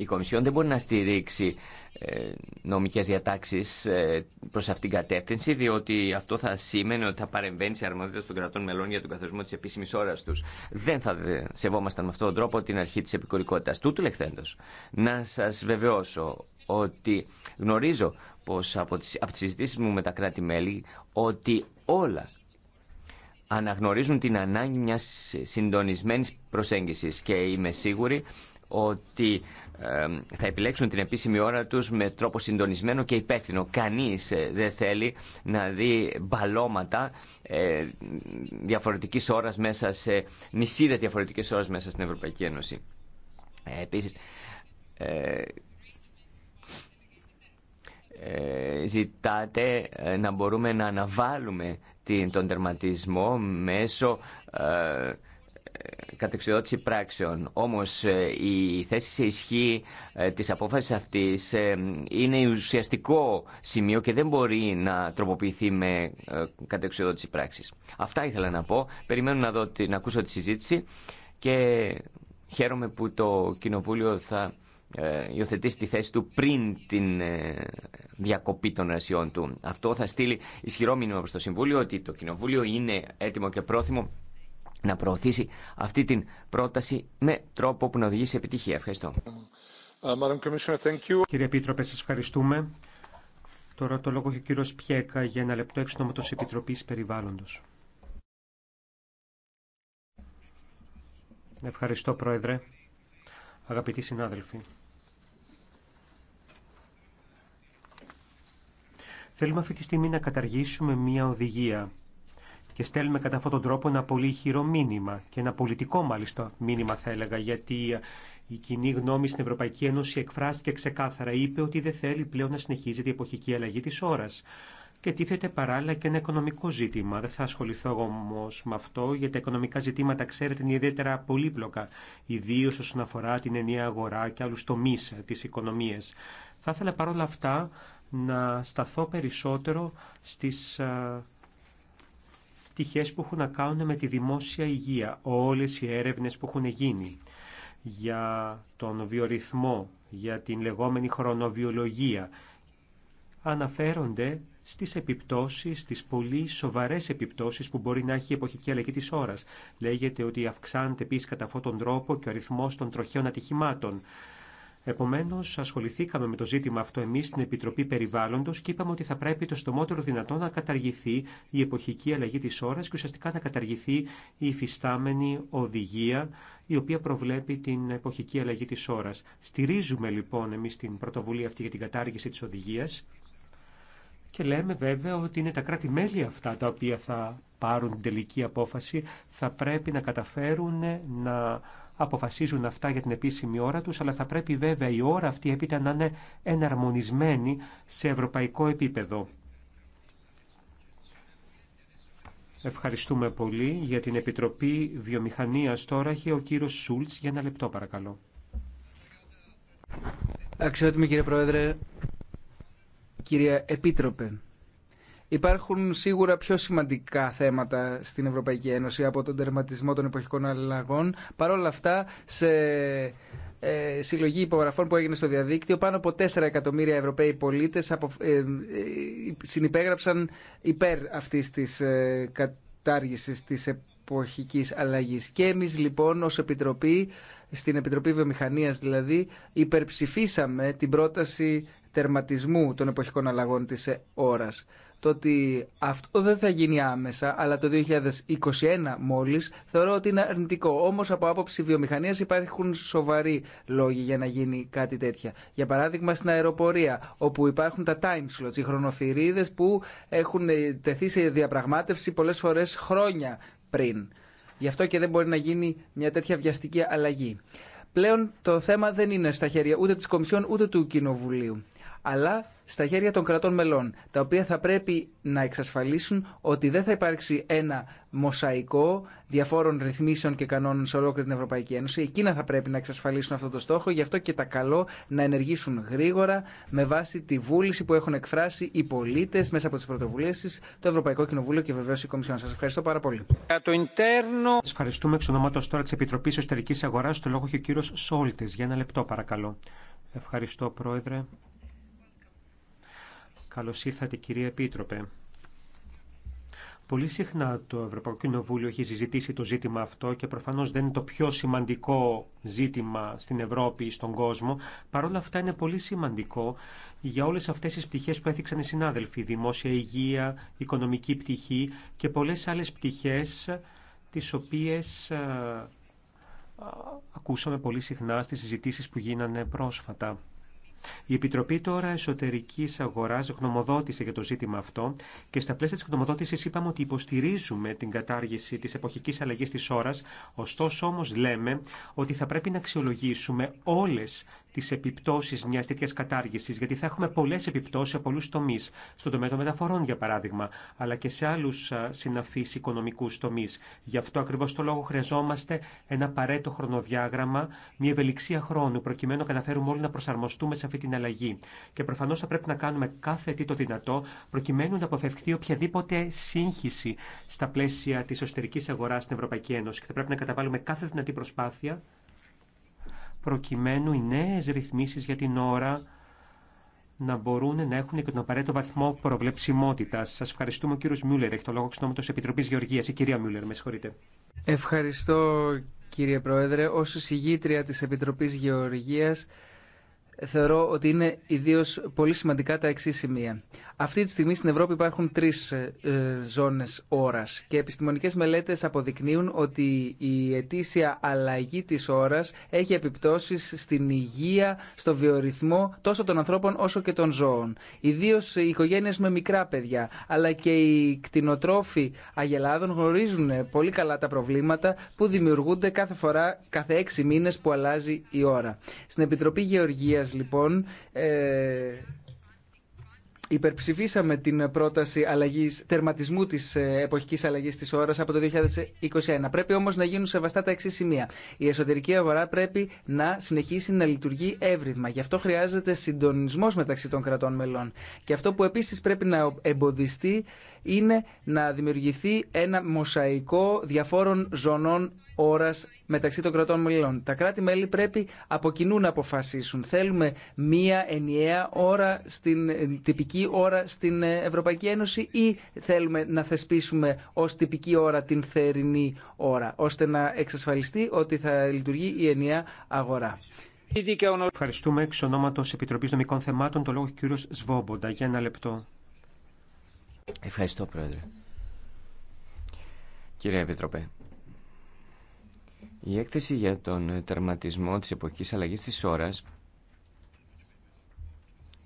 Η Κομισιόν δεν μπορεί να στηρίξει ε, νομικές διατάξεις ε, προς αυτήν την κατεύθυνση, διότι αυτό θα σήμαινε ότι θα παρεμβαίνει σε αρμοδιότητα των κρατών μελών για τον καθορισμό της επίσημης ώρας τους. Δεν θα σεβόμασταν με αυτόν τον τρόπο την αρχή της επικορικότητας. του. λεχθέντος. Να σας βεβαιώσω ότι γνωρίζω πως από τις, από τις συζητήσεις μου με τα κράτη-μέλη ότι όλα αναγνωρίζουν την ανάγκη μιας συντονισμένης προσέγγισης και είμαι σίγουρη ότι θα επιλέξουν την επίσημη ώρα τους με τρόπο συντονισμένο και υπεύθυνο. Κανείς ε, δεν θέλει να δει μπαλώματα ε, διαφορετικής ώρας μέσα σε νησίδες διαφορετικής ώρας μέσα στην Ευρωπαϊκή Ένωση. Ε, επίσης, ζητάτε να μπορούμε να αναβάλουμε τον τερματισμό μέσω κατεξοδότηση πράξεων. Όμως ε, η θέση σε ισχύ ε, της απόφασης αυτής ε, είναι ουσιαστικό σημείο και δεν μπορεί να τροποποιηθεί με κατεξοδότηση πράξης. Αυτά ήθελα να πω. Περιμένω να, δω, να ακούσω τη συζήτηση και χαίρομαι που το Κοινοβούλιο θα υιοθετήσει τη θέση του πριν την διακοπή των ρασιών του. Αυτό θα στείλει ισχυρό μήνυμα προς το Συμβούλιο ότι το Κοινοβούλιο είναι έτοιμο και πρόθυμο να προωθήσει αυτή την πρόταση με τρόπο που να οδηγήσει σε επιτυχία. Ευχαριστώ. Uh, Κύριε Επίτροπε, σας ευχαριστούμε. Τώρα το λόγο έχει ο κύριος Πιέκα για ένα λεπτό το νόματος Επιτροπής Περιβάλλοντος. Ευχαριστώ, Πρόεδρε. Αγαπητοί συνάδελφοι. Θέλουμε αυτή τη στιγμή να καταργήσουμε μία οδηγία και στέλνουμε κατά αυτόν τον τρόπο ένα πολύ χειρό μήνυμα και ένα πολιτικό μάλιστα μήνυμα θα έλεγα γιατί η κοινή γνώμη στην Ευρωπαϊκή Ένωση εκφράστηκε ξεκάθαρα. Είπε ότι δεν θέλει πλέον να συνεχίζεται η εποχική αλλαγή της ώρας. Και τίθεται παράλληλα και ένα οικονομικό ζήτημα. Δεν θα ασχοληθώ όμω με αυτό, γιατί τα οικονομικά ζητήματα, ξέρετε, είναι ιδιαίτερα πολύπλοκα, ιδίω όσον αφορά την ενιαία αγορά και άλλου τομεί τη οικονομία. Θα ήθελα παρόλα αυτά να σταθώ περισσότερο στις ε, πτυχές που έχουν να κάνουν με τη δημόσια υγεία, όλες οι έρευνες που έχουν γίνει για τον βιορυθμό, για την λεγόμενη χρονοβιολογία, αναφέρονται στις επιπτώσεις, στις πολύ σοβαρές επιπτώσεις που μπορεί να έχει η εποχική αλλαγή της ώρας. Λέγεται ότι αυξάνεται επίσης κατά αυτόν τον τρόπο και ο αριθμός των τροχαίων ατυχημάτων. Επομένω, ασχοληθήκαμε με το ζήτημα αυτό εμεί στην Επιτροπή Περιβάλλοντο και είπαμε ότι θα πρέπει το στομότερο δυνατό να καταργηθεί η εποχική αλλαγή τη ώρα και ουσιαστικά να καταργηθεί η υφιστάμενη οδηγία η οποία προβλέπει την εποχική αλλαγή τη ώρα. Στηρίζουμε λοιπόν εμεί την πρωτοβουλία αυτή για την κατάργηση τη οδηγία και λέμε βέβαια ότι είναι τα κράτη-μέλη αυτά τα οποία θα πάρουν την τελική απόφαση, θα πρέπει να καταφέρουν να αποφασίζουν αυτά για την επίσημη ώρα τους, αλλά θα πρέπει βέβαια η ώρα αυτή έπειτα να είναι εναρμονισμένη σε ευρωπαϊκό επίπεδο. Ευχαριστούμε πολύ για την Επιτροπή Βιομηχανίας τώρα έχει ο κύριος Σούλτς για ένα λεπτό παρακαλώ. Αξιότιμη κύριε Πρόεδρε, κύριε Επίτροπε, Υπάρχουν σίγουρα πιο σημαντικά θέματα στην Ευρωπαϊκή Ένωση από τον τερματισμό των εποχικών αλλαγών. Παρ' όλα αυτά, σε ε, συλλογή υπογραφών που έγινε στο διαδίκτυο, πάνω από 4 εκατομμύρια Ευρωπαίοι πολίτες ε, ε, συνυπέγραψαν υπέρ αυτής της κατάργησης της εποχικής αλλαγής. Και εμείς λοιπόν ως Επιτροπή, στην Επιτροπή Βιομηχανίας δηλαδή, υπερψηφίσαμε την πρόταση τερματισμού των εποχικών αλλαγών της ώρας. Το ότι αυτό δεν θα γίνει άμεσα, αλλά το 2021 μόλις, θεωρώ ότι είναι αρνητικό. Όμως από άποψη βιομηχανίας υπάρχουν σοβαροί λόγοι για να γίνει κάτι τέτοια. Για παράδειγμα στην αεροπορία, όπου υπάρχουν τα time slots, οι χρονοθυρίδες που έχουν τεθεί σε διαπραγμάτευση πολλές φορές χρόνια πριν. Γι' αυτό και δεν μπορεί να γίνει μια τέτοια βιαστική αλλαγή. Πλέον το θέμα δεν είναι στα χέρια ούτε της Κομισιόν ούτε του Κοινοβουλίου αλλά στα χέρια των κρατών μελών, τα οποία θα πρέπει να εξασφαλίσουν ότι δεν θα υπάρξει ένα μοσαϊκό διαφόρων ρυθμίσεων και κανόνων σε ολόκληρη την Ευρωπαϊκή Ένωση. Εκείνα θα πρέπει να εξασφαλίσουν αυτό το στόχο, γι' αυτό και τα καλό να ενεργήσουν γρήγορα με βάση τη βούληση που έχουν εκφράσει οι πολίτε μέσα από τι πρωτοβουλίε το Ευρωπαϊκό Κοινοβούλιο και βεβαίω η Κομισιόν. Σα ευχαριστώ πάρα πολύ. Σα ευχαριστούμε εξ τώρα τη Επιτροπή Εσωτερική Αγορά. Το λόγο έχει ο κύριο Σόλτε. Για ένα λεπτό, παρακαλώ. Ευχαριστώ, Πρόεδρε. Καλώς ήρθατε κυρία Επίτροπε. Πολύ συχνά το Ευρωπαϊκό Κοινοβούλιο έχει συζητήσει το ζήτημα αυτό και προφανώς δεν είναι το πιο σημαντικό ζήτημα στην Ευρώπη ή στον κόσμο. Παρ' όλα αυτά είναι πολύ σημαντικό για όλες αυτές τις πτυχές που έθιξαν οι συνάδελφοι. Δημόσια υγεία, οικονομική πτυχή και πολλές άλλες πτυχές τις οποίες ε, ακούσαμε πολύ συχνά στις συζητήσεις που γίνανε πρόσφατα. Η Επιτροπή τώρα Εσωτερική Αγορά γνωμοδότησε για το ζήτημα αυτό και στα πλαίσια τη γνωμοδότηση είπαμε ότι υποστηρίζουμε την κατάργηση τη εποχική αλλαγή τη ώρα, ωστόσο όμω λέμε ότι θα πρέπει να αξιολογήσουμε όλε τι επιπτώσει μια τέτοια κατάργηση, γιατί θα έχουμε πολλέ επιπτώσει σε πολλού τομεί. Στον τομέα των μεταφορών, για παράδειγμα, αλλά και σε άλλου συναφεί οικονομικού τομεί. Γι' αυτό ακριβώ το λόγο χρειαζόμαστε ένα παρέτο χρονοδιάγραμμα, μια ευελιξία χρόνου, προκειμένου να καταφέρουμε όλοι να προσαρμοστούμε σε αυτή την αλλαγή. Και προφανώ θα πρέπει να κάνουμε κάθε τι το δυνατό, προκειμένου να αποφευχθεί οποιαδήποτε σύγχυση στα πλαίσια τη εσωτερική αγορά στην Ευρωπαϊκή Ένωση. Και θα πρέπει να καταβάλουμε κάθε δυνατή προσπάθεια προκειμένου οι νέες ρυθμίσεις για την ώρα να μπορούν να έχουν και τον απαραίτητο βαθμό προβλεψιμότητα. Σα ευχαριστούμε, κύριο Μιούλερ. Έχει το λόγο εξ Επιτροπή Γεωργία. Η κυρία Μιούλερ, με συγχωρείτε. Ευχαριστώ, κύριε Πρόεδρε. Ω συγγήτρια τη Επιτροπή Γεωργία, θεωρώ ότι είναι ιδίω πολύ σημαντικά τα εξή σημεία. Αυτή τη στιγμή στην Ευρώπη υπάρχουν τρει ε, ζώνε ώρα και επιστημονικέ μελέτε αποδεικνύουν ότι η ετήσια αλλαγή τη ώρα έχει επιπτώσει στην υγεία, στο βιορυθμό τόσο των ανθρώπων όσο και των ζώων. Ιδίω οι οικογένειε με μικρά παιδιά, αλλά και οι κτηνοτρόφοι αγελάδων γνωρίζουν πολύ καλά τα προβλήματα που δημιουργούνται κάθε φορά, κάθε έξι μήνε που αλλάζει η ώρα. Στην Επιτροπή γεωργία λοιπόν ε, υπερψηφίσαμε την πρόταση αλλαγής, τερματισμού της ε, εποχικής αλλαγής της ώρας από το 2021. Πρέπει όμως να γίνουν σεβαστά τα εξή σημεία. Η εσωτερική αγορά πρέπει να συνεχίσει να λειτουργεί εύρυθμα. Γι' αυτό χρειάζεται συντονισμός μεταξύ των κρατών μελών. Και αυτό που επίσης πρέπει να εμποδιστεί είναι να δημιουργηθεί ένα μοσαϊκό διαφόρων ζωνών ώρα μεταξύ των κρατών μελών. Τα κράτη-μέλη πρέπει από κοινού να αποφασίσουν. Θέλουμε μία ενιαία ώρα, στην, ε, τυπική ώρα στην ε, Ευρωπαϊκή Ένωση ή θέλουμε να θεσπίσουμε ως τυπική ώρα την θερινή ώρα, ώστε να εξασφαλιστεί ότι θα λειτουργεί η ενιαία αγορά. Ευχαριστούμε εξ ονόματος Επιτροπής Νομικών Θεμάτων. Το λόγο κύριος Σβόμποντα για ένα λεπτό. Ευχαριστώ, Πρόεδρε. Κύριε Επιτροπέ, η έκθεση για τον τερματισμό της εποχής αλλαγής της ώρας,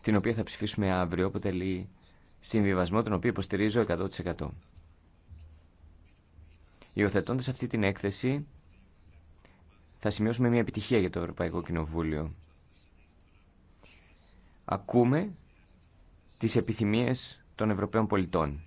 την οποία θα ψηφίσουμε αύριο, αποτελεί συμβιβασμό τον οποίο υποστηρίζω 100%. Υιοθετώντα αυτή την έκθεση, θα σημειώσουμε μια επιτυχία για το Ευρωπαϊκό Κοινοβούλιο. Ακούμε τις επιθυμίες των Ευρωπαίων πολιτών.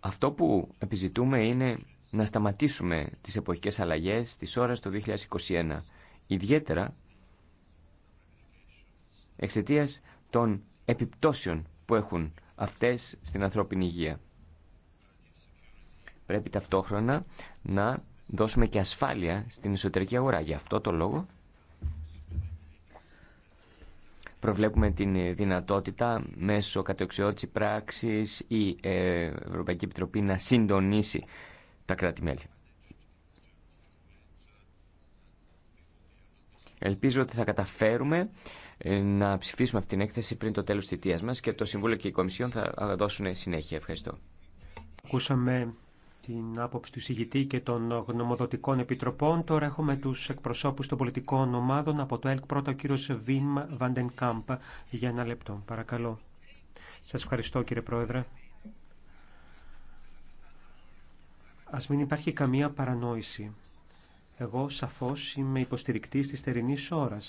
Αυτό που επιζητούμε είναι να σταματήσουμε τις εποχικές αλλαγές της ώρας το 2021, ιδιαίτερα εξαιτίας των επιπτώσεων που έχουν αυτές στην ανθρώπινη υγεία. Πρέπει ταυτόχρονα να δώσουμε και ασφάλεια στην εσωτερική αγορά. Γι' αυτό το λόγο προβλέπουμε την δυνατότητα μέσω κατεξιότηση πράξης η ε, Ευρωπαϊκή Επιτροπή να συντονίσει τα κράτη-μέλη. Ελπίζω ότι θα καταφέρουμε ε, να ψηφίσουμε αυτή την έκθεση πριν το τέλος της θητείας μας και το Συμβούλιο και η Κομισιόν θα δώσουν συνέχεια. Ευχαριστώ. Ακούσαμε την άποψη του συγητή και των γνωμοδοτικών επιτροπών. Τώρα έχουμε τους εκπροσώπους των πολιτικών ομάδων. Από το ΕΛΚ πρώτα ο κύριο Βίμ Βαντενκάμπ για ένα λεπτό. Παρακαλώ. Σας ευχαριστώ κύριε Πρόεδρε. Ας μην υπάρχει καμία παρανόηση. Εγώ σαφώς είμαι υποστηρικτής τη θερινή ώρα.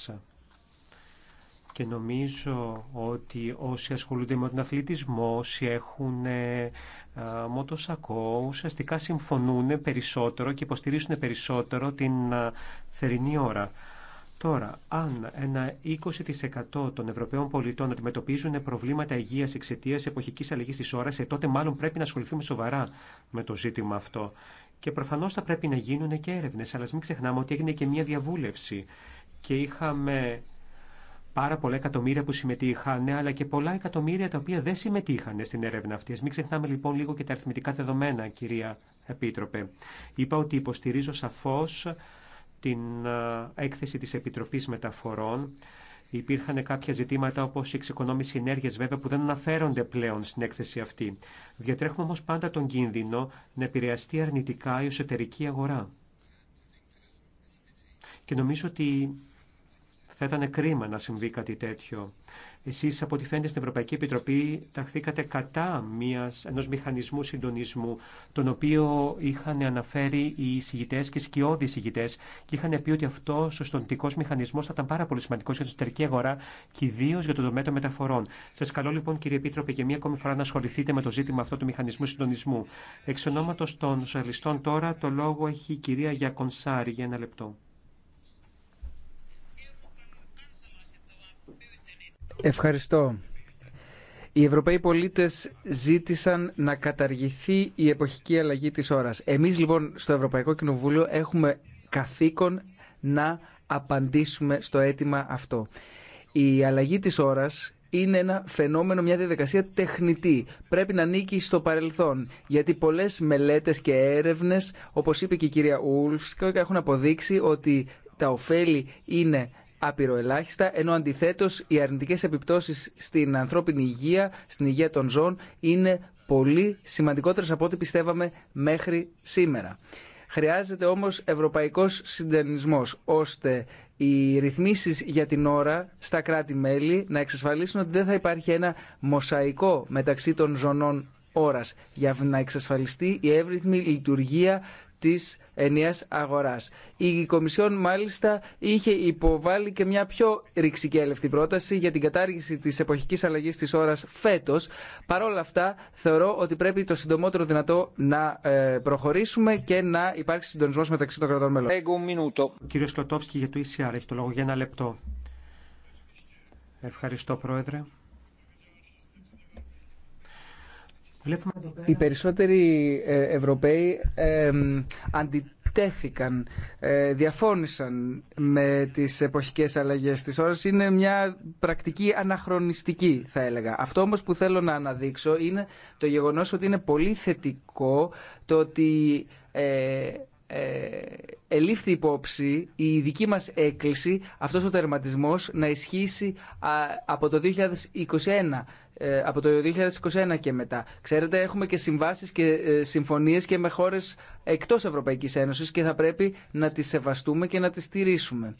και νομίζω ότι όσοι ασχολούνται με τον αθλητισμό, όσοι έχουν ε, ε, Μοτοσακό ουσιαστικά συμφωνούν περισσότερο και υποστηρίζουν περισσότερο την ε, θερινή ώρα. Τώρα, αν ένα 20% των Ευρωπαίων πολιτών αντιμετωπίζουν προβλήματα υγεία εξαιτία εποχική αλλαγή τη ώρα, ε, τότε μάλλον πρέπει να ασχοληθούμε σοβαρά με το ζήτημα αυτό. Και προφανώ θα πρέπει να γίνουν και έρευνε, αλλά μην ξεχνάμε ότι έγινε και μια διαβούλευση. Και είχαμε πάρα πολλά εκατομμύρια που συμμετείχαν, αλλά και πολλά εκατομμύρια τα οποία δεν συμμετείχαν στην έρευνα αυτή. Μην ξεχνάμε λοιπόν λίγο και τα αριθμητικά δεδομένα, κυρία Επίτροπε. Είπα ότι υποστηρίζω σαφώ την έκθεση της Επιτροπής Μεταφορών. Υπήρχαν κάποια ζητήματα όπως η εξοικονόμηση ενέργειας βέβαια που δεν αναφέρονται πλέον στην έκθεση αυτή. Διατρέχουμε όμως πάντα τον κίνδυνο να επηρεαστεί αρνητικά η εσωτερική αγορά. Και νομίζω ότι θα ήταν κρίμα να συμβεί κάτι τέτοιο. Εσείς από ό,τι φαίνεται στην Ευρωπαϊκή Επιτροπή ταχθήκατε κατά μιας, ενός μηχανισμού συντονισμού τον οποίο είχαν αναφέρει οι συγητές και οι σκιώδη συγητές και είχαν πει ότι αυτό ο συντονιστικός μηχανισμός θα ήταν πάρα πολύ σημαντικός για την εσωτερική αγορά και ιδίω για το τομέα των μεταφορών. Σας καλώ λοιπόν κύριε Επίτροπε και μία ακόμη φορά να ασχοληθείτε με το ζήτημα αυτό του μηχανισμού συντονισμού. Εξ των σοσιαλιστών τώρα το λόγο έχει η κυρία Γιακονσάρη για ένα λεπτό. Ευχαριστώ. Οι Ευρωπαίοι πολίτες ζήτησαν να καταργηθεί η εποχική αλλαγή της ώρας. Εμείς λοιπόν στο Ευρωπαϊκό Κοινοβούλιο έχουμε καθήκον να απαντήσουμε στο αίτημα αυτό. Η αλλαγή της ώρας είναι ένα φαινόμενο, μια διαδικασία τεχνητή. Πρέπει να ανήκει στο παρελθόν. Γιατί πολλέ μελέτες και έρευνε, όπω είπε και η κυρία Ούλφσκα, έχουν αποδείξει ότι τα ωφέλη είναι απειροελάχιστα, ενώ αντιθέτω οι αρνητικέ επιπτώσει στην ανθρώπινη υγεία, στην υγεία των ζώων, είναι πολύ σημαντικότερε από ό,τι πιστεύαμε μέχρι σήμερα. Χρειάζεται όμως ευρωπαϊκός συντενισμό, ώστε οι ρυθμίσει για την ώρα στα κράτη-μέλη να εξασφαλίσουν ότι δεν θα υπάρχει ένα μοσαϊκό μεταξύ των ζωνών ώρας για να εξασφαλιστεί η εύρυθμη λειτουργία της ενιαίας αγοράς. Η Κομισιόν μάλιστα είχε υποβάλει και μια πιο ρηξικέλευτη πρόταση για την κατάργηση της εποχικής αλλαγής της ώρας φέτος. Παρ' όλα αυτά θεωρώ ότι πρέπει το συντομότερο δυνατό να ε, προχωρήσουμε και να υπάρξει συντονισμός μεταξύ των κρατών μελών. μινούτο. κύριος για το ECR έχει το λόγο για ένα λεπτό. Ευχαριστώ Πρόεδρε. Οι περισσότεροι ε, Ευρωπαίοι αντιτέθηκαν, ε, διαφώνησαν με τις εποχικές αλλαγές της ώρας. Είναι μια πρακτική αναχρονιστική θα έλεγα. Αυτό όμως που θέλω να αναδείξω είναι το γεγονός ότι είναι πολύ θετικό το ότι ε, ελήφθη υπόψη η δική μας έκκληση αυτός ο τερματισμός να ισχύσει από το 2021 ε, από το 2021 και μετά. Ξέρετε, έχουμε και συμβάσει και ε, συμφωνίε και με χώρε εκτό Ευρωπαϊκή Ένωση και θα πρέπει να τι σεβαστούμε και να τι στηρίσουμε.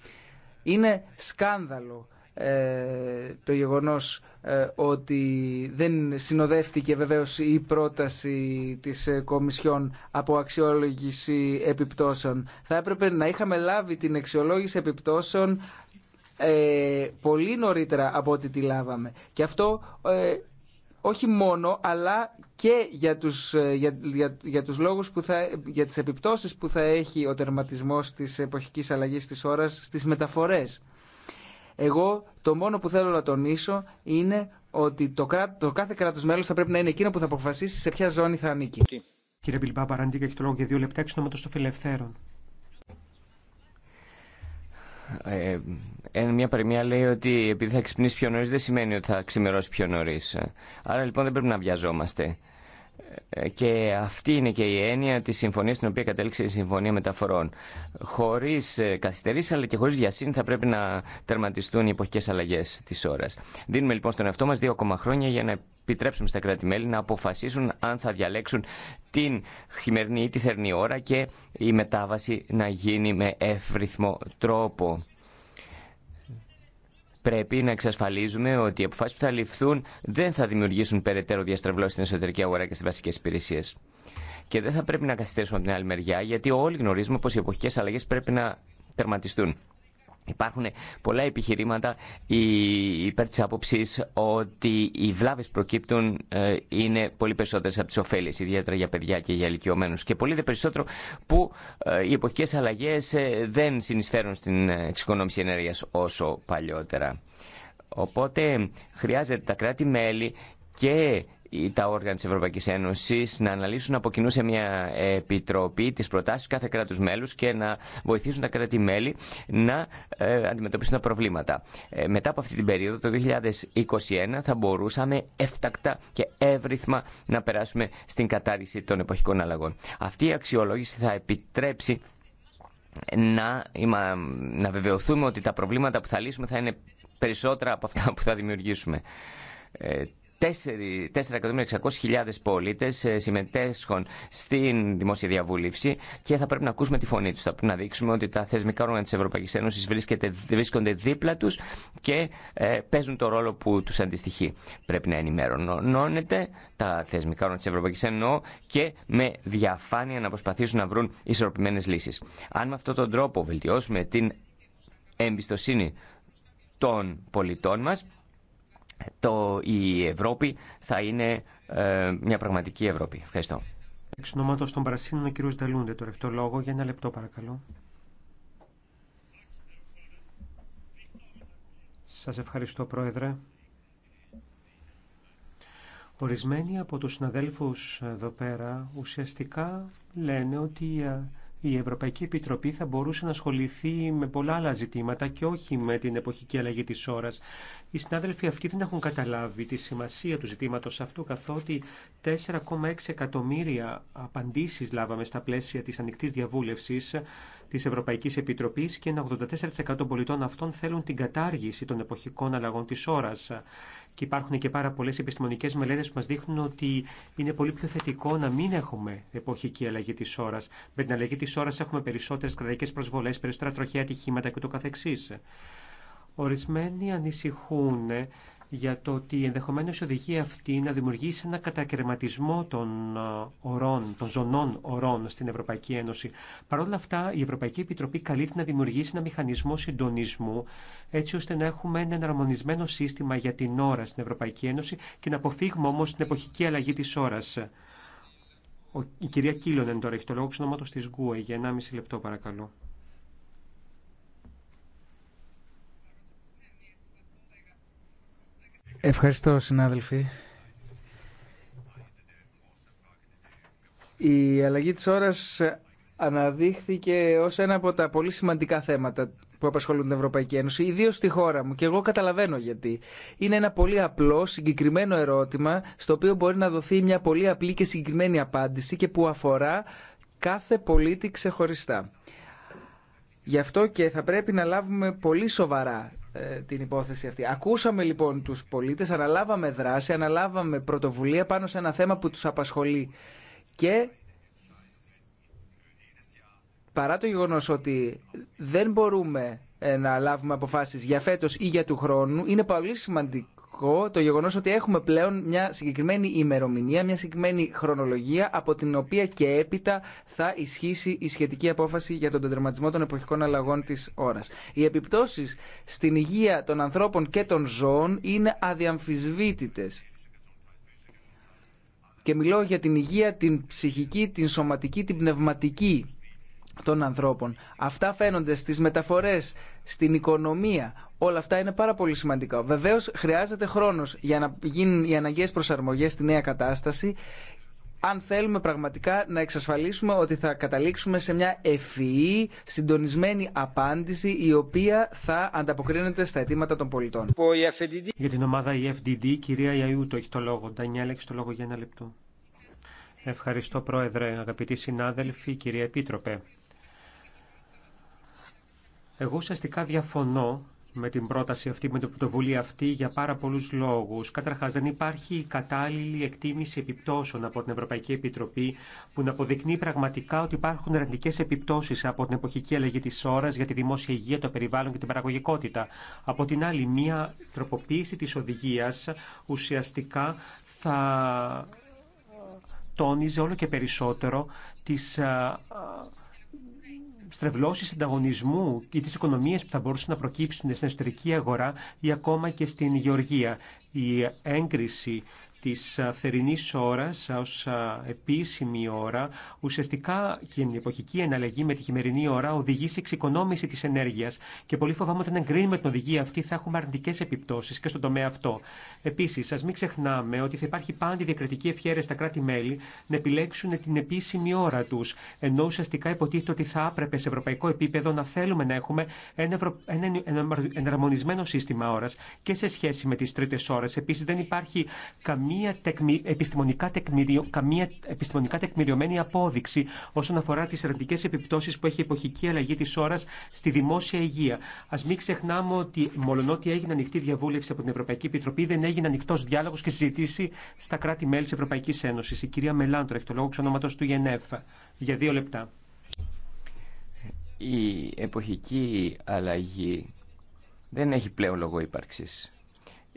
Είναι σκάνδαλο ε, το γεγονός ότι δεν συνοδεύτηκε βεβαίως η πρόταση της Κομισιόν από αξιολόγηση επιπτώσεων. Θα έπρεπε να είχαμε λάβει την αξιολόγηση επιπτώσεων ε, πολύ νωρίτερα από ό,τι τη λάβαμε. Και αυτό ε, όχι μόνο, αλλά και για τους, ε, για, για, τους λόγους που θα, για τις επιπτώσεις που θα έχει ο τερματισμός της εποχικής αλλαγής της ώρας στις μεταφορές. Εγώ το μόνο που θέλω να τονίσω είναι ότι το, το κάθε κράτος μέλος θα πρέπει να είναι εκείνο που θα αποφασίσει σε ποια ζώνη θα ανήκει. Κύριε Μπιλμπά Παραντίκα, και το λόγο για δύο λεπτά εξ των φιλελευθέρων. Ε, μια παροιμία λέει ότι επειδή θα ξυπνήσει πιο νωρί δεν σημαίνει ότι θα ξημερώσει πιο νωρί. Άρα λοιπόν δεν πρέπει να βιαζόμαστε. Ε, και αυτή είναι και η έννοια τη συμφωνία στην οποία κατέληξε η Συμφωνία Μεταφορών. Χωρί ε, καθυστερήσει αλλά και χωρί βιασύνη θα πρέπει να τερματιστούν οι εποχικέ αλλαγέ τη ώρα. Δίνουμε λοιπόν στον εαυτό μα δύο ακόμα χρόνια για να επιτρέψουμε στα κράτη-μέλη να αποφασίσουν αν θα διαλέξουν την χειμερινή ή τη θερινή ώρα και η μετάβαση να γίνει με εύρυθμο τρόπο. Πρέπει να εξασφαλίζουμε ότι οι αποφάσει που θα ληφθούν δεν θα δημιουργήσουν περαιτέρω διαστρεβλώσει στην εσωτερική αγορά και στι βασικέ υπηρεσίε. Και δεν θα πρέπει να καθυστερήσουμε από την άλλη μεριά, γιατί όλοι γνωρίζουμε πω οι εποχικέ αλλαγέ πρέπει να τερματιστούν. Υπάρχουν πολλά επιχειρήματα υπέρ τη άποψη ότι οι βλάβες προκύπτουν ε, είναι πολύ περισσότερες από τι ωφέλειε, ιδιαίτερα για παιδιά και για ηλικιωμένους. Και πολύ δε περισσότερο που ε, οι εποχικέ αλλαγέ ε, δεν συνεισφέρουν στην εξοικονόμηση ενέργειας όσο παλιότερα. Οπότε χρειάζεται τα κράτη-μέλη και ή τα όργανα τη Ευρωπαϊκή Ένωση να αναλύσουν από κοινού σε μια επιτροπή τι προτάσει κάθε κράτου μέλους και να βοηθήσουν τα κράτη-μέλη να ε, αντιμετωπίσουν τα προβλήματα. Ε, μετά από αυτή την περίοδο, το 2021, θα μπορούσαμε εφτακτά και εύρυθμα να περάσουμε στην κατάργηση των εποχικών αλλαγών. Αυτή η αξιολόγηση θα επιτρέψει να, να βεβαιωθούμε ότι τα προβλήματα που θα λύσουμε θα είναι περισσότερα από αυτά που θα δημιουργήσουμε ε, 4.600.000 πολίτε ε, συμμετέσχουν στην δημόσια διαβούλευση και θα πρέπει να ακούσουμε τη φωνή του Θα πρέπει να δείξουμε ότι τα θεσμικά όργανα τη Ευρωπαϊκή Ένωση βρίσκονται δίπλα του και ε, παίζουν το ρόλο που του αντιστοιχεί. Πρέπει να ενημερώνονται τα θεσμικά όργανα τη Ευρωπαϊκή Ένωση και με διαφάνεια να προσπαθήσουν να βρουν ισορροπημένε λύσει. Αν με αυτόν τον τρόπο βελτιώσουμε την εμπιστοσύνη των πολιτών μας, το, η Ευρώπη θα είναι ε, μια πραγματική Ευρώπη. Ευχαριστώ. Εξ ονόματο των Πρασίνων, ο κύριος Νταλούντε, το ρευτό λόγο, για ένα λεπτό παρακαλώ. Σας ευχαριστώ, Πρόεδρε. Ορισμένοι από τους συναδέλφους εδώ πέρα ουσιαστικά λένε ότι ε, η Ευρωπαϊκή Επιτροπή θα μπορούσε να ασχοληθεί με πολλά άλλα ζητήματα και όχι με την εποχική αλλαγή της ώρας. Οι συνάδελφοι αυτοί δεν έχουν καταλάβει τη σημασία του ζητήματος αυτού, καθότι 4,6 εκατομμύρια απαντήσεις λάβαμε στα πλαίσια της ανοιχτή διαβούλευσης της Ευρωπαϊκής Επιτροπής και ένα 84% των πολιτών αυτών θέλουν την κατάργηση των εποχικών αλλαγών της ώρας. Και υπάρχουν και πάρα πολλές επιστημονικές μελέτες που μας δείχνουν ότι είναι πολύ πιο θετικό να μην έχουμε εποχική αλλαγή τη ώρα. Με την αλλαγή τη ώρα έχουμε περισσότερες κρατικέ προσβολές, περισσότερα τροχαία ατυχήματα κ.ο.κ. Ορισμένοι ανησυχούν για το ότι ενδεχομένως η οδηγία αυτή να δημιουργήσει ένα κατακαιρματισμό των ε, ορών, των ζωνών ορών στην Ευρωπαϊκή Ένωση. Παρ' όλα αυτά, η Ευρωπαϊκή Επιτροπή καλείται να δημιουργήσει ένα μηχανισμό συντονισμού, έτσι ώστε να έχουμε ένα εναρμονισμένο σύστημα για την ώρα στην Ευρωπαϊκή Ένωση και να αποφύγουμε όμως την εποχική αλλαγή της ώρας. η κυρία Κίλωνεν τώρα έχει το λόγο ξενόματος της ΓΚΟΕ για 1,5 λεπτό παρακαλώ. Ευχαριστώ συνάδελφοι. Η αλλαγή της ώρας αναδείχθηκε ως ένα από τα πολύ σημαντικά θέματα που απασχολούν την Ευρωπαϊκή Ένωση, ιδίως στη χώρα μου. Και εγώ καταλαβαίνω γιατί. Είναι ένα πολύ απλό, συγκεκριμένο ερώτημα, στο οποίο μπορεί να δοθεί μια πολύ απλή και συγκεκριμένη απάντηση και που αφορά κάθε πολίτη ξεχωριστά. Γι' αυτό και θα πρέπει να λάβουμε πολύ σοβαρά ε, την υπόθεση αυτή. Ακούσαμε λοιπόν τους πολίτες, αναλάβαμε δράση, αναλάβαμε πρωτοβουλία πάνω σε ένα θέμα που τους απασχολεί. Και παρά το γεγονό ότι δεν μπορούμε ε, να λάβουμε αποφάσεις για φέτος ή για του χρόνου, είναι πολύ σημαντικό το γεγονό ότι έχουμε πλέον μια συγκεκριμένη ημερομηνία, μια συγκεκριμένη χρονολογία, από την οποία και έπειτα θα ισχύσει η σχετική απόφαση για τον τερματισμό των εποχικών αλλαγών τη ώρα. Οι επιπτώσει στην υγεία των ανθρώπων και των ζώων είναι αδιαμφισβήτητε. Και μιλώ για την υγεία, την ψυχική, την σωματική, την πνευματική των ανθρώπων. Αυτά φαίνονται στις μεταφορές, στην οικονομία. Όλα αυτά είναι πάρα πολύ σημαντικά. Βεβαίω, χρειάζεται χρόνο για να γίνουν οι αναγκαίε προσαρμογέ στη νέα κατάσταση αν θέλουμε πραγματικά να εξασφαλίσουμε ότι θα καταλήξουμε σε μια ευφυή, συντονισμένη απάντηση η οποία θα ανταποκρίνεται στα αιτήματα των πολιτών. Για την ομάδα EFDD, η κυρία Ιαϊούτο έχει το λόγο. Ντανιέλ, έχει το λόγο για ένα λεπτό. Ευχαριστώ, Πρόεδρε, αγαπητοί συνάδελφοι, κυρία Επίτροπε. Εγώ ουσιαστικά διαφωνώ με την πρόταση αυτή, με την πρωτοβουλία αυτή για πάρα πολλούς λόγους. Καταρχάς δεν υπάρχει κατάλληλη εκτίμηση επιπτώσεων από την Ευρωπαϊκή Επιτροπή που να αποδεικνύει πραγματικά ότι υπάρχουν αρνητικές επιπτώσεις από την εποχική αλλαγή της ώρας για τη δημόσια υγεία, το περιβάλλον και την παραγωγικότητα. Από την άλλη, μια τροποποίηση της οδηγίας ουσιαστικά θα τόνιζε όλο και περισσότερο τις στρεβλώσει ανταγωνισμού ή τι οικονομίε που θα μπορούσαν να προκύψουν στην εσωτερική αγορά ή ακόμα και στην γεωργία. Η έγκριση της θερινής ώρας ως επίσημη ώρα, ουσιαστικά και η εποχική εναλλαγή με τη χειμερινή ώρα οδηγεί σε εξοικονόμηση της ενέργειας και πολύ φοβάμαι ότι αν εγκρίνουμε την οδηγία αυτή θα έχουμε αρνητικές επιπτώσεις και στον τομέα αυτό. Επίσης, ας μην ξεχνάμε ότι θα υπάρχει πάντα διακριτική ευχαίρεση στα κράτη-μέλη να επιλέξουν την επίσημη ώρα τους, ενώ ουσιαστικά υποτίθεται ότι θα έπρεπε σε ευρωπαϊκό επίπεδο να θέλουμε να έχουμε ένα, ευρω... ένα εναρμονισμένο σύστημα ώρας και σε σχέση με τις τρίτες ώρες. Επίσης, δεν υπάρχει καμία καμία τεκμη, επιστημονικά, τεκμηριο, καμία επιστημονικά τεκμηριωμένη απόδειξη όσον αφορά τι αρνητικέ επιπτώσει που έχει η εποχική αλλαγή τη ώρα στη δημόσια υγεία. Α μην ξεχνάμε ότι μολονότι έγινε ανοιχτή διαβούλευση από την Ευρωπαϊκή Επιτροπή, δεν έγινε ανοιχτό διάλογο και συζητήσει στα κράτη-μέλη τη Ευρωπαϊκή Ένωση. Η κυρία Μελάντρο έχει το λόγο ξανόματο του ΙΕΝΕΦ για δύο λεπτά. Η εποχική αλλαγή δεν έχει πλέον λόγο ύπαρξης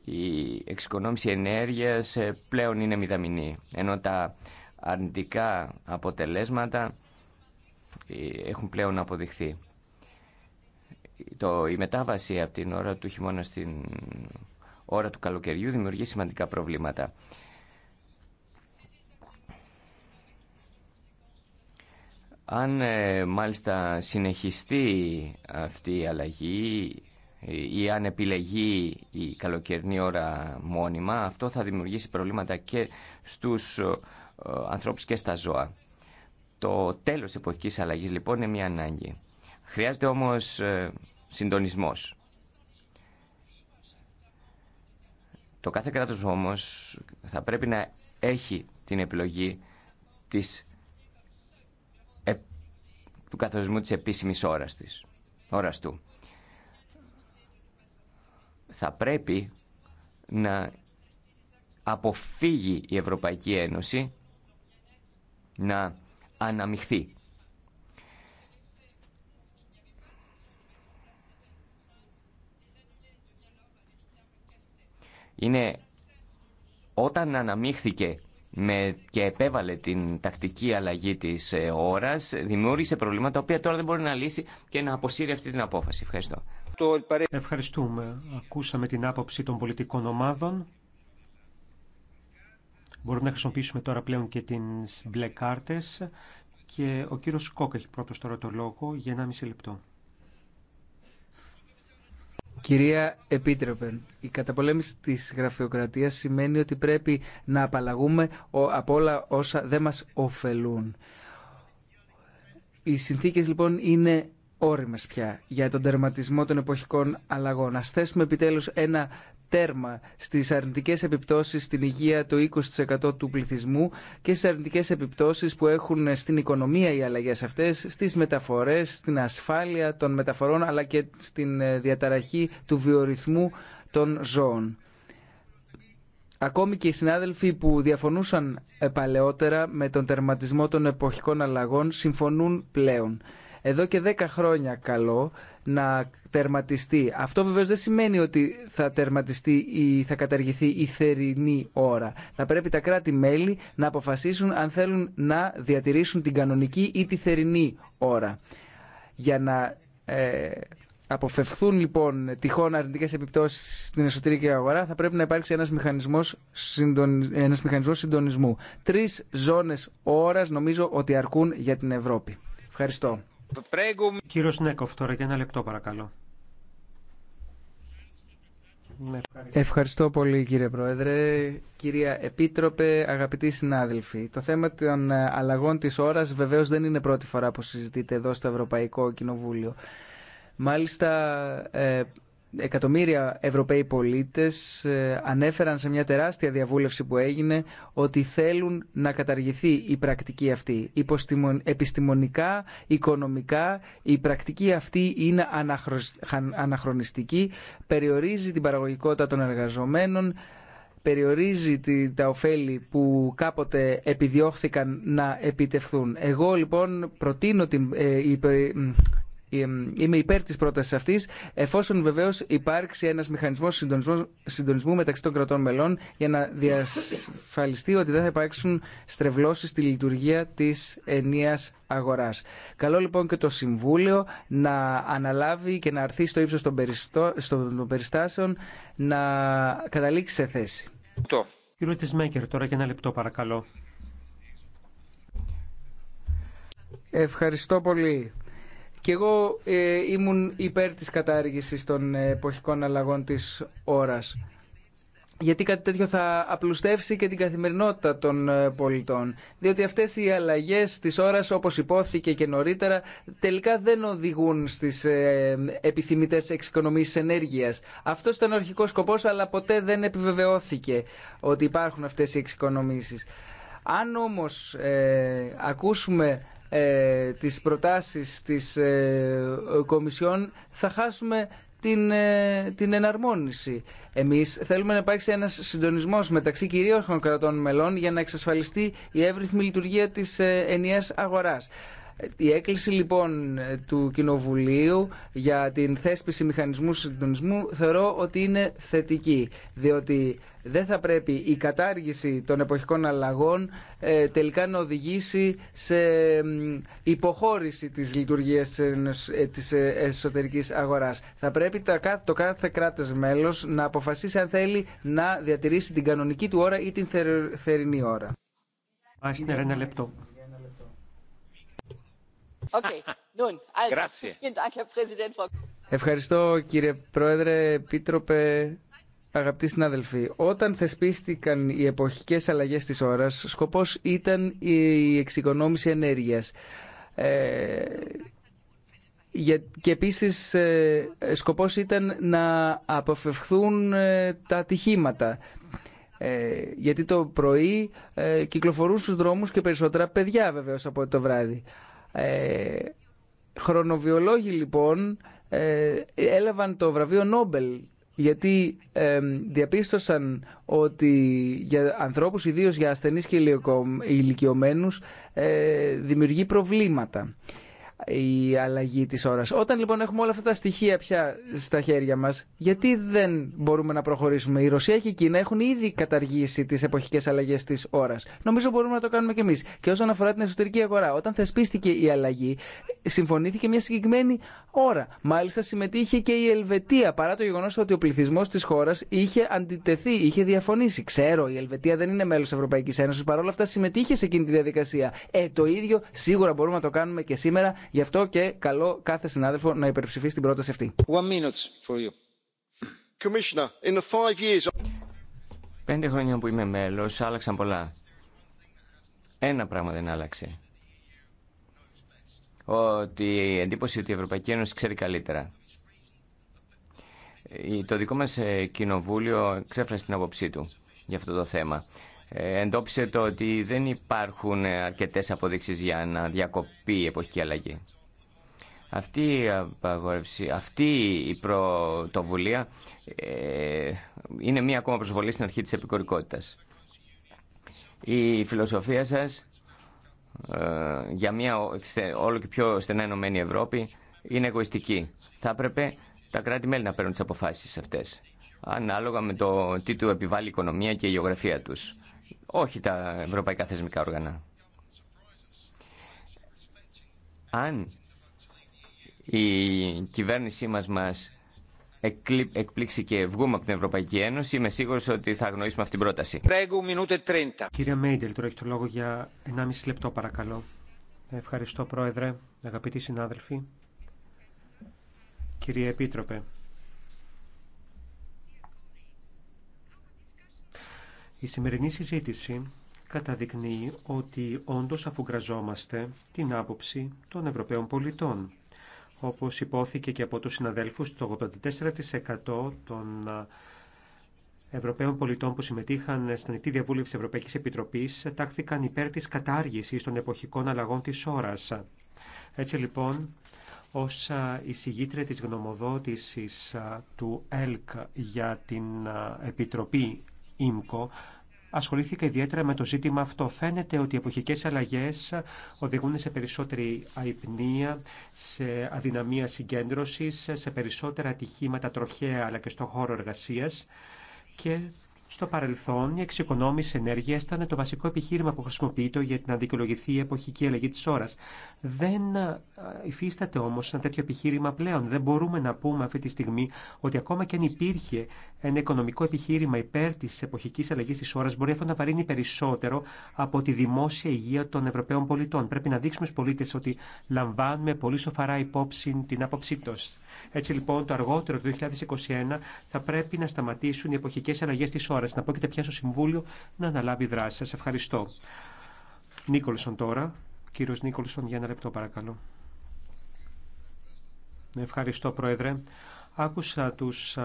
η εξοικονόμηση ενέργειας ε, πλέον είναι μηδαμινή, ενώ τα αρνητικά αποτελέσματα ε, έχουν πλέον αποδειχθεί. Το, η μετάβαση από την ώρα του χειμώνα στην ώρα του καλοκαιριού δημιουργεί σημαντικά προβλήματα. Αν ε, μάλιστα συνεχιστεί αυτή η αλλαγή, ή αν επιλεγεί η καλοκαιρινή ώρα μόνιμα, αυτό θα δημιουργήσει προβλήματα και στους ε, ανθρώπους και στα ζώα. Το τέλος εποχικής αλλαγής λοιπόν είναι μια ανάγκη. Χρειάζεται όμως ε, συντονισμός. Το κάθε κράτος όμως θα πρέπει να έχει την επιλογή της, του καθορισμού της επίσημης ώρας, της, ώρας του θα πρέπει να αποφύγει η Ευρωπαϊκή Ένωση να αναμειχθεί. Είναι όταν αναμίχθηκε με, και επέβαλε την τακτική αλλαγή της ε, ώρας, δημιούργησε προβλήματα τα οποία τώρα δεν μπορεί να λύσει και να αποσύρει αυτή την απόφαση. Ευχαριστώ. Ευχαριστούμε. Ακούσαμε την άποψη των πολιτικών ομάδων. Μπορούμε να χρησιμοποιήσουμε τώρα πλέον και τις μπλε κάρτες. Και ο κύριος Κόκ έχει πρώτος τώρα το λόγο για ένα μισή λεπτό. Κυρία Επίτροπε, η καταπολέμηση της γραφειοκρατίας σημαίνει ότι πρέπει να απαλλαγούμε από όλα όσα δεν μας ωφελούν. Οι συνθήκες λοιπόν είναι όριμες πια για τον τερματισμό των εποχικών αλλαγών. Α θέσουμε επιτέλου ένα τέρμα στις αρνητικέ επιπτώσεις στην υγεία το 20% του πληθυσμού και στι αρνητικέ επιπτώσεις που έχουν στην οικονομία οι αλλαγέ αυτές, στις μεταφορές, στην ασφάλεια των μεταφορών αλλά και στην ε, διαταραχή του βιορυθμού των ζώων. Ακόμη και οι συνάδελφοι που διαφωνούσαν ε, παλαιότερα με τον τερματισμό των εποχικών αλλαγών συμφωνούν πλέον εδώ και 10 χρόνια καλό να τερματιστεί. Αυτό βεβαίως δεν σημαίνει ότι θα τερματιστεί ή θα καταργηθεί η θερινή ώρα. Θα πρέπει τα κράτη-μέλη να αποφασίσουν αν θέλουν να διατηρήσουν την κανονική ή τη θερινή ώρα. Για να ε, αποφευθούν λοιπόν τυχόν αρνητικές επιπτώσεις στην εσωτερική αγορά θα πρέπει να υπάρξει ένας μηχανισμός, ένας μηχανισμός συντονισμού. Τρεις ζώνες ώρας νομίζω ότι αρκούν για την Ευρώπη. Ευχαριστώ. Κύριος Νέκοφ, τώρα για ένα λεπτό παρακαλώ. Ναι. Ευχαριστώ πολύ κύριε Πρόεδρε, κυρία Επίτροπε, αγαπητοί συνάδελφοι. Το θέμα των ε, αλλαγών της ώρας βεβαίως δεν είναι πρώτη φορά που συζητείται εδώ στο Ευρωπαϊκό Κοινοβούλιο. Μάλιστα ε, εκατομμύρια Ευρωπαίοι πολίτες ε, ανέφεραν σε μια τεράστια διαβούλευση που έγινε ότι θέλουν να καταργηθεί η πρακτική αυτή. Επιστημονικά, οικονομικά, η πρακτική αυτή είναι αναχρονιστική, περιορίζει την παραγωγικότητα των εργαζομένων, περιορίζει τα ωφέλη που κάποτε επιδιώχθηκαν να επιτευχθούν. Εγώ λοιπόν προτείνω την, ε, ε, Είμαι υπέρ τη πρόταση αυτή, εφόσον βεβαίω υπάρξει ένα μηχανισμό συντονισμού μεταξύ των κρατών μελών για να διασφαλιστεί ότι δεν θα υπάρξουν στρεβλώσει στη λειτουργία τη ενία αγορά. Καλό λοιπόν και το Συμβούλιο να αναλάβει και να αρθεί στο ύψο των, περιστάσεων να καταλήξει σε θέση. Κύριε τώρα ένα λεπτό παρακαλώ. Ευχαριστώ πολύ. Και εγώ ε, ήμουν υπέρ της κατάργησης των εποχικών αλλαγών της ώρας. Γιατί κάτι τέτοιο θα απλουστεύσει και την καθημερινότητα των ε, πολιτών. Διότι αυτές οι αλλαγές της ώρας, όπως υπόθηκε και νωρίτερα, τελικά δεν οδηγούν στις ε, επιθυμητές εξοικονομήσεις ενέργειας. Αυτό ήταν ο αρχικός σκοπός, αλλά ποτέ δεν επιβεβαιώθηκε ότι υπάρχουν αυτές οι εξοικονομήσεις. Αν όμως ε, ακούσουμε ε, τις προτάσεις της ε, Κομισιόν θα χάσουμε την, ε, την εναρμόνιση. Εμείς θέλουμε να υπάρξει ένας συντονισμός μεταξύ των κρατών μελών για να εξασφαλιστεί η εύρυθμη λειτουργία της ε, ενιαίας αγοράς. Η έκκληση λοιπόν του Κοινοβουλίου για την θέσπιση μηχανισμού συντονισμού θεωρώ ότι είναι θετική, διότι δεν θα πρέπει η κατάργηση των εποχικών αλλαγών ε, τελικά να οδηγήσει σε υποχώρηση της λειτουργίας ε, της ε, εσωτερικής αγοράς. Θα πρέπει το κάθε κράτος μέλος να αποφασίσει αν θέλει να διατηρήσει την κανονική του ώρα ή την θερινή ώρα. Ευχαριστώ κύριε Πρόεδρε, Επίτροπε, Αγαπητοί συνάδελφοι, όταν θεσπίστηκαν οι εποχικές αλλαγές της ώρας, σκοπός ήταν η εξοικονόμηση ενέργειας. Ε, και επίσης ε, σκοπός ήταν να αποφευχθούν ε, τα ατυχήματα. Ε, γιατί το πρωί κυκλοφορούν στους δρόμους και περισσότερα παιδιά βεβαίως από το βράδυ. Χρονοβιολόγοι λοιπόν έλαβαν το βραβείο Νόμπελ γιατί διαπίστωσαν ότι για ανθρώπους, ιδίως για ασθενείς και ηλικιωμένους, ε, δημιουργεί προβλήματα η αλλαγή τη ώρα. Όταν λοιπόν έχουμε όλα αυτά τα στοιχεία πια στα χέρια μα, γιατί δεν μπορούμε να προχωρήσουμε. Η Ρωσία και η Κίνα έχουν ήδη καταργήσει τι εποχικέ αλλαγέ τη ώρα. Νομίζω μπορούμε να το κάνουμε και εμεί. Και όσον αφορά την εσωτερική αγορά, όταν θεσπίστηκε η αλλαγή, συμφωνήθηκε μια συγκεκριμένη ώρα. Μάλιστα συμμετείχε και η Ελβετία, παρά το γεγονό ότι ο πληθυσμό τη χώρα είχε αντιτεθεί, είχε διαφωνήσει. Ξέρω, η Ελβετία δεν είναι μέλο Ευρωπαϊκή Ένωση, παρόλα αυτά συμμετείχε σε εκείνη τη διαδικασία. Ε, το ίδιο σίγουρα μπορούμε να το κάνουμε και σήμερα Γι' αυτό και καλό κάθε συνάδελφο να υπερψηφίσει την πρόταση αυτή. Πέντε χρόνια που είμαι μέλος άλλαξαν πολλά. Ένα πράγμα δεν άλλαξε. Ότι η εντύπωση ότι η Ευρωπαϊκή Ένωση ξέρει καλύτερα. Το δικό μας ε, κοινοβούλιο ξέφρασε την άποψή του για αυτό το θέμα. Ε, εντόπισε το ότι δεν υπάρχουν αρκετές αποδείξεις για να διακοπεί η εποχική αλλαγή. Αυτή η απαγόρευση, πρωτοβουλία ε, είναι μία ακόμα προσβολή στην αρχή της επικορικότητας. Η φιλοσοφία σας ε, για μια όλο και πιο στενά ενωμένη Ευρώπη είναι εγωιστική. Θα έπρεπε τα κράτη-μέλη να παίρνουν τις αποφάσεις αυτές, ανάλογα με το τι του επιβάλλει η οικονομία και η γεωγραφία τους όχι τα ευρωπαϊκά θεσμικά όργανα. Αν η κυβέρνησή μας μας εκπλήξει και βγούμε από την Ευρωπαϊκή Ένωση, είμαι σίγουρος ότι θα αγνοήσουμε αυτή την πρόταση. Κύριε Μέιντελ, τώρα έχει το λόγο για 1,5 λεπτό παρακαλώ. Ευχαριστώ Πρόεδρε, αγαπητοί συνάδελφοι. Κύριε Επίτροπε, Η σημερινή συζήτηση καταδεικνύει ότι όντως αφουγκραζόμαστε την άποψη των Ευρωπαίων πολιτών. Όπως υπόθηκε και από τους συναδέλφους, το 84% των Ευρωπαίων πολιτών που συμμετείχαν στην ανοιχτή διαβούλευση Ευρωπαϊκής Επιτροπής τάχθηκαν υπέρ της κατάργησης των εποχικών αλλαγών της ώρας. Έτσι λοιπόν, ως εισηγήτρια της γνωμοδότησης του ΕΛΚ για την Επιτροπή ΙΜΚΟ, ασχολήθηκα ιδιαίτερα με το ζήτημα αυτό. Φαίνεται ότι οι εποχικές αλλαγές οδηγούν σε περισσότερη αϊπνία, σε αδυναμία συγκέντρωσης, σε περισσότερα ατυχήματα τροχαία αλλά και στον χώρο εργασίας και στο παρελθόν, η εξοικονόμηση ενέργεια ήταν το βασικό επιχείρημα που χρησιμοποιείται για να δικαιολογηθεί η εποχική αλλαγή τη ώρα. Δεν υφίσταται όμω ένα τέτοιο επιχείρημα πλέον. Δεν μπορούμε να πούμε αυτή τη στιγμή ότι ακόμα και αν υπήρχε ένα οικονομικό επιχείρημα υπέρ τη εποχική αλλαγή τη ώρα, μπορεί αυτό να παρίνει περισσότερο από τη δημόσια υγεία των Ευρωπαίων πολιτών. Πρέπει να δείξουμε στου πολίτε ότι λαμβάνουμε πολύ σοφαρά υπόψη την άποψή του. Έτσι λοιπόν, το αργότερο το 2021 θα πρέπει να σταματήσουν οι εποχικέ αλλαγέ τη να Συναπόκειται πια στο Συμβούλιο να αναλάβει δράση. Σας ευχαριστώ. Νίκολσον τώρα. Κύριος Νίκολσον, για ένα λεπτό παρακαλώ. Ευχαριστώ, Πρόεδρε. Άκουσα τους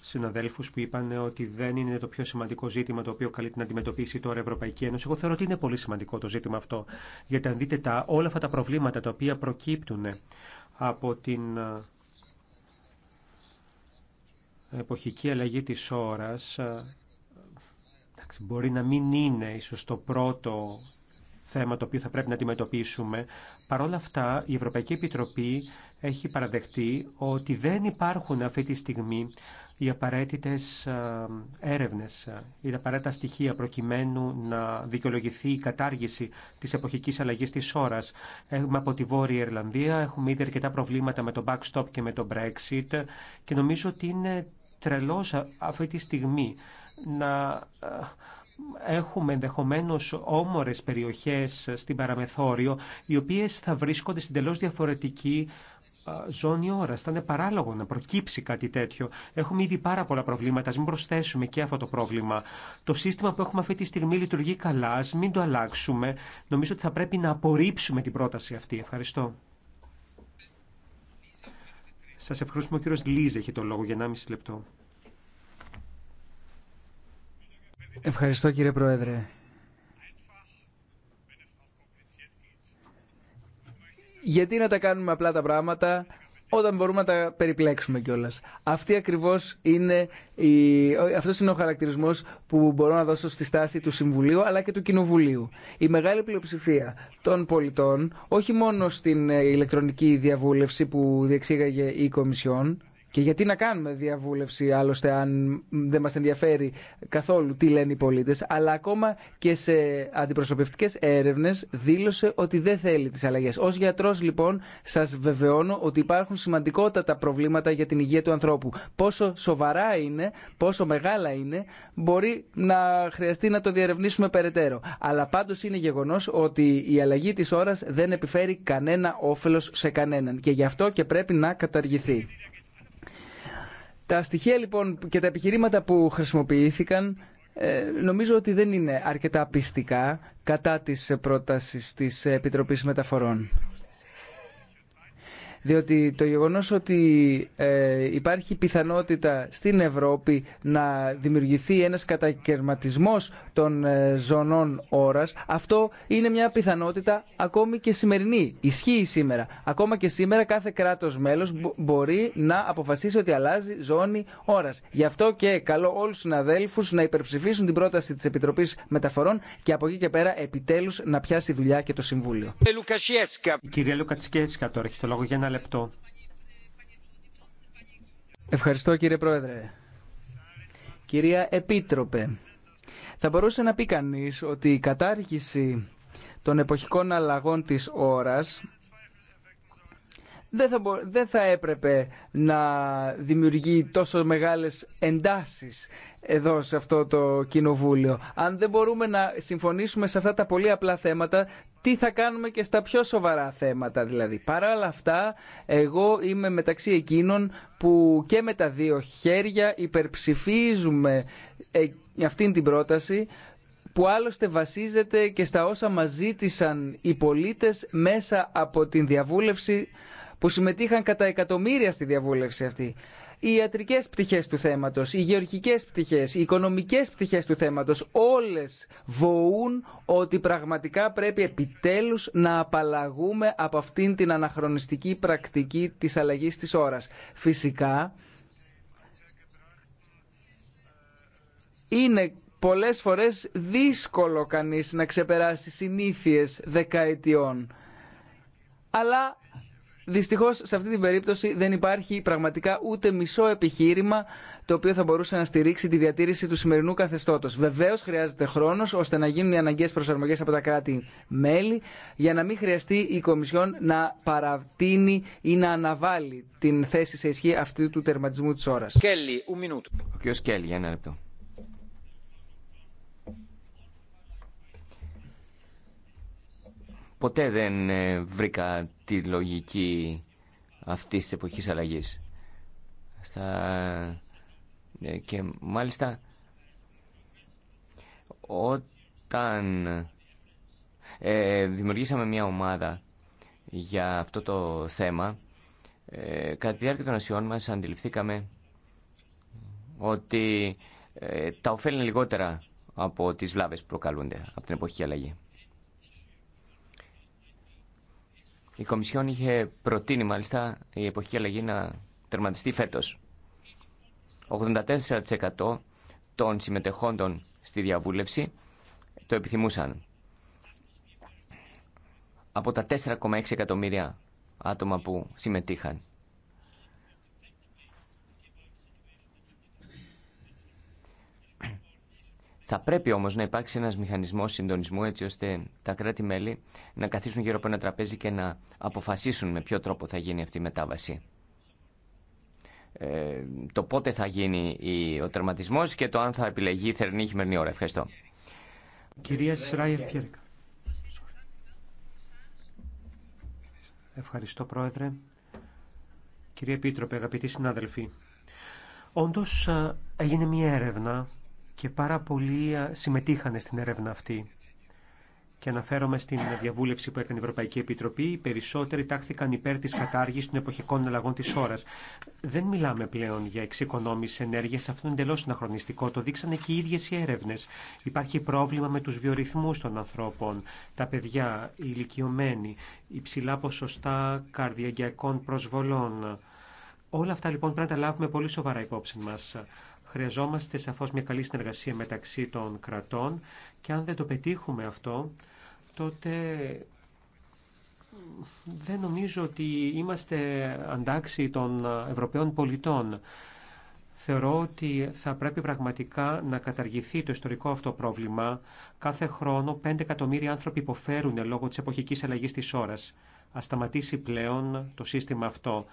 συναδέλφους που είπαν ότι δεν είναι το πιο σημαντικό ζήτημα το οποίο καλεί να αντιμετωπίσει τώρα η Ευρωπαϊκή Ένωση. Εγώ θεωρώ ότι είναι πολύ σημαντικό το ζήτημα αυτό. Γιατί αν δείτε όλα αυτά τα προβλήματα τα οποία προκύπτουν από την εποχική αλλαγή της ώρας ε, μπορεί να μην είναι ίσως το πρώτο θέμα το οποίο θα πρέπει να αντιμετωπίσουμε. Παρ' όλα αυτά, η Ευρωπαϊκή Επιτροπή έχει παραδεχτεί ότι δεν υπάρχουν αυτή τη στιγμή οι απαραίτητες ε, έρευνες ή τα απαραίτητα στοιχεία προκειμένου να δικαιολογηθεί η κατάργηση της εποχικής αλλαγής της ώρας. Έχουμε από τη Βόρεια Ιρλανδία, έχουμε ήδη αρκετά προβλήματα με το backstop και με το Brexit και νομίζω ότι είναι τρελός αυτή τη στιγμή να ε, έχουμε ενδεχομένω όμορες περιοχές στην παραμεθόριο, οι οποίες θα βρίσκονται στην τελώς διαφορετική ε, ζώνη ώρα. Θα είναι παράλογο να προκύψει κάτι τέτοιο. Έχουμε ήδη πάρα πολλά προβλήματα. Α μην προσθέσουμε και αυτό το πρόβλημα. Το σύστημα που έχουμε αυτή τη στιγμή λειτουργεί καλά. Α μην το αλλάξουμε. Νομίζω ότι θα πρέπει να απορρίψουμε την πρόταση αυτή. Ευχαριστώ. Σας ευχαριστούμε. Ο κύριος Λίζε έχει το λόγο για 1,5 λεπτό. Ευχαριστώ κύριε Πρόεδρε. Γιατί να τα κάνουμε απλά τα πράγματα όταν μπορούμε να τα περιπλέξουμε κιόλα. Αυτή είναι η... αυτός είναι ο χαρακτηρισμό που μπορώ να δώσω στη στάση του Συμβουλίου αλλά και του Κοινοβουλίου. Η μεγάλη πλειοψηφία των πολιτών, όχι μόνο στην ε, ηλεκτρονική διαβούλευση που διεξήγαγε η Κομισιόν, και γιατί να κάνουμε διαβούλευση άλλωστε αν δεν μας ενδιαφέρει καθόλου τι λένε οι πολίτες αλλά ακόμα και σε αντιπροσωπευτικές έρευνες δήλωσε ότι δεν θέλει τις αλλαγές. Ως γιατρός λοιπόν σας βεβαιώνω ότι υπάρχουν σημαντικότατα προβλήματα για την υγεία του ανθρώπου. Πόσο σοβαρά είναι, πόσο μεγάλα είναι μπορεί να χρειαστεί να το διαρευνήσουμε περαιτέρω. Αλλά πάντως είναι γεγονός ότι η αλλαγή της ώρας δεν επιφέρει κανένα όφελος σε κανέναν και γι' αυτό και πρέπει να καταργηθεί. Τα στοιχεία λοιπόν και τα επιχειρήματα που χρησιμοποιήθηκαν ε, νομίζω ότι δεν είναι αρκετά πιστικά κατά της πρότασης της Επιτροπής Μεταφορών. Διότι το γεγονός ότι ε, υπάρχει πιθανότητα στην Ευρώπη να δημιουργηθεί ένας κατακαιρματισμός των ε, ζωνών ώρας, αυτό είναι μια πιθανότητα ακόμη και σημερινή. Ισχύει σήμερα. Ακόμα και σήμερα κάθε κράτος μέλος μπορεί να αποφασίσει ότι αλλάζει ζώνη ώρας. Γι' αυτό και καλώ όλους τους συναδέλφου να υπερψηφίσουν την πρόταση της Επιτροπής Μεταφορών και από εκεί και πέρα επιτέλους να πιάσει δουλειά και το Συμβούλιο. κυρία Λουκατσικέσκα τώρα έχει το λόγο για να λεπτό. Ευχαριστώ κύριε Πρόεδρε. Κυρία Επίτροπε, θα μπορούσε να πει κανείς ότι η κατάργηση των εποχικών αλλαγών της ώρας δεν θα, δεν θα έπρεπε να δημιουργεί τόσο μεγάλες εντάσεις εδώ σε αυτό το κοινοβούλιο. Αν δεν μπορούμε να συμφωνήσουμε σε αυτά τα πολύ απλά θέματα, τι θα κάνουμε και στα πιο σοβαρά θέματα δηλαδή. Παρά όλα αυτά, εγώ είμαι μεταξύ εκείνων που και με τα δύο χέρια υπερψηφίζουμε ε, αυτήν την πρόταση που άλλωστε βασίζεται και στα όσα μας ζήτησαν οι πολίτες μέσα από την διαβούλευση που συμμετείχαν κατά εκατομμύρια στη διαβούλευση αυτή οι ιατρικέ πτυχές του θέματος, οι γεωργικές πτυχές, οι οικονομικές πτυχές του θέματος, όλες βοούν ότι πραγματικά πρέπει επιτέλους να απαλλαγούμε από αυτήν την αναχρονιστική πρακτική της αλλαγή της ώρας. Φυσικά, είναι πολλές φορές δύσκολο κανείς να ξεπεράσει συνήθειες δεκαετιών. Αλλά Δυστυχώ σε αυτή την περίπτωση δεν υπάρχει πραγματικά ούτε μισό επιχείρημα το οποίο θα μπορούσε να στηρίξει τη διατήρηση του σημερινού καθεστώτο. Βεβαίω χρειάζεται χρόνο ώστε να γίνουν οι αναγκαίε προσαρμογέ από τα κράτη-μέλη για να μην χρειαστεί η Κομισιόν να παρατείνει ή να αναβάλει την θέση σε ισχύ αυτού του τερματισμού τη ώρα. Κέλλη, Ο κ. Κέλλη, ένα λεπτό. ποτέ δεν ε, βρήκα τη λογική αυτής της εποχής αλλαγής. Ε, και μάλιστα όταν ε, δημιουργήσαμε μια ομάδα για αυτό το θέμα, ε, κατά τη διάρκεια των ασιών μας αντιληφθήκαμε ότι ε, τα ωφέλη λιγότερα από τις βλάβες που προκαλούνται από την εποχή αλλαγή. Η Κομισιόν είχε προτείνει μάλιστα η εποχική αλλαγή να τερματιστεί φέτος. 84% των συμμετεχόντων στη διαβούλευση το επιθυμούσαν. Από τα 4,6 εκατομμύρια άτομα που συμμετείχαν. Θα πρέπει όμως να υπάρξει ένας μηχανισμός συντονισμού έτσι ώστε τα κράτη-μέλη να καθίσουν γύρω από ένα τραπέζι και να αποφασίσουν με ποιο τρόπο θα γίνει αυτή η μετάβαση. Ε, το πότε θα γίνει η, ο τερματισμό και το αν θα επιλεγεί η θερινή χειμερινή ώρα. Ευχαριστώ. Κυρία Σράιερ Πιέρκα. Ευχαριστώ Πρόεδρε. Κύριε Επίτροπε, αγαπητοί συνάδελφοι. Όντω ε, έγινε μια έρευνα και πάρα πολλοί ε, συμμετείχαν στην έρευνα αυτή. Και αναφέρομαι στην διαβούλευση που έκανε η Ευρωπαϊκή Επιτροπή. Οι περισσότεροι τάχθηκαν υπέρ τη κατάργηση των εποχικών αλλαγών τη ώρα. Δεν μιλάμε πλέον για εξοικονόμηση ενέργεια. Αυτό είναι εντελώ αναχρονιστικό. Το δείξανε και οι ίδιε οι έρευνε. Υπάρχει πρόβλημα με του βιορυθμού των ανθρώπων. Τα παιδιά, οι ηλικιωμένοι, υψηλά ποσοστά καρδιαγκιακών προσβολών. Όλα αυτά λοιπόν πρέπει να τα λάβουμε πολύ σοβαρά υπόψη μα. Χρειαζόμαστε σαφώς μια καλή συνεργασία μεταξύ των κρατών και αν δεν το πετύχουμε αυτό, τότε δεν νομίζω ότι είμαστε αντάξει των Ευρωπαίων πολιτών. Θεωρώ ότι θα πρέπει πραγματικά να καταργηθεί το ιστορικό αυτό πρόβλημα. Κάθε χρόνο 5 εκατομμύρια άνθρωποι υποφέρουν λόγω της εποχικής αλλαγής της ώρας. Α σταματήσει πλέον το σύστημα αυτό.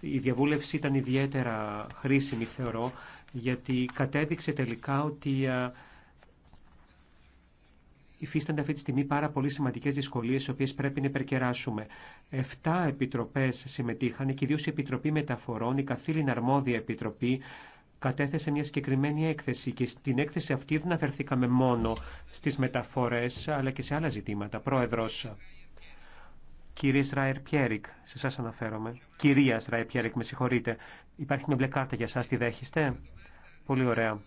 Η διαβούλευση ήταν ιδιαίτερα χρήσιμη, θεωρώ, γιατί κατέδειξε τελικά ότι ε, υφίστανται αυτή τη στιγμή πάρα πολύ σημαντικέ δυσκολίε, τι οποίε πρέπει να υπερκεράσουμε. Εφτά επιτροπέ συμμετείχαν και ιδίω η Επιτροπή Μεταφορών, η καθήλυνα αρμόδια επιτροπή, κατέθεσε μια συγκεκριμένη έκθεση και στην έκθεση αυτή δεν αφαιρθήκαμε μόνο στι μεταφορέ, αλλά και σε άλλα ζητήματα. Πρόεδρο. κύριε Σράερ Πιέρικ, σε εσά αναφέρομαι. Κυρία Σράερ Πιέρικ, με συγχωρείτε. Υπάρχει μια μπλε κάρτα για εσά, τη δέχεστε. Πολύ ωραία.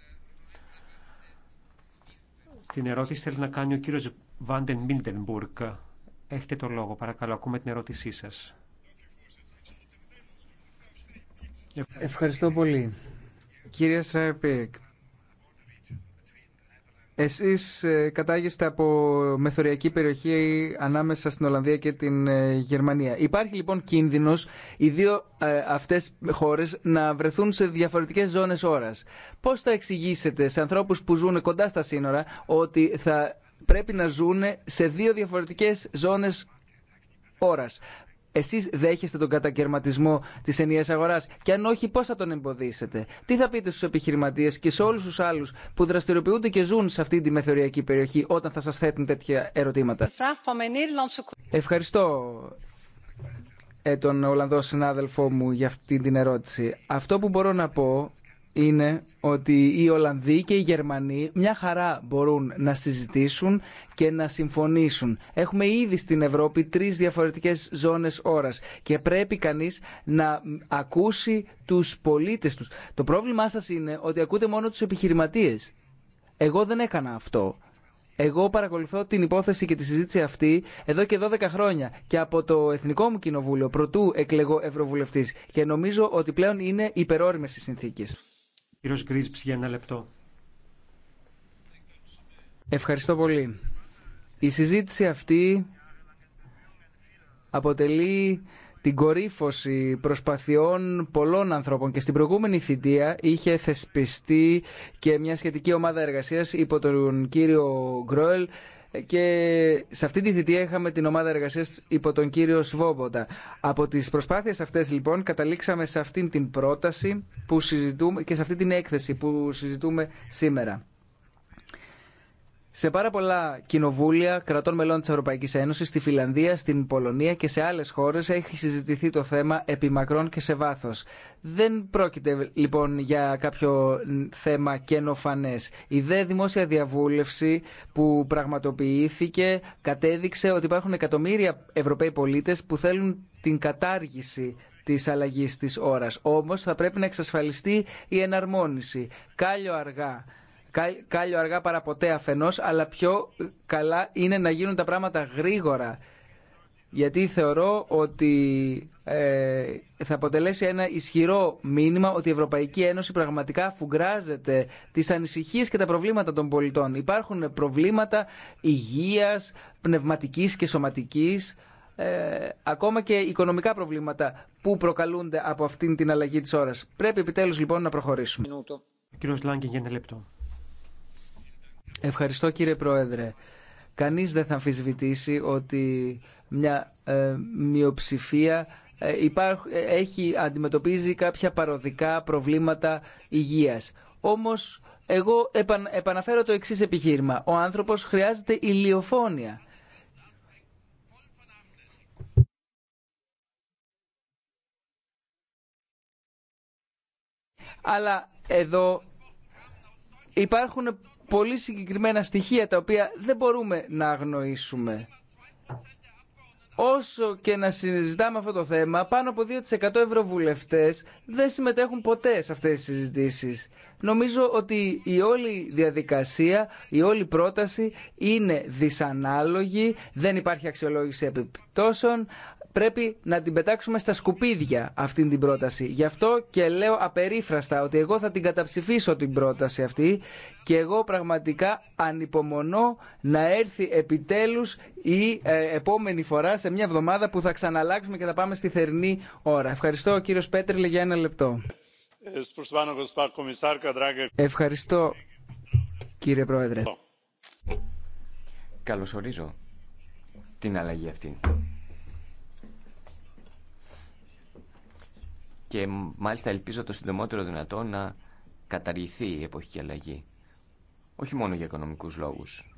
Την ερώτηση θέλει να κάνει ο κύριος Βάντεν Μίντεμπουρκ. Έχετε το λόγο, παρακαλώ, ακούμε την ερώτησή σας. Ευχαριστώ πολύ. Κύριε Στραεπίκ, εσείς ε, κατάγεστε από μεθοριακή περιοχή ανάμεσα στην Ολλανδία και την ε, Γερμανία. Υπάρχει λοιπόν κίνδυνος οι δύο ε, αυτές χώρες να βρεθούν σε διαφορετικές ζώνες ώρας. Πώς θα εξηγήσετε σε ανθρώπους που ζουν κοντά στα σύνορα ότι θα πρέπει να ζουν σε δύο διαφορετικές ζώνες ώρας. Εσεί δέχεστε τον κατακαιρματισμό τη ενιαία αγορά. Και αν όχι, πώ θα τον εμποδίσετε. Τι θα πείτε στου επιχειρηματίε και σε όλου του άλλου που δραστηριοποιούνται και ζουν σε αυτή τη μεθοριακή περιοχή όταν θα σα θέτουν τέτοια ερωτήματα. Ευχαριστώ ε, τον Ολλανδό συνάδελφό μου για αυτή την ερώτηση. Αυτό που μπορώ να πω είναι ότι οι Ολλανδοί και οι Γερμανοί μια χαρά μπορούν να συζητήσουν και να συμφωνήσουν. Έχουμε ήδη στην Ευρώπη τρεις διαφορετικές ζώνες ώρας και πρέπει κανείς να ακούσει τους πολίτες τους. Το πρόβλημά σας είναι ότι ακούτε μόνο τους επιχειρηματίες. Εγώ δεν έκανα αυτό. Εγώ παρακολουθώ την υπόθεση και τη συζήτηση αυτή εδώ και 12 χρόνια και από το Εθνικό μου Κοινοβούλιο, πρωτού εκλεγώ Ευρωβουλευτής και νομίζω ότι πλέον είναι υπερόριμες οι συνθήκες. Κύριος Γκρίσπς για ένα λεπτό. Ευχαριστώ πολύ. Η συζήτηση αυτή αποτελεί την κορύφωση προσπαθειών πολλών ανθρώπων και στην προηγούμενη θητεία είχε θεσπιστεί και μια σχετική ομάδα εργασίας υπό τον κύριο Γκρόελ και σε αυτή τη θητεία είχαμε την ομάδα εργασίας υπό τον κύριο Σβόμποντα. Από τις προσπάθειες αυτές λοιπόν καταλήξαμε σε αυτή την πρόταση που συζητούμε και σε αυτή την έκθεση που συζητούμε σήμερα σε πάρα πολλά κοινοβούλια κρατών μελών της Ευρωπαϊκή Ένωση, στη Φιλανδία, στην Πολωνία και σε άλλες χώρες έχει συζητηθεί το θέμα επί και σε βάθος. Δεν πρόκειται λοιπόν για κάποιο θέμα καινοφανέ. Η δε δημόσια διαβούλευση που πραγματοποιήθηκε κατέδειξε ότι υπάρχουν εκατομμύρια Ευρωπαίοι πολίτε που θέλουν την κατάργηση τη αλλαγή τη ώρα. Όμω θα πρέπει να εξασφαλιστεί η εναρμόνιση. Κάλιο αργά Κάλιο αργά παραποτέ αφενός, αλλά πιο καλά είναι να γίνουν τα πράγματα γρήγορα. Γιατί θεωρώ ότι ε, θα αποτελέσει ένα ισχυρό μήνυμα ότι η Ευρωπαϊκή Ένωση πραγματικά αφουγκράζεται τις ανησυχίες και τα προβλήματα των πολιτών. Υπάρχουν προβλήματα υγείας, πνευματικής και σωματικής, ε, ακόμα και οικονομικά προβλήματα που προκαλούνται από αυτήν την αλλαγή της ώρας. Πρέπει επιτέλους λοιπόν να προχωρήσουμε. Κύριος Λάγκη, για ένα λεπτό. Ευχαριστώ κύριε Πρόεδρε. Κανείς δεν θα αμφισβητήσει ότι μια ε, μειοψηφία ε, ε, έχει, αντιμετωπίζει κάποια παροδικά προβλήματα υγείας. Όμως εγώ επαναφέρω το εξής επιχείρημα. Ο άνθρωπος χρειάζεται ηλιοφόνια. Αλλά εδώ υπάρχουν πολύ συγκεκριμένα στοιχεία τα οποία δεν μπορούμε να αγνοήσουμε. Όσο και να συζητάμε αυτό το θέμα, πάνω από 2% ευρωβουλευτές δεν συμμετέχουν ποτέ σε αυτές τις συζητήσεις. Νομίζω ότι η όλη διαδικασία, η όλη πρόταση είναι δυσανάλογη, δεν υπάρχει αξιολόγηση επιπτώσεων, πρέπει να την πετάξουμε στα σκουπίδια αυτή την πρόταση. Γι' αυτό και λέω απερίφραστα ότι εγώ θα την καταψηφίσω την πρόταση αυτή και εγώ πραγματικά ανυπομονώ να έρθει επιτέλους η ε, επόμενη φορά σε μια εβδομάδα που θα ξαναλλάξουμε και θα πάμε στη θερινή ώρα. Ευχαριστώ κύριος Πέτρελε για ένα λεπτό. Ευχαριστώ κύριε Πρόεδρε. Καλωσορίζω την αλλαγή αυτή. και μάλιστα ελπίζω το συντομότερο δυνατό να καταργηθεί η εποχική αλλαγή. Όχι μόνο για οικονομικούς λόγους.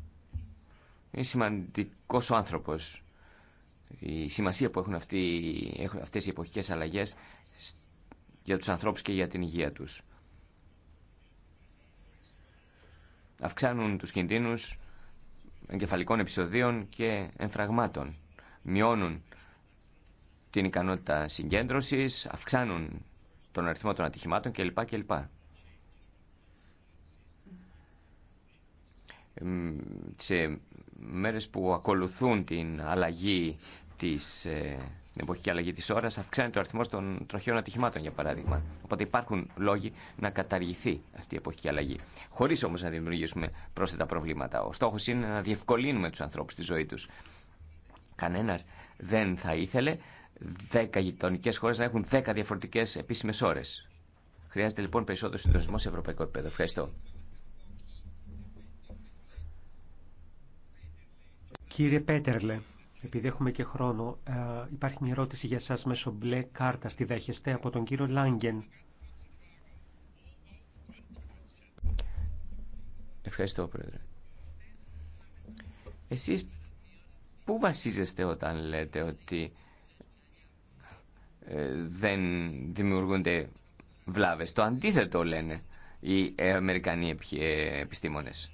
Είναι σημαντικός ο άνθρωπος. Η σημασία που έχουν, αυτοί, έχουν αυτές οι εποχικές αλλαγές για τους ανθρώπους και για την υγεία τους. Αυξάνουν τους κινδύνους εγκεφαλικών επεισοδίων και εμφραγμάτων. Μειώνουν την ικανότητα συγκέντρωσης, αυξάνουν τον αριθμό των ατυχημάτων κλπ. κλπ. Σε μέρες που ακολουθούν την αλλαγή της, ε, την εποχική αλλαγή της ώρας αυξάνει το αριθμό των τροχιών ατυχημάτων για παράδειγμα. Οπότε υπάρχουν λόγοι να καταργηθεί αυτή η εποχική αλλαγή. Χωρίς όμως να δημιουργήσουμε πρόσθετα προβλήματα. Ο στόχος είναι να διευκολύνουμε τους ανθρώπους τη ζωή τους. Κανένας δεν θα ήθελε 10 γειτονικέ χώρε να έχουν 10 διαφορετικέ επίσημε ώρε. Χρειάζεται λοιπόν περισσότερο συντονισμό σε ευρωπαϊκό επίπεδο. Ευχαριστώ. Κύριε Πέτερλε, επειδή έχουμε και χρόνο, ε, υπάρχει μια ερώτηση για σας μέσω μπλε κάρτα. στη δέχεστε από τον κύριο Λάγκεν. Ευχαριστώ, Πρόεδρε. Εσείς πού βασίζεστε όταν λέτε ότι ε, δεν δημιουργούνται βλάβες. Το αντίθετο λένε οι ε, Αμερικανοί ε, επιστήμονες.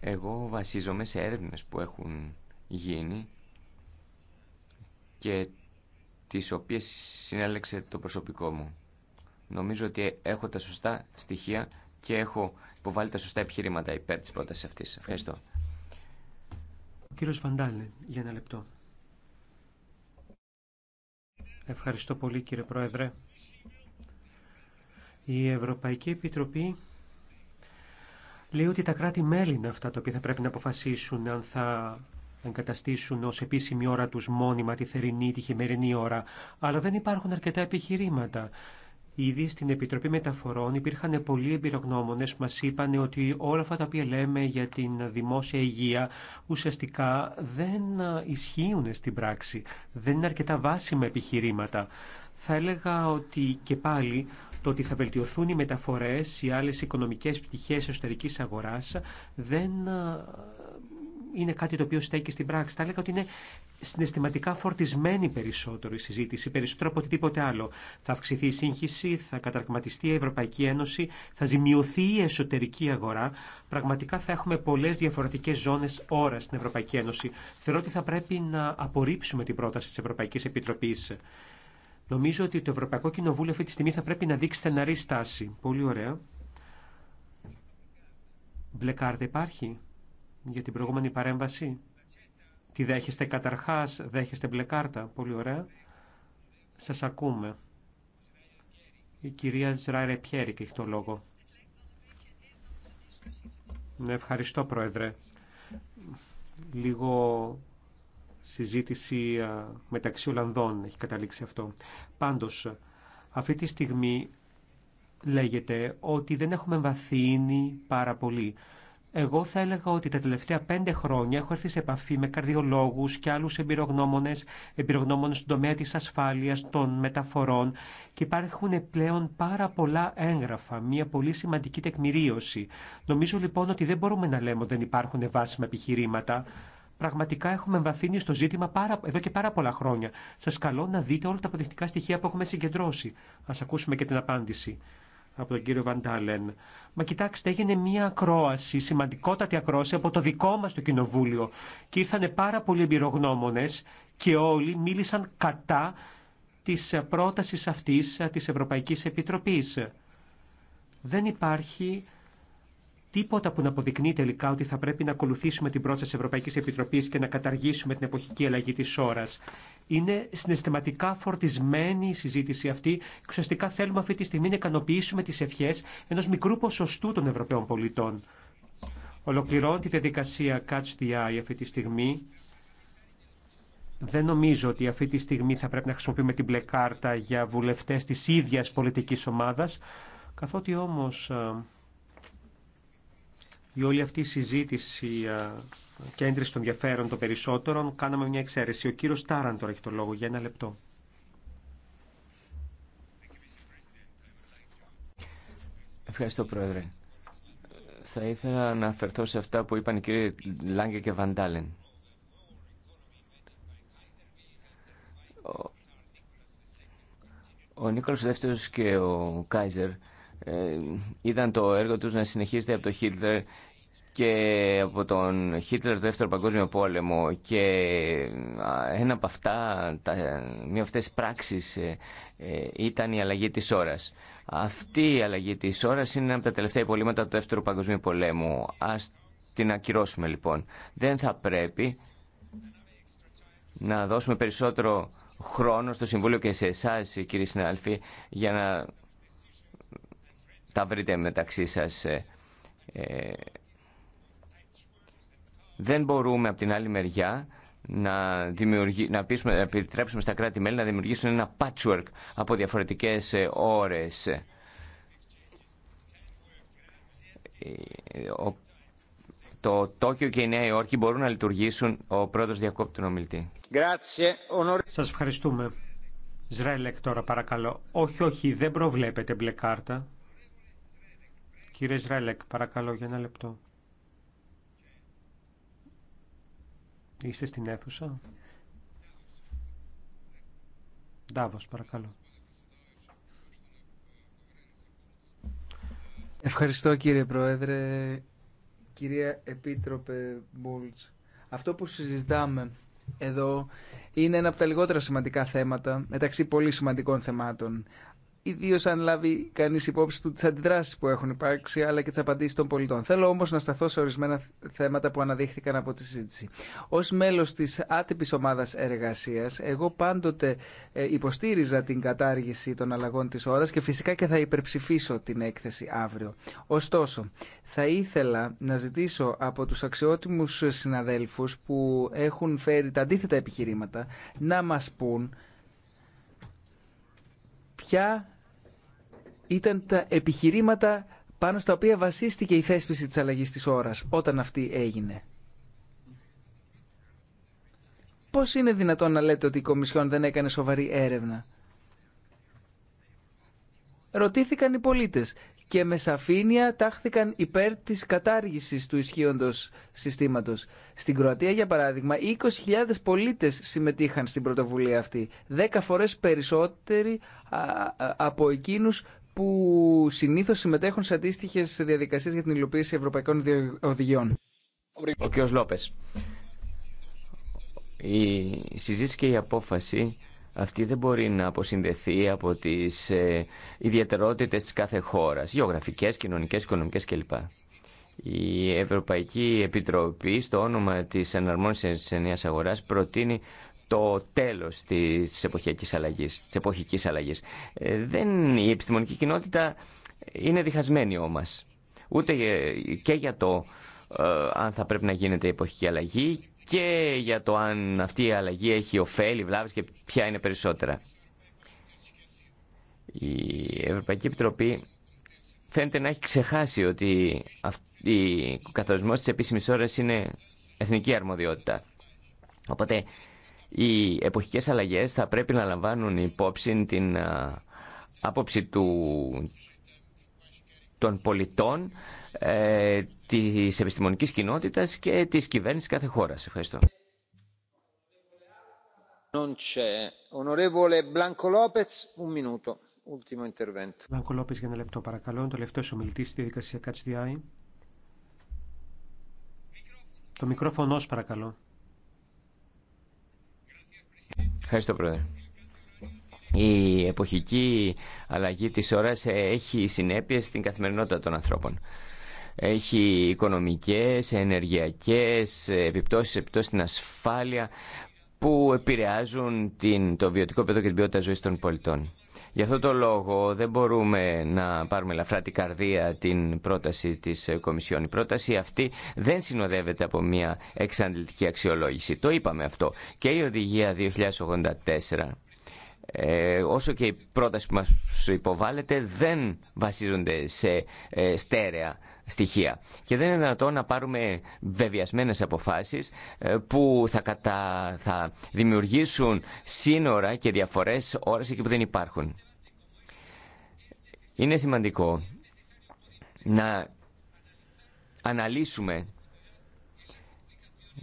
Εγώ βασίζομαι σε έρευνες που έχουν γίνει και τις οποίες συνέλεξε το προσωπικό μου. Νομίζω ότι έχω τα σωστά στοιχεία και έχω υποβάλει τα σωστά επιχειρήματα υπέρ της πρότασης αυτής. Ευχαριστώ. Ο κύριος Φαντάλη για ένα λεπτό. Ευχαριστώ πολύ κύριε Πρόεδρε. Η Ευρωπαϊκή Επιτροπή λέει ότι τα κράτη-μέλη είναι αυτά τα οποία θα πρέπει να αποφασίσουν αν θα εγκαταστήσουν ως επίσημη ώρα τους μόνιμα τη θερινή ή τη χειμερινή ώρα, αλλά δεν υπάρχουν αρκετά επιχειρήματα. Ήδη στην Επιτροπή Μεταφορών υπήρχαν πολλοί εμπειρογνώμονες που μας είπαν ότι όλα αυτά τα οποία λέμε για την δημόσια υγεία ουσιαστικά δεν ισχύουν στην πράξη, δεν είναι αρκετά βάσιμα επιχειρήματα. Θα έλεγα ότι και πάλι το ότι θα βελτιωθούν οι μεταφορές, ή άλλες οικονομικές πτυχές εσωτερικής αγοράς δεν είναι κάτι το οποίο στέκει στην πράξη. Θα έλεγα ότι είναι συναισθηματικά φορτισμένη περισσότερο η συζήτηση, περισσότερο από οτιδήποτε άλλο. Θα αυξηθεί η σύγχυση, θα καταρκματιστεί η Ευρωπαϊκή Ένωση, θα ζημιωθεί η εσωτερική αγορά. Πραγματικά θα έχουμε πολλέ διαφορετικέ ζώνε ώρα στην Ευρωπαϊκή Ένωση. Θεωρώ ότι θα πρέπει να απορρίψουμε την πρόταση τη Ευρωπαϊκή Επιτροπή. Νομίζω ότι το Ευρωπαϊκό Κοινοβούλιο αυτή τη στιγμή θα πρέπει να δείξει στεναρή στάση. Πολύ ωραία. Μπλε κάρτα υπάρχει για την προηγούμενη παρέμβαση. Τη δέχεστε καταρχάς, δέχεστε μπλε κάρτα. Πολύ ωραία. Σας ακούμε. Η κυρία Ζράιρε Πιέρικ έχει το λόγο. Ναι, ευχαριστώ, Πρόεδρε. Λίγο συζήτηση μεταξύ Ολλανδών έχει καταλήξει αυτό. Πάντως, αυτή τη στιγμή λέγεται ότι δεν έχουμε βαθύνει πάρα πολύ. Εγώ θα έλεγα ότι τα τελευταία πέντε χρόνια έχω έρθει σε επαφή με καρδιολόγου και άλλου εμπειρογνώμονε, εμπειρογνώμονε στον τομέα τη ασφάλεια, των μεταφορών και υπάρχουν πλέον πάρα πολλά έγγραφα, μια πολύ σημαντική τεκμηρίωση. Νομίζω λοιπόν ότι δεν μπορούμε να λέμε ότι δεν υπάρχουν βάσιμα επιχειρήματα. Πραγματικά έχουμε εμβαθύνει στο ζήτημα πάρα, εδώ και πάρα πολλά χρόνια. Σα καλώ να δείτε όλα τα αποδεικτικά στοιχεία που έχουμε συγκεντρώσει. Α ακούσουμε και την απάντηση από τον κύριο Βαντάλεν. Μα κοιτάξτε, έγινε μια ακρόαση, σημαντικότατη ακρόαση από το δικό μας το κοινοβούλιο και ήρθανε πάρα πολλοί εμπειρογνώμονε και όλοι μίλησαν κατά της πρότασης αυτής της Ευρωπαϊκής Επιτροπής. Δεν υπάρχει Τίποτα που να αποδεικνύει τελικά ότι θα πρέπει να ακολουθήσουμε την πρόταση Ευρωπαϊκή Επιτροπή και να καταργήσουμε την εποχική αλλαγή τη ώρα. Είναι συναισθηματικά φορτισμένη η συζήτηση αυτή. Ουσιαστικά θέλουμε αυτή τη στιγμή να ικανοποιήσουμε τι ευχέ ενό μικρού ποσοστού των Ευρωπαίων πολιτών. Ολοκληρώνω τη διαδικασία Catch the Eye αυτή τη στιγμή. Δεν νομίζω ότι αυτή τη στιγμή θα πρέπει να χρησιμοποιούμε την μπλε κάρτα για βουλευτές της ίδιας πολιτικής ομάδας, καθότι όμως ε, η όλη αυτή η συζήτηση κέντρηση των ενδιαφέρων των περισσότερων, κάναμε μια εξαίρεση. Ο κύριος Στάραν τώρα έχει το λόγο για ένα λεπτό. Ευχαριστώ, Πρόεδρε. Θα ήθελα να αναφερθώ σε αυτά που είπαν οι κύριοι Λάγκε και Βαντάλεν. Ο, ο Β' Δεύτερος και ο Κάιζερ ε, είδαν το έργο τους να συνεχίζεται από τον Χίτλερ και από τον Χίτλερ το Δεύτερο Παγκόσμιο Πόλεμο και ένα από αυτά, τα, μία από αυτές πράξεις ε, ε, ήταν η αλλαγή της ώρας. Αυτή η αλλαγή της ώρας είναι ένα από τα τελευταία υπολείμματα του Δεύτερου Παγκοσμίου Πολέμου. Ας την ακυρώσουμε λοιπόν. Δεν θα πρέπει να δώσουμε περισσότερο χρόνο στο Συμβούλιο και σε εσά, κύριοι για να τα βρείτε μεταξύ σας. Ε, ε, δεν μπορούμε από την άλλη μεριά να, να, πείσουμε, επιτρέψουμε στα κράτη-μέλη να δημιουργήσουν ένα patchwork από διαφορετικές ε, ώρες. Το Τόκιο και η Νέα Υόρκη μπορούν να λειτουργήσουν ο πρόεδρος διακόπτη τον ομιλητή. Σας ευχαριστούμε. Ζρέλεκ τώρα παρακαλώ. Όχι, όχι, δεν προβλέπετε μπλε κάρτα. Κύριε Ζρέλεκ, παρακαλώ για ένα λεπτό. Είστε στην αίθουσα. Ντάβος, παρακαλώ. Ευχαριστώ κύριε Πρόεδρε, κυρία Επίτροπε Μπούλτς. Αυτό που συζητάμε εδώ είναι ένα από τα λιγότερα σημαντικά θέματα μεταξύ πολύ σημαντικών θεμάτων ιδίω αν λάβει κανεί υπόψη του τι αντιδράσει που έχουν υπάρξει αλλά και τι απαντήσει των πολιτών. Θέλω όμω να σταθώ σε ορισμένα θέματα που αναδείχθηκαν από τη συζήτηση. Ω μέλο τη άτυπη ομάδα εργασία, εγώ πάντοτε ε, υποστήριζα την κατάργηση των αλλαγών τη ώρα και φυσικά και θα υπερψηφίσω την έκθεση αύριο. Ωστόσο, θα ήθελα να ζητήσω από του αξιότιμου συναδέλφου που έχουν φέρει τα αντίθετα επιχειρήματα να μα πούν ποια ήταν τα επιχειρήματα πάνω στα οποία βασίστηκε η θέσπιση της αλλαγής της ώρας όταν αυτή έγινε. Πώς είναι δυνατόν να λέτε ότι η Κομισιόν δεν έκανε σοβαρή έρευνα. Ρωτήθηκαν οι πολίτες και με σαφήνεια τάχθηκαν υπέρ της κατάργησης του ισχύοντος συστήματος. Στην Κροατία, για παράδειγμα, 20.000 πολίτες συμμετείχαν στην πρωτοβουλία αυτή. 10 φορές περισσότεροι από εκείνους που συνήθως συμμετέχουν σε αντίστοιχε διαδικασίες για την υλοποίηση ευρωπαϊκών οδηγιών. Ο κ. Λόπες. Η συζήτηση και η απόφαση αυτή δεν μπορεί να αποσυνδεθεί από τις ε, ιδιαιτερότητες της κάθε χώρας, γεωγραφικές, κοινωνικές, οικονομικές κλπ. Η Ευρωπαϊκή Επιτροπή στο όνομα της της ενιαίας αγοράς προτείνει το τέλος της εποχικής αλλαγή, της εποχικής αλλαγής. Ε, δεν, η επιστημονική κοινότητα είναι διχασμένη όμως. Ούτε και για το ε, αν θα πρέπει να γίνεται η εποχική αλλαγή και για το αν αυτή η αλλαγή έχει ωφέλη, βλάβες και ποια είναι περισσότερα. Η Ευρωπαϊκή Επιτροπή φαίνεται να έχει ξεχάσει ότι ο καθορισμός της επίσημης ώρας είναι εθνική αρμοδιότητα. Οπότε οι εποχικές αλλαγές θα πρέπει να λαμβάνουν υπόψη την άποψη του, των πολιτών, ε, της επιστημονικής κοινότητας και της κυβέρνησης κάθε χώρας. Ευχαριστώ. Non c'è. Onorevole Blanco Lopez, un minuto. Ultimo intervento. Blanco Lopez, για ένα λεπτό παρακαλώ. Είναι το σου μιλητή στη διαδικασία Catch Το μικρόφωνο παρακαλώ. Ευχαριστώ, Πρόεδρε. Η εποχική αλλαγή της ώρας έχει συνέπειες στην καθημερινότητα των ανθρώπων. Έχει οικονομικές, ενεργειακές, επιπτώσεις, επιπτώσεις στην ασφάλεια που επηρεάζουν την, το βιωτικό παιδό και την ποιότητα ζωής των πολιτών. Γι' αυτό το λόγο δεν μπορούμε να πάρουμε ελαφρά την καρδία την πρόταση της Κομισιόν. Η πρόταση αυτή δεν συνοδεύεται από μια εξαντλητική αξιολόγηση. Το είπαμε αυτό. Και η Οδηγία 2084 ε, όσο και η πρόταση που μας υποβάλλεται δεν βασίζονται σε ε, στέρεα στοιχεία. Και δεν είναι δυνατόν να πάρουμε βεβαιασμένες αποφάσεις ε, που θα, κατα... δημιουργήσουν σύνορα και διαφορές ώρες εκεί που δεν υπάρχουν. Είναι σημαντικό να αναλύσουμε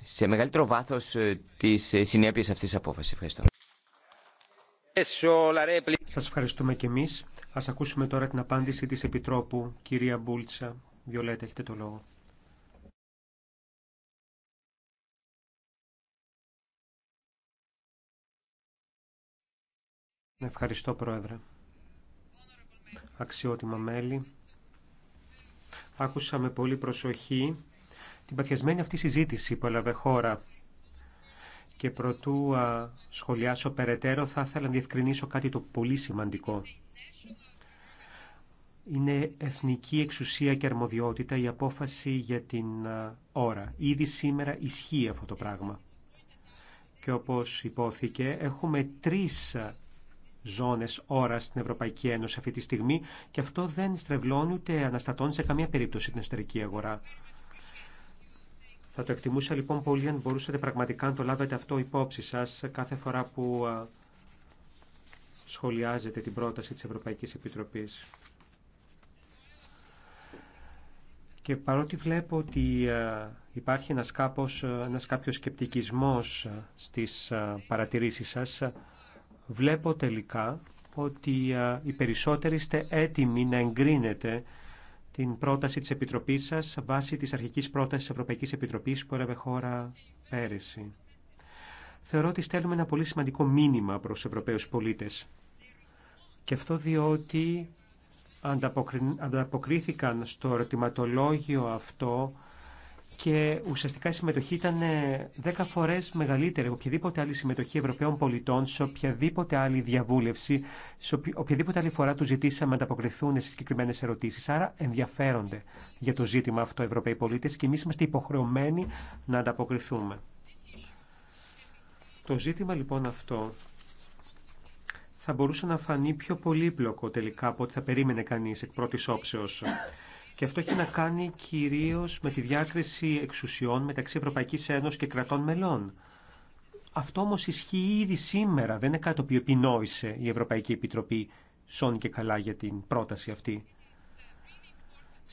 σε μεγαλύτερο βάθος ε, τις ε, συνέπειες αυτής της απόφασης. Ευχαριστώ. Σας ευχαριστούμε και εμείς. Ας ακούσουμε τώρα την απάντηση της Επιτρόπου, κυρία Μπούλτσα. Βιολέτα, έχετε το λόγο. Ευχαριστώ, Πρόεδρε αξιότιμα μέλη. Άκουσα με πολύ προσοχή την παθιασμένη αυτή συζήτηση που έλαβε χώρα. Και προτού σχολιάσω περαιτέρω, θα ήθελα να διευκρινίσω κάτι το πολύ σημαντικό. Είναι εθνική εξουσία και αρμοδιότητα η απόφαση για την ώρα. Ήδη σήμερα ισχύει αυτό το πράγμα. Και όπως υπόθηκε, έχουμε τρεις ζώνε ώρα στην Ευρωπαϊκή Ένωση αυτή τη στιγμή και αυτό δεν στρεβλώνει ούτε αναστατώνει σε καμία περίπτωση την εσωτερική αγορά. Θα το εκτιμούσα λοιπόν πολύ αν μπορούσατε πραγματικά να το λάβετε αυτό υπόψη σα κάθε φορά που σχολιάζετε την πρόταση της Ευρωπαϊκής Επιτροπής. Και παρότι βλέπω ότι υπάρχει ένας, κάπως, ένας κάποιος σκεπτικισμός στις παρατηρήσεις σας, βλέπω τελικά ότι οι περισσότεροι είστε έτοιμοι να εγκρίνετε την πρόταση της Επιτροπής σας βάσει της αρχικής πρότασης της Ευρωπαϊκής Επιτροπής που έλαβε χώρα πέρυσι. Θεωρώ ότι στέλνουμε ένα πολύ σημαντικό μήνυμα προς τους Ευρωπαίους πολίτες. Και αυτό διότι ανταποκρίθηκαν στο ερωτηματολόγιο αυτό και ουσιαστικά η συμμετοχή ήταν 10 ε, φορές μεγαλύτερη από οποιαδήποτε άλλη συμμετοχή Ευρωπαίων πολιτών σε οποιαδήποτε άλλη διαβούλευση, σε οποιαδήποτε άλλη φορά του ζητήσαμε να ανταποκριθούν σε συγκεκριμένε ερωτήσει. Άρα ενδιαφέρονται για το ζήτημα αυτό οι Ευρωπαίοι πολίτε και εμεί είμαστε υποχρεωμένοι να ανταποκριθούμε. Το ζήτημα λοιπόν αυτό θα μπορούσε να φανεί πιο πολύπλοκο τελικά από ό,τι θα περίμενε κανείς εκ πρώτης όψεως. Και αυτό έχει να κάνει κυρίως με τη διάκριση εξουσιών μεταξύ Ευρωπαϊκής Ένωσης και κρατών μελών. Αυτό όμω ισχύει ήδη σήμερα. Δεν είναι κάτι το οποίο επινόησε η Ευρωπαϊκή Επιτροπή σώνει και καλά για την πρόταση αυτή.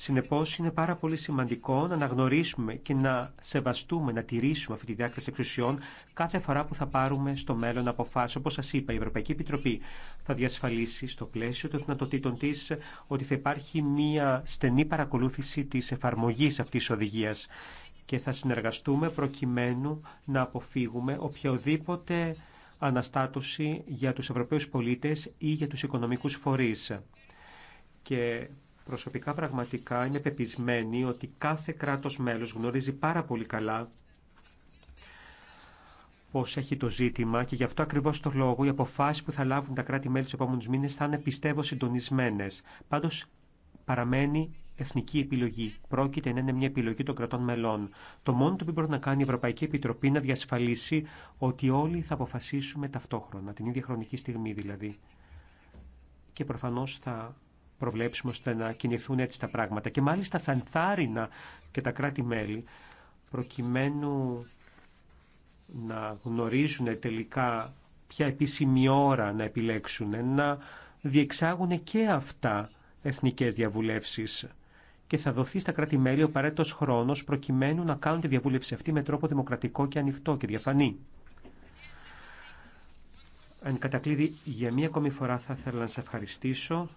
Συνεπώς είναι πάρα πολύ σημαντικό να αναγνωρίσουμε και να σεβαστούμε, να τηρήσουμε αυτή τη διάκριση εξουσιών κάθε φορά που θα πάρουμε στο μέλλον αποφάσεις. Όπως σας είπα, η Ευρωπαϊκή Επιτροπή θα διασφαλίσει στο πλαίσιο των δυνατοτήτων της ότι θα υπάρχει μια στενή παρακολούθηση της εφαρμογής αυτής της οδηγίας και θα συνεργαστούμε προκειμένου να αποφύγουμε οποιοδήποτε αναστάτωση για τους Ευρωπαίους πολίτες ή για τους οικονομικούς φορείς. Και Προσωπικά πραγματικά είμαι πεπισμένη ότι κάθε κράτος μέλος γνωρίζει πάρα πολύ καλά πώ έχει το ζήτημα και γι' αυτό ακριβώ το λόγο οι αποφάσει που θα λάβουν τα κράτη-μέλη του επόμενου μήνε θα είναι πιστεύω συντονισμένε. Πάντω παραμένει εθνική επιλογή. Πρόκειται να είναι μια επιλογή των κρατών μελών. Το μόνο το οποίο μπορεί να κάνει η Ευρωπαϊκή Επιτροπή είναι να διασφαλίσει ότι όλοι θα αποφασίσουμε ταυτόχρονα, την ίδια χρονική στιγμή δηλαδή. Και προφανώ θα προβλέψουμε ώστε να κινηθούν έτσι τα πράγματα. Και μάλιστα θα ενθάρρυνα και τα κράτη-μέλη προκειμένου να γνωρίζουν τελικά ποια επίσημη ώρα να επιλέξουν, να διεξάγουν και αυτά εθνικές διαβουλεύσεις και θα δοθεί στα κράτη-μέλη ο παρέτο χρόνο προκειμένου να κάνουν τη διαβούλευση αυτή με τρόπο δημοκρατικό και ανοιχτό και διαφανή. Εν κατακλείδη, για μία ακόμη φορά θα ήθελα να σε ευχαριστήσω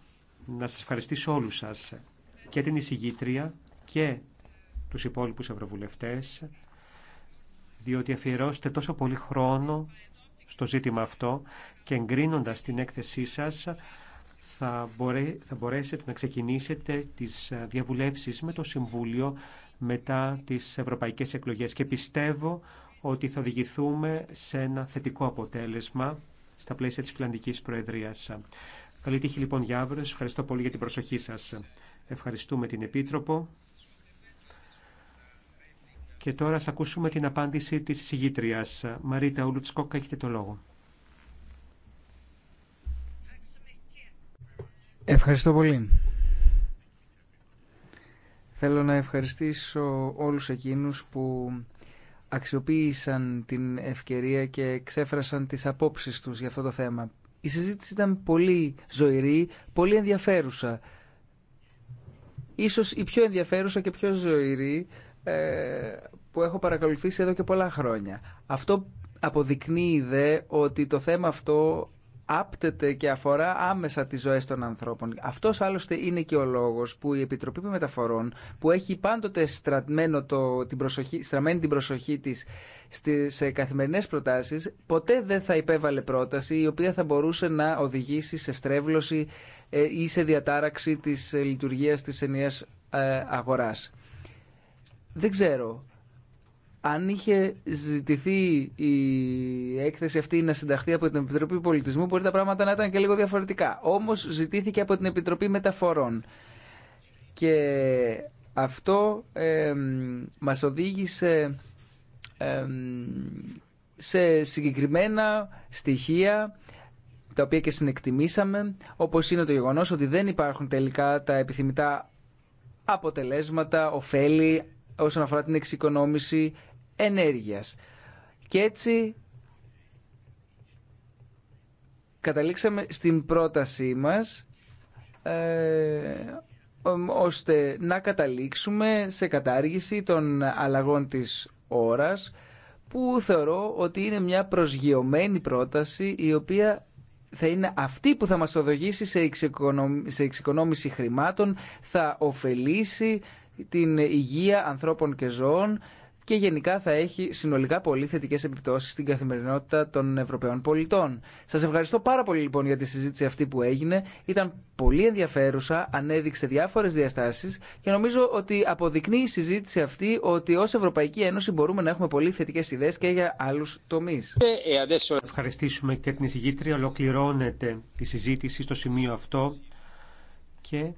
να σας ευχαριστήσω όλους σας και την εισηγήτρια και τους υπόλοιπους ευρωβουλευτές διότι αφιερώσετε τόσο πολύ χρόνο στο ζήτημα αυτό και εγκρίνοντας την έκθεσή σας θα, μπορέσετε να ξεκινήσετε τις διαβουλεύσεις με το Συμβούλιο μετά τις ευρωπαϊκές εκλογές και πιστεύω ότι θα οδηγηθούμε σε ένα θετικό αποτέλεσμα στα πλαίσια της Φιλανδικής Προεδρίας. Καλή τύχη λοιπόν για αύριο. Σας ευχαριστώ πολύ για την προσοχή σας. Ευχαριστούμε την Επίτροπο. Και τώρα θα ακούσουμε την απάντηση της συγγήτριας. Μαρίτα Ουλουτσκόκα, έχετε το λόγο. Ευχαριστώ πολύ. Θέλω να ευχαριστήσω όλους εκείνους που αξιοποίησαν την ευκαιρία και ξέφρασαν τις απόψεις τους για αυτό το θέμα. Η συζήτηση ήταν πολύ ζωηρή, πολύ ενδιαφέρουσα. Ίσως η πιο ενδιαφέρουσα και πιο ζωηρή ε, που έχω παρακολουθήσει εδώ και πολλά χρόνια. Αυτό αποδεικνύει δε ότι το θέμα αυτό άπτεται και αφορά άμεσα τις ζωές των ανθρώπων. Αυτός άλλωστε είναι και ο λόγος που η Επιτροπή Μεταφορών, που έχει πάντοτε στραμμένο το, την προσοχή, στραμμένη την προσοχή της στις καθημερινές προτάσεις, ποτέ δεν θα υπέβαλε πρόταση η οποία θα μπορούσε να οδηγήσει σε στρέβλωση ε, ή σε διατάραξη της λειτουργίας της ενιαίας ε, αγοράς. Δεν ξέρω αν είχε ζητηθεί η έκθεση αυτή να συνταχθεί από την Επιτροπή Πολιτισμού, μπορεί τα πράγματα να ήταν και λίγο διαφορετικά. Όμως ζητήθηκε από την Επιτροπή Μεταφορών. Και αυτό ε, μας οδήγησε σε συγκεκριμένα στοιχεία τα οποία και συνεκτιμήσαμε, όπως είναι το γεγονός ότι δεν υπάρχουν τελικά τα επιθυμητά αποτελέσματα, ωφέλη όσον αφορά την εξοικονόμηση ενέργειας. Και έτσι καταλήξαμε στην πρότασή μας ε, ώστε να καταλήξουμε σε κατάργηση των αλλαγών της ώρας που θεωρώ ότι είναι μια προσγειωμένη πρόταση η οποία θα είναι αυτή που θα μας οδηγήσει σε, σε εξοικονόμηση χρημάτων, θα ωφελήσει την υγεία ανθρώπων και ζώων και γενικά θα έχει συνολικά πολύ θετικέ επιπτώσει στην καθημερινότητα των Ευρωπαίων πολιτών. Σα ευχαριστώ πάρα πολύ λοιπόν για τη συζήτηση αυτή που έγινε. Ήταν πολύ ενδιαφέρουσα, ανέδειξε διάφορε διαστάσει και νομίζω ότι αποδεικνύει η συζήτηση αυτή ότι ω Ευρωπαϊκή Ένωση μπορούμε να έχουμε πολύ θετικέ ιδέε και για άλλου τομεί. Ευχαριστήσουμε και την εισηγήτρια. Ολοκληρώνεται η συζήτηση στο σημείο αυτό και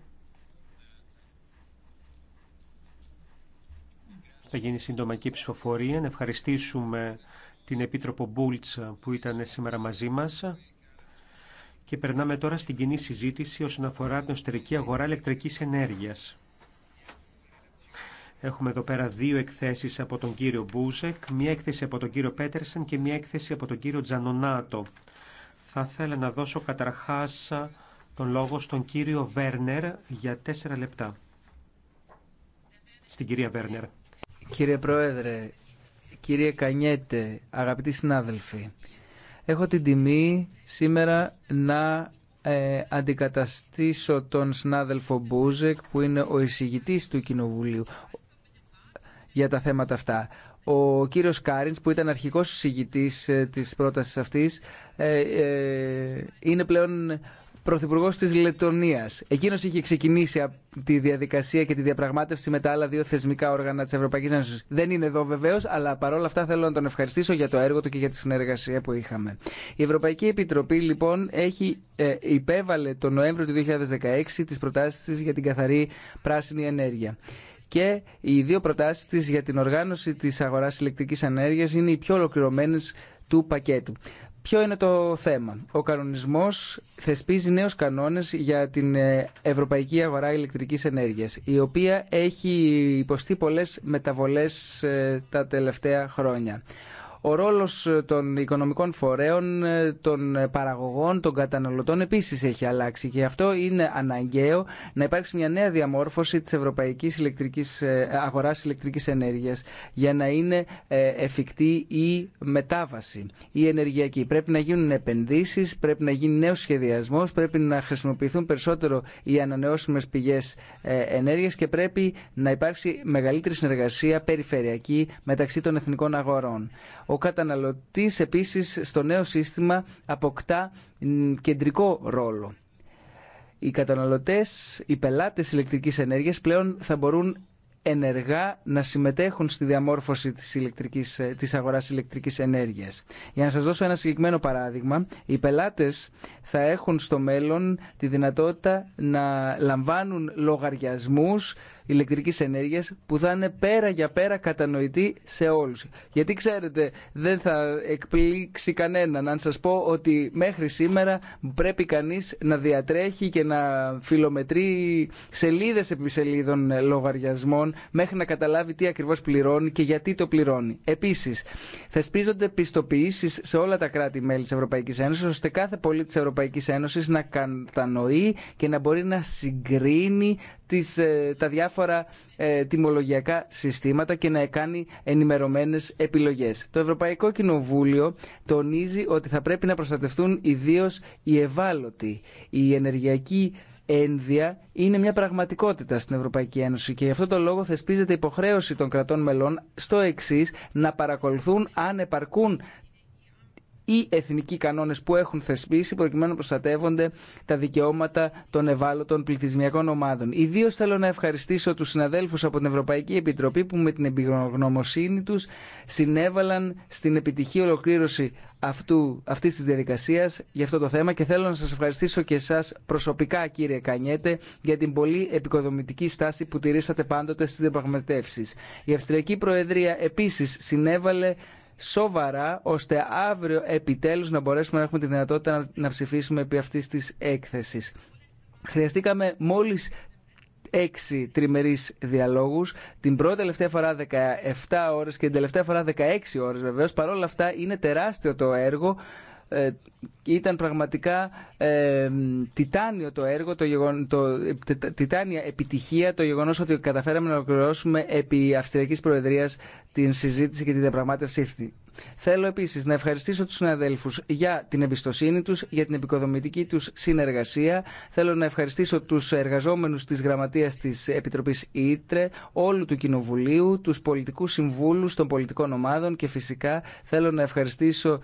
Θα γίνει σύντομα και η ψηφοφορία. Να ευχαριστήσουμε την Επίτροπο Μπούλτσα που ήταν σήμερα μαζί μας. Και περνάμε τώρα στην κοινή συζήτηση όσον αφορά την εσωτερική αγορά ηλεκτρικής ενέργειας. Έχουμε εδώ πέρα δύο εκθέσεις από τον κύριο Μπούσεκ, μία έκθεση από τον κύριο Πέτερσεν και μία έκθεση από τον κύριο Τζανονάτο. Θα ήθελα να δώσω καταρχάς τον λόγο στον κύριο Βέρνερ για τέσσερα λεπτά. Στην κυρία Βέρνερ. Κύριε Πρόεδρε, κύριε Κανιέτε, αγαπητοί συνάδελφοι, έχω την τιμή σήμερα να ε, αντικαταστήσω τον συνάδελφο Μπούζεκ που είναι ο εισηγητής του Κοινοβουλίου για τα θέματα αυτά. Ο κύριος Κάρινς που ήταν αρχικός εισηγητής ε, της πρότασης αυτής ε, είναι πλέον Πρωθυπουργό τη Λετωνία. Εκείνο είχε ξεκινήσει τη διαδικασία και τη διαπραγμάτευση με τα άλλα δύο θεσμικά όργανα τη Ευρωπαϊκή Ένωση. Δεν είναι εδώ βεβαίω, αλλά παρόλα αυτά θέλω να τον ευχαριστήσω για το έργο του και για τη συνεργασία που είχαμε. Η Ευρωπαϊκή Επιτροπή λοιπόν έχει ε, υπέβαλε τον Νοέμβριο του 2016 τι προτάσει τη για την καθαρή πράσινη ενέργεια και οι δύο προτάσει τη για την οργάνωση τη αγορά ηλεκτρική ενέργεια είναι οι πιο ολοκληρωμένε του πακέτου. Ποιο είναι το θέμα. Ο κανονισμός θεσπίζει νέους κανόνες για την ε, ευρωπαϊκή αγορά ηλεκτρικής ενέργειας, η οποία έχει υποστεί πολλές μεταβολές ε, τα τελευταία χρόνια. Ο ρόλος ε, των οικονομικών φορέων, ε, των ε, παραγωγών, των καταναλωτών επίσης έχει αλλάξει και αυτό είναι αναγκαίο να υπάρξει μια νέα διαμόρφωση της ευρωπαϊκής ηλεκτρικής, αγοράς ηλεκτρικής ενέργειας για να είναι εφικτή η μετάβαση, η ενεργειακή. Πρέπει να γίνουν επενδύσεις, πρέπει να γίνει νέο σχεδιασμός, πρέπει να χρησιμοποιηθούν περισσότερο οι ανανεώσιμες πηγές ενέργειας και πρέπει να υπάρξει μεγαλύτερη συνεργασία περιφερειακή μεταξύ των εθνικών αγορών. Ο καταναλωτής επίσης στο νέο σύστημα αποκτά κεντρικό ρόλο. Οι καταναλωτές, οι πελάτες ηλεκτρικής ενέργειας πλέον θα μπορούν ενεργά να συμμετέχουν στη διαμόρφωση της, ηλεκτρικής, της αγοράς ηλεκτρικής ενέργειας. Για να σας δώσω ένα συγκεκριμένο παράδειγμα, οι πελάτες θα έχουν στο μέλλον τη δυνατότητα να λαμβάνουν λογαριασμούς Ηλεκτρική ενέργεια που θα είναι πέρα για πέρα κατανοητή σε όλους. Γιατί ξέρετε, δεν θα εκπλήξει κανέναν αν σας πω ότι μέχρι σήμερα πρέπει κανείς να διατρέχει και να φιλομετρεί σελίδε επί σελίδων λογαριασμών μέχρι να καταλάβει τι ακριβώς πληρώνει και γιατί το πληρώνει. Επίσης, θεσπίζονται πιστοποιήσεις σε όλα τα κράτη-μέλη της Ευρωπαϊκή Ένωση, ώστε κάθε πολίτη τη Ευρωπαϊκή Ένωση να κατανοεί και να μπορεί να συγκρίνει τις, ε, τα διάφορα ε, τιμολογιακά συστήματα και να κάνει ενημερωμένες επιλογές. Το Ευρωπαϊκό Κοινοβούλιο τονίζει ότι θα πρέπει να προστατευτούν ιδίως οι ευάλωτοι, η ενεργειακή ένδια είναι μια πραγματικότητα στην Ευρωπαϊκή Ένωση και γι' αυτό το λόγο θεσπίζεται υποχρέωση των κρατών μελών στο εξή να παρακολουθούν αν επαρκούν ή εθνικοί κανόνες που έχουν θεσπίσει προκειμένου να προστατεύονται τα δικαιώματα των ευάλωτων πληθυσμιακών ομάδων. Ιδίω θέλω να ευχαριστήσω τους συναδέλφους από την Ευρωπαϊκή Επιτροπή που με την εμπειρογνωμοσύνη τους συνέβαλαν στην επιτυχή ολοκλήρωση αυτού, αυτής της διαδικασίας για αυτό το θέμα και θέλω να σας ευχαριστήσω και εσάς προσωπικά κύριε Κανιέτε για την πολύ επικοδομητική στάση που τηρήσατε πάντοτε στις διαπραγματεύσεις. Η Αυστριακή Προεδρία επίσης συνέβαλε σοβαρά ώστε αύριο επιτέλους να μπορέσουμε να έχουμε τη δυνατότητα να ψηφίσουμε επί αυτής της έκθεσης. Χρειαστήκαμε μόλις έξι τριμερείς διαλόγους, την πρώτη τελευταία φορά 17 ώρες και την τελευταία φορά 16 ώρες βεβαίως. Παρόλα αυτά είναι τεράστιο το έργο ε, ήταν πραγματικά ε, τιτάνιο το έργο, το, το τιτάνια επιτυχία το γεγονός ότι καταφέραμε να ολοκληρώσουμε επί Αυστριακής Προεδρίας την συζήτηση και την διαπραγμάτευση αυτή. Θέλω επίση να ευχαριστήσω του συναδέλφου για την εμπιστοσύνη του για την επικοδομητική του συνεργασία. Θέλω να ευχαριστήσω του εργαζόμενους τη γραμματέία τη Επιτροπή Ήτρε, όλου του Κοινοβουλίου, του πολιτικού συμβούλου των πολιτικών ομάδων και φυσικά θέλω να ευχαριστήσω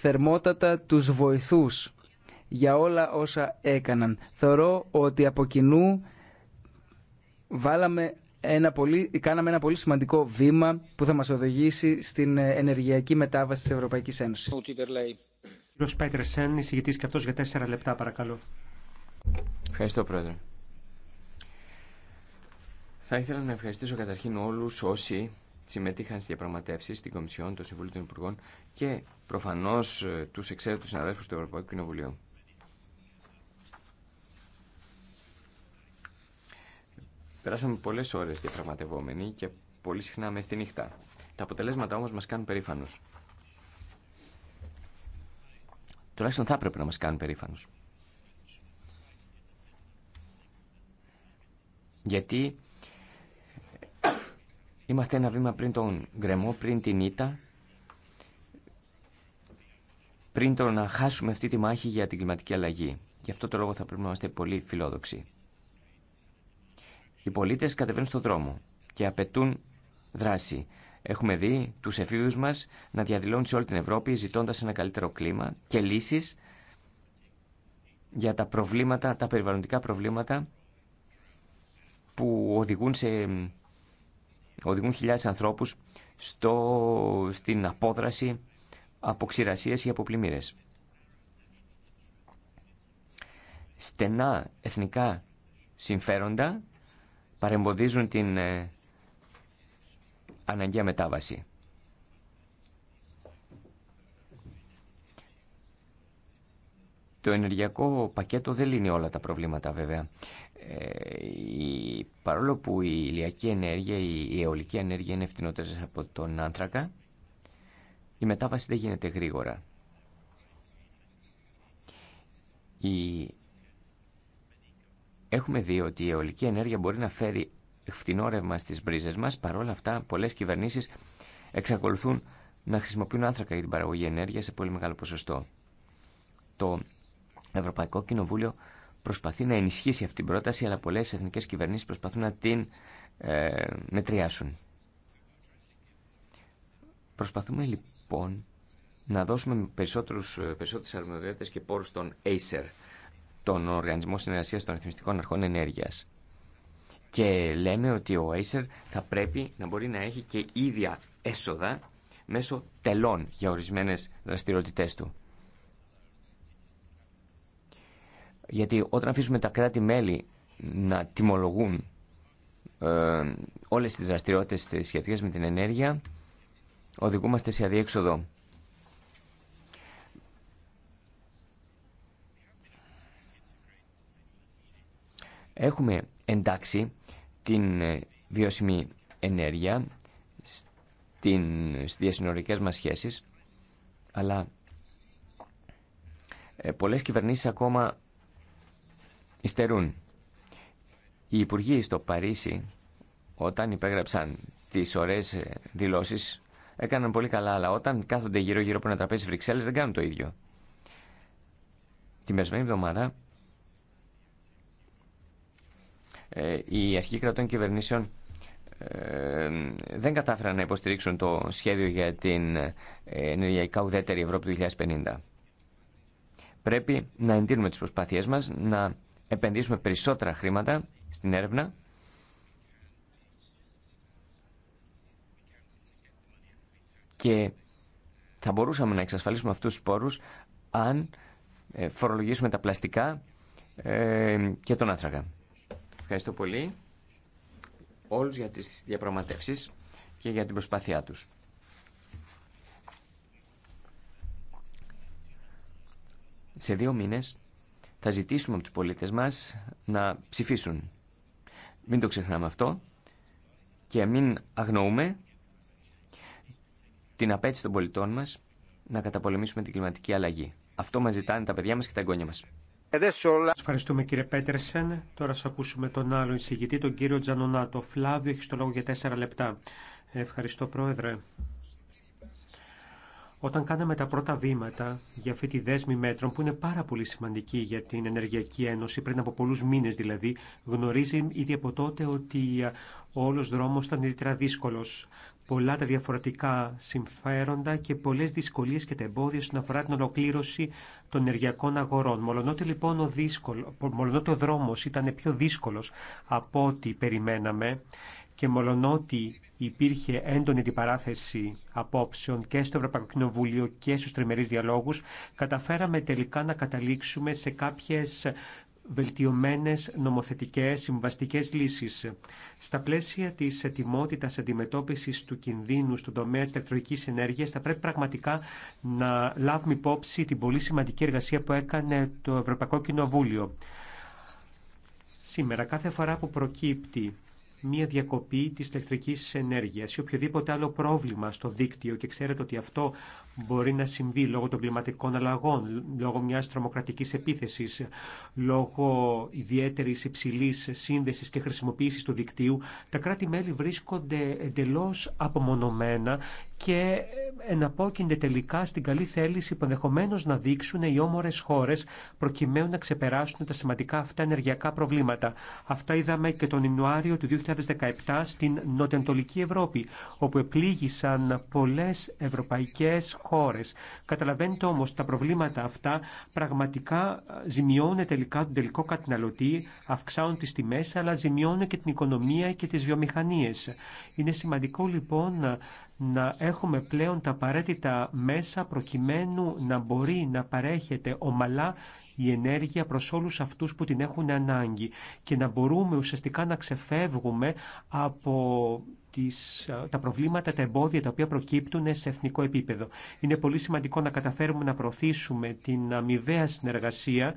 θερμότατα τους βοηθούς για όλα όσα έκαναν. Θεωρώ ότι από κοινού βάλαμε ένα πολύ, κάναμε ένα πολύ σημαντικό βήμα που θα μας οδηγήσει στην ενεργειακή μετάβαση της Ευρωπαϊκής Ένωσης. Κύριος Πέτρεσεν, εισηγητής και αυτός για τέσσερα λεπτά παρακαλώ. Ευχαριστώ Πρόεδρε. Θα ήθελα να ευχαριστήσω καταρχήν όλους όσοι συμμετείχαν στις διαπραγματεύσεις στην Κομισιόν, το Συμβούλιο των Υπουργών και προφανώς ε, τους εξαίρετους συναδέλφους του Ευρωπαϊκού Κοινοβουλίου. Περάσαμε πολλές ώρες διαπραγματευόμενοι και πολύ συχνά με στη νύχτα. Τα αποτελέσματα όμως μας κάνουν περήφανους. Τουλάχιστον θα έπρεπε να μας κάνουν περήφανους. Γιατί είμαστε ένα βήμα πριν τον γκρεμό, πριν την ήττα πριν το να χάσουμε αυτή τη μάχη για την κλιματική αλλαγή. Γι' αυτό το λόγο θα πρέπει να είμαστε πολύ φιλόδοξοι. Οι πολίτες κατεβαίνουν στον δρόμο και απαιτούν δράση. Έχουμε δει του εφήβου μας να διαδηλώνουν σε όλη την Ευρώπη ζητώντας ένα καλύτερο κλίμα και λύσεις για τα προβλήματα, τα περιβαλλοντικά προβλήματα που οδηγούν, σε, οδηγούν χιλιάδες ανθρώπους στο, στην απόδραση από ξηρασίες ή από πλημμύρες. Στενά εθνικά συμφέροντα παρεμποδίζουν την ε, αναγκαία μετάβαση. Το ενεργειακό πακέτο δεν λύνει όλα τα προβλήματα βέβαια. Ε, η, παρόλο που η ηλιακή ενέργεια, η, η αιωλική ενέργεια είναι ευθυνότερες από τον άνθρακα, η μετάβαση δεν γίνεται γρήγορα. Έχουμε δει ότι η αιωλική ενέργεια μπορεί να φέρει φθηνό ρεύμα στις μπρίζες μας. Παρ' όλα αυτά, πολλές κυβερνήσεις εξακολουθούν να χρησιμοποιούν άνθρακα για την παραγωγή ενέργεια σε πολύ μεγάλο ποσοστό. Το Ευρωπαϊκό Κοινοβούλιο προσπαθεί να ενισχύσει αυτή την πρόταση, αλλά πολλέ εθνικέ κυβερνήσει προσπαθούν να την ε, μετριάσουν. Προσπαθούμε λοιπόν λοιπόν να δώσουμε περισσότερους, ε, περισσότερες αρμοδιότητες και πόρους στον Acer, τον Οργανισμό Συνεργασίας των Ρυθμιστικών Αρχών Ενέργειας. Και λέμε ότι ο Acer θα πρέπει να μπορεί να έχει και ίδια έσοδα μέσω τελών για ορισμένες δραστηριότητές του. Γιατί όταν αφήσουμε τα κράτη-μέλη να τιμολογούν ε, όλες τις δραστηριότητες σχετικές με την ενέργεια, οδηγούμαστε σε αδιέξοδο. Έχουμε εντάξει την ε, βιώσιμη ενέργεια στην, στις διασυνορικές μας σχέσεις, αλλά ε, πολλές κυβερνήσεις ακόμα υστερούν. Οι υπουργοί στο Παρίσι, όταν υπέγραψαν τις ωραίες ε, δηλώσεις έκαναν πολύ καλά, αλλά όταν κάθονται γύρω-γύρω από ένα τραπέζι Βρυξέλλε, δεν κάνουν το ίδιο. Την περσμένη εβδομάδα ε, οι αρχοί κρατών κυβερνήσεων ε, δεν κατάφεραν να υποστηρίξουν το σχέδιο για την ε, ενεργειακά ουδέτερη Ευρώπη του 2050. Πρέπει να εντείνουμε τις προσπάθειές μας, να επενδύσουμε περισσότερα χρήματα στην έρευνα Και θα μπορούσαμε να εξασφαλίσουμε αυτούς τους πόρους αν ε, φορολογήσουμε τα πλαστικά ε, και τον άνθρακα. Ευχαριστώ πολύ όλους για τις διαπραγματεύσεις και για την προσπάθειά τους. Σε δύο μήνες θα ζητήσουμε από τους πολίτες μας να ψηφίσουν. Μην το ξεχνάμε αυτό και μην αγνοούμε την απέτηση των πολιτών μα να καταπολεμήσουμε την κλιματική αλλαγή. Αυτό μα ζητάνε τα παιδιά μα και τα εγγόνια μας. Ευχαριστούμε κύριε Πέτερσεν. Τώρα θα ακούσουμε τον άλλο εισηγητή, τον κύριο Τζανονάτο. Φλάβιο, έχει το λόγο για τέσσερα λεπτά. Ευχαριστώ πρόεδρε. Όταν κάναμε τα πρώτα βήματα για αυτή τη δέσμη μέτρων που είναι πάρα πολύ σημαντική για την Ενεργειακή Ένωση, πριν από πολλούς μήνες δηλαδή, γνωρίζει ήδη από τότε ότι όλος ήταν ιδιαίτερα δύσκολο πολλά τα διαφορετικά συμφέροντα και πολλέ δυσκολίε και τα εμπόδια στον αφορά την ολοκλήρωση των ενεργειακών αγορών. Μολονότι λοιπόν ο, δύσκολο, ο δρόμος ήταν πιο δύσκολος από ό,τι περιμέναμε και μολονότι υπήρχε έντονη αντιπαράθεση απόψεων και στο Ευρωπαϊκό Κοινοβούλιο και στους τριμερείς διαλόγους, καταφέραμε τελικά να καταλήξουμε σε κάποιες βελτιωμένες νομοθετικές συμβαστικές λύσεις. Στα πλαίσια της ετοιμότητας αντιμετώπισης του κινδύνου στον τομέα της ηλεκτρονικής ενέργειας θα πρέπει πραγματικά να λάβουμε υπόψη την πολύ σημαντική εργασία που έκανε το Ευρωπαϊκό Κοινοβούλιο. Σήμερα κάθε φορά που προκύπτει μία διακοπή της ηλεκτρικής ενέργειας ή οποιοδήποτε άλλο πρόβλημα στο δίκτυο και ξέρετε ότι αυτό μπορεί να συμβεί λόγω των κλιματικών αλλαγών, λόγω μιας τρομοκρατικής επίθεσης, λόγω ιδιαίτερης υψηλής σύνδεσης και χρησιμοποίησης του δικτύου, τα κράτη-μέλη βρίσκονται εντελώς απομονωμένα και εναπόκεινται τελικά στην καλή θέληση που ενδεχομένω να δείξουν οι όμορε χώρε προκειμένου να ξεπεράσουν τα σημαντικά αυτά ενεργειακά προβλήματα. Αυτά είδαμε και τον Ιανουάριο του 2017 στην Νοτιοανατολική Ευρώπη, όπου επλήγησαν πολλέ ευρωπαϊκέ Καταλαβαίνετε όμως τα προβλήματα αυτά πραγματικά ζημιώνουν τελικά τον τελικό καταναλωτή, αυξάνουν τι τιμέ, αλλά ζημιώνουν και την οικονομία και τι βιομηχανίε. Είναι σημαντικό λοιπόν να έχουμε πλέον τα απαραίτητα μέσα προκειμένου να μπορεί να παρέχεται ομαλά η ενέργεια προς όλους αυτούς που την έχουν ανάγκη και να μπορούμε ουσιαστικά να ξεφεύγουμε από ε, τα προβλήματα, τα εμπόδια τα οποία προκύπτουν σε εθνικό επίπεδο. Είναι πολύ σημαντικό να καταφέρουμε να προωθήσουμε την αμοιβαία συνεργασία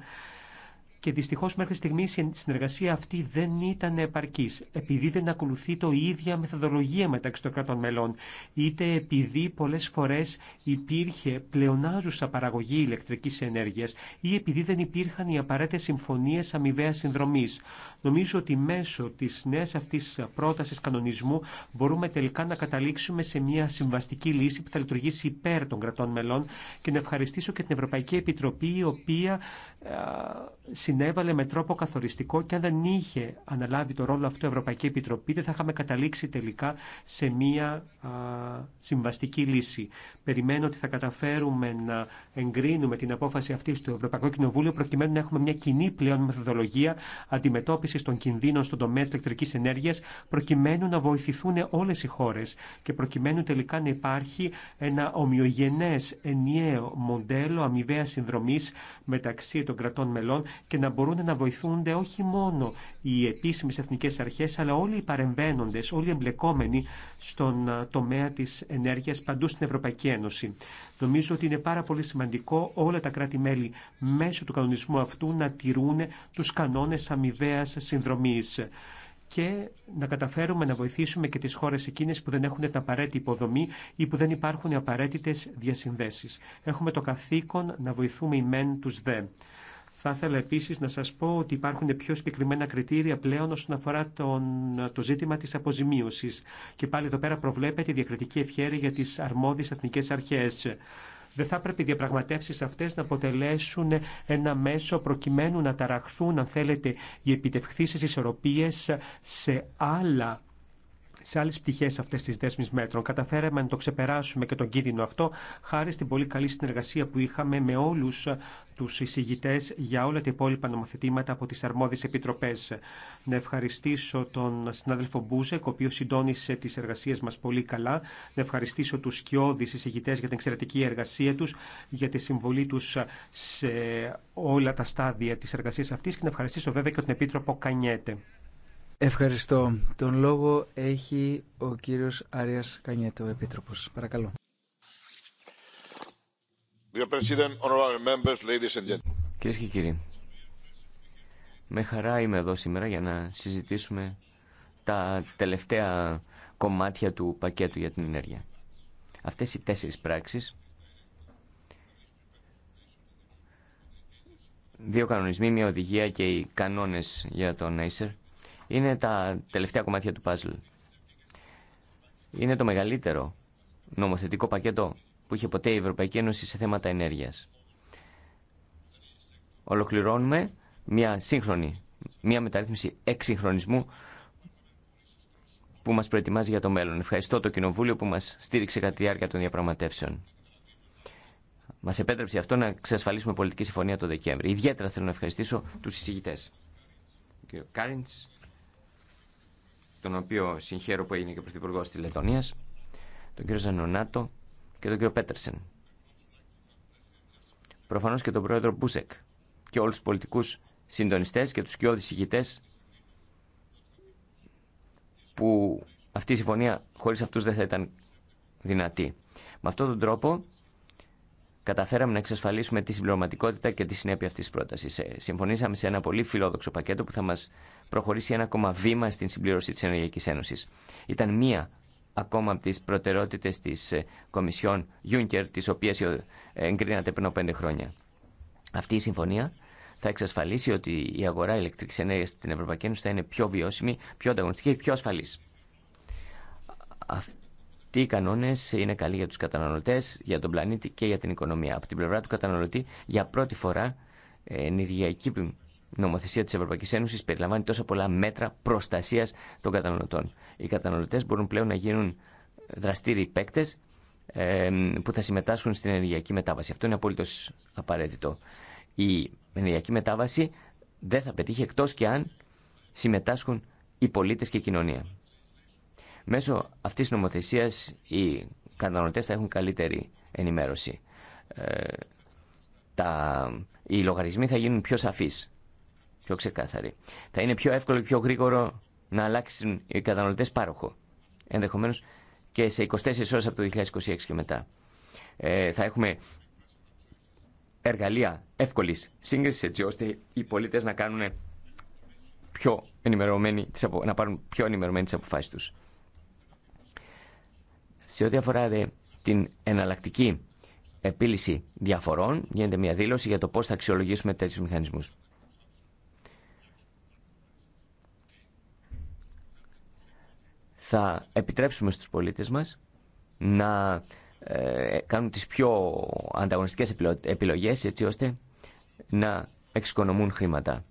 και δυστυχώ μέχρι στιγμή η συνεργασία αυτή δεν ήταν επαρκή, επειδή δεν ακολουθεί το ίδια μεθοδολογία μεταξύ των κρατών μελών, είτε επειδή πολλέ φορέ υπήρχε πλεονάζουσα παραγωγή ηλεκτρική ενέργεια ή επειδή δεν υπήρχαν οι απαραίτητε συμφωνίε αμοιβαία συνδρομή. Νομίζω ότι μέσω της νέα αυτής πρόταση κανονισμού μπορούμε τελικά να καταλήξουμε σε μια συμβαστική λύση που θα λειτουργήσει υπέρ των κρατών μελών και να ευχαριστήσω και την Ευρωπαϊκή Επιτροπή η οποία ε, συνέβαλε με τρόπο καθοριστικό και αν δεν είχε αναλάβει το ρόλο αυτό η Ευρωπαϊκή Επιτροπή δεν θα είχαμε καταλήξει τελικά σε μία συμβαστική λύση. Περιμένω ότι θα καταφέρουμε να εγκρίνουμε την απόφαση αυτή στο Ευρωπαϊκό Κοινοβούλιο προκειμένου να έχουμε μια κοινή πλέον μεθοδολογία αντιμετώπιση των κινδύνων στον τομέα τη ηλεκτρική ενέργεια προκειμένου να βοηθηθούν όλε οι χώρε και προκειμένου τελικά να υπάρχει ένα ομοιογενέ ενιαίο μοντέλο αμοιβαία συνδρομή μεταξύ των κρατών μελών και να μπορούν να βοηθούνται όχι μόνο οι επίσημες εθνικές αρχές, αλλά όλοι οι παρεμβαίνοντες, όλοι οι εμπλεκόμενοι στον ε, τομέα της ενέργειας παντού στην Ευρωπαϊκή Ένωση. Νομίζω ότι είναι πάρα πολύ σημαντικό όλα τα κράτη-μέλη μέσω του κανονισμού αυτού να τηρούν τους κανόνες αμοιβαία συνδρομής και να καταφέρουμε να βοηθήσουμε και τις χώρες εκείνες που δεν έχουν την απαραίτητη υποδομή ή που δεν υπάρχουν απαραίτητες διασυνδέσεις. Έχουμε το καθήκον να βοηθούμε οι μεν τους δε. Θα ήθελα επίσης να σας πω ότι υπάρχουν πιο συγκεκριμένα κριτήρια πλέον όσον αφορά τον, το ζήτημα της αποζημίωσης. Και πάλι εδώ πέρα προβλέπεται η διακριτική ευχαίρεια για τις αρμόδιες εθνικές αρχές. Δεν θα πρέπει οι διαπραγματεύσεις αυτές να αποτελέσουν ένα μέσο προκειμένου να ταραχθούν, αν θέλετε, οι επιτευχθήσεις ισορροπίες σε σε άλλε πτυχέ αυτέ τη δέσμη μέτρων. Καταφέραμε να το ξεπεράσουμε και τον κίνδυνο αυτό χάρη στην πολύ καλή συνεργασία που είχαμε με όλου του εισηγητές για όλα τα υπόλοιπα νομοθετήματα από τι αρμόδιε επιτροπέ. Να ευχαριστήσω τον συνάδελφο Μπούζεκ, ο οποίο συντόνισε τις εργασίες μα πολύ καλά. Να ευχαριστήσω τους σκιώδει εισηγητές για την εξαιρετική εργασία του, για τη συμβολή του σε όλα τα στάδια τη εργασία αυτή και να ευχαριστήσω βέβαια και τον Επίτροπο Κανιέτε. Ευχαριστώ. Τον λόγο έχει ο κύριος Άριας ο Επίτροπος. Παρακαλώ. Κυρίε και κύριοι, με χαρά είμαι εδώ σήμερα για να συζητήσουμε τα τελευταία κομμάτια του πακέτου για την ενέργεια. Αυτές οι τέσσερις πράξεις, δύο κανονισμοί, μια οδηγία και οι κανόνες για τον Acer, είναι τα τελευταία κομμάτια του παζλ. Είναι το μεγαλύτερο νομοθετικό πακέτο που είχε ποτέ η Ευρωπαϊκή Ένωση σε θέματα ενέργειας. Ολοκληρώνουμε μια σύγχρονη, μια μεταρρύθμιση εξυγχρονισμού που μας προετοιμάζει για το μέλλον. Ευχαριστώ το Κοινοβούλιο που μας στήριξε κατά τη διάρκεια των διαπραγματεύσεων. Μας επέτρεψε αυτό να εξασφαλίσουμε πολιτική συμφωνία το Δεκέμβρη. Ιδιαίτερα θέλω να ευχαριστήσω τους συζητητές. Ο Κάριντς, τον οποίο συγχαίρω που έγινε και πρωθυπουργός της Λετωνίας, τον και τον κύριο Πέτερσεν. Προφανώ και τον πρόεδρο Μπούσεκ και όλου του πολιτικού συντονιστέ και του κοιόδη ηγητέ που αυτή η συμφωνία χωρί αυτού δεν θα ήταν δυνατή. Με αυτόν τον τρόπο καταφέραμε να εξασφαλίσουμε τη συμπληρωματικότητα και τη συνέπεια αυτή τη πρόταση. Ε, συμφωνήσαμε σε ένα πολύ φιλόδοξο πακέτο που θα μα προχωρήσει ένα ακόμα βήμα στην συμπλήρωση τη Ενεργειακή Ένωση. Ήταν μία ακόμα από τις προτεραιότητες της ε, Κομισιόν Juncker, τις οποίες ε, εγκρίνατε πριν από πέντε χρόνια. Αυτή η συμφωνία θα εξασφαλίσει ότι η αγορά ηλεκτρικής ενέργειας στην Ευρωπαϊκή Ένωση θα είναι πιο βιώσιμη, πιο ανταγωνιστική και πιο ασφαλής. Αυτοί οι κανόνες είναι καλοί για τους καταναλωτές, για τον πλανήτη και για την οικονομία. Από την πλευρά του καταναλωτή, για πρώτη φορά ε, ενεργειακή νομοθεσία τη Ευρωπαϊκή Ένωση περιλαμβάνει τόσο πολλά μέτρα προστασία των καταναλωτών. Οι καταναλωτέ μπορούν πλέον να γίνουν δραστήριοι παίκτες που θα συμμετάσχουν στην ενεργειακή μετάβαση. Αυτό είναι απόλυτο απαραίτητο. Η ενεργειακή μετάβαση δεν θα πετύχει εκτό και αν συμμετάσχουν οι πολίτε και η κοινωνία. Μέσω αυτή τη νομοθεσία οι καταναλωτέ θα έχουν καλύτερη ενημέρωση. Ε, οι λογαριασμοί θα γίνουν πιο σαφείς πιο ξεκάθαρη. Θα είναι πιο εύκολο και πιο γρήγορο να αλλάξουν οι κατανοητέ πάροχο. Ενδεχομένως και σε 24 ώρες από το 2026 και μετά. Ε, θα έχουμε εργαλεία εύκολης σύγκριση έτσι ώστε οι πολίτε να κάνουν πιο ενημερωμένοι, να πάρουν πιο ενημερωμένοι τι αποφάσεις τους. Σε ό,τι αφορά την εναλλακτική επίλυση διαφορών, γίνεται μια δήλωση για το πώ θα αξιολογήσουμε τέτοιου μηχανισμού. θα επιτρέψουμε στους πολίτες μας να ε, κάνουν τις πιο ανταγωνιστικές επιλογές έτσι ώστε να εξοικονομούν χρήματα.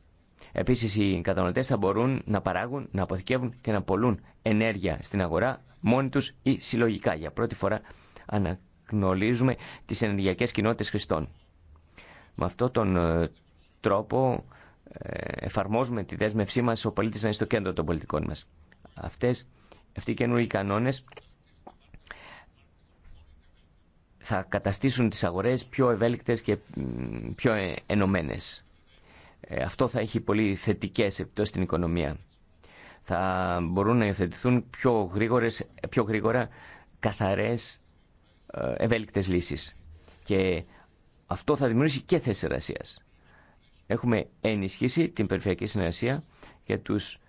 Επίσης οι καταναλωτές θα μπορούν να παράγουν, να αποθηκεύουν και να πολλούν ενέργεια στην αγορά μόνοι τους ή συλλογικά. Για πρώτη φορά αναγνωρίζουμε τις ενεργειακές κοινότητες χρηστών. Με αυτόν τον ε, τρόπο ε, εφαρμόζουμε τη δέσμευσή μας ο πολίτης να είναι στο κέντρο των πολιτικών μας. Αυτές αυτοί οι καινούργιοι κανόνες θα καταστήσουν τις αγορές πιο ευέλικτες και πιο ε, ενωμένες. Ε, αυτό θα έχει πολύ θετικές επιπτώσεις στην οικονομία. Θα μπορούν να υιοθετηθούν πιο, γρήγορες, πιο γρήγορα καθαρές ε, ευέλικτες λύσεις. Και αυτό θα δημιουργήσει και θέσεις εργασία. Έχουμε ενισχύσει την περιφερειακή συνεργασία για τους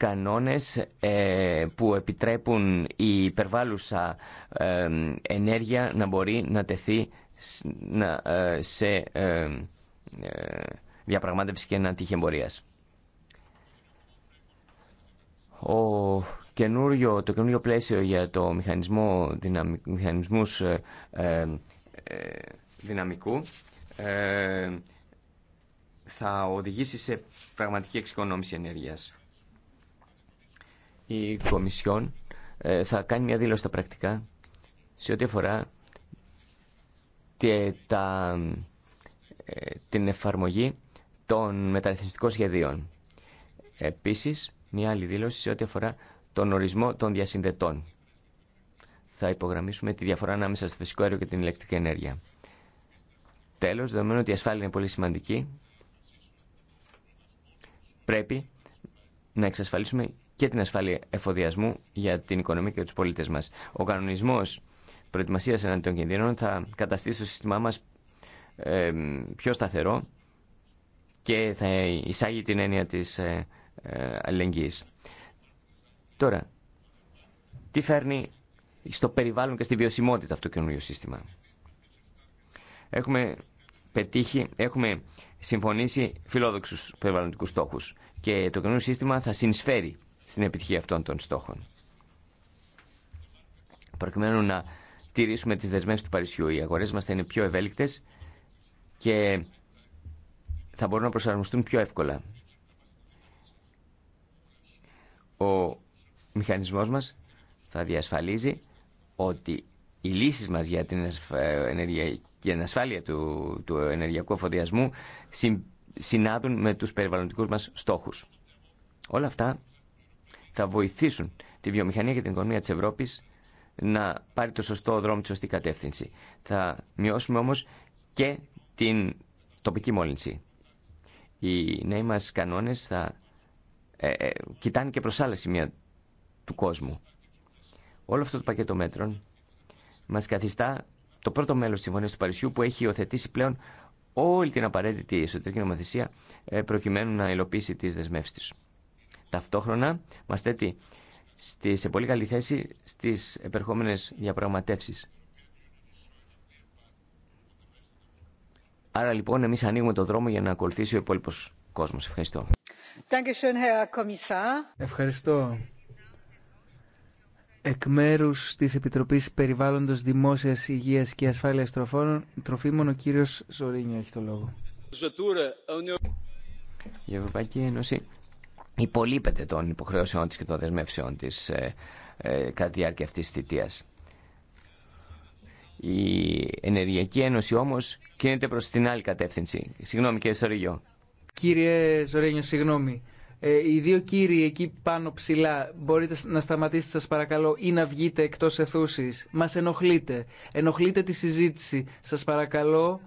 κανόνες ε, που επιτρέπουν η υπερβάλλουσα ε, ενέργεια να μπορεί να τεθεί ε, σε διαπραγμάτευση και τη εμπορίας. Ο καινούριο, το καινούριο πλαίσιο για το μηχανισμό μηχανισμούς δυναμικού θα οδηγήσει σε πραγματική εξοικονόμηση ενέργειας η Κομισιόν ε, θα κάνει μια δήλωση στα πρακτικά σε ό,τι αφορά ε, την εφαρμογή των μεταρρυθμιστικών σχεδίων. Επίσης, μια άλλη δήλωση σε ό,τι αφορά τον ορισμό των διασυνδετών. Θα υπογραμμίσουμε τη διαφορά ανάμεσα στο φυσικό αέριο και την ηλεκτρική ενέργεια. Τέλος, δεδομένου ότι η ασφάλεια είναι πολύ σημαντική, πρέπει να εξασφαλίσουμε και την ασφάλεια εφοδιασμού για την οικονομία και του πολίτε μα. Ο κανονισμό προετοιμασία εναντίον των κινδύνων θα καταστήσει το σύστημά μα πιο σταθερό και θα εισάγει την έννοια τη ε, ε Τώρα, τι φέρνει στο περιβάλλον και στη βιωσιμότητα αυτό το καινούριο σύστημα. Έχουμε πετύχει, συμφωνήσει φιλόδοξους περιβαλλοντικούς στόχους και το καινούριο σύστημα θα συνεισφέρει στην επιτυχία αυτών των στόχων. Προκειμένου να τηρήσουμε τις δεσμεύσεις του Παρισιού, οι αγορές μας θα είναι πιο ευέλικτες και θα μπορούν να προσαρμοστούν πιο εύκολα. Ο μηχανισμός μας θα διασφαλίζει ότι οι λύσεις μας για την, ενέργεια και ασφάλεια του, του ενεργειακού αφοδιασμού συνάδουν με τους περιβαλλοντικούς μας στόχους. Όλα αυτά θα βοηθήσουν τη βιομηχανία και την οικονομία της Ευρώπης να πάρει το σωστό δρόμο, τη σωστή κατεύθυνση. Θα μειώσουμε όμως και την τοπική μόλυνση. Οι νέοι μα κανόνες θα ε, ε, κοιτάνε και προς άλλα σημεία του κόσμου. Όλο αυτό το πακέτο μέτρων μας καθιστά το πρώτο μέλος τη Συμφωνία του Παρισιού που έχει υιοθετήσει πλέον όλη την απαραίτητη εσωτερική νομοθεσία ε, προκειμένου να υλοποιήσει τις δεσμεύσεις τη. Ταυτόχρονα μα θέτει σε πολύ καλή θέση στις επερχόμενες διαπραγματεύσεις. Άρα λοιπόν εμείς ανοίγουμε το δρόμο για να ακολουθήσει ο υπόλοιπο κόσμος. Ευχαριστώ. Ευχαριστώ. Εκ μέρου τη Επιτροπή Περιβάλλοντο Δημόσια Υγεία και Ασφάλεια Τροφίμων, ο κύριο Ζωρίνιο έχει το λόγο. Η Ευρωπαϊκή Ένωση υπολείπεται των υποχρεώσεών της και των δεσμεύσεων της ε, ε, κατά τη διάρκεια αυτής της θητείας. Η Ενεργειακή Ένωση όμως κινείται προς την άλλη κατεύθυνση. Συγγνώμη κύριε Σορίγιο. Κύριε Ζωρένιο, συγγνώμη. Ε, οι δύο κύριοι εκεί πάνω ψηλά, μπορείτε να σταματήσετε σας παρακαλώ ή να βγείτε εκτός εθούσης. Μας ενοχλείτε. Ενοχλείτε τη συζήτηση. Σας παρακαλώ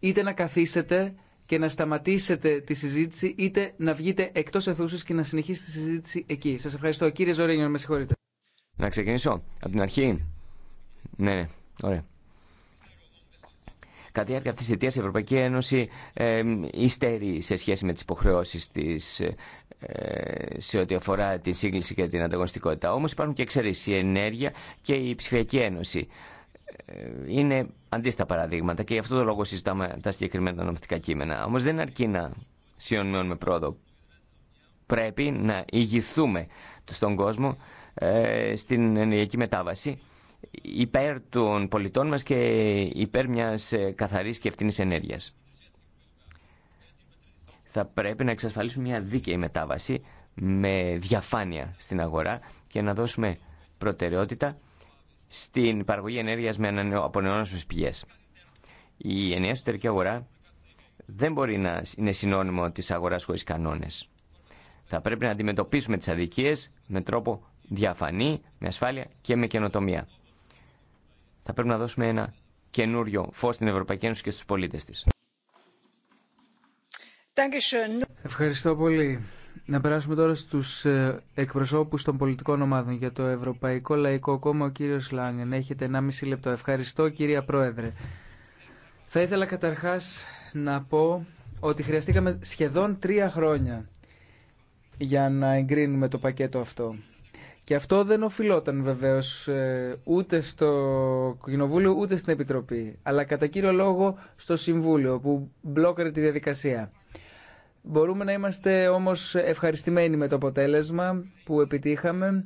είτε να καθίσετε και να σταματήσετε τη συζήτηση, είτε να βγείτε εκτό αιθούση και να συνεχίσετε τη συζήτηση εκεί. Σα ευχαριστώ. Κύριε Ζωρίνιο, με συγχωρείτε. Να ξεκινήσω από την αρχή. Ναι, ναι, ωραία. Κατά τη διάρκεια αυτή τη θητεία, η Ευρωπαϊκή Ένωση ε, υστερεί σε σχέση με τι υποχρεώσει τη ε, σε ό,τι αφορά την σύγκληση και την ανταγωνιστικότητα. Όμω, υπάρχουν και εξαιρέσει η ενέργεια και η ψηφιακή ένωση είναι αντίθετα παραδείγματα και γι' αυτό το λόγο συζητάμε τα συγκεκριμένα νομιστικά κείμενα. Όμως δεν αρκεί να σιωνιώνουμε πρόοδο. Πρέπει να ηγηθούμε στον κόσμο ε, στην ενεργειακή μετάβαση υπέρ των πολιτών μας και υπέρ μιας ε, καθαρής και ευθύνης ενέργειας. Θα πρέπει να εξασφαλίσουμε μια δίκαιη μετάβαση με διαφάνεια στην αγορά και να δώσουμε προτεραιότητα στην παραγωγή ενέργειας με ανανεώσιμε πηγέ. Η ενιαία εσωτερική αγορά δεν μπορεί να είναι συνώνυμο της αγορά χωρί κανόνες. Θα πρέπει να αντιμετωπίσουμε τις αδικίες με τρόπο διαφανή, με ασφάλεια και με καινοτομία. Θα πρέπει να δώσουμε ένα καινούριο φως στην Ευρωπαϊκή Ένωση και στου πολίτες τη. Ευχαριστώ πολύ. Να περάσουμε τώρα στους ε, εκπροσώπους των πολιτικών ομάδων για το Ευρωπαϊκό Λαϊκό Κόμμα, ο κύριος Λάγεν. Έχετε 1,5 λεπτό. Ευχαριστώ κυρία Πρόεδρε. Θα ήθελα καταρχάς να πω ότι χρειαστήκαμε σχεδόν τρία χρόνια για να εγκρίνουμε το πακέτο αυτό. Και αυτό δεν οφειλόταν βεβαίως ε, ούτε στο Κοινοβούλιο ούτε στην Επιτροπή, αλλά κατά κύριο λόγο στο Συμβούλιο που μπλόκαρε τη διαδικασία. Μπορούμε να είμαστε όμως ευχαριστημένοι με το αποτέλεσμα που επιτύχαμε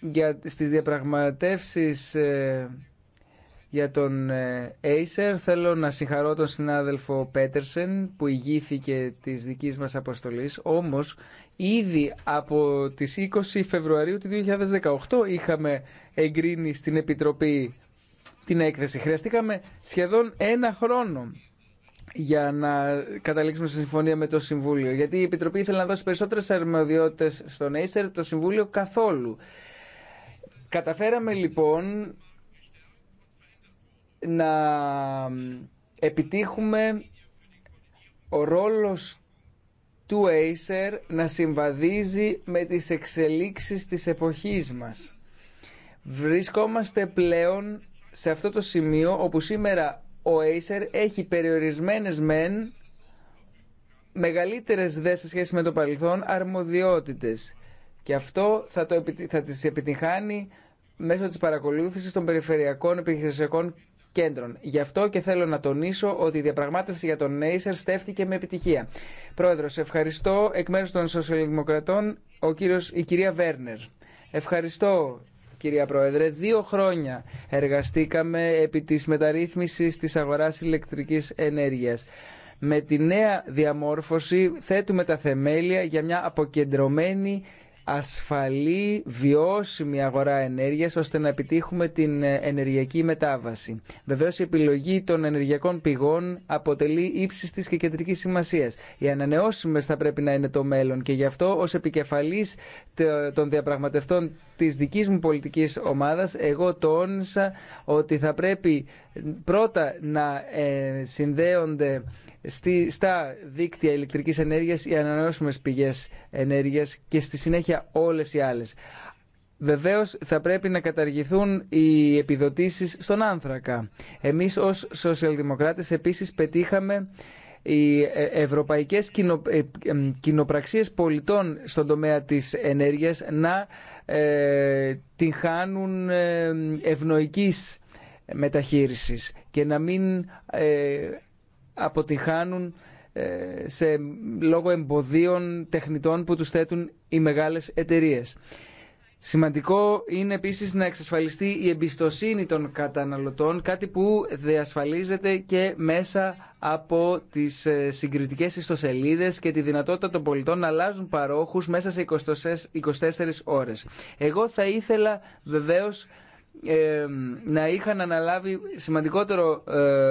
για στις διαπραγματεύσεις ε, για τον ε, Acer θέλω να συγχαρώ τον συνάδελφο Πέτερσεν που ηγήθηκε της δικής μας αποστολής όμως ήδη από τις 20 Φεβρουαρίου του 2018 είχαμε εγκρίνει στην Επιτροπή την έκθεση χρειαστήκαμε σχεδόν ένα χρόνο για να καταλήξουμε σε συμφωνία με το Συμβούλιο. Γιατί η Επιτροπή ήθελε να δώσει περισσότερες αρμοδιότητες στον Acer, το Συμβούλιο καθόλου. Καταφέραμε λοιπόν να επιτύχουμε ο ρόλος του Acer να συμβαδίζει με τις εξελίξεις της εποχής μας. Βρισκόμαστε πλέον σε αυτό το σημείο όπου σήμερα ο Acer έχει περιορισμένες μεν μεγαλύτερες δε σε σχέση με το παρελθόν αρμοδιότητες και αυτό θα, το, θα τις επιτυχάνει μέσω της παρακολούθησης των περιφερειακών επιχειρησιακών κέντρων. Γι' αυτό και θέλω να τονίσω ότι η διαπραγμάτευση για τον Acer στέφτηκε με επιτυχία. Πρόεδρο, ευχαριστώ εκ μέρους των Σοσιαλδημοκρατών ο η κυρία Βέρνερ. Ευχαριστώ κυρία Πρόεδρε. Δύο χρόνια εργαστήκαμε επί της μεταρρύθμισης της αγοράς ηλεκτρικής ενέργειας. Με τη νέα διαμόρφωση θέτουμε τα θεμέλια για μια αποκεντρωμένη ασφαλή, βιώσιμη αγορά ενέργειας ώστε να επιτύχουμε την ενεργειακή μετάβαση. Βεβαίως η επιλογή των ενεργειακών πηγών αποτελεί ύψιστης και κεντρικής σημασίας. Οι ανανεώσιμες θα πρέπει να είναι το μέλλον και γι' αυτό ως επικεφαλής των διαπραγματευτών της δικής μου πολιτικής ομάδας εγώ τόνισα ότι θα πρέπει πρώτα να ε, συνδέονται στη, στα δίκτυα ηλεκτρικής ενέργειας, οι ανανεώσιμες πηγές ενέργειας και στη συνέχεια όλες οι άλλες. Βεβαίως θα πρέπει να καταργηθούν οι επιδοτήσεις στον άνθρακα. Εμείς ως σοσιαλδημοκράτες επίσης πετύχαμε οι ε, ευρωπαϊκές κοινο, ε, κοινοπραξίες πολιτών στον τομέα της ενέργειας να ε, την χάνουν ευνοϊκής μεταχείρισης και να μην αποτυχάνουν ε, σε, λόγω εμποδίων τεχνητών που τους θέτουν οι μεγάλες εταιρείες. Σημαντικό είναι επίσης να εξασφαλιστεί η εμπιστοσύνη των καταναλωτών, κάτι που διασφαλίζεται και μέσα από τις ε, συγκριτικές ιστοσελίδες και τη δυνατότητα των πολιτών να αλλάζουν παρόχους μέσα σε 24 ώρες. Εγώ θα ήθελα βεβαίως ε, να είχαν αναλάβει σημαντικότερο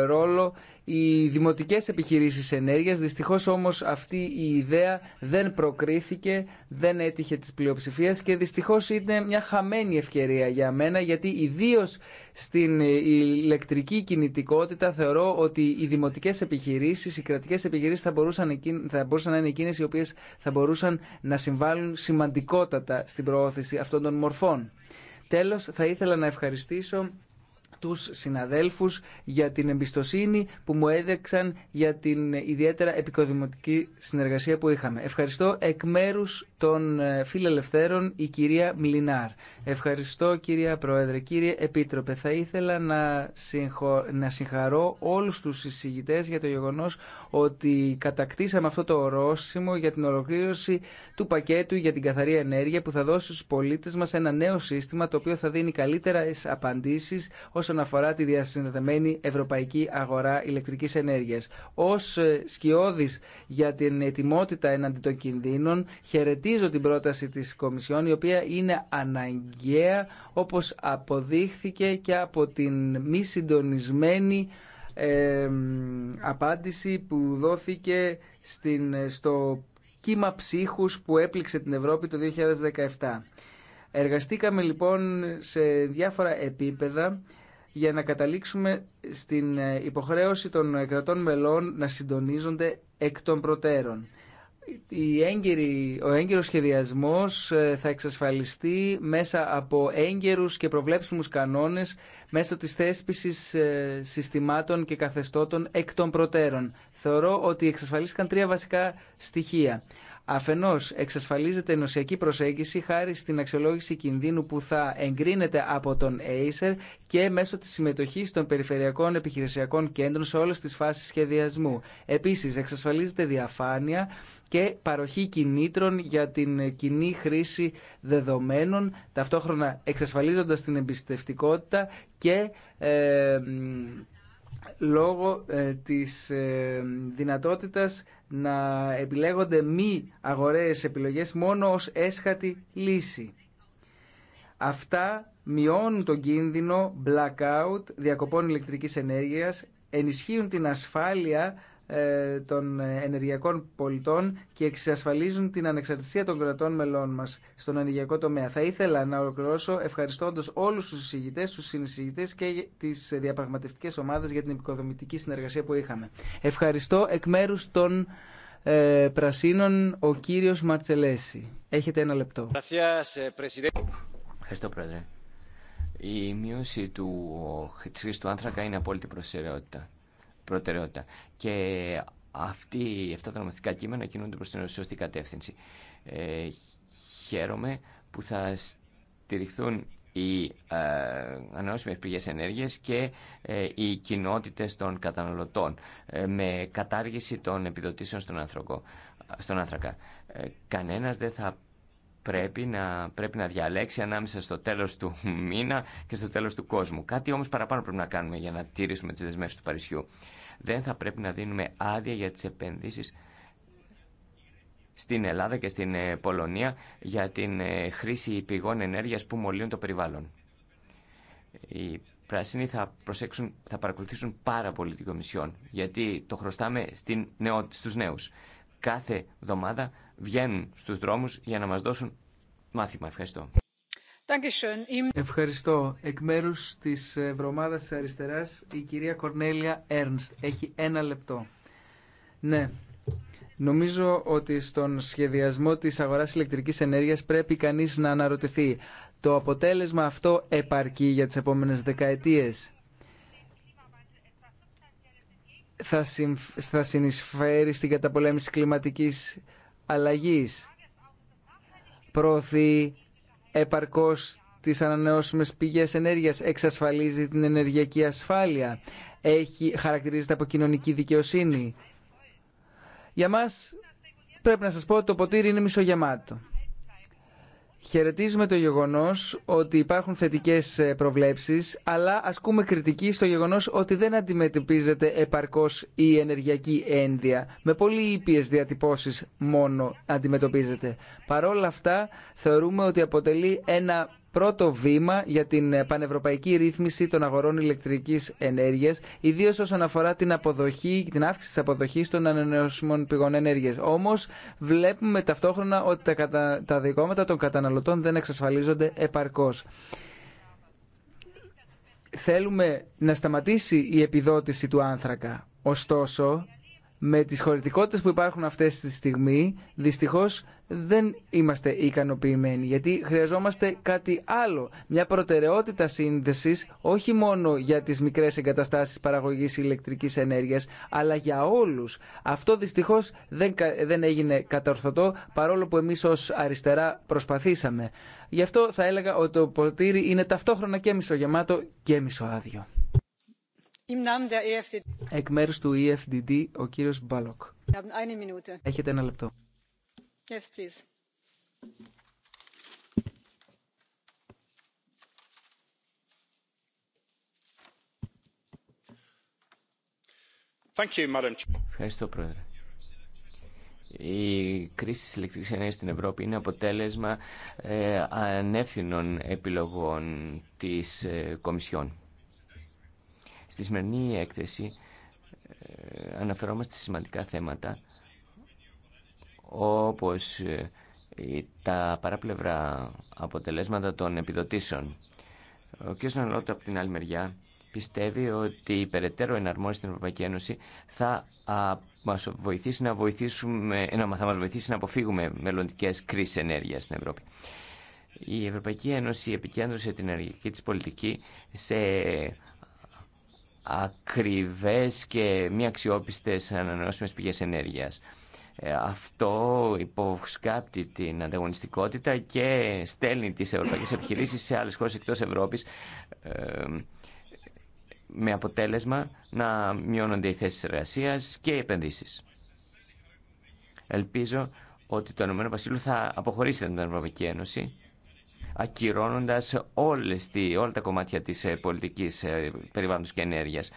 ρόλο οι δημοτικές επιχειρήσεις ενέργειας. Δυστυχώς όμως αυτή η ιδέα δεν προκρίθηκε, δεν έτυχε της πλειοψηφίας και δυστυχώς είναι μια χαμένη ευκαιρία για μένα γιατί ιδίω στην ηλεκτρική κινητικότητα θεωρώ ότι οι δημοτικές επιχειρήσεις, οι κρατικές επιχειρήσεις θα μπορούσαν, θα μπορούσαν να είναι εκείνες οι οποίες θα μπορούσαν να συμβάλλουν σημαντικότατα στην προώθηση αυτών των μορφών. Τέλος, θα ήθελα να ευχαριστήσω τους συναδέλφους για την εμπιστοσύνη που μου έδεξαν για την ιδιαίτερα επικοδημοτική συνεργασία που είχαμε. Ευχαριστώ εκ μέρους των ε, φιλελευθέρων η κυρία Μιλινάρ. Ευχαριστώ κυρία Πρόεδρε. Κύριε Επίτροπε, θα ήθελα να, να συγχαρώ όλους τους συζητητές για το γεγονός ότι κατακτήσαμε αυτό το ορόσημο για την ολοκλήρωση του πακέτου για την καθαρή ενέργεια που θα δώσει στους πολίτες μας ένα νέο σύστημα το οποίο θα δίνει καλύτερα απαντήσεις όσον αφορά τη διασυνδεδεμένη ευρωπαϊκή αγορά ηλεκτρικής ενέργειας. Ως ε, σκιώδης για την ετοιμότητα εναντί των κινδύνων χαιρετή χαιρετίζω την πρόταση της Κομισιόν η οποία είναι αναγκαία όπως αποδείχθηκε και από την μη συντονισμένη απάντηση που δόθηκε στην, στο κύμα ψύχους που έπληξε την Ευρώπη το 2017. Εργαστήκαμε λοιπόν σε διάφορα επίπεδα για να καταλήξουμε στην ε, υποχρέωση των κρατών μελών να συντονίζονται εκ των προτέρων η ο έγκυρος σχεδιασμός ε, θα εξασφαλιστεί μέσα από έγκυρους και προβλέψιμους κανόνες μέσω της θέσπισης ε, συστημάτων και καθεστώτων εκ των προτέρων. Θεωρώ ότι εξασφαλίστηκαν τρία βασικά στοιχεία. Αφενό, εξασφαλίζεται ενωσιακή προσέγγιση χάρη στην αξιολόγηση κινδύνου που θα εγκρίνεται από τον Acer και μέσω τη συμμετοχή των περιφερειακών επιχειρησιακών κέντρων σε όλε τι φάσει σχεδιασμού. Επίση, εξασφαλίζεται διαφάνεια και παροχή κινήτρων για την κοινή χρήση δεδομένων, ταυτόχρονα εξασφαλίζοντα την εμπιστευτικότητα και ε, λόγω ε, της ε, δυνατότητας να επιλέγονται μη αγορές επιλογές μόνο ως έσχατη λύση. Αυτά μειώνουν τον κίνδυνο blackout, διακοπών ηλεκτρικής ενέργειας, ενισχύουν την ασφάλεια ε, των ενεργειακών πολιτών και εξασφαλίζουν την ανεξαρτησία των κρατών μελών μας στον ενεργειακό τομέα. Θα ήθελα να ολοκληρώσω ευχαριστώντας όλους τους συζητητές, τους συνεισηγητές και τις διαπραγματευτικές ομάδες για την επικοδομητική συνεργασία που είχαμε. Ευχαριστώ εκ μέρους των ε, Πρασίνων ο κύριος Μαρτσελέση. Έχετε ένα λεπτό. Ε, Ευχαριστώ Πρόεδρε. Η μείωση του χρήση του άνθρακα είναι απόλυτη προσεραιότητα προτεραιότητα. Και αυτοί, αυτά τα νομοθετικά κείμενα κινούνται προς την σωστή κατεύθυνση. Ε, χαίρομαι που θα στηριχθούν οι ε, ανανεώσιμες πηγές ενέργειας και ε, οι κοινότητες των καταναλωτών ε, με κατάργηση των επιδοτήσεων στον, στον άνθρακα. Ε, κανένας δεν θα πρέπει να, πρέπει να διαλέξει ανάμεσα στο τέλος του μήνα και στο τέλος του κόσμου. Κάτι όμως παραπάνω πρέπει να κάνουμε για να τηρήσουμε τις δεσμεύσεις του Παρισιού δεν θα πρέπει να δίνουμε άδεια για τις επενδύσεις στην Ελλάδα και στην ε, Πολωνία για την ε, χρήση πηγών ενέργειας που μολύνουν το περιβάλλον. Οι πράσινοι θα, προσέξουν, θα παρακολουθήσουν πάρα πολύ την Κομισιόν, γιατί το χρωστάμε στην νεό, στους νέους. Κάθε εβδομάδα βγαίνουν στους δρόμους για να μας δώσουν μάθημα. Ευχαριστώ. Ευχαριστώ. Εκ μέρου τη Ευρωμάδα τη Αριστερά, η κυρία Κορνέλια Έρνστ. Έχει ένα λεπτό. Ναι. Νομίζω ότι στον σχεδιασμό της αγοράς ηλεκτρικής ενέργειας πρέπει κανείς να αναρωτηθεί. Το αποτέλεσμα αυτό επαρκεί για τις επόμενες δεκαετίες. Θα, συμφ... συνεισφέρει στην καταπολέμηση κλιματικής αλλαγής. Προωθεί επαρκώς τις ανανεώσιμες πηγές ενέργειας, εξασφαλίζει την ενεργειακή ασφάλεια, έχει, χαρακτηρίζεται από κοινωνική δικαιοσύνη. Για μας πρέπει να σας πω ότι το ποτήρι είναι μισογεμάτο. Χαιρετίζουμε το γεγονός ότι υπάρχουν θετικές ε, προβλέψεις, αλλά ασκούμε κριτική στο γεγονός ότι δεν αντιμετωπίζεται επαρκώς η ενεργειακή ένδια. Με πολύ ήπιε διατυπώσεις μόνο αντιμετωπίζεται. Παρόλα αυτά, θεωρούμε ότι αποτελεί ένα πρώτο βήμα για την ε, πανευρωπαϊκή ρύθμιση των αγορών ηλεκτρικής ενέργειας, ιδίως όσον αφορά την, αποδοχή, την αύξηση της αποδοχής των ανανεώσιμων πηγών ενέργειας. Όμως βλέπουμε ταυτόχρονα ότι τα, κατα... τα δικόματα των καταναλωτών δεν εξασφαλίζονται επαρκώς. Θέλουμε να σταματήσει η επιδότηση του άνθρακα. Ωστόσο, με τις χωρητικότητες που υπάρχουν αυτές στη στιγμή, δυστυχώς δεν είμαστε ικανοποιημένοι, γιατί χρειαζόμαστε κάτι άλλο, μια προτεραιότητα σύνδεσης, όχι μόνο για τις μικρές εγκαταστάσεις παραγωγής ηλεκτρικής ενέργειας, αλλά για όλους. Αυτό δυστυχώς δεν, δεν έγινε κατορθωτό, παρόλο που εμείς ως αριστερά προσπαθήσαμε. Γι' αυτό θα έλεγα ότι το ποτήρι είναι ταυτόχρονα και μισογεμάτο και μισοάδιο. E Εκ μέρους του EFDD, ο κύριος Μπάλοκ. Έχετε ένα λεπτό. Yes, please. Thank you, Madam. Ευχαριστώ, Πρόεδρε. Η κρίση της ηλεκτρικής ενέργειας στην Ευρώπη είναι αποτέλεσμα ε, ανεύθυνων επιλογών της ε, Κομισιόν. Στη σημερινή έκθεση ε, αναφερόμαστε σε σημαντικά θέματα όπως ε, τα παράπλευρα αποτελέσματα των επιδοτήσεων. Ο κ. Ναλότο από την άλλη μεριά πιστεύει ότι η περαιτέρω εναρμόνιση στην Ευρωπαϊκή Ένωση θα μας βοηθήσει να, βοηθήσουμε, θα μας βοηθήσει να αποφύγουμε μελλοντικές κρίσεις ενέργειας στην Ευρώπη. Η Ευρωπαϊκή Ένωση επικέντρωσε την ενεργειακή της πολιτική σε ακριβές και μη αξιόπιστες ανανεώσιμες πηγές ενέργειας. Ε, αυτό υποσκάπτει την ανταγωνιστικότητα και στέλνει τις ευρωπαϊκές επιχειρήσεις σε άλλες χώρες εκτός Ευρώπης ε, με αποτέλεσμα να μειώνονται οι θέσεις εργασίας και οι επενδύσεις. Ελπίζω ότι το Ηνωμένο θα αποχωρήσει από την Ευρωπαϊκή Ένωση ακυρώνοντας όλες, όλα τα κομμάτια της ε, πολιτικής ε, περιβάλλοντος και ενέργειας.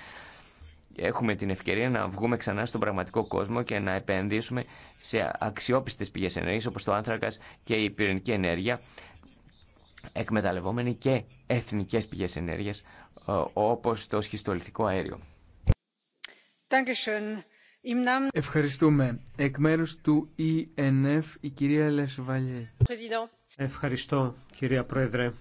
Έχουμε την ευκαιρία να βγούμε ξανά στον πραγματικό κόσμο και να επενδύσουμε σε αξιόπιστες πηγές ενέργειας όπως το άνθρακας και η πυρηνική ενέργεια εκμεταλλευόμενοι και εθνικές πηγές ενέργειας ε, όπως το σχιστολιθικό αέριο. Ευχαριστούμε. Εκ μέρους του ENF η κυρία Λεσβαλιέ. Ευχαριστώ κυρία Πρόεδρε.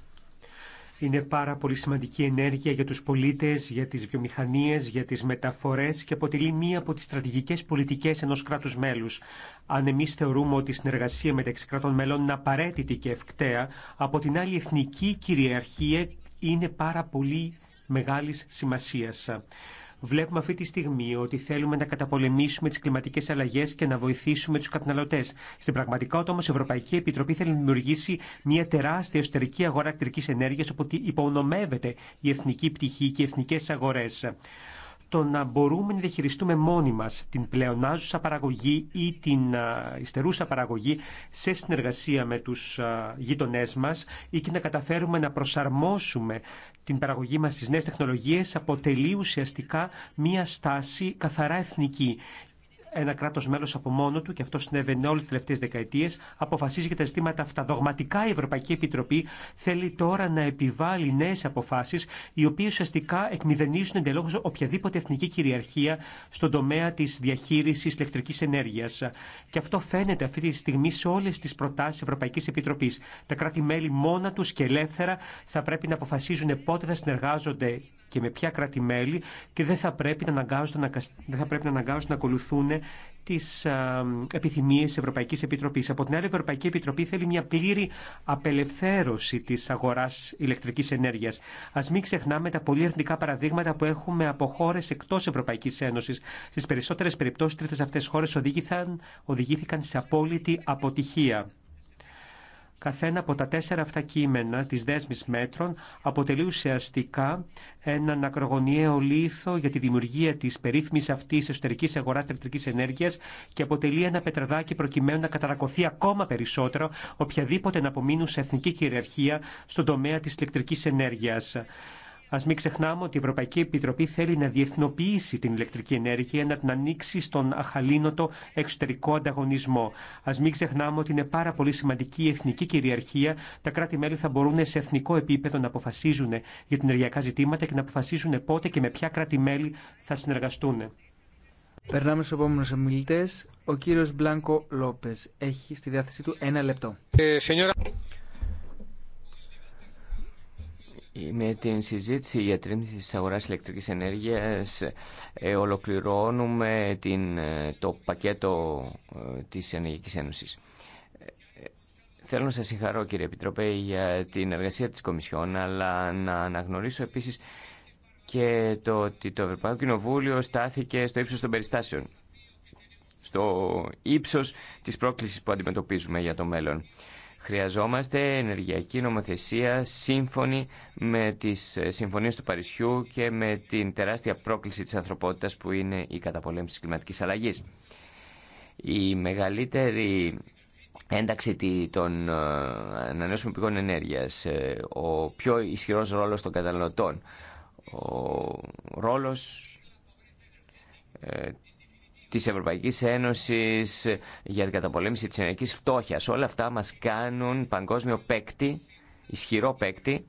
Είναι πάρα πολύ σημαντική ενέργεια για τους πολίτες, για τις βιομηχανίες, για τις μεταφορές και αποτελεί μία από τις στρατηγικές πολιτικές ενός κράτους μέλους. Αν εμεί θεωρούμε ότι η συνεργασία μεταξύ κρατών μελών είναι απαραίτητη και ευκταία, από την άλλη εθνική κυριαρχία είναι πάρα πολύ μεγάλης σημασίας. Βλέπουμε αυτή τη στιγμή ότι θέλουμε να καταπολεμήσουμε τι κλιματικέ αλλαγέ και να βοηθήσουμε του καταναλωτέ. Στην πραγματικότητα όμω η Ευρωπαϊκή Επιτροπή θέλει να δημιουργήσει μια τεράστια εσωτερική αγορά ηλεκτρική ενέργεια, όπου υπονομεύεται η εθνική πτυχή και οι εθνικέ αγορέ το να μπορούμε να διαχειριστούμε μόνοι μας την πλεονάζουσα παραγωγή ή την ιστερούσα παραγωγή σε συνεργασία με τους γείτονές μας ή και να καταφέρουμε να προσαρμόσουμε την παραγωγή μας στις νέες τεχνολογίες αποτελεί ουσιαστικά μία στάση καθαρά εθνική ένα κράτο μέλο από μόνο του, και αυτό συνέβαινε όλε τι τελευταίε δεκαετίε, αποφασίζει για τα ζητήματα αυτά. Δογματικά η Ευρωπαϊκή Επιτροπή θέλει τώρα να επιβάλλει νέε αποφάσει, οι οποίε ουσιαστικά εκμηδενίζουν εντελώ οποιαδήποτε εθνική κυριαρχία στον τομέα τη διαχείριση ηλεκτρική ενέργεια. Και αυτό φαίνεται αυτή τη στιγμή σε όλε τι προτάσει Ευρωπαϊκή Επιτροπή. Τα κράτη-μέλη μόνα του και ελεύθερα θα πρέπει να αποφασίζουν πότε θα συνεργάζονται και με ποια κράτη-μέλη και δεν θα πρέπει να αναγκάζονται να, δεν θα πρέπει να, αναγκάζονται να ακολουθούν τι επιθυμίε τη Ευρωπαϊκή Επιτροπή. Από την άλλη, η Ευρωπαϊκή Επιτροπή θέλει μια πλήρη απελευθέρωση τη αγορά ηλεκτρική ενέργεια. Α μην ξεχνάμε τα πολύ αρνητικά παραδείγματα που έχουμε από χώρε εκτό Ευρωπαϊκή Ένωση. Στι περισσότερε περιπτώσει, τρίτε αυτέ χώρε οδηγήθηκαν, οδηγήθηκαν σε απόλυτη αποτυχία. Καθένα από τα τέσσερα αυτά κείμενα της δέσμης μέτρων αποτελεί ουσιαστικά έναν ακρογωνιαίο λίθο για τη δημιουργία της περίφημης αυτής εσωτερικής αγοράς ηλεκτρικής ενέργειας και αποτελεί ένα πετραδάκι προκειμένου να καταρακωθεί ακόμα περισσότερο οποιαδήποτε να απομείνουν σε εθνική κυριαρχία στον τομέα της ηλεκτρικής ενέργειας. Α μην ξεχνάμε ότι η Ευρωπαϊκή Επιτροπή θέλει να διεθνοποιήσει την ηλεκτρική ενέργεια, να την ανοίξει στον αχαλήνοτο εξωτερικό ανταγωνισμό. Α μην ξεχνάμε ότι είναι πάρα πολύ σημαντική η εθνική κυριαρχία. Τα κράτη-μέλη θα μπορούν σε εθνικό επίπεδο να αποφασίζουν για την ενεργειακά ζητήματα και να αποφασίζουν πότε και με ποια κράτη-μέλη θα συνεργαστούν. Περνάμε στου επόμενου ομιλητέ. Ο κύριο Μπλάνκο Λόπε έχει στη διάθεσή του ένα λεπτό. Ε, με την συζήτηση για τρίμηση της αγοράς ηλεκτρικής ενέργειας ε, ολοκληρώνουμε την, ε, το πακέτο ε, της Ενεργειακής Ένωσης. Θέλω να σας συγχαρώ κύριε Επιτροπέ για την εργασία της Κομισιόν αλλά να αναγνωρίσω επίσης και το ότι το Ευρωπαϊκό Κοινοβούλιο στάθηκε στο ύψος των περιστάσεων. Στο ύψος της πρόκλησης που αντιμετωπίζουμε για το μέλλον. Χρειαζόμαστε ενεργειακή νομοθεσία σύμφωνη με τις ε, συμφωνίες του Παρισιού και με την τεράστια πρόκληση της ανθρωπότητας που είναι η καταπολέμηση της κλιματικής αλλαγής. Η μεγαλύτερη ένταξη των ε, ανανεώσιμων πηγών ενέργειας, ε, ο πιο ισχυρός ρόλος των καταναλωτών, ο ρόλος Τη Ευρωπαϊκή Ένωσης για την καταπολέμηση της ενεργική φτώχειας. Όλα αυτά μας κάνουν παγκόσμιο παίκτη, ισχυρό παίκτη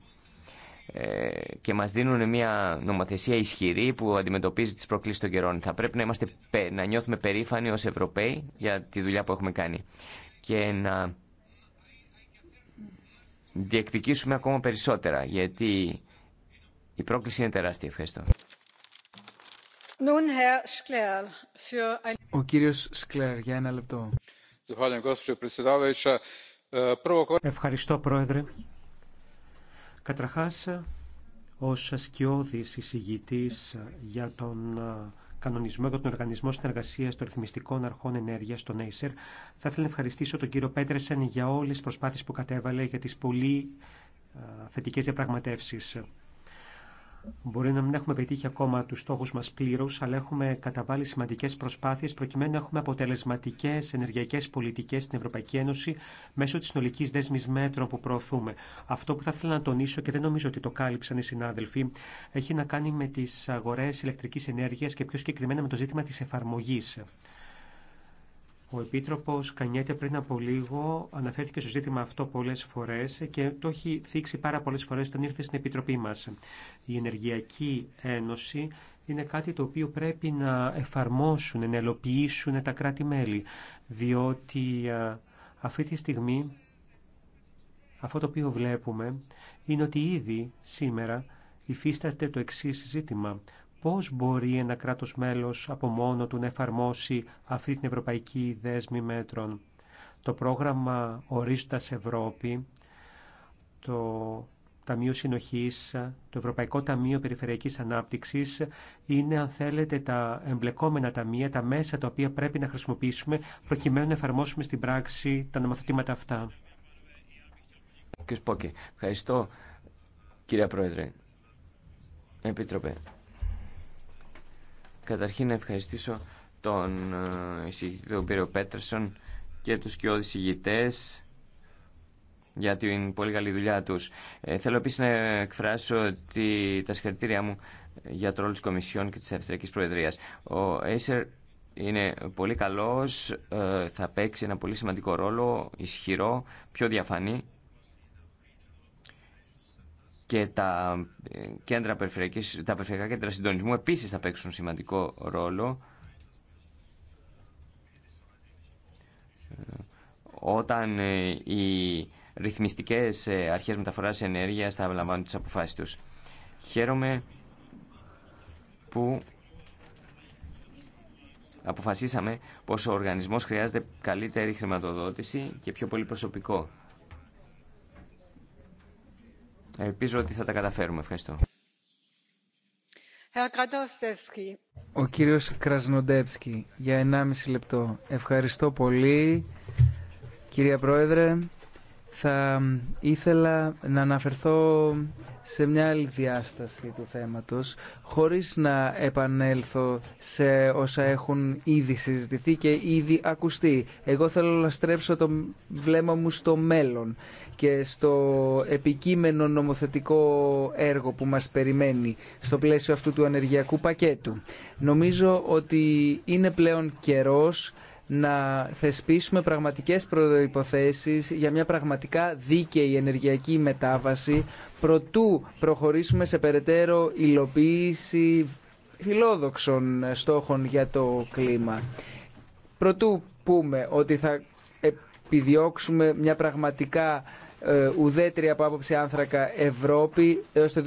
ε, και μας δίνουν μια νομοθεσία ισχυρή που αντιμετωπίζει τις προκλήσεις των καιρών. Θα πρέπει να, είμαστε, να νιώθουμε περήφανοι ως Ευρωπαίοι για τη δουλειά που έχουμε κάνει και να διεκδικήσουμε ακόμα περισσότερα γιατί η πρόκληση είναι τεράστια. Ευχαριστώ. Ο κύριος Σκλέρ, για ένα λεπτό. Ε, Ευχαριστώ, Πρόεδρε. Καταρχάς, ως ασκιώδης εισηγητής για τον ε, κανονισμό για τον Οργανισμό Συνεργασία των Ρυθμιστικών Αρχών Ενέργεια, τον ACER, θα ήθελα να ευχαριστήσω τον κύριο Πέτρεσεν για όλε τι προσπάθειε που κατέβαλε για τι πολύ ε, θετικέ διαπραγματεύσει. Μπορεί να μην έχουμε πετύχει ακόμα του στόχου μα πλήρω, αλλά έχουμε καταβάλει σημαντικέ προσπάθειε προκειμένου να έχουμε αποτελεσματικέ ενεργειακέ πολιτικέ στην Ευρωπαϊκή Ένωση μέσω τη συνολική δέσμη μέτρων που προωθούμε. Αυτό που θα ήθελα να τονίσω και δεν νομίζω ότι το κάλυψαν οι συνάδελφοι έχει να κάνει με τι αγορέ ηλεκτρική ενέργεια και πιο συγκεκριμένα με το ζήτημα τη εφαρμογή. Ο επίτροπο Κανιέται πριν από λίγο αναφέρθηκε στο ζήτημα αυτό πολλές φορές και το έχει θίξει πάρα πολλές φορές όταν ήρθε στην Επιτροπή μας. Η Ενεργειακή Ένωση είναι κάτι το οποίο πρέπει να εφαρμόσουν, να ελοποιήσουν τα κράτη-μέλη, διότι αυτή τη στιγμή αυτό το οποίο βλέπουμε είναι ότι ήδη σήμερα υφίσταται το εξή ζήτημα πώς μπορεί ένα κράτος μέλος από μόνο του να εφαρμόσει αυτή την ευρωπαϊκή δέσμη μέτρων. Το πρόγραμμα Ορίζοντας Ευρώπη, το Ταμείο Συνοχής, το Ευρωπαϊκό Ταμείο Περιφερειακής Ανάπτυξης είναι, αν θέλετε, τα εμπλεκόμενα ταμεία, τα μέσα τα οποία πρέπει να χρησιμοποιήσουμε προκειμένου να εφαρμόσουμε στην πράξη τα νομοθετήματα αυτά. Πρόεδρε. Καταρχήν να ευχαριστήσω τον ε, εισηγητή τον κύριο Πέτρεσον και τους κοιόδης ηγητές για την πολύ καλή δουλειά τους. Ε, θέλω επίσης να εκφράσω ότι τα συγχαρητήριά μου για το ρόλο της Κομισιόν και της Αυστριακής Προεδρίας. Ο Acer είναι πολύ καλός, ε, θα παίξει ένα πολύ σημαντικό ρόλο, ισχυρό, πιο διαφανή και τα, ε, κέντρα τα περιφερειακά κέντρα συντονισμού επίσης θα παίξουν σημαντικό ρόλο ε, όταν ε, οι ρυθμιστικές αρχές μεταφοράς ενέργειας θα λαμβάνουν τις αποφάσεις τους. Χαίρομαι που αποφασίσαμε πως ο οργανισμός χρειάζεται καλύτερη χρηματοδότηση και πιο πολύ προσωπικό. Ελπίζω ότι θα τα καταφέρουμε. Ευχαριστώ. Ο κύριος Κρασνοντεύσκη για 1,5 λεπτό. Ευχαριστώ πολύ, κυρία Πρόεδρε. Θα ήθελα να αναφερθώ σε μια άλλη διάσταση του θέματος, χωρίς να επανέλθω σε όσα έχουν ήδη συζητηθεί και ήδη ακουστεί. Εγώ θέλω να στρέψω το βλέμμα μου στο μέλλον και στο επικείμενο νομοθετικό έργο που μας περιμένει στο πλαίσιο αυτού του ανεργειακού πακέτου. Νομίζω ότι είναι πλέον καιρός να θεσπίσουμε πραγματικές προϋποθέσεις για μια πραγματικά δίκαιη ενεργειακή μετάβαση προτού προχωρήσουμε σε περαιτέρω υλοποίηση φιλόδοξων στόχων για το κλίμα. Προτού πούμε ότι θα επιδιώξουμε μια πραγματικά ε, ουδέτερη από άποψη άνθρακα Ευρώπη έως το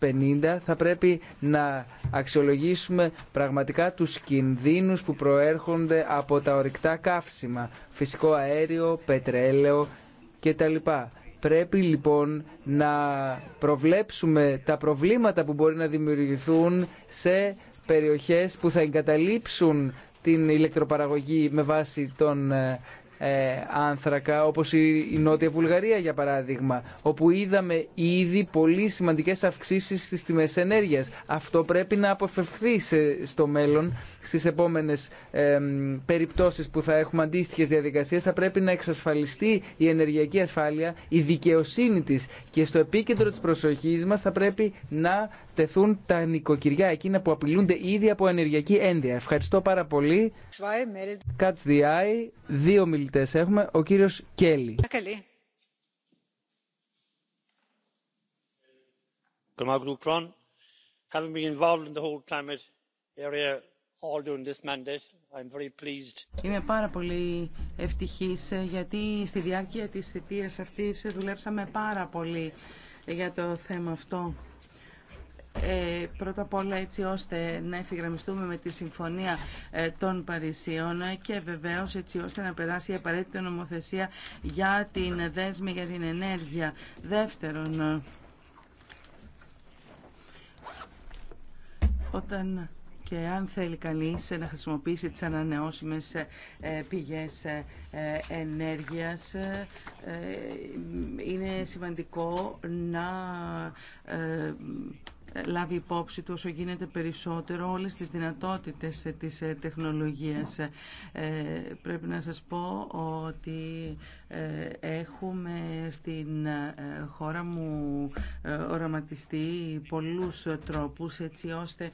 2050 θα πρέπει να αξιολογήσουμε πραγματικά τους κινδύνους που προέρχονται από τα ορυκτά καύσιμα, φυσικό αέριο, πετρέλαιο κτλ. Πρέπει λοιπόν να προβλέψουμε τα προβλήματα που μπορεί να δημιουργηθούν σε περιοχές που θα εγκαταλείψουν την ηλεκτροπαραγωγή με βάση τον ε, ε, άνθρακα όπως η Νότια Βουλγαρία για παράδειγμα όπου είδαμε ήδη πολύ σημαντικές αυξήσεις στις τιμές ενέργειας. Αυτό πρέπει να αποφευθεί στο μέλλον στις επόμενες περιπτώσεις που θα έχουμε αντίστοιχες διαδικασίες θα πρέπει να εξασφαλιστεί η ενεργειακή ασφάλεια, η δικαιοσύνη της και στο επίκεντρο της προσοχής μας θα πρέπει να τεθούν τα νοικοκυριά εκείνα που απειλούνται ήδη από ενεργειακή ένδια. Ευχαριστώ πάρα πολύ. Catch the Δύο μιλητέ έχουμε. Ο κύριο Κέλλη. Having been involved Είμαι πάρα πολύ ευτυχής γιατί στη διάρκεια της θητείας αυτής δουλέψαμε πάρα πολύ για το θέμα αυτό ε, πρώτα απ' όλα έτσι ώστε να ευθυγραμμιστούμε με τη Συμφωνία ε, των Παρισίων και βεβαίως έτσι ώστε να περάσει η απαραίτητη νομοθεσία για την δέσμη για την ενέργεια. Δεύτερον, όταν και αν θέλει κανείς να χρησιμοποιήσει τις ανανεώσιμες ε, πηγές ε, ενέργειας είναι σημαντικό να λάβει υπόψη του όσο γίνεται περισσότερο όλες τις δυνατότητες ε, της ε, τεχνολογίας. Ε, πρέπει να σας πω ότι έχουμε στην χώρα μου οραματιστεί πολλούς τρόπους έτσι ώστε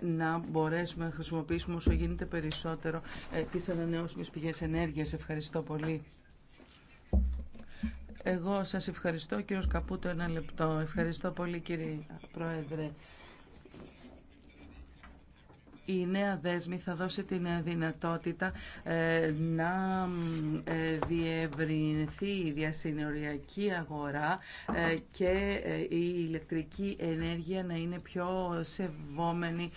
να μπορέσουμε να χρησιμοποιήσουμε όσο γίνεται περισσότερο τις ανανεώσιμες πηγές ενέργειας. Ευχαριστώ πολύ. Εγώ σας ευχαριστώ, κύριο Σκαπούτο, ένα λεπτό. Ευχαριστώ πολύ, κύριε Πρόεδρε η νέα δέσμη θα δώσει την δυνατότητα ε, να ε, διευρυνθεί η διασυνοριακή αγορά ε, και η ηλεκτρική ενέργεια να είναι πιο σεβόμενη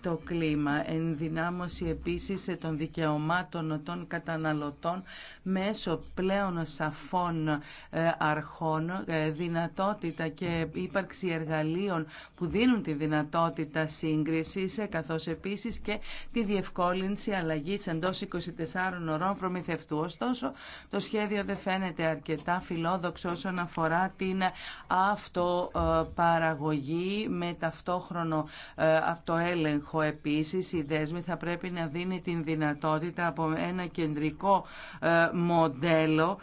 το κλίμα. Ενδυνάμωση επίσης των δικαιωμάτων των καταναλωτών μέσω πλέον σαφών αρχών, δυνατότητα και ύπαρξη εργαλείων που δίνουν τη δυνατότητα σύγκρισης, καθώς επίσης επίσης και τη διευκόλυνση αλλαγής εντός 24 ωρών προμηθευτού. Ωστόσο, το σχέδιο δεν φαίνεται αρκετά φιλόδοξο όσον αφορά την αυτοπαραγωγή με ταυτόχρονο ε, αυτοέλεγχο επίσης. Η δέσμη θα πρέπει να δίνει την δυνατότητα από ένα κεντρικό ε, μοντέλο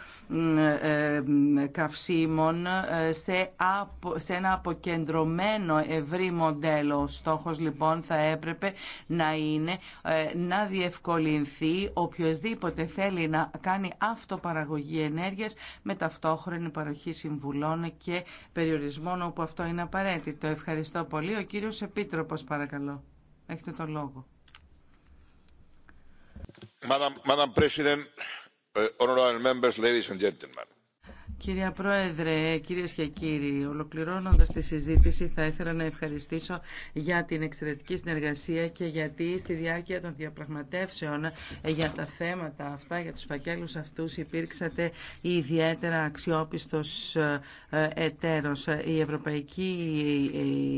ε, καυσίμων σε ένα αποκεντρωμένο ευρύ μοντέλο. Ο στόχος λοιπόν θα έπρεπε να είναι ε, να διευκολυνθεί οποιοδήποτε θέλει να κάνει αυτοπαραγωγή ενέργειας με ταυτόχρονη παροχή συμβουλών και περιορισμών όπου αυτό είναι απαραίτητο. Ευχαριστώ πολύ. Ο κύριος Επίτροπος παρακαλώ. Έχετε το λόγο. Madam President, eh, honorable members, ladies and gentlemen. Κυρία Πρόεδρε, κυρίες και κύριοι, ολοκληρώνοντας τη συζήτηση θα ήθελα να ευχαριστήσω για την εξαιρετική συνεργασία και γιατί στη διάρκεια των διαπραγματεύσεων για τα θέματα αυτά, για τους φακέλους αυτούς υπήρξατε ιδιαίτερα αξιόπιστος ε, εταίρος. Η Ευρωπαϊκή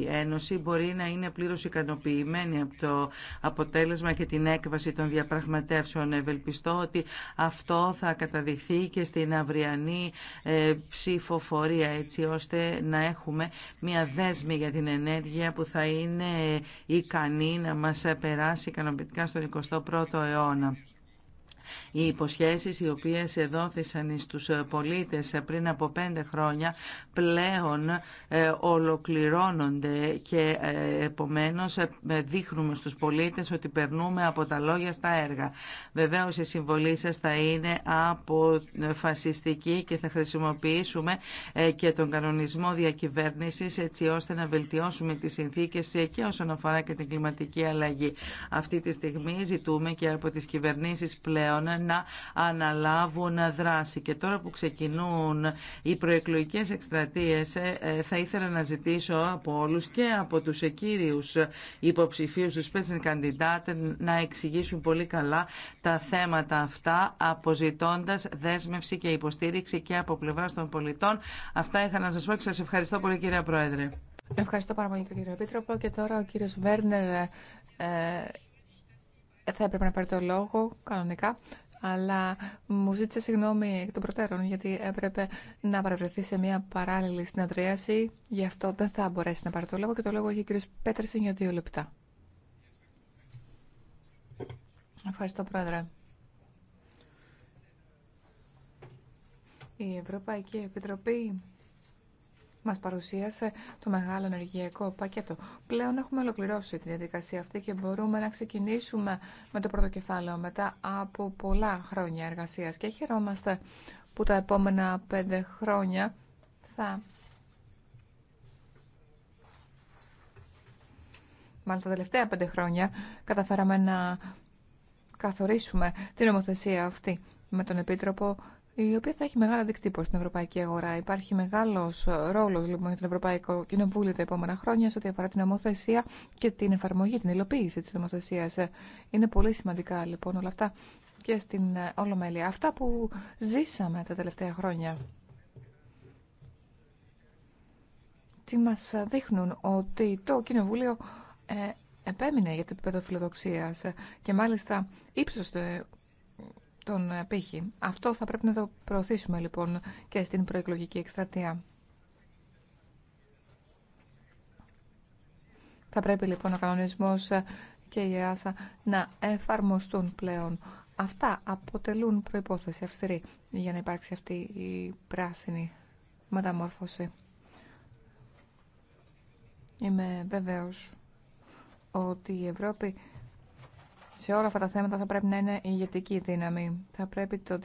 ε, Ένωση μπορεί να είναι πλήρως ικανοποιημένη από το αποτέλεσμα και την έκβαση των διαπραγματεύσεων. Ευελπιστώ ότι αυτό θα καταδειχθεί και στην αυριανή ε, ψηφοφορία έτσι ώστε να έχουμε μια δέσμη για την ενέργεια που θα είναι ικανή να μας περάσει ικανοποιητικά στον 21ο αιώνα. Οι υποσχέσεις οι οποίες δόθησαν στους πολίτες πριν από πέντε χρόνια πλέον ε, ολοκληρώνονται και ε, επομένως ε, δείχνουμε στους πολίτες ότι περνούμε από τα λόγια στα έργα. Βεβαίως η συμβολή σας θα είναι αποφασιστική και θα χρησιμοποιήσουμε και τον κανονισμό διακυβέρνησης έτσι ώστε να βελτιώσουμε τις συνθήκες και όσον αφορά και την κλιματική αλλαγή. Αυτή τη στιγμή ζητούμε και από τις κυβερνήσεις πλέον πλέον να αναλάβουν δράση. Και τώρα που ξεκινούν οι προεκλογικές εκστρατείες ε, ε, θα ήθελα να ζητήσω από όλους και από τους κύριους υποψηφίους, τους πέτσιν καντιντάτε να εξηγήσουν πολύ καλά τα θέματα αυτά αποζητώντας δέσμευση και υποστήριξη και από πλευρά των πολιτών. Αυτά είχα να σας πω και σας ευχαριστώ πολύ κύριε Πρόεδρε. Ευχαριστώ πάρα πολύ κύριε Επίτροπο και τώρα ο κύριος Βέρνερ ε, θα έπρεπε να πάρει το λόγο κανονικά, αλλά μου ζήτησε συγγνώμη εκ των προτέρων γιατί έπρεπε να παρευρεθεί σε μια παράλληλη συναντρίαση. Γι' αυτό δεν θα μπορέσει να πάρει το λόγο και το λόγο έχει ο κ. Πέτρεσεν για δύο λεπτά. Ευχαριστώ, Πρόεδρε. Η Ευρωπαϊκή Επιτροπή μας παρουσίασε το μεγάλο ενεργειακό πακέτο. Πλέον έχουμε ολοκληρώσει τη διαδικασία αυτή και μπορούμε να ξεκινήσουμε με το πρώτο κεφάλαιο μετά από πολλά χρόνια εργασίας και χαιρόμαστε που τα επόμενα πέντε χρόνια θα... Μάλλον τα τελευταία πέντε χρόνια καταφέραμε να καθορίσουμε την νομοθεσία αυτή με τον Επίτροπο η οποία θα έχει μεγάλο αντικτύπωση στην ευρωπαϊκή αγορά. Υπάρχει μεγάλο ε, ρόλο λοιπόν για τον Ευρωπαϊκό Κοινοβούλιο τα επόμενα χρόνια σε ό,τι αφορά την νομοθεσία και την εφαρμογή, την υλοποίηση τη νομοθεσία. Ε, είναι πολύ σημαντικά λοιπόν όλα αυτά και στην ε, Ολομέλεια. Αυτά που ζήσαμε τα τελευταία χρόνια. Τι μα δείχνουν ότι το Κοινοβούλιο επέμεινε για το επίπεδο φιλοδοξία και μάλιστα ύψωσε τον ε, πύχη. Αυτό θα πρέπει να το προωθήσουμε λοιπόν και στην προεκλογική εκστρατεία. Θα πρέπει λοιπόν ο κανονισμός ε, και η ΕΑΣΑ να εφαρμοστούν πλέον. Αυτά αποτελούν προϋπόθεση αυστηρή για να υπάρξει αυτή η πράσινη μεταμόρφωση. Είμαι βέβαιος ότι η Ευρώπη σε όλα αυτά τα θέματα θα πρέπει να είναι η ηγετική δύναμη. Θα πρέπει το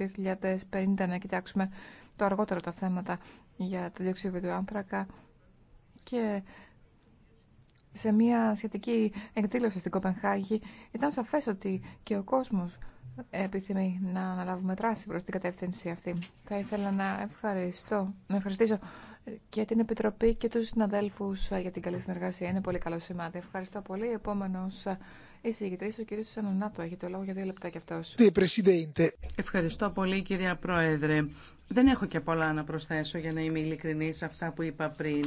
2050 να κοιτάξουμε το αργότερο τα θέματα για το διοξείδιο του άνθρακα και σε μια σχετική εκδήλωση στην Κοπενχάγη ήταν σαφές ότι και ο κόσμος επιθυμεί να αναλάβουμε δράση προς την κατεύθυνση αυτή. Θα ήθελα να, ευχαριστώ, να ευχαριστήσω και την Επιτροπή και τους συναδέλφους για την καλή συνεργασία. Είναι πολύ καλό σημάδι. Ευχαριστώ πολύ. Επόμενος Εισηγητρής, ο κύριος Σανονάτο, Έχετε λόγο για δύο λεπτά κι αυτό. Ευχαριστώ πολύ κυρία Πρόεδρε. Δεν έχω και πολλά να προσθέσω για να είμαι ειλικρινή σε αυτά που είπα πριν,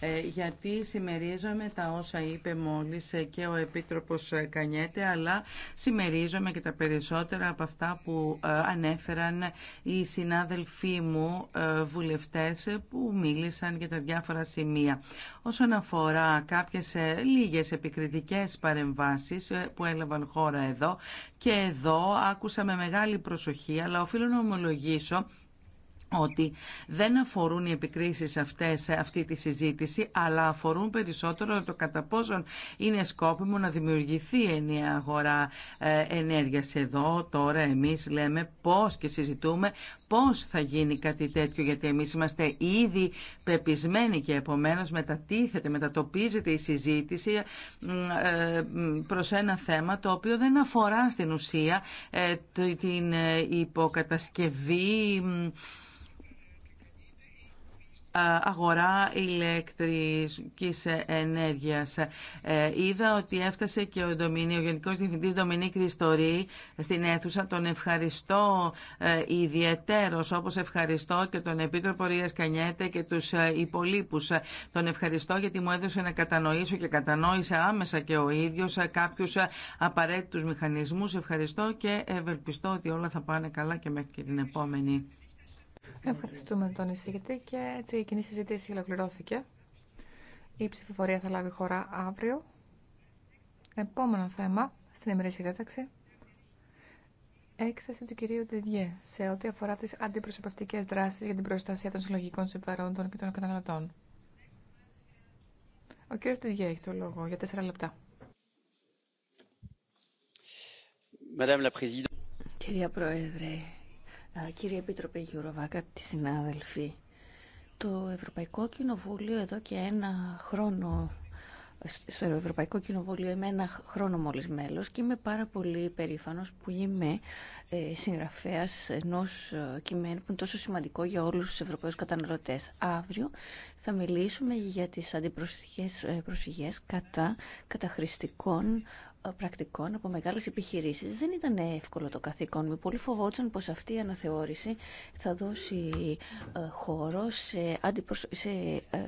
ε, γιατί συμμερίζομαι τα όσα είπε μόλις ε, και ο Επίτροπος ε, Κανιέτε, αλλά συμμερίζομαι και τα περισσότερα από αυτά που ανέφεραν οι συνάδελφοί μου βουλευτές που μίλησαν για τα διάφορα σημεία. Όσον αφορά κάποιες λίγες επικριτικές παρεμβάσεις που έλαβαν χώρα εδώ, και εδώ άκουσα με μεγάλη προσοχή, αλλά οφείλω να ομολογήσω ότι δεν αφορούν οι επικρίσεις αυτές αυτή τη συζήτηση, αλλά αφορούν περισσότερο το κατά πόσον είναι σκόπιμο να δημιουργηθεί ενιαία αγορά ε, ενέργειας εδώ. Τώρα εμείς λέμε πώς και συζητούμε πώς θα γίνει κάτι τέτοιο, γιατί εμείς είμαστε ήδη πεπισμένοι και επομένως μετατίθεται, μετατοπίζεται η συζήτηση ε, προς ένα θέμα το οποίο δεν αφορά στην ουσία ε, την υποκατασκευή ε, αγορά ηλεκτρικής ενέργειας. Ε, είδα ότι έφτασε και ο, Ντομινί, ο Γενικός Διευθυντής Ντομινί Κριστορή στην αίθουσα. Τον ευχαριστώ ε, ιδιαιτέρως, όπως ευχαριστώ και τον Επίτροπο Ρίας Κανιέτε και τους υπολείπους. Τον ευχαριστώ γιατί μου έδωσε να κατανοήσω και κατανόησε άμεσα και ο ίδιος κάποιους απαραίτητους μηχανισμούς. Ευχαριστώ και ευελπιστώ ότι όλα θα πάνε καλά και μέχρι την επόμενη. Ευχαριστούμε τον εισηγητή και έτσι η κοινή συζήτηση ολοκληρώθηκε. Η ψηφοφορία θα λάβει χώρα αύριο. Επόμενο θέμα στην ημερήσια διάταξη. Έκθεση του κυρίου Τιδιέ σε ό,τι αφορά τι αντιπροσωπευτικέ δράσει για την προστασία των συλλογικών συμφερόντων και των καταναλωτών. Ο κύριος Τιδιέ έχει το λόγο για τέσσερα λεπτά. Κυρία Πρόεδρε, Κύριε Επίτροπε Γιουροβάκα, τη συνάδελφοι, το Ευρωπαϊκό Κοινοβούλιο εδώ και ένα χρόνο στο Ευρωπαϊκό Κοινοβούλιο είμαι ένα χρόνο μόλις μέλος και είμαι πάρα πολύ περήφανος που είμαι ε, συγγραφέας ενός ε, κειμένου που είναι τόσο σημαντικό για όλους τους Ευρωπαίους καταναλωτές. Αύριο θα μιλήσουμε για τις αντιπροσφυγές ε, κατά καταχρηστικών ε, πρακτικών από μεγάλες επιχειρήσεις. Δεν ήταν εύκολο το καθήκον μου. Πολύ φοβόταν πως αυτή η αναθεώρηση θα δώσει ε, χώρο σε, αντιπροσ... σε ε,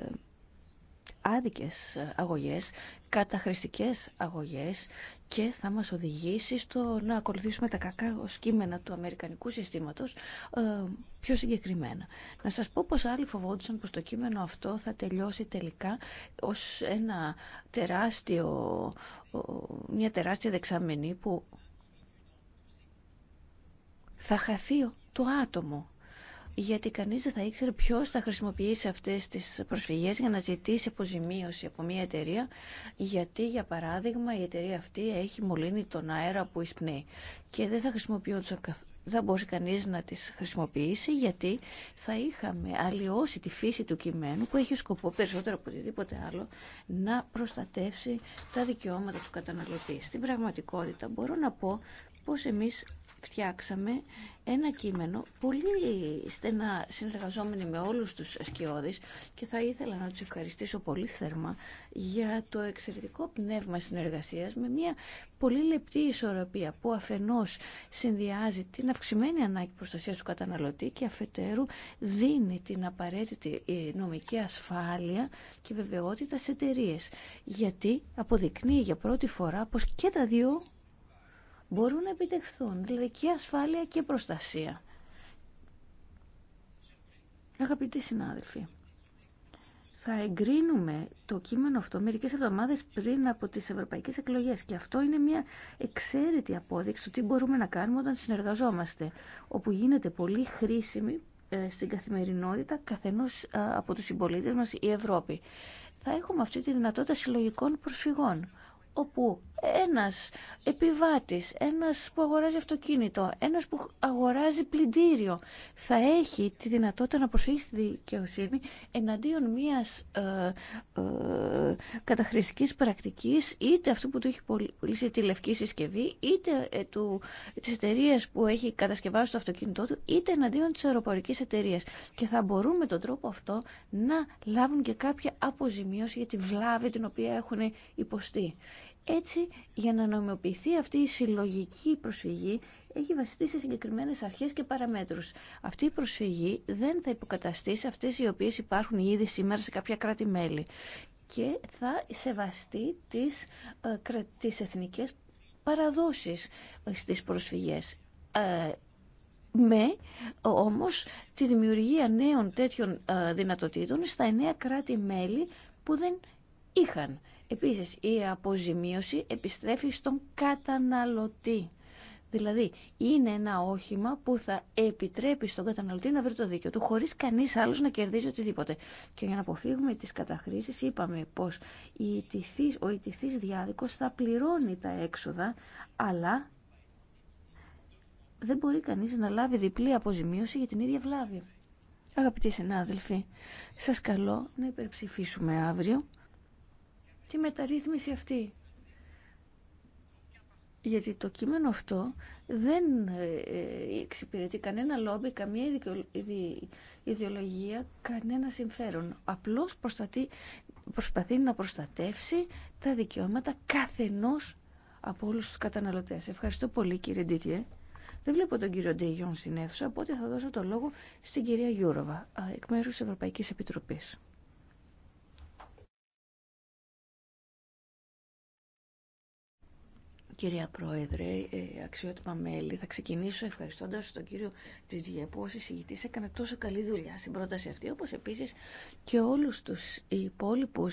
άδικες αγωγές, καταχρηστικές αγωγές και θα μας οδηγήσει στο να ακολουθήσουμε τα κακά κείμενα του Αμερικανικού συστήματος ε, πιο συγκεκριμένα. Να σας πω πως άλλοι φοβόντουσαν πως το κείμενο αυτό θα τελειώσει τελικά ως ένα τεράστιο, μια τεράστια δεξαμενή που θα χαθεί το άτομο γιατί κανείς δεν θα ήξερε ποιος θα χρησιμοποιήσει αυτές τις προσφυγές για να ζητήσει αποζημίωση από μια εταιρεία, γιατί για παράδειγμα η εταιρεία αυτή έχει μολύνει τον αέρα που εισπνεί και δεν θα χρησιμοποιούνται δεν κανείς να τις χρησιμοποιήσει γιατί θα είχαμε αλλοιώσει τη φύση του κειμένου που έχει σκοπό περισσότερο από οτιδήποτε άλλο να προστατεύσει τα δικαιώματα του καταναλωτή. Στην πραγματικότητα μπορώ να πω πως εμείς φτιάξαμε ένα κείμενο πολύ στενά συνεργαζόμενοι με όλους τους σκιώδεις και θα ήθελα να τους ευχαριστήσω πολύ θερμά για το εξαιρετικό πνεύμα συνεργασίας με μια πολύ λεπτή ισορροπία που αφενός συνδυάζει την αυξημένη ανάγκη προστασίας του καταναλωτή και αφετέρου δίνει την απαραίτητη ε, νομική ασφάλεια και βεβαιότητα σε εταιρείε. γιατί αποδεικνύει για πρώτη φορά πως και τα δύο μπορούν να επιτευχθούν, δηλαδή και ασφάλεια και προστασία. Αγαπητοί συνάδελφοι, θα εγκρίνουμε το κείμενο αυτό μερικές εβδομάδες πριν από τις ευρωπαϊκές εκλογές και αυτό είναι μια εξαίρετη απόδειξη του τι μπορούμε να κάνουμε όταν συνεργαζόμαστε, όπου γίνεται πολύ χρήσιμη ε, στην καθημερινότητα καθενός ε, από τους συμπολίτε μας η Ευρώπη. Θα έχουμε αυτή τη δυνατότητα συλλογικών προσφυγών, όπου ένας επιβάτης, ένας που αγοράζει αυτοκίνητο, ένας που αγοράζει πλυντήριο θα έχει τη δυνατότητα να προσφύγει στη δικαιοσύνη εναντίον μιας ε, ε, καταχρηστικής πρακτικής είτε αυτού που του έχει πωλήσει τη λευκή συσκευή είτε ε, του, της εταιρεία που έχει κατασκευάσει το αυτοκίνητό του είτε εναντίον της αεροπορικής εταιρεία. και θα μπορούν με τον τρόπο αυτό να λάβουν και κάποια αποζημίωση για τη βλάβη την οποία έχουν υποστεί. Έτσι, για να νομιμοποιηθεί αυτή η συλλογική προσφυγή, έχει βασιστεί σε συγκεκριμένες αρχές και παραμέτρους. Αυτή η προσφυγή δεν θα υποκαταστήσει αυτές οι οποίες υπάρχουν ήδη σήμερα σε κάποια κράτη-μέλη και θα σεβαστεί τις, ε, τις εθνικές παραδόσεις στις προσφυγές ε, με όμως τη δημιουργία νέων τέτοιων ε, δυνατοτήτων στα εννέα κράτη-μέλη που δεν είχαν Επίσης, η αποζημίωση επιστρέφει στον καταναλωτή. Δηλαδή, είναι ένα όχημα που θα επιτρέπει στον καταναλωτή να βρει το δίκαιο του, χωρίς κανείς άλλος να κερδίζει οτιδήποτε. Και για να αποφύγουμε τις καταχρήσεις, είπαμε πως η ο ιτηθής διάδικος θα πληρώνει τα έξοδα, αλλά δεν μπορεί κανείς να λάβει διπλή αποζημίωση για την ίδια βλάβη. Αγαπητοί συνάδελφοι, σας καλώ να υπερψηφίσουμε αύριο τη μεταρρύθμιση αυτή. Γιατί το κείμενο αυτό δεν ε, ε, εξυπηρετεί κανένα λόμπι, καμία ιδεολογία, κανένα συμφέρον. Απλώς προστατεί, προσπαθεί να προστατεύσει τα δικαιώματα καθενός από όλους τους καταναλωτές. Ευχαριστώ πολύ κύριε Ντίτιε. Δεν βλέπω τον κύριο Ντέιγιον στην αίθουσα, οπότε θα δώσω το λόγο στην κυρία Γιούροβα, εκ μέρους της Ευρωπαϊκής Επιτροπής. Κυρία Πρόεδρε, ε, αξιότιμα μέλη, θα ξεκινήσω ευχαριστώντα τον κύριο Τζιτζιέ που ω εισηγητή έκανε τόσο καλή δουλειά στην πρόταση αυτή, όπω επίση και όλου του υπόλοιπου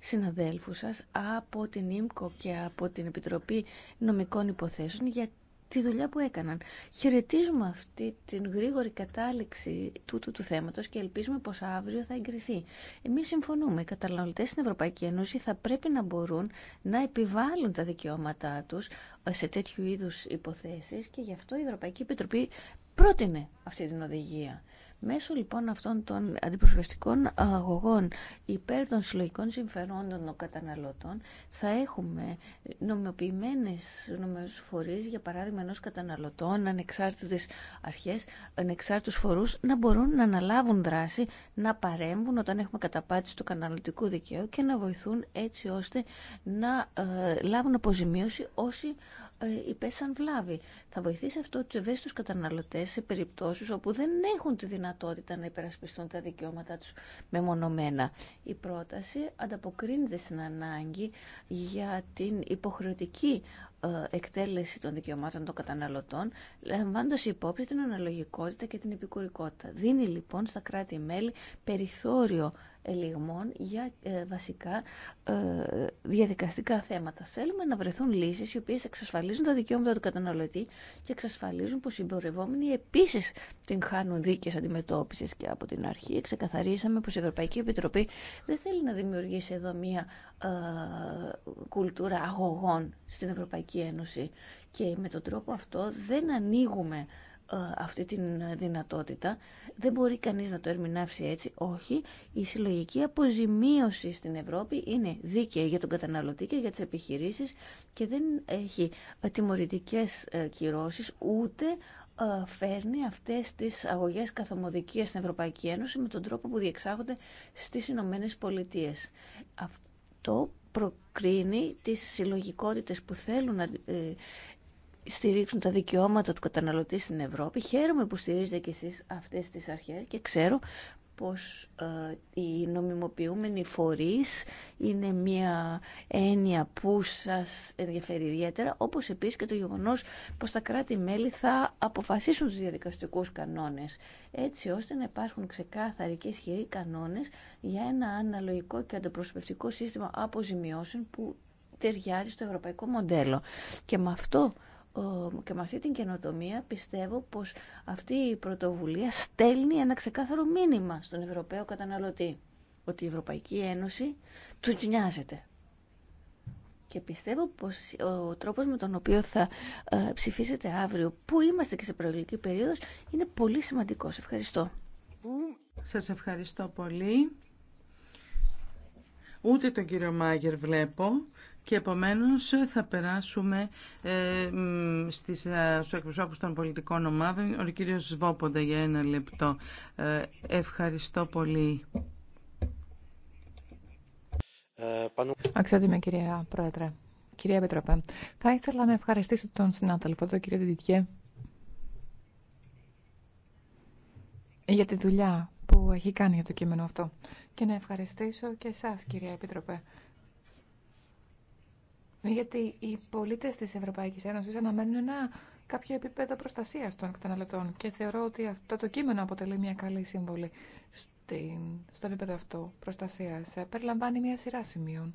συναδέλφου σα από την ΙΜΚΟ και από την Επιτροπή Νομικών Υποθέσεων, γιατί τη δουλειά που έκαναν. Χαιρετίζουμε αυτή την γρήγορη κατάληξη τούτου του θέματος και ελπίζουμε πως αύριο θα εγκριθεί. Εμείς συμφωνούμε, οι καταναλωτέ στην Ευρωπαϊκή Ένωση θα πρέπει να μπορούν να επιβάλλουν τα δικαιώματά τους σε τέτοιου είδους υποθέσεις και γι' αυτό η Ευρωπαϊκή Επιτροπή πρότεινε αυτή την οδηγία. Μέσω λοιπόν αυτών των αντιπροσωπευτικών αγωγών υπέρ των συλλογικών συμφερόντων των καταναλωτών θα έχουμε νομιμοποιημένες νομιμοποιημένες φορείς, για παράδειγμα ενός καταναλωτών, ανεξάρτητες αρχές, ανεξάρτητους φορούς, να μπορούν να αναλάβουν δράση, να παρέμβουν όταν έχουμε καταπάτηση του καταναλωτικού δικαίου και να βοηθούν έτσι ώστε να ε, λάβουν αποζημίωση όσοι ε, υπέσαν βλάβη. Θα βοηθήσει αυτό του ευαίσθητου καταναλωτέ σε περιπτώσει όπου δεν έχουν τη δυνατότητα να υπερασπιστούν τα δικαιώματά του μεμονωμένα. Η πρόταση ανταποκρίνεται στην ανάγκη για την υποχρεωτική ε, εκτέλεση των δικαιωμάτων των καταναλωτών, λαμβάνοντα υπόψη την αναλογικότητα και την επικουρικότητα. Δίνει λοιπόν στα κράτη-μέλη περιθώριο ελιγμών για ε, βασικά ε, διαδικαστικά θέματα. Θέλουμε να βρεθούν λύσεις οι οποίες εξασφαλίζουν τα δικαιώματα του καταναλωτή και εξασφαλίζουν πως οι εμπορευόμενοι επίσης την χάνουν δίκαιες αντιμετώπισης και από την αρχή ξεκαθαρίσαμε πως η Ευρωπαϊκή Επιτροπή δεν θέλει να δημιουργήσει εδώ μία ε, κουλτούρα αγωγών στην Ευρωπαϊκή Ένωση και με τον τρόπο αυτό δεν ανοίγουμε ε, αυτή τη δυνατότητα. Δεν μπορεί κανείς να το ερμηνεύσει έτσι. Όχι, η συλλογική αποζημίωση στην Ευρώπη είναι δίκαιη για τον καταναλωτή και για τις επιχειρήσεις και δεν έχει τιμωρητικές ε, κυρώσεις ούτε ε, φέρνει αυτές τις αγωγές καθομοδικίας στην Ευρωπαϊκή Ένωση με τον τρόπο που διεξάγονται στις Ηνωμένε Πολιτείε. Αυτό προκρίνει τις συλλογικότητες που θέλουν να στηρίξουν τα δικαιώματα του καταναλωτή στην Ευρώπη. Χαίρομαι που στηρίζετε κι εσείς αυτές τις αρχές και ξέρω πως ε, οι νομιμοποιούμενοι φορείς είναι μια έννοια που σας ενδιαφέρει ιδιαίτερα, όπως επίσης και το γεγονός πως τα κράτη-μέλη θα αποφασίσουν τους διαδικαστικούς κανόνες, έτσι ώστε να υπάρχουν ξεκάθαροι και ισχυροί κανόνες για ένα αναλογικό και αντιπροσωπευτικό σύστημα αποζημιώσεων που ταιριάζει στο ευρωπαϊκό μοντέλο. Και με αυτό και με αυτή την καινοτομία πιστεύω πως αυτή η πρωτοβουλία στέλνει ένα ξεκάθαρο μήνυμα στον Ευρωπαίο καταναλωτή ότι η Ευρωπαϊκή Ένωση του νοιάζεται. Και πιστεύω πως ο τρόπος με τον οποίο θα ε, ψηφίσετε αύριο, που είμαστε και σε προεκλογική περίοδος, είναι πολύ σημαντικός. Ευχαριστώ. Σας ευχαριστώ πολύ. Ούτε τον κύριο Μάγερ βλέπω. Και επομένως ε, θα περάσουμε ε, στις, ε, στους εκπροσώπους των πολιτικών ομάδων. Ο κύριο Σβόποντα για ένα λεπτό. Ε, ευχαριστώ πολύ. Αξιότιμη κυρία Πρόεδρε, κυρία Επιτροπέ, θα ήθελα να ευχαριστήσω τον συνάδελφο, τον κύριο Διτιέ, για τη δουλειά που έχει κάνει για το κείμενο αυτό. Και να ευχαριστήσω και εσά κυρία Επιτροπέ, γιατί οι πολίτε τη Ευρωπαϊκή Ένωση αναμένουν ένα κάποιο επίπεδο προστασίας των καταναλωτών και θεωρώ ότι αυτό το κείμενο αποτελεί μια καλή σύμβολη στην, στο επίπεδο αυτό προστασίας. Ε, περιλαμβάνει μια σειρά σημείων.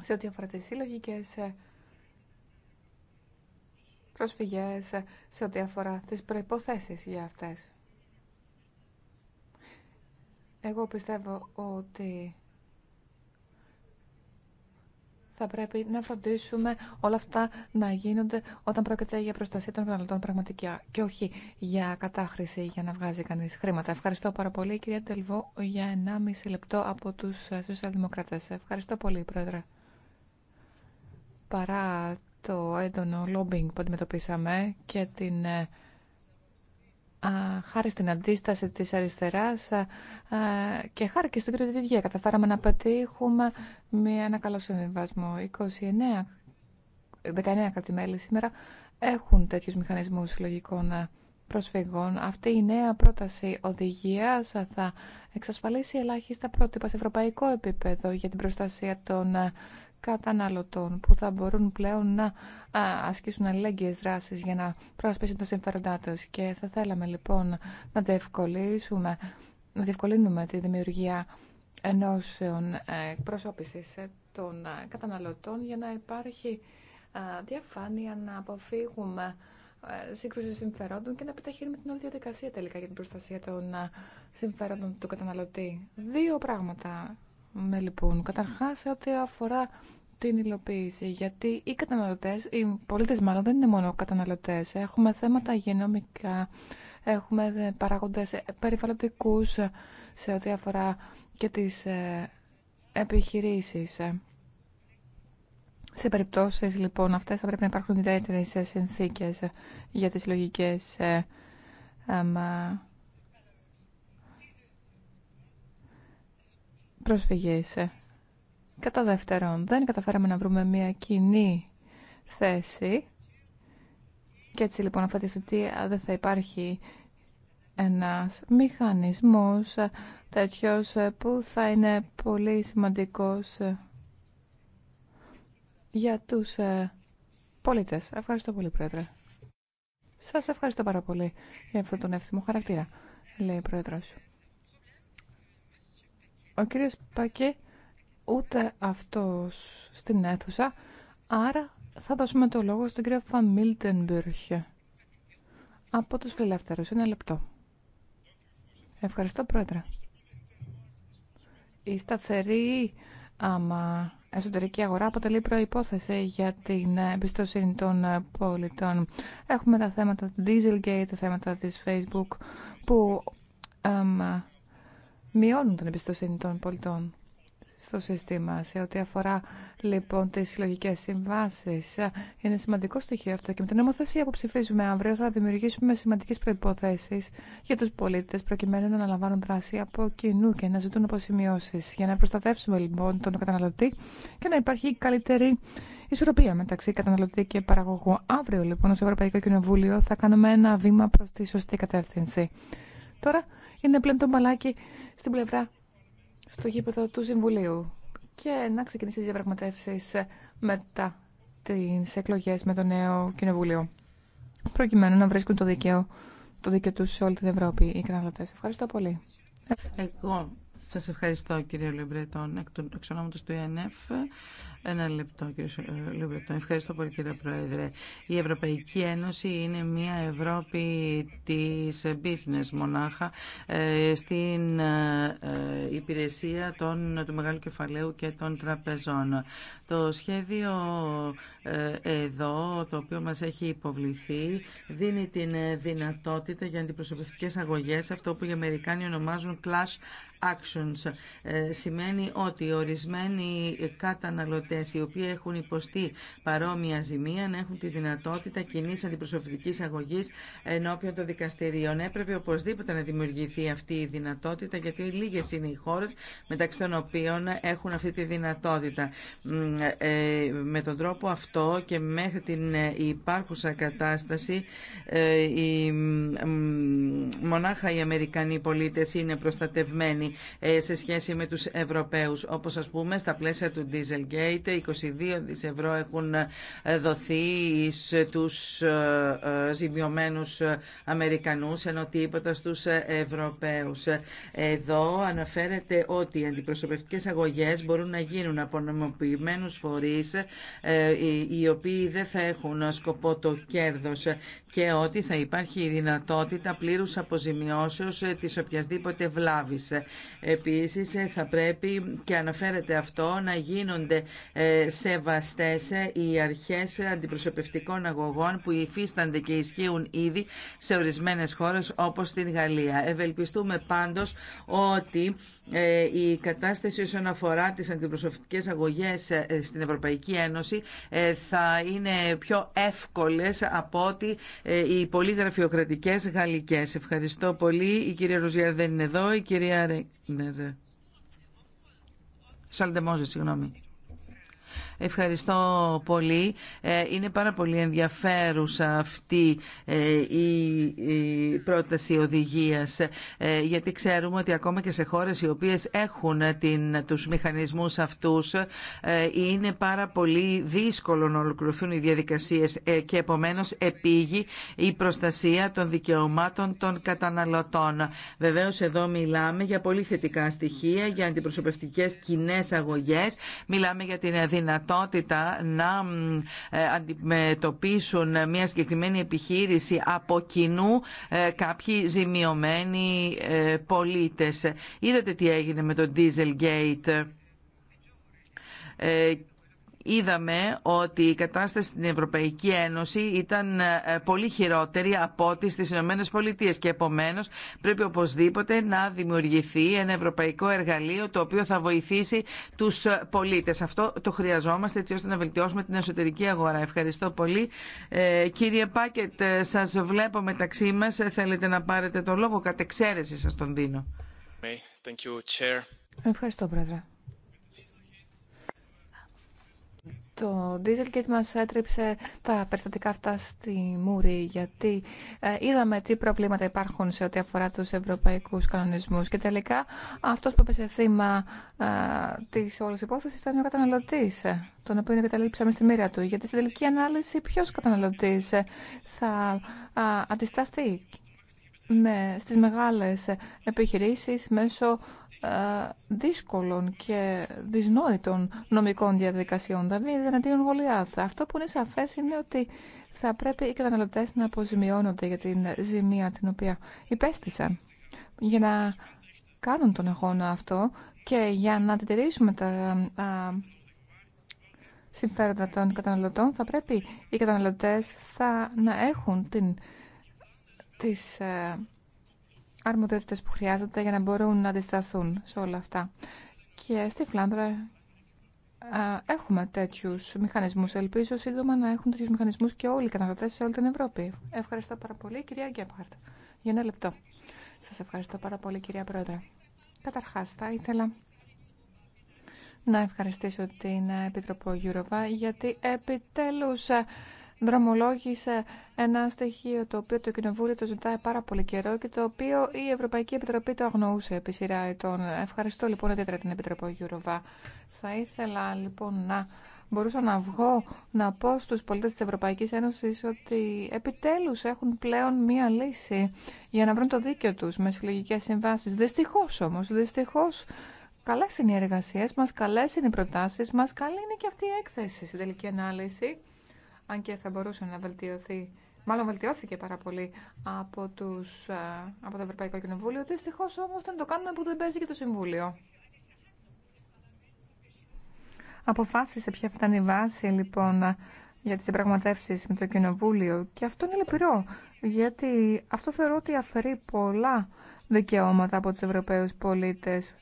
σε ό,τι αφορά τι συλλογικέ ε, προσφυγέ ε, σε ό,τι αφορά τις προϋποθέσεις για αυτές. Εγώ πιστεύω ότι θα πρέπει να φροντίσουμε όλα αυτά να γίνονται όταν πρόκειται για προστασία των καταναλωτών πραγματικά και όχι για κατάχρηση για να βγάζει κανείς χρήματα. Ευχαριστώ πάρα πολύ κυρία Τελβό για 1,5 λεπτό από τους σοσιαλδημοκρατές. Ευχαριστώ πολύ πρόεδρε. Παρά το έντονο λόμπινγκ που αντιμετωπίσαμε και την ε, χάρη στην αντίσταση της αριστεράς και χάρη και στον κύριο Διδιέ καταφέραμε να πετύχουμε μια, ένα καλό συμβιβασμό. 29, 19 κρατημέλη σήμερα έχουν τέτοιους μηχανισμούς συλλογικών ε, προσφυγών. Αυτή η νέα πρόταση οδηγίας θα εξασφαλίσει ελάχιστα πρότυπα σε ευρωπαϊκό επίπεδο για την προστασία των ε, καταναλωτών που θα μπορούν πλέον να ασκήσουν αλληλέγγυες δράσεις για να προασπίσουν τα συμφέροντά τους. Και θα θέλαμε λοιπόν να διευκολύνουμε, να διευκολύνουμε τη δημιουργία ενώσεων ε, εκπροσώπησης ε, των ε, καταναλωτών για να υπάρχει διαφάνεια να αποφύγουμε σύγκρουση συμφερόντων και να επιταχύνουμε την όλη διαδικασία τελικά για την προστασία των συμφερόντων του καταναλωτή. Δύο πράγματα με λοιπόν. Καταρχάς, σε ό,τι αφορά την υλοποίηση, γιατί οι καταναλωτές, οι πολίτες μάλλον δεν είναι μόνο καταναλωτές. Έχουμε θέματα γενομικά, έχουμε ε, παράγοντε περιβαλλοντικού σε ό,τι αφορά και τις ε, επιχειρήσει. Σε περιπτώσεις λοιπόν αυτές θα πρέπει να υπάρχουν ιδιαίτερες συνθήκες για τις λογικές ε, πρόσφυγες. Κατά δεύτερον, δεν καταφέραμε να βρούμε μια κοινή θέση και έτσι λοιπόν αυτή τη δεν θα υπάρχει ένας μηχανισμός τέτοιος που θα είναι πολύ σημαντικός για τους πολίτες. Ευχαριστώ πολύ, Πρόεδρε. Σας ευχαριστώ πάρα πολύ για αυτόν τον εύθυμο χαρακτήρα, λέει ο Πρόεδρος. Ο κύριος Πακέ ούτε αυτός στην αίθουσα, άρα θα δώσουμε το λόγο στον κύριο Φαμίλτενμπουρχ. Από τους φιλελεύθερους, ένα λεπτό. Ευχαριστώ, Πρόεδρε. Η σταθερή άμα εσωτερική αγορά αποτελεί προϋπόθεση για την εμπιστοσύνη των πολιτών. Έχουμε τα θέματα του Dieselgate, τα θέματα της Facebook που μειώνουν την εμπιστοσύνη των πολιτών στο σύστημα σε ό,τι αφορά λοιπόν τις συλλογικέ συμβάσεις. Είναι σημαντικό στοιχείο αυτό και με την νομοθεσία που ψηφίζουμε αύριο θα δημιουργήσουμε σημαντικές προϋποθέσεις για τους πολίτες προκειμένου να αναλαμβάνουν δράση από κοινού και να ζητούν αποσημειώσει για να προστατεύσουμε λοιπόν τον καταναλωτή και να υπάρχει καλύτερη ισορροπία μεταξύ καταναλωτή και παραγωγού. Αύριο λοιπόν ω Ευρωπαϊκό Κοινοβούλιο θα κάνουμε ένα βήμα προς τη σωστή κατεύθυνση. Τώρα είναι πλέον το μπαλάκι στην πλευρά στο γήπεδο του Συμβουλίου και να ξεκινήσει τι διαπραγματεύσει μετά τι εκλογέ με το νέο Κοινοβούλιο προκειμένου να βρίσκουν το δίκαιο, το δίκαιο τους σε όλη την Ευρώπη οι καταναλωτέ. Ευχαριστώ πολύ. Σα ευχαριστώ κύριε Λεμπρετών. Εξ ονόματος του ΕΝΕΦ, ένα λεπτό κύριε Λεμπρετών. Ευχαριστώ πολύ κύριε Πρόεδρε. Η Ευρωπαϊκή Ένωση είναι μια Ευρώπη τη business μονάχα ε, στην ε, ε, υπηρεσία των, του μεγάλου κεφαλαίου και των τραπεζών. Το σχέδιο εδώ, το οποίο μας έχει υποβληθεί, δίνει την δυνατότητα για αντιπροσωπευτικές αγωγές, αυτό που οι Αμερικάνοι ονομάζουν clash actions. Ε, σημαίνει ότι ορισμένοι καταναλωτές οι οποίοι έχουν υποστεί παρόμοια ζημία να έχουν τη δυνατότητα κοινή αντιπροσωπευτική αγωγή ενώπιον των δικαστηρίων. Έπρεπε οπωσδήποτε να δημιουργηθεί αυτή η δυνατότητα γιατί λίγες είναι οι χώρες μεταξύ των οποίων έχουν αυτή τη δυνατότητα. Ε, με τον τρόπο αυτό και μέχρι την υπάρχουσα κατάσταση ε, μονάχα οι Αμερικανοί πολίτες είναι προστατευμένοι ε, σε σχέση με τους Ευρωπαίους. Όπως ας πούμε στα πλαίσια του Dieselgate 22 ευρώ έχουν ε, δοθεί στους ε, ζημιωμένους Αμερικανούς ενώ τίποτα στους Ευρωπαίους. Εδώ αναφέρεται ότι οι αντιπροσωπευτικές αγωγές μπορούν να γίνουν από νομιμοποιημένους φορείς οι οποίοι δεν θα έχουν σκοπό το κέρδος και ότι θα υπάρχει η δυνατότητα πλήρους αποζημιώσεως της οποιασδήποτε βλάβης. Επίσης ε, θα πρέπει και αναφέρεται αυτό να γίνονται ε, σεβαστές ε, οι αρχές αντιπροσωπευτικών αγωγών που υφίστανται και ισχύουν ήδη σε ορισμένες χώρες όπως στην Γαλλία. Ευελπιστούμε πάντως ότι η κατάσταση όσον αφορά τις αντιπροσωπευτικές αγωγές στην Ευρωπαϊκή Ένωση θα είναι πιο εύκολες από ότι οι πολύ γραφειοκρατικές γαλλικές. Ευχαριστώ πολύ. Η κυρία Ρουζιάρ δεν είναι εδώ. Η κυρία ναι, ναι. Σαλντεμόζε, συγγνώμη. Ευχαριστώ πολύ. Ε, είναι πάρα πολύ ενδιαφέρουσα αυτή ε, η πρόταση οδηγίας ε, γιατί ξέρουμε ότι ακόμα και σε χώρες οι οποίες έχουν την, τους μηχανισμούς αυτούς είναι πάρα πολύ δύσκολο να ολοκληρωθούν οι διαδικασίες και επομένως επίγει η προστασία των δικαιωμάτων των καταναλωτών. Βεβαίως εδώ μιλάμε για πολύ θετικά στοιχεία, για αντιπροσωπευτικές κοινέ αγωγές, μιλάμε για την δυνατότητα να ε, αντιμετωπίσουν μια συγκεκριμένη επιχείρηση από κοινού ε, κάποιοι ζημιωμένοι ε, πολίτες. Είδατε τι έγινε με το Dieselgate είδαμε ότι η κατάσταση στην Ευρωπαϊκή Ένωση ήταν ε, πολύ χειρότερη από ό,τι στις Ηνωμένε Πολιτείε. και επομένως πρέπει οπωσδήποτε να δημιουργηθεί ένα ευρωπαϊκό εργαλείο το οποίο θα βοηθήσει τους ε, πολίτες. Αυτό το χρειαζόμαστε έτσι ώστε να βελτιώσουμε την εσωτερική αγορά. Ευχαριστώ πολύ. Ε, κύριε Πάκετ, ε, σας βλέπω μεταξύ μας. Θέλετε να πάρετε το λόγο. Κατ' εξαίρεση σας τον δίνω. Ευχαριστώ, Πρόεδρε. το Dieselgate μας έτριψε τα περιστατικά αυτά στη Μούρη, γιατί ε, είδαμε τι προβλήματα υπάρχουν σε ό,τι αφορά τους ευρωπαϊκούς κανονισμούς και τελικά αυτός που έπεσε θύμα ε, της όλης υπόθεσης ήταν ο καταναλωτής, ε, τον οποίο καταλήψαμε στη μοίρα του. Γιατί στην τελική ανάλυση ποιος καταναλωτής ε, θα αντισταθεί με, στις μεγάλες επιχειρήσεις μέσω ε, δύσκολων και δυσνόητων νομικών διαδικασιών. Δαβίδ δηλαδή εναντίον Γολιάθ. Αυτό που είναι σαφέ είναι ότι θα πρέπει οι καταναλωτέ να αποζημιώνονται για την ζημία την οποία υπέστησαν. Για να κάνουν τον αγώνα αυτό και για να αντιτηρήσουμε τα συμφέροντα των καταναλωτών θα πρέπει οι καταναλωτές θα να έχουν την, τις ε, αρμοδιότητες που χρειάζονται για να μπορούν να αντισταθούν σε όλα αυτά. Και στη Φλάνδρα έχουμε τέτοιους μηχανισμούς. Ελπίζω σύντομα να έχουν τέτοιους μηχανισμούς και όλοι οι καταναλωτές σε όλη την Ευρώπη. Ευχαριστώ πάρα πολύ, κυρία Γκέμπαρτ, Για ένα λεπτό. Σας ευχαριστώ πάρα πολύ, κυρία Πρόεδρε. Καταρχάς, θα ήθελα να ευχαριστήσω την Επιτροπό Γιούροβα γιατί επιτέλους δρομολόγησε ένα στοιχείο το οποίο το Κοινοβούλιο το ζητάει πάρα πολύ καιρό και το οποίο η Ευρωπαϊκή Επιτροπή το αγνοούσε επί σειρά ετών. Ευχαριστώ λοιπόν ιδιαίτερα την Επιτροπή Γιουροβά. Θα ήθελα λοιπόν να μπορούσα να βγω να πω στους πολίτες της Ευρωπαϊκής Ένωσης ότι επιτέλους έχουν πλέον μία λύση για να βρουν το δίκαιο τους με συλλογικές συμβάσεις. Δυστυχώς όμως, δυστυχώς καλές είναι οι εργασίες μας, καλές είναι οι προτάσεις μας, καλή είναι και αυτή η έκθεση στην τελική ανάλυση αν και θα μπορούσε να βελτιωθεί, μάλλον βελτιώθηκε πάρα πολύ από, τους, ε, από το Ευρωπαϊκό Κοινοβούλιο. Δυστυχώ όμω δεν το κάνουμε που δεν παίζει και το Συμβούλιο. Αποφάσισε ποια ήταν η βάση λοιπόν για τις συμπραγματεύσει με το Κοινοβούλιο και αυτό είναι λυπηρό γιατί αυτό θεωρώ ότι αφαιρεί πολλά δικαιώματα από τους Ευρωπαίους πολίτες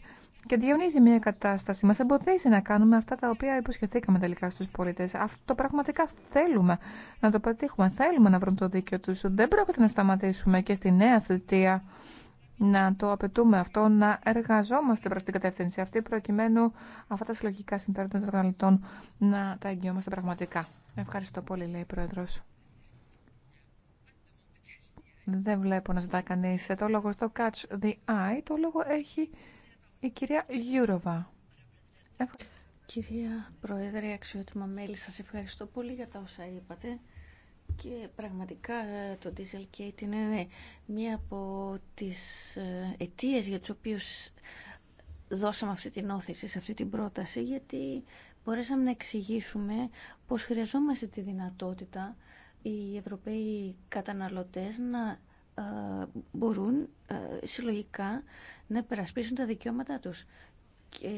και διαιωνίζει μια κατάσταση. Μα εμποδίζει να κάνουμε αυτά τα οποία υποσχεθήκαμε τελικά στου πολιτέ. Αυτό πραγματικά θέλουμε να το πετύχουμε. Θέλουμε να βρουν το δίκαιο του. Δεν πρόκειται να σταματήσουμε και στη νέα θητεία να το απαιτούμε αυτό, να εργαζόμαστε προ την κατεύθυνση αυτή, προκειμένου αυτά τα συλλογικά συμφέροντα των καταναλωτών να τα εγγυόμαστε πραγματικά. Ευχαριστώ πολύ, λέει η πρόεδρο. Δεν βλέπω να ζητά κανεί. το λόγο στο Catch the Eye. Το λόγο έχει η κυρία Γιούροβα. Κυρία Πρόεδρε, αξιότιμα μέλη, σας ευχαριστώ πολύ για τα όσα είπατε. Και πραγματικά ε, το Dieselgate είναι ναι, μία από τις ε, αιτίες για τις οποίες δώσαμε αυτή την όθηση σε αυτή την πρόταση, γιατί μπορέσαμε να εξηγήσουμε πως χρειαζόμαστε τη δυνατότητα οι Ευρωπαίοι καταναλωτές να ε, μπορούν ε, συλλογικά να περασπίσουν τα δικαιώματά τους. Και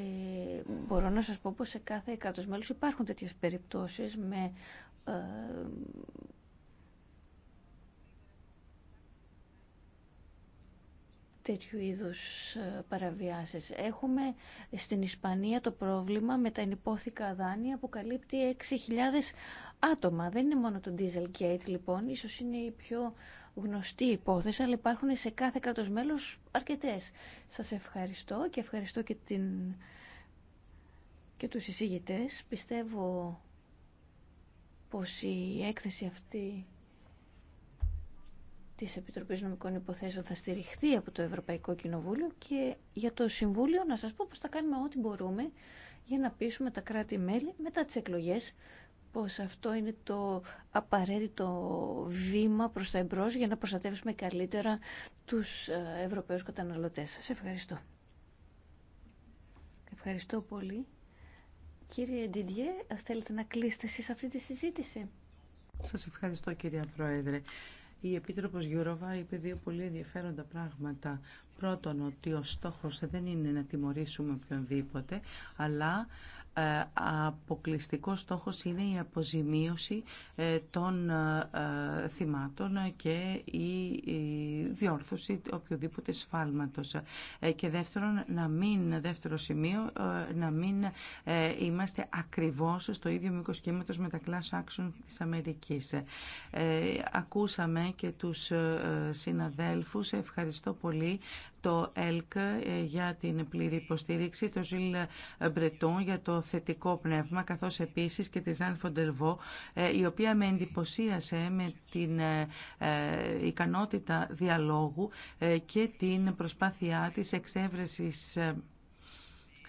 μπορώ να σας πω πως σε κάθε κράτος μέλος υπάρχουν τέτοιες περιπτώσεις με ε, τέτοιου είδους παραβιάσεις. Έχουμε στην Ισπανία το πρόβλημα με τα ενυπόθηκα δάνεια που καλύπτει 6.000 άτομα. Δεν είναι μόνο το Dieselgate λοιπόν, ίσως είναι η πιο γνωστή υπόθεση, αλλά υπάρχουν σε κάθε κράτος μέλος αρκετές. Σας ευχαριστώ και ευχαριστώ και, την... και τους εισηγητές. Πιστεύω πως η έκθεση αυτή της Επιτροπής Νομικών Υποθέσεων θα στηριχθεί από το Ευρωπαϊκό Κοινοβούλιο και για το Συμβούλιο να σας πω πως θα κάνουμε ό,τι μπορούμε για να πείσουμε τα κράτη-μέλη μετά τις εκλογές πως αυτό είναι το απαραίτητο βήμα προς τα εμπρός για να προστατεύσουμε καλύτερα τους ε, Ευρωπαίους καταναλωτές. Σας ευχαριστώ. Ευχαριστώ πολύ. Κύριε Ντιντιέ, θέλετε να κλείσετε εσείς αυτή τη συζήτηση. Σας ευχαριστώ κυρία Πρόεδρε. Η Επίτροπος Γιούροβα είπε δύο πολύ ενδιαφέροντα πράγματα. Πρώτον, ότι ο στόχος δεν είναι να τιμωρήσουμε οποιονδήποτε, αλλά ε, αποκλειστικό στόχος είναι η αποζημίωση ε, των ε, θυμάτων και η διόρθωση οποιοδήποτε σφάλματος. Και δεύτερον, να μην, δεύτερο σημείο, να μην είμαστε ακριβώς στο ίδιο μήκος κύματος με τα class action της Αμερικής. Ακούσαμε και τους συναδέλφους. Ευχαριστώ πολύ το ΕΛΚ ε, για την πλήρη υποστήριξη, το Ζιλ Μπρετόν για το θετικό πνεύμα, καθώς επίσης και τη Ζαν Φοντερβό, η οποία με εντυπωσίασε με την ε, ε, ικανότητα διαλόγου και την προσπάθειά της εξέβρεσης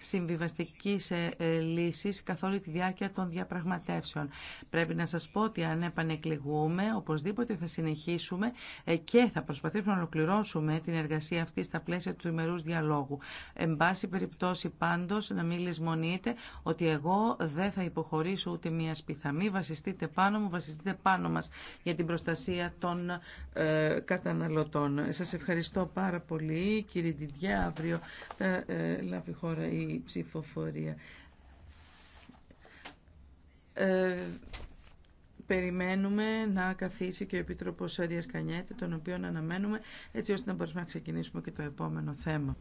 συμβιβαστικής ε, ε, λύσης καθ' όλη τη διάρκεια των διαπραγματεύσεων. Πρέπει να σας πω ότι αν επανεκλεγούμε, οπωσδήποτε θα συνεχίσουμε ε, και θα προσπαθήσουμε να ολοκληρώσουμε την εργασία αυτή στα πλαίσια του ημερούς διαλόγου. Εν πάση περιπτώσει πάντως να μην λησμονείτε ότι εγώ δεν θα υποχωρήσω ούτε μία σπιθαμή. Βασιστείτε πάνω μου, βασιστείτε πάνω μας για την προστασία των ε, καταναλωτών. Σας ευχαριστώ πάρα πολύ κύριε Διδιά. Αύριο θα λάβει χώρα η ψηφοφορία. Ε, περιμένουμε να καθίσει και ο Επίτροπος Αρίας Κανιέτη, τον οποίο αναμένουμε, έτσι ώστε να μπορούμε να ξεκινήσουμε και το επόμενο θέμα.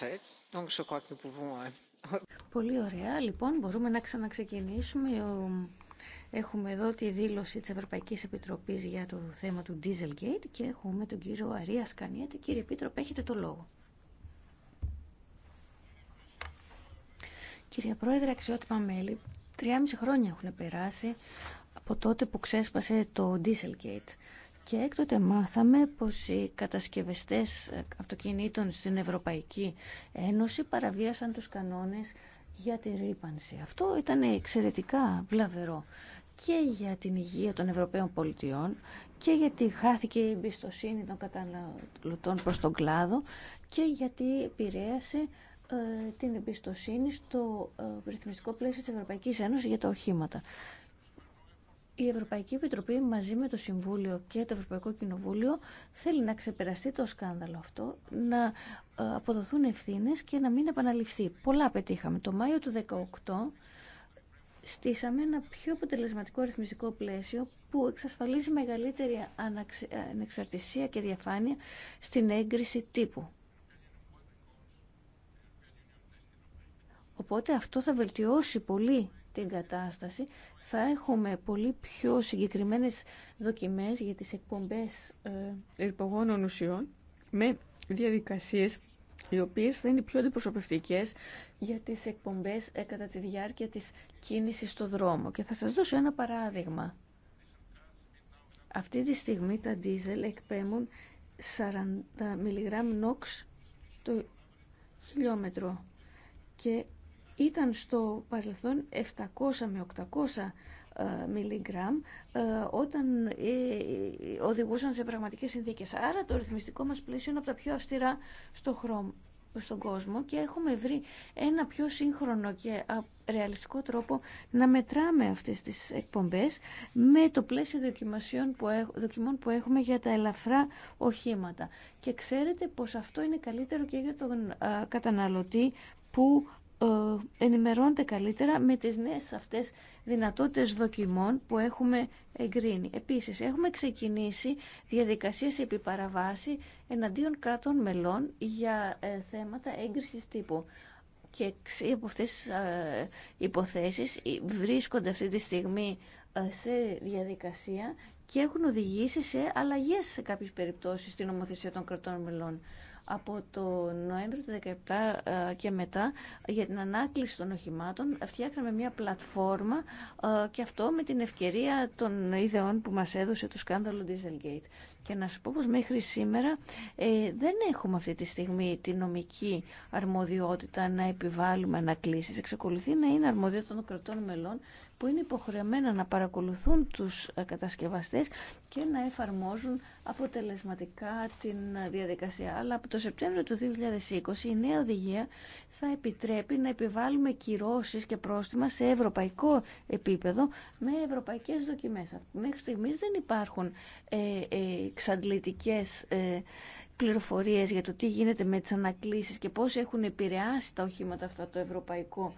Euh, Πολύ ωραία. Λοιπόν, μπορούμε να ξαναξεκινήσουμε. Έχουμε εδώ τη δήλωση της Ευρωπαϊκής Επιτροπής για το θέμα του Dieselgate και έχουμε τον κύριο Αρία Σκανιέτη. Κύριε Επίτροπε, έχετε το λόγο. Κυρία Πρόεδρε, αξιότιμα μέλη, 3,5 χρόνια έχουν περάσει από τότε που ξέσπασε το Dieselgate και έκτοτε μάθαμε πως οι κατασκευαστές αυτοκινήτων στην Ευρωπαϊκή Ένωση παραβίασαν τους κανόνες για τη ρήπανση. Αυτό ήταν εξαιρετικά βλαβερό και για την υγεία των Ευρωπαίων πολιτιών και γιατί χάθηκε η εμπιστοσύνη των καταναλωτών προς τον κλάδο και γιατί επηρέασε ε, την εμπιστοσύνη στο ε, ρυθμιστικό πλαίσιο της Ευρωπαϊκής Ένωσης για τα οχήματα. Η Ευρωπαϊκή Επιτροπή μαζί με το Συμβούλιο και το Ευρωπαϊκό Κοινοβούλιο θέλει να ξεπεραστεί το σκάνδαλο αυτό, να ε, αποδοθούν ευθύνε και να μην επαναληφθεί. Πολλά πετύχαμε. Το Μάιο του 2018 στήσαμε ένα πιο αποτελεσματικό ρυθμιστικό πλαίσιο που εξασφαλίζει μεγαλύτερη ανεξαρτησία και διαφάνεια στην έγκριση τύπου. Οπότε αυτό θα βελτιώσει πολύ την κατάσταση θα έχουμε πολύ πιο συγκεκριμένες δοκιμές για τις εκπομπές ερπογόνων ουσιών με διαδικασίες οι οποίες θα είναι πιο αντιπροσωπευτικές για τις εκπομπές ε, κατά τη διάρκεια της κίνησης στο δρόμο. Και θα σας δώσω ένα παράδειγμα. Αυτή τη στιγμή τα ντίζελ εκπέμουν 40 μιλιγράμμ νόξ το χιλιόμετρο και ήταν στο παρελθόν 700 με 800 ε, μιλιγκράμμ ε, όταν ε, οδηγούσαν σε πραγματικές συνθήκες. Άρα το ρυθμιστικό μας πλαίσιο είναι από τα πιο αυστηρά στο στον κόσμο και έχουμε βρει ένα πιο σύγχρονο και ρεαλιστικό τρόπο να μετράμε αυτές τις εκπομπές με το πλαίσιο δοκιμασιών που δοκιμών που έχουμε για τα ελαφρά οχήματα. Και ξέρετε πως αυτό είναι καλύτερο και για τον καταναλωτή που ε, ενημερώνεται καλύτερα με τις νέες αυτές δυνατότητες δοκιμών που έχουμε εγκρίνει. Επίσης, έχουμε ξεκινήσει διαδικασίες επί παραβάση εναντίον κράτων μελών για ε, θέματα έγκρισης τύπου. Και από αυτές τις ε, υποθέσεις βρίσκονται αυτή τη στιγμή σε διαδικασία και έχουν οδηγήσει σε αλλαγές σε κάποιες περιπτώσεις στην νομοθεσία των κρατών μελών από το Νοέμβριο του 2017 ε, και μετά για την ανάκληση των οχημάτων φτιάξαμε μια πλατφόρμα ε, και αυτό με την ευκαιρία των ιδεών που μας έδωσε το σκάνδαλο Dieselgate. Και να σας πω πως μέχρι σήμερα ε, δεν έχουμε αυτή τη στιγμή τη νομική αρμοδιότητα να επιβάλλουμε ανακλήσεις. Εξακολουθεί να είναι αρμοδιότητα των κρατών μελών που είναι υποχρεωμένα να παρακολουθούν τους ε, κατασκευαστές και να εφαρμόζουν αποτελεσματικά την ε, διαδικασία. Αλλά από το Σεπτέμβριο του 2020 η νέα οδηγία θα επιτρέπει να επιβάλλουμε κυρώσεις και πρόστιμα σε ευρωπαϊκό επίπεδο με ευρωπαϊκές δοκιμές. Μέχρι στιγμής δεν υπάρχουν ε, εξαντλητικές πληροφορίες για το τι γίνεται με τις ανακλήσεις και πώς έχουν επηρεάσει τα οχήματα αυτά το ευρωπαϊκό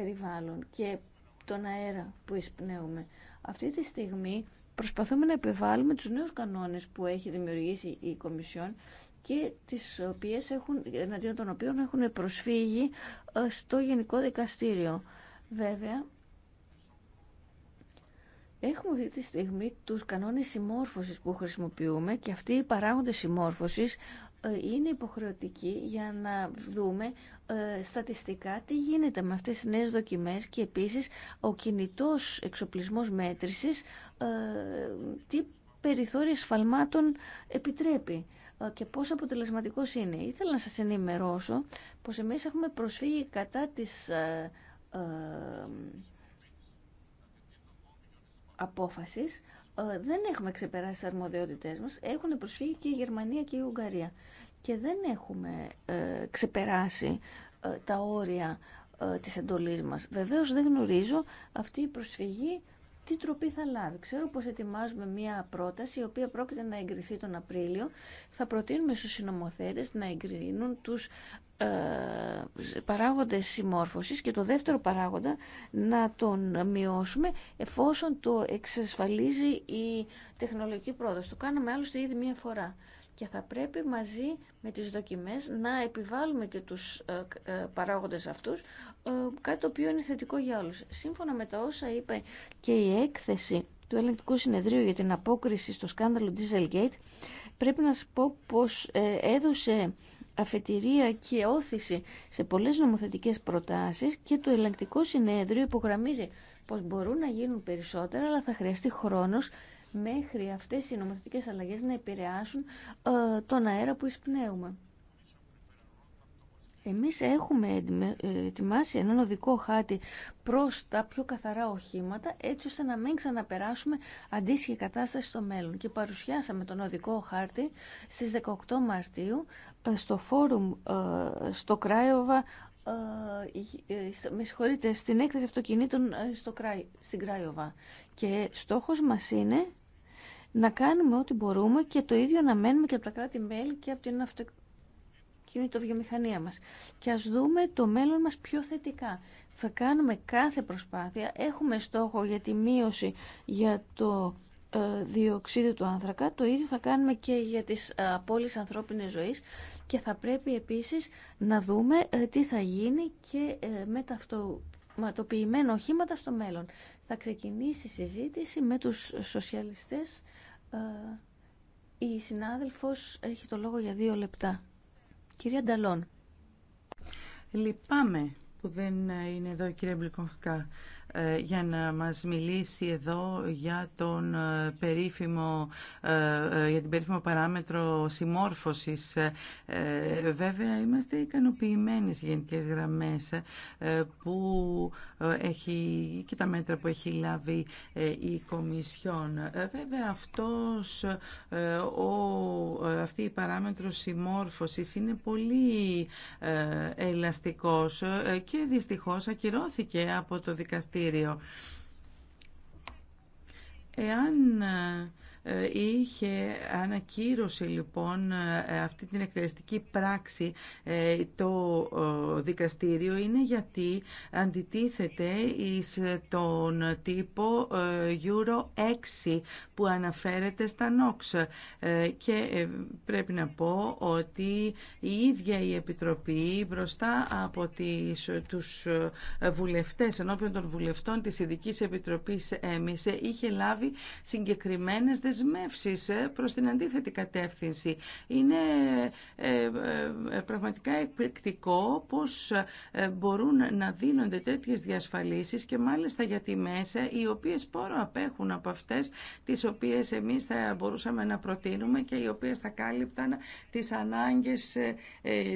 περιβάλλον και τον αέρα που εισπνέουμε. Αυτή τη στιγμή προσπαθούμε να επιβάλλουμε τους νέους κανόνες που έχει δημιουργήσει η Κομισιόν και τις οποίες έχουν, εναντίον των οποίων έχουν προσφύγει ε, στο Γενικό Δικαστήριο. Βέβαια, Έχουμε αυτή τη στιγμή τους κανόνες συμμόρφωσης που χρησιμοποιούμε και αυτοί οι παράγοντες συμμόρφωσης ε, είναι υποχρεωτική για να δούμε ε, στατιστικά τι γίνεται με αυτές τις νέες δοκιμές και επίσης ο κινητός εξοπλισμός μέτρησης ε, τι περιθώρια σφαλμάτων επιτρέπει και πόσο αποτελεσματικός είναι. Ήθελα να σας ενημερώσω πως εμείς έχουμε προσφύγει κατά της απόφασης δεν έχουμε ξεπεράσει τι αρμοδιότητέ μα. Έχουν προσφύγει και η Γερμανία και η Ουγγαρία και δεν έχουμε ε, ξεπεράσει ε, τα όρια ε, της εντολής μας. Βεβαίως δεν γνωρίζω αυτή η προσφυγή τι τροπή θα λάβει. Ξέρω πως ετοιμάζουμε μία πρόταση η οποία πρόκειται να εγκριθεί τον Απρίλιο. Θα προτείνουμε στους συνομοθέτες να εγκρίνουν τους ε, παράγοντες συμμόρφωσης και το δεύτερο παράγοντα να τον μειώσουμε εφόσον το εξασφαλίζει η τεχνολογική πρόοδος. Το κάναμε άλλωστε ήδη μία φορά και θα πρέπει μαζί με τις δοκιμές να επιβάλλουμε και τους ε, ε, παράγοντες αυτούς, ε, κάτι το οποίο είναι θετικό για όλους. Σύμφωνα με τα όσα είπε και η έκθεση του ελεγκτικού Συνεδρίου για την απόκριση στο σκάνδαλο Dieselgate, πρέπει να σας πω πως έδωσε αφετηρία και όθηση σε πολλές νομοθετικές προτάσεις και το ελεγκτικό συνέδριο υπογραμμίζει πως μπορούν να γίνουν περισσότερα αλλά θα χρειαστεί χρόνος μέχρι αυτές οι νομοθετικές αλλαγές να επηρεάσουν ε, τον αέρα που εισπνέουμε. Εμείς έχουμε ε, ετοιμάσει έναν οδικό χάρτη προς τα πιο καθαρά οχήματα έτσι ώστε να μην ξαναπεράσουμε αντίστοιχη κατάσταση στο μέλλον. Και παρουσιάσαμε τον οδικό χάρτη στις 18 Μαρτίου ε, στο φόρουμ στο Κράιοβα με συγχωρείτε, στην έκθεση αυτοκινήτων στο στην Κράιοβα. Και στόχος μας είναι να κάνουμε ό,τι μπορούμε και το ίδιο να μένουμε και από τα κράτη-μέλη και από την αυτοκινητοβιομηχανία μας. Και ας δούμε το μέλλον μας πιο θετικά. Θα κάνουμε κάθε προσπάθεια. Έχουμε στόχο για τη μείωση για το ε, διοξείδιο του άνθρακα. Το ίδιο θα κάνουμε και για τις ε, απόλυτες ανθρώπινες ζωής και θα πρέπει επίσης να δούμε ε, τι θα γίνει και με τα οχήματα στο μέλλον. Θα ξεκινήσει η συζήτηση με τους σοσιαλιστές. Ε, η συνάδελφος έχει το λόγο για δύο λεπτά. Κυρία Νταλόν. Λυπάμαι που δεν είναι εδώ η κυρία Μπλικοφκά. Ε, για να μας μιλήσει εδώ για, τον ε, περίφημο, ε, για την περίφημο παράμετρο συμμόρφωσης. Βέβαια, είμαστε ικανοποιημένοι στις γενικές γραμμές που έχει και τα μέτρα που έχει λάβει η Κομισιόν. Βέβαια, αυτός, ο, αυτή η παράμετρο συμμόρφωσης είναι πολύ ελαστικός και δυστυχώς ακυρώθηκε από το δικαστήριο δικαστήριο. Εάν ε, ε, είχε ανακύρωσε λοιπόν ε, αυτή την εκτελεστική πράξη ε, το δικαστήριο είναι γιατί αντιτίθεται εις τον τύπο Euro 6 που αναφέρεται στα NOx και πρέπει να πω ότι η ίδια η Επιτροπή μπροστά από τις, τους βουλευτές ενώπιον των βουλευτών της ειδική Επιτροπής ΕΜΙΣΕ είχε λάβει συγκεκριμένες Προ ε, προς την αντίθετη κατεύθυνση. Είναι ε, ε, πραγματικά εκπληκτικό πώς μπορούν να δίνονται τέτοιες διασφαλίσεις και μάλιστα για μέσα οι οποίες πόρο απέχουν από αυτές τις οποίες εμείς θα μπορούσαμε να προτείνουμε και οι οποίες θα κάλυπταν τις ανάγκες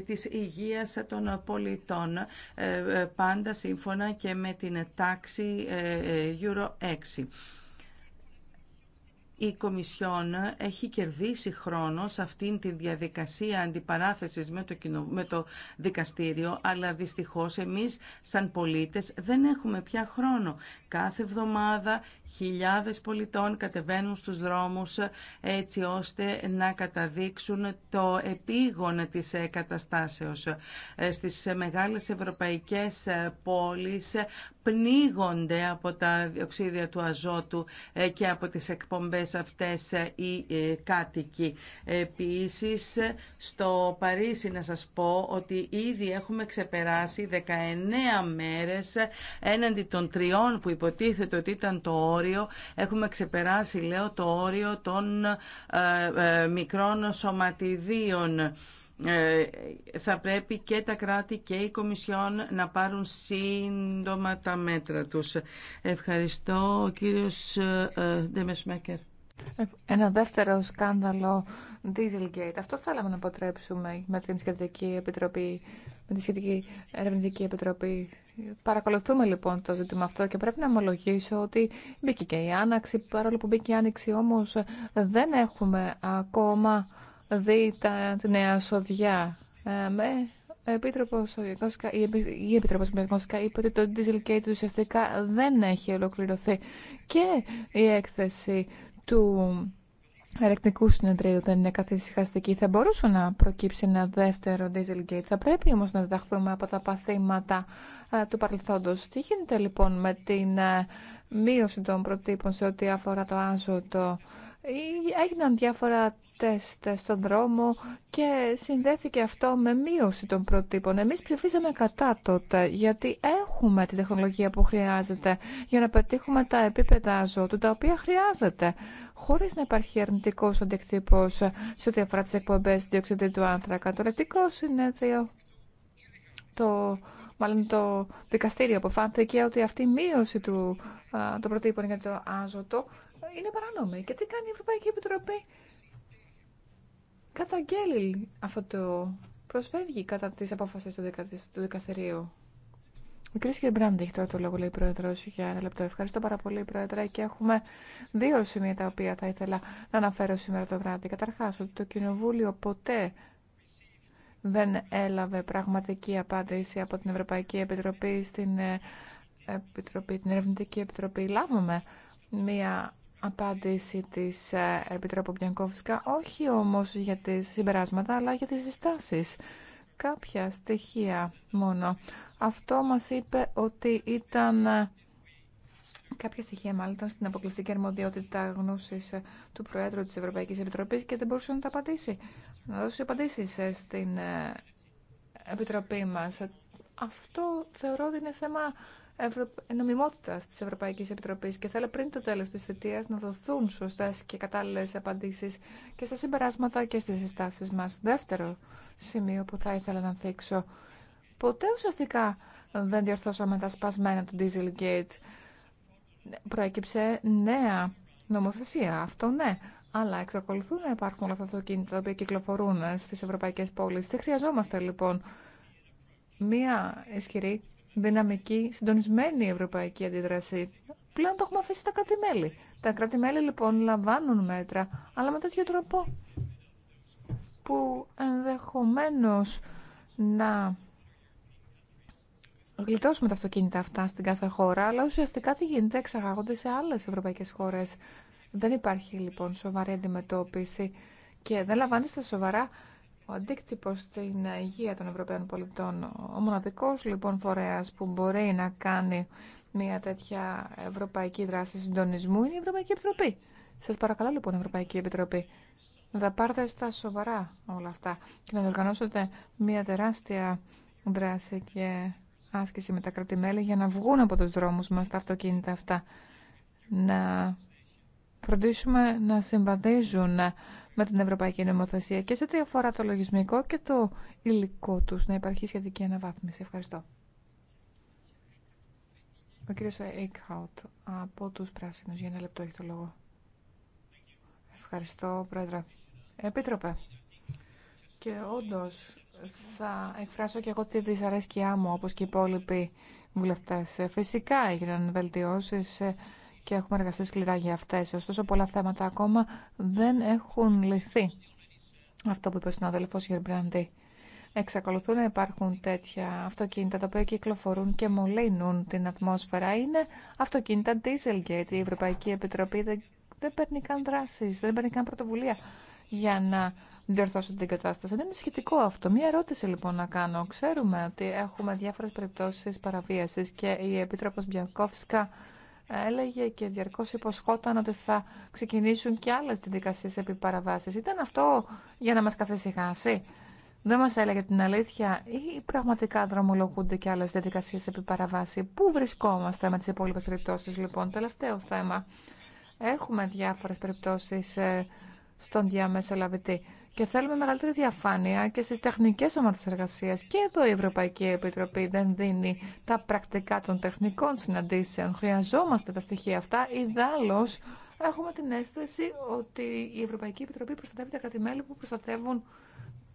της υγείας των πολιτών πάντα σύμφωνα και με την τάξη Euro 6 η Κομισιόν έχει κερδίσει χρόνο σε αυτήν τη διαδικασία αντιπαράθεσης με το, με το δικαστήριο, αλλά δυστυχώς εμείς σαν πολίτες δεν έχουμε πια χρόνο. Κάθε εβδομάδα Χιλιάδες πολιτών κατεβαίνουν στους δρόμους έτσι ώστε να καταδείξουν το επίγον της καταστάσεως. Ε, στις μεγάλες ευρωπαϊκές πόλεις πνίγονται από τα διοξίδια του αζότου ε, και από τις εκπομπές αυτές ε, οι κάτοικοι. Επίσης, στο Παρίσι να σας πω ότι ήδη έχουμε ξεπεράσει 19 μέρες έναντι των τριών που υποτίθεται ότι ήταν το όριο, έχουμε ξεπεράσει λέω το όριο των ε, ε, μικρών σωματιδίων ε, θα πρέπει και τα κράτη και η Κομισιόν να πάρουν σύντομα τα μέτρα τους. Ευχαριστώ, ο κύριος Ντεμεσμέκερ. Ένα δεύτερο σκάνδαλο Dieselgate. Αυτό θέλαμε να αποτρέψουμε με την σχετική επιτροπή, με τη σχετική ερευνητική επιτροπή Παρακολουθούμε λοιπόν το ζήτημα αυτό και πρέπει να ομολογήσω ότι μπήκε και η άναξη, Παρόλο που μπήκε η άνοιξη όμως δεν έχουμε ακόμα δει τα, τη νέα σοδιά. Ε, με επίτροπος, η, η Επίτροπος Μιαγνώσκα είπε ότι το Dieselgate ουσιαστικά δεν έχει ολοκληρωθεί και η έκθεση του Ερεκτικού συνεδρίου δεν είναι καθησυχαστική. Θα μπορούσε να προκύψει ένα δεύτερο Dieselgate. Θα πρέπει όμως να διδαχθούμε από τα παθήματα ε, του παρελθόντος. Τι γίνεται λοιπόν με την ε, μείωση των προτύπων σε ό,τι αφορά το άζωτο. Έγιναν διάφορα τεστ στον δρόμο και συνδέθηκε αυτό με μείωση των προτύπων. Εμείς ψηφίσαμε κατά τότε γιατί έχουμε τη τεχνολογία που χρειάζεται για να πετύχουμε τα επίπεδα αζότου τα οποία χρειάζεται χωρίς να υπάρχει αρνητικός αντικτύπος σε ό,τι αφορά τις εκπομπές διοξιδίου του άνθρακα. Το ρετικό συνέδριο το μάλλον το δικαστήριο αποφάνθηκε ότι αυτή η μείωση του, των προτύπων για το άζωτο είναι παράνομη. Και τι κάνει η Ευρωπαϊκή Επιτροπή καταγγέλει αυτό το προσφεύγει κατά τις απόφασεις του, του δικαστηρίου. Ο κ. Γερμπράντη έχει τώρα το λόγο, λέει η Πρόεδρο, για ένα λεπτό. Ευχαριστώ πάρα πολύ, Πρόεδρε, και έχουμε δύο σημεία τα οποία θα ήθελα να αναφέρω σήμερα το βράδυ. Καταρχά, ότι το Κοινοβούλιο ποτέ δεν έλαβε πραγματική απάντηση από την Ευρωπαϊκή Επιτροπή στην ε, Επιτροπή, την Ερευνητική Επιτροπή. Λάβουμε μία απάντηση της ε, Επιτρόπου Πιανκόφισκα, όχι όμως για τις συμπεράσματα, αλλά για τις συστάσεις. Κάποια στοιχεία μόνο. Αυτό μας είπε ότι ήταν... Ε, κάποια στοιχεία μάλλον στην αποκλειστική αρμοδιότητα γνώση ε, του Προέδρου της Ευρωπαϊκής Επιτροπής και δεν μπορούσε να τα απαντήσει. Να δώσει απαντήσει στην Επιτροπή μας. Αυτό θεωρώ ότι είναι θέμα Ευρω... νομιμότητας της Ευρωπαϊκής Επιτροπής και θέλω πριν το τέλο τη θητεία να δοθούν σωστέ και κατάλληλε απαντήσει και στα συμπεράσματα και στι συστάσει μα Δεύτερο σημείο που θα ήθελα να δείξω. Ποτέ ουσιαστικά δεν διορθώσαμε τα σπασμένα του Dieselgate. Προέκυψε νέα νομοθεσία, αυτό ναι. Αλλά εξακολουθούν να υπάρχουν όλα αυτά τα κίνητα τα κυκλοφορούν στι ευρωπαϊκέ πόλει. Τι χρειαζόμαστε λοιπόν. Μία ισχυρή δυναμική, συντονισμένη ευρωπαϊκή αντίδραση. Πλέον το έχουμε αφήσει στα κράτη-μέλη. Τα κράτη-μέλη λοιπόν λαμβάνουν μέτρα, αλλά με τέτοιο τρόπο που ενδεχομένως να γλιτώσουμε τα αυτοκίνητα αυτά στην κάθε χώρα, αλλά ουσιαστικά τι γίνεται, εξαγάγονται σε άλλες ευρωπαϊκές χώρες. Δεν υπάρχει λοιπόν σοβαρή αντιμετώπιση και δεν λαμβάνει σοβαρά ο αντίκτυπο στην υγεία των Ευρωπαίων πολιτών. Ο μοναδικό λοιπόν φορέας που μπορεί να κάνει μια τέτοια ευρωπαϊκή δράση συντονισμού είναι η Ευρωπαϊκή Επιτροπή. Σα παρακαλώ λοιπόν Ευρωπαϊκή Επιτροπή να τα πάρετε στα σοβαρά όλα αυτά και να διοργανώσετε μια τεράστια δράση και άσκηση με τα κρατημέλη για να βγουν από τους δρόμους μας τα αυτοκίνητα αυτά. Να φροντίσουμε να συμβαδίζουν με την Ευρωπαϊκή Νομοθεσία και σε ό,τι αφορά το λογισμικό και το υλικό τους να υπάρχει σχετική αναβάθμιση. Ευχαριστώ. Ο κύριος Eichhout από τους Πράσινους για ένα λεπτό έχει το λόγο. Ευχαριστώ, Πρόεδρε. Επίτροπε. Και όντως θα εκφράσω και εγώ τη δυσαρέσκειά μου όπως και οι υπόλοιποι βουλευτές. Φυσικά έγιναν βελτιώσεις και έχουμε εργαστεί σκληρά για αυτές. Ωστόσο, πολλά θέματα ακόμα δεν έχουν λυθεί. Αυτό που είπε ο συνάδελφος Γερμπραντή. Εξακολουθούν να υπάρχουν τέτοια αυτοκίνητα τα οποία κυκλοφορούν και μολύνουν την ατμόσφαιρα. Είναι αυτοκίνητα Dieselgate. Η Ευρωπαϊκή Επιτροπή δεν, δεν παίρνει καν δράσει, δεν παίρνει καν πρωτοβουλία για να διορθώσουν την κατάσταση. Δεν Είναι σχετικό αυτό. Μία ερώτηση λοιπόν να κάνω. Ξέρουμε ότι έχουμε διάφορε περιπτώσει παραβίαση και η Επίτροπο Μπιακόφσκα έλεγε και διαρκώς υποσχόταν ότι θα ξεκινήσουν και άλλες διαδικασίες επί παραβάσεις. Ήταν αυτό για να μας καθησυχάσει. Δεν μας έλεγε την αλήθεια ή πραγματικά δρομολογούνται και άλλες διαδικασίες επί παραβάση. Πού βρισκόμαστε με τις υπόλοιπες περιπτώσεις λοιπόν. Τελευταίο θέμα. Έχουμε διάφορες περιπτώσεις ε, στον διαμεσολαβητή. Και θέλουμε μεγαλύτερη διαφάνεια και στις τεχνικές ομάδες εργασίας. Και εδώ η Ευρωπαϊκή Επιτροπή δεν δίνει τα πρακτικά των τεχνικών συναντήσεων. Χρειαζόμαστε τα στοιχεία αυτά. Ιδάλλως έχουμε την αίσθηση ότι η Ευρωπαϊκή Επιτροπή προστατεύει τα κρατημέλη που προστατεύουν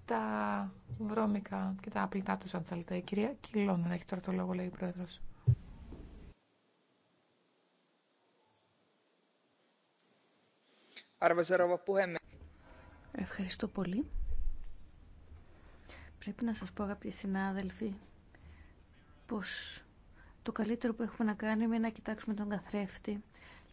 τα βρώμικα και τα απλητά τους, αν θέλετε. Η κυρία Κιλώνα έχει τώρα το λόγο, λέει η Πρόεδρος. Arvoisa rouva Ευχαριστώ πολύ. Πρέπει να σας πω αγαπητοί συνάδελφοι πως το καλύτερο που έχουμε να κάνουμε είναι να κοιτάξουμε τον καθρέφτη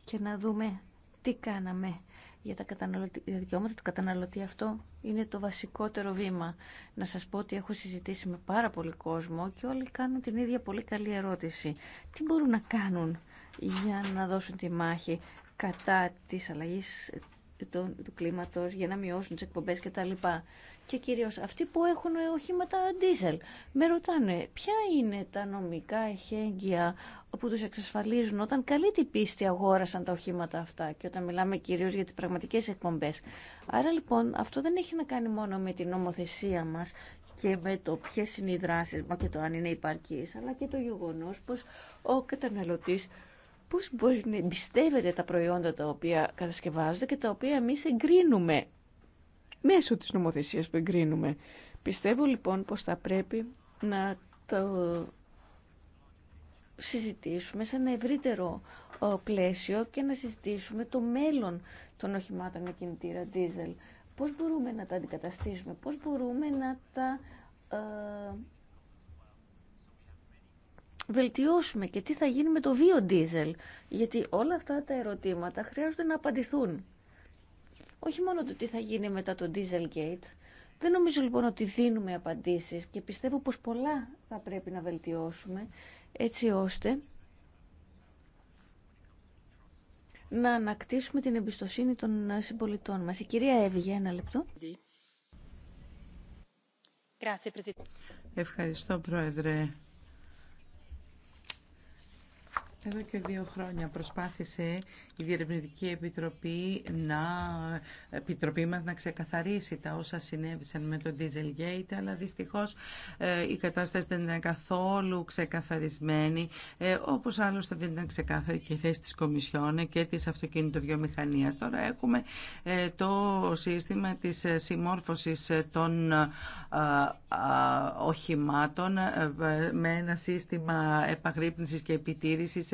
και να δούμε τι κάναμε για τα καταναλωτη... δικαιώματα του καταναλωτή. Αυτό είναι το βασικότερο βήμα. Να σας πω ότι έχω συζητήσει με πάρα πολύ κόσμο και όλοι κάνουν την ίδια πολύ καλή ερώτηση. Τι μπορούν να κάνουν για να δώσουν τη μάχη κατά της αλλαγής του κλίματος για να μειώσουν τι εκπομπέ κτλ. Και κυρίως αυτοί που έχουν οχήματα diesel. με ρωτάνε ποια είναι τα νομικά εχέγγυα που τους εξασφαλίζουν όταν καλή την πίστη αγόρασαν τα οχήματα αυτά και όταν μιλάμε κυρίως για τι πραγματικές εκπομπές. Άρα λοιπόν αυτό δεν έχει να κάνει μόνο με την νομοθεσία μα και με το ποιε είναι οι δράσει μα και το αν είναι υπαρκή, αλλά και το γεγονό πω ο καταναλωτή πώς μπορεί να εμπιστεύεται τα προϊόντα τα οποία κατασκευάζονται και τα οποία εμείς εγκρίνουμε μέσω της νομοθεσίας που εγκρίνουμε. Πιστεύω λοιπόν πως θα πρέπει να το συζητήσουμε σε ένα ευρύτερο πλαίσιο και να συζητήσουμε το μέλλον των οχημάτων με κινητήρα diesel. Πώς μπορούμε να τα αντικαταστήσουμε, πώς μπορούμε να τα ε, βελτιώσουμε και τι θα γίνει με το βιο-δίζελ. Γιατί όλα αυτά τα ερωτήματα χρειάζονται να απαντηθούν. Όχι μόνο το τι θα γίνει μετά το gate. Δεν νομίζω λοιπόν ότι δίνουμε απαντήσεις και πιστεύω πως πολλά θα πρέπει να βελτιώσουμε έτσι ώστε να ανακτήσουμε την εμπιστοσύνη των συμπολιτών μας. Η κυρία Εύη, για ένα λεπτό. Ευχαριστώ, Πρόεδρε. Εδώ και δύο χρόνια προσπάθησε η Διερευνητική Επιτροπή, να, επιτροπή μας να ξεκαθαρίσει τα όσα συνέβησαν με το Dieselgate, αλλά δυστυχώς ε, η κατάσταση δεν ήταν καθόλου ξεκαθαρισμένη, ε, όπως άλλωστε δεν ήταν ξεκάθαρη και η θέση της Κομισιόν και της αυτοκινητοβιομηχανίας. Τώρα έχουμε ε, το σύστημα της συμμόρφωσης των οχημάτων με ένα σύστημα επαγρύπνησης και επιτήρησης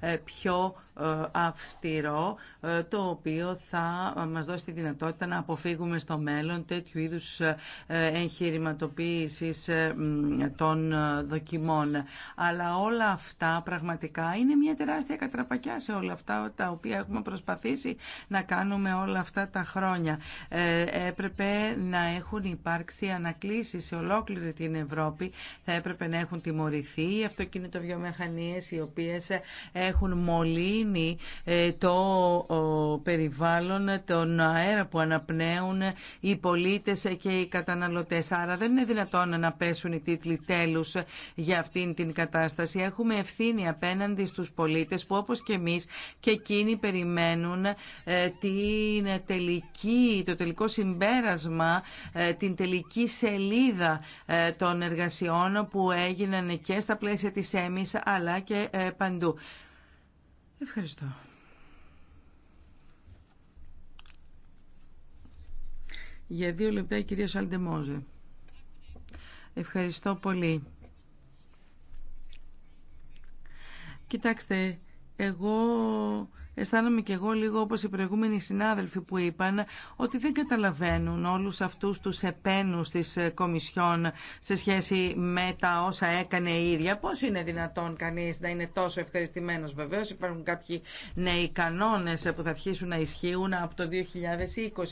ε, πιο ε, αυστηρό, ε, το οποίο θα μας δώσει τη δυνατότητα να αποφύγουμε στο μέλλον τέτοιου είδους εγχειρηματοποίησης των δοκιμών. Αλλά όλα αυτά πραγματικά είναι μια τεράστια κατραπακιά σε όλα αυτά τα οποία έχουμε προσπαθήσει να κάνουμε όλα αυτά τα χρόνια. Έπρεπε να έχουν υπάρξει ανακλήσει σε ολόκληρη την Ευρώπη, θα έπρεπε να έχουν τιμωρηθεί οι αυτοκινητοβιομηχανίες οι οποίες έχουν μολύνει ε, το περιβάλλον, τον αέρα που αναπνέουν οι πολίτες και οι καταναλωτές. Άρα δεν είναι δυνατόν να πέσουν οι τίτλοι τέλους για αυτήν την κατάσταση. Έχουμε ευθύνη απέναντι στους πολίτες που όπως και εμείς και εκείνοι περιμένουν ε, την τελική, το τελικό συμπέρασμα, ε, την τελική σελίδα των εργασιών που έγιναν και στα πλαίσια της ΕΜΗΣ αλλά και παντού. Ευχαριστώ. Για δύο λεπτά η κυρία Σαλντεμόζε. Ευχαριστώ πολύ. Κοιτάξτε, εγώ Αισθάνομαι και εγώ λίγο όπως οι προηγούμενοι συνάδελφοι που είπαν ότι δεν καταλαβαίνουν όλους αυτούς τους επένους της ε, Κομισιόν σε σχέση με τα όσα έκανε η ίδια. Πώς είναι δυνατόν κανείς να είναι τόσο ευχαριστημένος βεβαίως. Υπάρχουν κάποιοι νέοι κανόνες που θα αρχίσουν να ισχύουν από το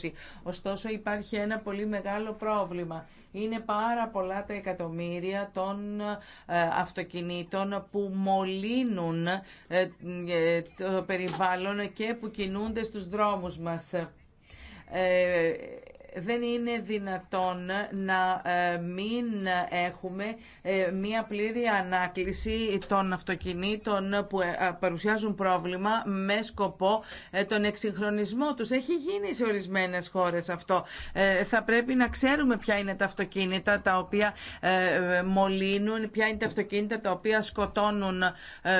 2020. Ωστόσο υπάρχει ένα πολύ μεγάλο πρόβλημα. Είναι πάρα πολλά τα εκατομμύρια των ε, αυτοκινήτων που μολύνουν ε, ε, το περιβάλλον και που κινούνται στους δρόμους μας δεν είναι δυνατόν να ε, μην έχουμε ε, μία πλήρη ανάκληση των αυτοκινήτων που ε, παρουσιάζουν πρόβλημα με σκοπό τον εξυγχρονισμό τους. Έχει γίνει σε ορισμένες χώρες αυτό. Θα πρέπει να ξέρουμε ποια είναι τα αυτοκίνητα τα οποία μολύνουν, ποια είναι τα αυτοκίνητα τα οποία σκοτώνουν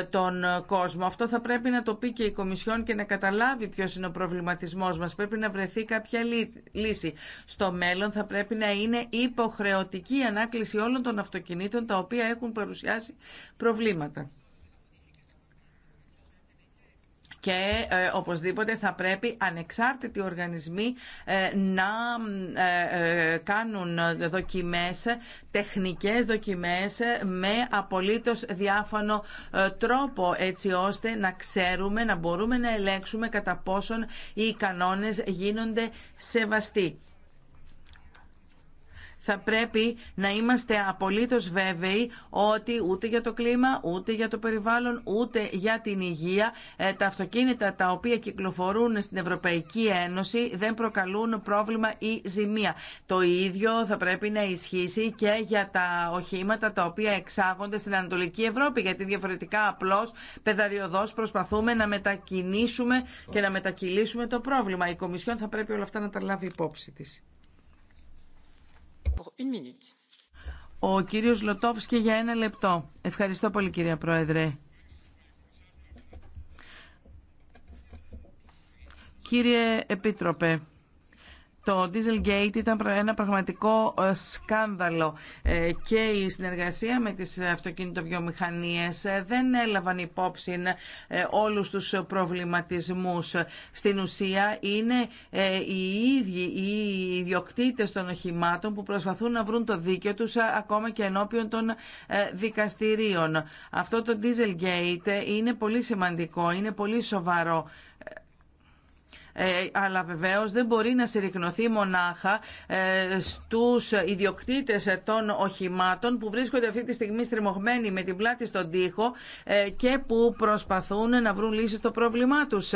τον κόσμο. Αυτό θα πρέπει να το πει και η Κομισιόν και να καταλάβει ποιος είναι ο προβληματισμός μας. Πρέπει να βρεθεί κάποια λύση στο μέλλον θα πρέπει να είναι υποχρεωτική η ανάκληση όλων των αυτοκινήτων τα οποία έχουν παρουσιάσει προβλήματα. Και ε, οπωσδήποτε θα πρέπει ανεξάρτητοι οργανισμοί ε, να ε, ε, κάνουν δοκιμές, τεχνικές δοκιμές με απολύτως διάφανο τρόπο έτσι ώστε να ξέρουμε, να μπορούμε να ελέγξουμε κατά πόσον οι κανόνες γίνονται σεβαστοί θα πρέπει να είμαστε απολύτως βέβαιοι ότι ούτε για το κλίμα, ούτε για το περιβάλλον, ούτε για την υγεία ε, τα αυτοκίνητα τα οποία κυκλοφορούν στην Ευρωπαϊκή Ένωση δεν προκαλούν πρόβλημα ή ζημία. Το ίδιο θα πρέπει να ισχύσει και για τα οχήματα τα οποία εξάγονται στην Ανατολική Ευρώπη γιατί διαφορετικά απλώς πεδαριοδός προσπαθούμε να μετακινήσουμε και να μετακυλήσουμε το πρόβλημα. Η Κομισιόν θα πρέπει όλα αυτά να τα λάβει υπόψη της. Ο κύριος Λοτόφσκι για ένα λεπτό. Ευχαριστώ πολύ κυρία Πρόεδρε. Κύριε Επίτροπε, το Dieselgate ήταν ένα πραγματικό ε, σκάνδαλο ε, και η συνεργασία με τις αυτοκινητοβιομηχανίες ε, δεν έλαβαν υπόψη όλους τους προβληματισμούς. Στην ουσία είναι οι ίδιοι οι ιδιοκτήτες των οχημάτων που προσπαθούν να βρουν το δίκαιο τους ακόμα και ενώπιον των δικαστηρίων. Αυτό το Dieselgate είναι πολύ σημαντικό, είναι πολύ σοβαρό ε, αλλά βεβαίως δεν μπορεί να συρρυκνωθεί μονάχα ε, στους ιδιοκτήτες των οχημάτων που βρίσκονται αυτή τη στιγμή στριμωγμένοι με την πλάτη στον τοίχο ε, και που προσπαθούν να βρουν λύση στο πρόβλημά τους.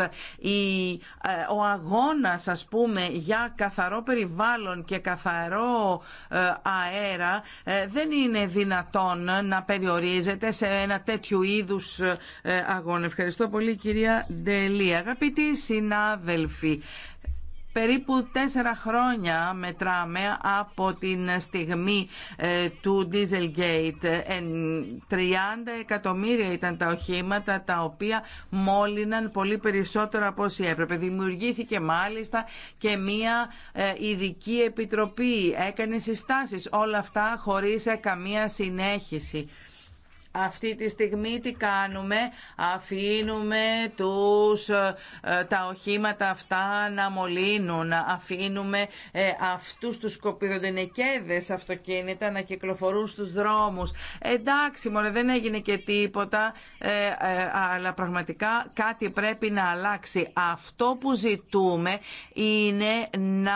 Ο αγώνας, ας πούμε, για καθαρό περιβάλλον και καθαρό αέρα δεν είναι δυνατόν να περιορίζεται σε ένα τέτοιου είδους αγώνα. Ευχαριστώ πολύ κυρία Ντελή. Αγαπητοί περίπου τέσσερα χρόνια μετράμε από την στιγμή ε, του Dieselgate. 30 εκατομμύρια ήταν τα οχήματα τα οποία μόλυναν πολύ περισσότερο από όσοι έπρεπε. Δημιουργήθηκε μάλιστα και μία ε, ειδική επιτροπή. Έκανε συστάσεις. Όλα αυτά χωρίς ε, καμία συνέχιση αυτή τη στιγμή τι κάνουμε, αφήνουμε τους, ε, τα οχήματα αυτά να μολύνουν, αφήνουμε ε, αυτούς τους αυτοκίνητα να κυκλοφορούν στους δρόμους. Εντάξει, μωρέ, δεν έγινε και τίποτα, ε, αλλά πραγματικά κάτι πρέπει να αλλάξει. Αυτό που ζητούμε είναι να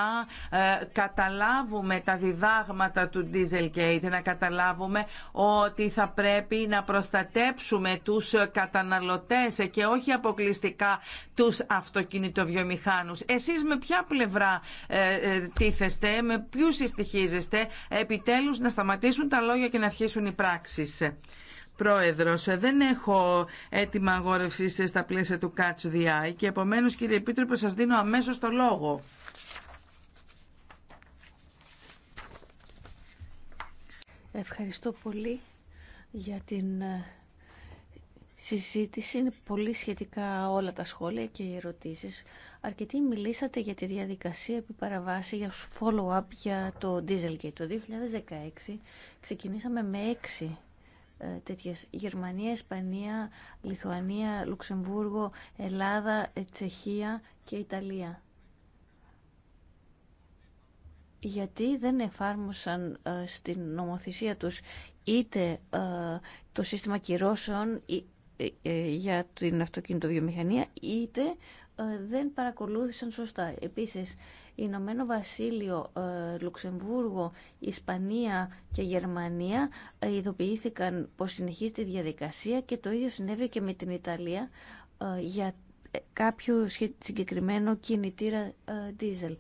καταλάβουμε τα διδάγματα του Dieselgate, να καταλάβουμε ότι θα πρέπει να προστατέψουμε τους καταναλωτές και όχι αποκλειστικά τους αυτοκινητοβιομηχάνους. Εσείς με ποια πλευρά ε, ε, τίθεστε, με ποιους συστοιχίζεστε, επιτέλους να σταματήσουν τα λόγια και να αρχίσουν οι πράξεις. Πρόεδρος, δεν έχω έτοιμα αγόρευση στα πλαίσια του Catch the Eye και επομένως κύριε Επίτροπε σας δίνω αμέσως το λόγο. Ευχαριστώ πολύ για την ε, συζήτηση. Είναι πολύ σχετικά όλα τα σχόλια και οι ερωτήσεις. Αρκετοί μιλήσατε για τη διαδικασία επί παραβάση για follow-up για το Dieselgate. Το 2016 ξεκινήσαμε με έξι ε, τέτοιες. Γερμανία, Ισπανία, Λιθουανία, Λουξεμβούργο, Ελλάδα, ε, Τσεχία και Ιταλία. Γιατί δεν εφάρμοσαν στην νομοθεσία τους είτε ε, το σύστημα κυρώσεων ε, ε, για την αυτοκινητοβιομηχανία είτε δεν παρακολούθησαν σωστά. Επίσης, Ηνωμένο Βασίλειο, Λουξεμβούργο, Ισπανία και Γερμανία ειδοποιήθηκαν πως συνεχίζει η διαδικασία και το ίδιο συνέβη και με την Ιταλία για κάποιο συγκεκριμένο κινητήρα δίζελ.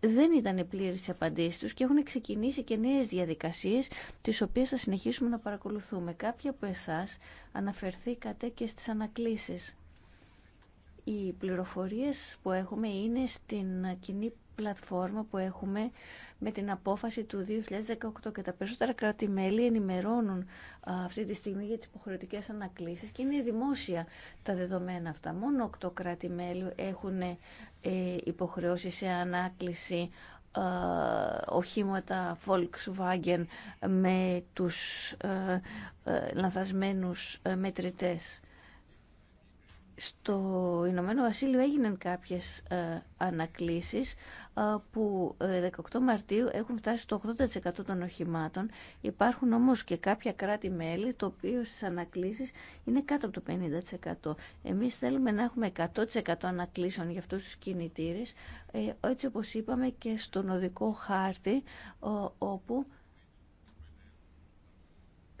δεν ήταν πλήρες οι απαντήσεις τους και έχουν ξεκινήσει και νέες διαδικασίες τις οποίες θα συνεχίσουμε να παρακολουθούμε. Κάποιοι από εσάς αναφερθήκατε και στις ανακλήσεις. Οι πληροφορίες που έχουμε είναι στην κοινή πλατφόρμα που έχουμε με την απόφαση του 2018 και τα περισσότερα κράτη-μέλη ενημερώνουν αυτή τη στιγμή για τις υποχρεωτικές ανακλήσεις και είναι δημόσια τα δεδομένα αυτά. Μόνο 8 κράτη-μέλη έχουν ε, υποχρεώσει σε ανάκληση οχήματα Volkswagen με τους ε, ε, λανθασμένους μετρητές στο Ηνωμένο Βασίλειο έγιναν κάποιες ε, ανακλήσεις ε, που 18 ε, Μαρτίου έχουν φτάσει στο 80% των οχημάτων. Υπάρχουν όμως και κάποια κράτη-μέλη το οποίο στις ανακλήσεις είναι κάτω από το 50%. Εμείς θέλουμε να έχουμε 100% ανακλήσεων για αυτούς τους κινητήρες έτσι όπως είπαμε και στον οδικό χάρτη όπου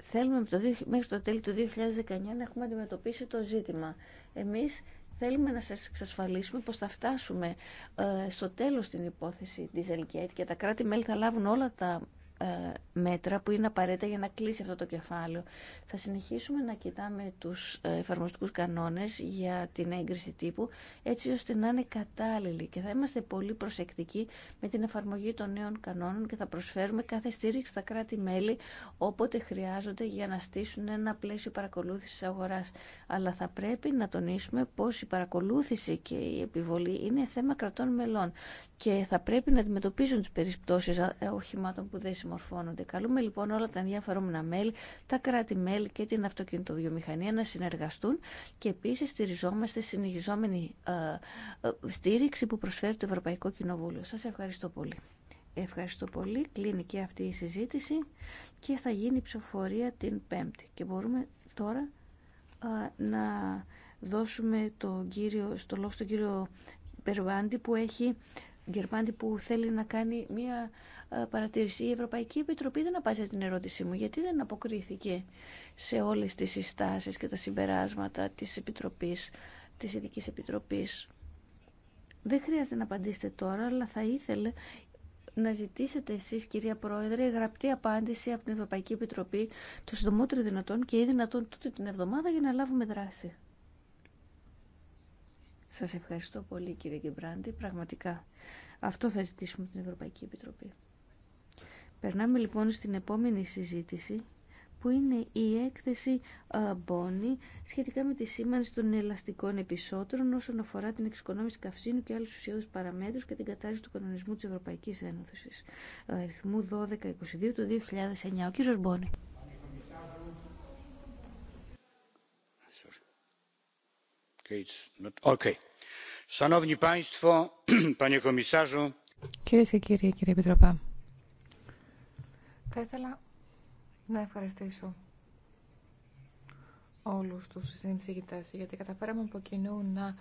θέλουμε μέχρι το τέλος του 2019 να έχουμε αντιμετωπίσει το ζήτημα. Εμείς θέλουμε να σας εξασφαλίσουμε πως θα φτάσουμε ε, στο τέλος την υπόθεση της Ελκέτ και τα κράτη-μέλη θα λάβουν όλα τα ε, μέτρα που είναι απαραίτητα για να κλείσει αυτό το κεφάλαιο. Θα συνεχίσουμε να κοιτάμε τους ε, εφαρμοστικούς κανόνες για την έγκριση τύπου έτσι ώστε να είναι κατάλληλοι και θα είμαστε πολύ προσεκτικοί με την εφαρμογή των νέων κανόνων και θα προσφέρουμε κάθε στήριξη στα κράτη-μέλη όποτε χρειάζονται για να στήσουν ένα πλαίσιο παρακολούθησης αγοράς. Αλλά θα πρέπει να τονίσουμε πως η παρακολούθηση και η επιβολή είναι θέμα κρατών μελών και θα πρέπει να αντιμετωπίζουν τις περιπτώσεις ε, οχημάτων που δεν συμμορφώνονται. Καλούμε λοιπόν όλα τα ενδιαφερόμενα μέλη, τα κράτη-μέλη και την αυτοκινητοβιομηχανία να συνεργαστούν και επίση στηριζόμαστε συνεχιζόμενη ε, ε, στήριξη που προσφέρει το Ευρωπαϊκό Κοινοβούλιο. Σα ευχαριστώ πολύ. Ευχαριστώ πολύ. Κλείνει και αυτή η συζήτηση και θα γίνει η ψηφοφορία την Πέμπτη. Και μπορούμε τώρα ε, να δώσουμε το κύριο, στο λόγο στον κύριο Περβάντη που έχει Γερμανή που θέλει να κάνει μία ε, παρατήρηση. Η Ευρωπαϊκή Επιτροπή δεν απάντησε την ερώτησή μου γιατί δεν αποκρίθηκε σε όλες τις συστάσεις και τα συμπεράσματα της Επιτροπής, της Ειδικής Επιτροπής. Δεν χρειάζεται να απαντήσετε τώρα, αλλά θα ήθελε να ζητήσετε εσείς, κυρία Πρόεδρε, γραπτή απάντηση από την Ευρωπαϊκή Επιτροπή το συντομότερο δυνατόν και ή δυνατόν τούτη την εβδομάδα για να λάβουμε δράση. Σας ευχαριστώ πολύ κύριε Γκεμπράντη. Πραγματικά αυτό θα ζητήσουμε την Ευρωπαϊκή Επιτροπή. Περνάμε λοιπόν στην επόμενη συζήτηση που είναι η έκθεση Μπόνι σχετικά με τη σήμανση των ελαστικών επισώτρων όσον αφορά την εξοικονόμηση καυσίνου και άλλου ουσιαίους παραμέτρους και την κατάρριση του κανονισμού τη Ευρωπαϊκή Ένωση. Αριθμού 1222 του 2009. Ο κύριο Μπόνι. Κυρίε και κύριοι, κύριε Επιτροπά, θα ήθελα να ευχαριστήσω όλους τους συνεισηγητές γιατί καταφέραμε από κοινού να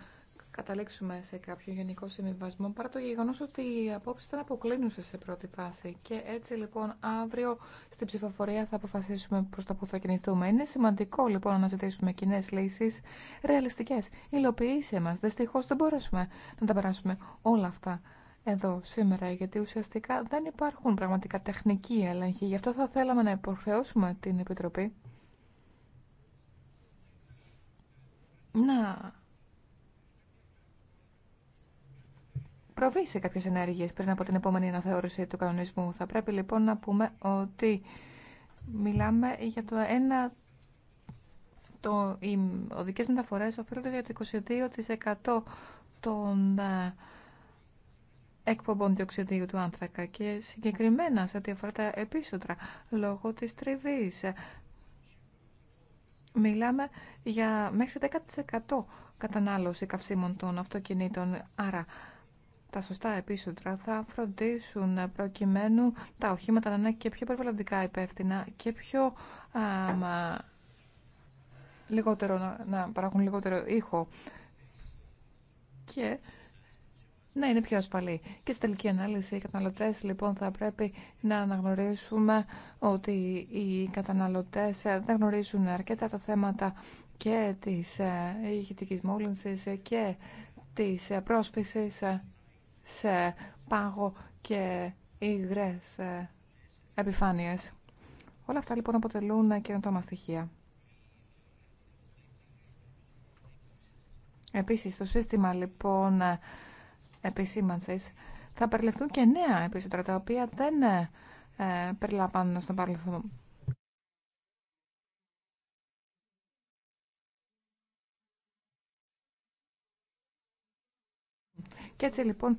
καταλήξουμε σε κάποιο γενικό συμβιβασμό παρά το γεγονό ότι η απόψη ήταν αποκλίνουσε σε πρώτη φάση και έτσι λοιπόν αύριο στην ψηφοφορία θα αποφασίσουμε προ τα που θα κινηθούμε. Είναι σημαντικό λοιπόν να ζητήσουμε κοινέ λύσει ρεαλιστικέ. Υλοποιήσε μα. Δυστυχώ δεν μπορέσουμε να τα περάσουμε όλα αυτά εδώ σήμερα, γιατί ουσιαστικά δεν υπάρχουν πραγματικά τεχνικοί έλεγχοι. Γι' αυτό θα θέλαμε να υποχρεώσουμε την Επιτροπή να προβεί σε κάποιες ενέργειες πριν από την επόμενη αναθεώρηση του κανονισμού. Θα πρέπει λοιπόν να πούμε ότι μιλάμε για το ένα... Το, οι οδικές μεταφορές οφείλονται για το 22% των ε, εκπομπών διοξιδίου του άνθρακα και συγκεκριμένα σε ό,τι αφορά τα επίσωτρα λόγω της τριβής. Μιλάμε για μέχρι 10% κατανάλωση καυσίμων των αυτοκινήτων, άρα τα σωστά επίσωτρα θα φροντίσουν προκειμένου τα οχήματα να είναι και πιο περιβαλλοντικά υπεύθυνα και πιο α, λιγότερο, να, να παράγουν λιγότερο ήχο και να είναι πιο ασφαλή. Και στη τελική ανάλυση οι καταναλωτές λοιπόν θα πρέπει να αναγνωρίσουμε ότι οι καταναλωτές ε, δεν γνωρίζουν αρκετά τα θέματα και της ε, ηχητικής μόλυνσης ε, και της πρόσφυσης σε πάγο και υγρές ε, επιφάνειες. Όλα αυτά λοιπόν αποτελούν καινοτόμα στοιχεία. Επίσης, στο σύστημα λοιπόν επισήμανσης θα περιληφθούν και νέα επίσητρα τα οποία δεν ε, περιλαμβάνουν στον παρελθόν. Και έτσι λοιπόν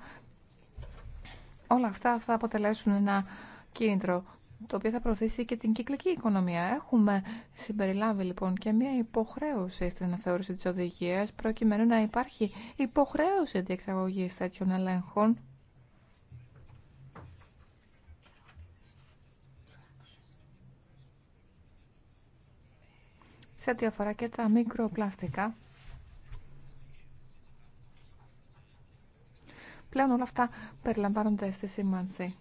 όλα αυτά θα αποτελέσουν ένα κίνητρο το οποίο θα προωθήσει και την κυκλική οικονομία. Έχουμε συμπεριλάβει λοιπόν και μια υποχρέωση στην αναθεώρηση της οδηγίας προκειμένου να υπάρχει υποχρέωση διεξαγωγής τέτοιων ελέγχων σε ό,τι αφορά και τα μικροπλαστικά Πλέον όλα αυτά περιλαμβάνονται στη σήμανση.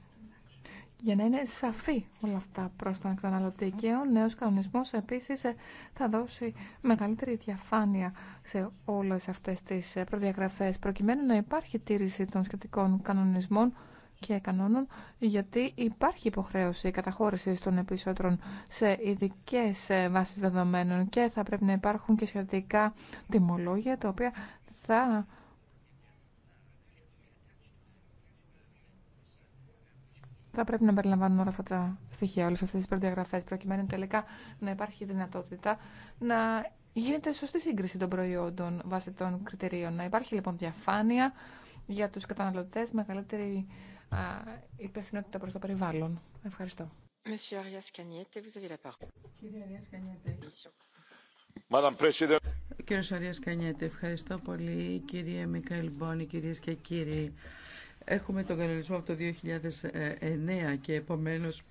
Για να είναι σαφή όλα αυτά προς τον καταναλωτή και ο νέος κανονισμός επίσης ε, θα δώσει μεγαλύτερη διαφάνεια σε όλες αυτές τις ε, προδιαγραφές προκειμένου να υπάρχει τήρηση των σχετικών κανονισμών και κανόνων γιατί υπάρχει υποχρέωση καταχώρηση των επισώτρων σε ειδικέ ε, βάσεις δεδομένων και θα πρέπει να υπάρχουν και σχετικά τιμολόγια τα οποία θα θα πρέπει να περιλαμβάνουν όλα αυτά τα στοιχεία, όλε αυτέ τι προδιαγραφέ, προκειμένου τελικά να υπάρχει δυνατότητα να γίνεται σωστή σύγκριση των προϊόντων βάσει των κριτηρίων. Να υπάρχει λοιπόν διαφάνεια για του καταναλωτέ μεγαλύτερη α, υπευθυνότητα προ το περιβάλλον. Ευχαριστώ. Κύριε Αρία ευχαριστώ πολύ. Κύριε Μικαήλ Μπόνη, κυρίες και κύριοι. Έχουμε τον κανονισμό από το 2009 και επομένως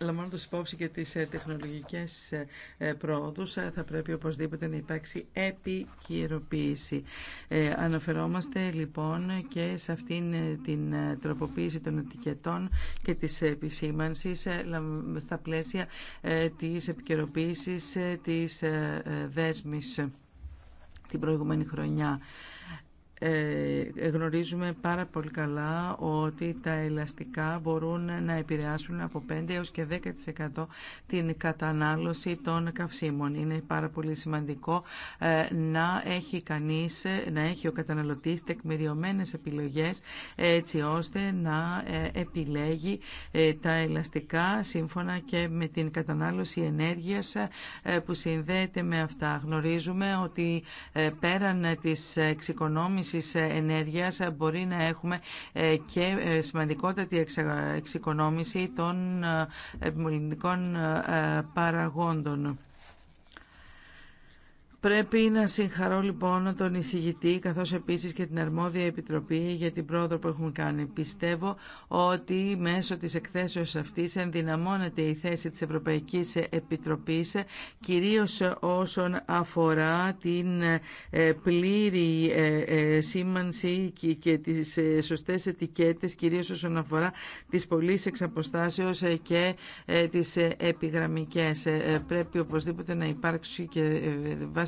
Λαμβάνοντας υπόψη και τις ε, τεχνολογικές ε, ε, πρόοδους, θα πρέπει οπωσδήποτε να υπάρξει επικυρωποίηση. αναφερόμαστε λοιπόν και σε αυτήν την τροποποίηση των ετικετών και της επισήμανσης στα πλαίσια της επικυρωποίησης της δέσμης την προηγούμενη χρονιά. Ε, γνωρίζουμε πάρα πολύ καλά ότι τα ελαστικά μπορούν να επηρεάσουν από 5 έως και 10% την κατανάλωση των καυσίμων. Είναι πάρα πολύ σημαντικό ε, να έχει κανείς, να έχει ο καταναλωτής τεκμηριωμένες επιλογές έτσι ώστε να ε, επιλέγει τα ελαστικά σύμφωνα και με την κατανάλωση ενέργειας που συνδέεται με αυτά. Γνωρίζουμε ότι πέραν της εξοικονόμησης εξοικονόμησης ενέργειας μπορεί να έχουμε ε, και ε, σημαντικότατη εξοικονόμηση των ε, επιμολυντικών παραγόντων. Πρέπει να συγχαρώ λοιπόν τον εισηγητή καθώς επίσης και την αρμόδια επιτροπή για την πρόοδο που έχουν κάνει. Πιστεύω ότι μέσω της εκθέσεως αυτής ενδυναμώνεται η θέση της Ευρωπαϊκής Επιτροπής κυρίως όσον αφορά την ε, πλήρη ε, ε, σήμανση και τις σωστές ετικέτες κυρίως όσον αφορά τις πωλήσει εξ και τις επιγραμμικές. Πρέπει οπωσδήποτε να υπάρξει και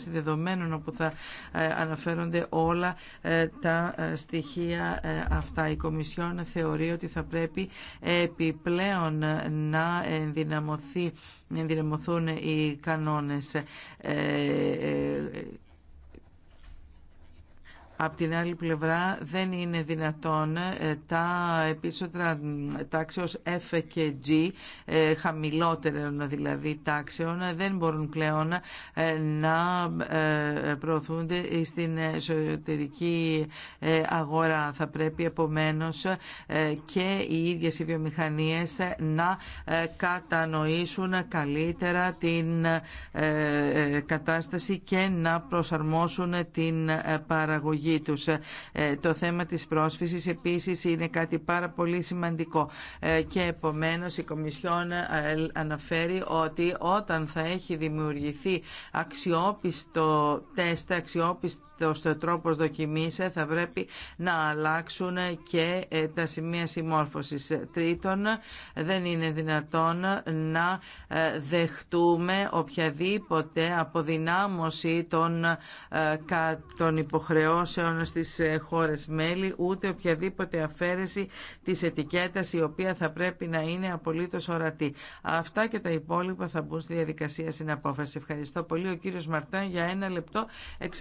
βάση δεδομένων όπου θα ε, αναφέρονται όλα ε, τα ε, στοιχεία αυτά. Η Κομισιόν θεωρεί ότι θα πρέπει επιπλέον να ενδυναμωθεί, ενδυναμωθούν οι κανόνες Απ' την άλλη πλευρά δεν είναι δυνατόν ε, τα επίσωτρα τάξεως F και G, ε, χαμηλότερων δηλαδή τάξεων, ε, δεν μπορούν πλέον να προωθούνται στην εσωτερική αγορά. Θα πρέπει επομένως και οι ίδιες οι βιομηχανίες να κατανοήσουν καλύτερα την κατάσταση και να προσαρμόσουν την παραγωγή τους. Ε, το θέμα της πρόσφυσης επίσης είναι κάτι πάρα πολύ σημαντικό ε, και επομένως η Κομισιόν ε, αναφέρει ότι όταν θα έχει δημιουργηθεί αξιόπιστο τεστ, αξιόπιστο στο τρόπος δοκιμής θα πρέπει να αλλάξουν και τα σημεία συμμόρφωσης. Τρίτον, δεν είναι δυνατόν να δεχτούμε οποιαδήποτε αποδυνάμωση των, των υποχρεώσεων κυρώσεων στις ε, χώρες μέλη, ούτε οποιαδήποτε αφαίρεση της ετικέτας η οποία θα πρέπει να είναι απολύτως ορατή. Αυτά και τα υπόλοιπα θα μπουν στη διαδικασία συναπόφαση. Ευχαριστώ πολύ ο κύριος Μαρτάν για ένα λεπτό εξ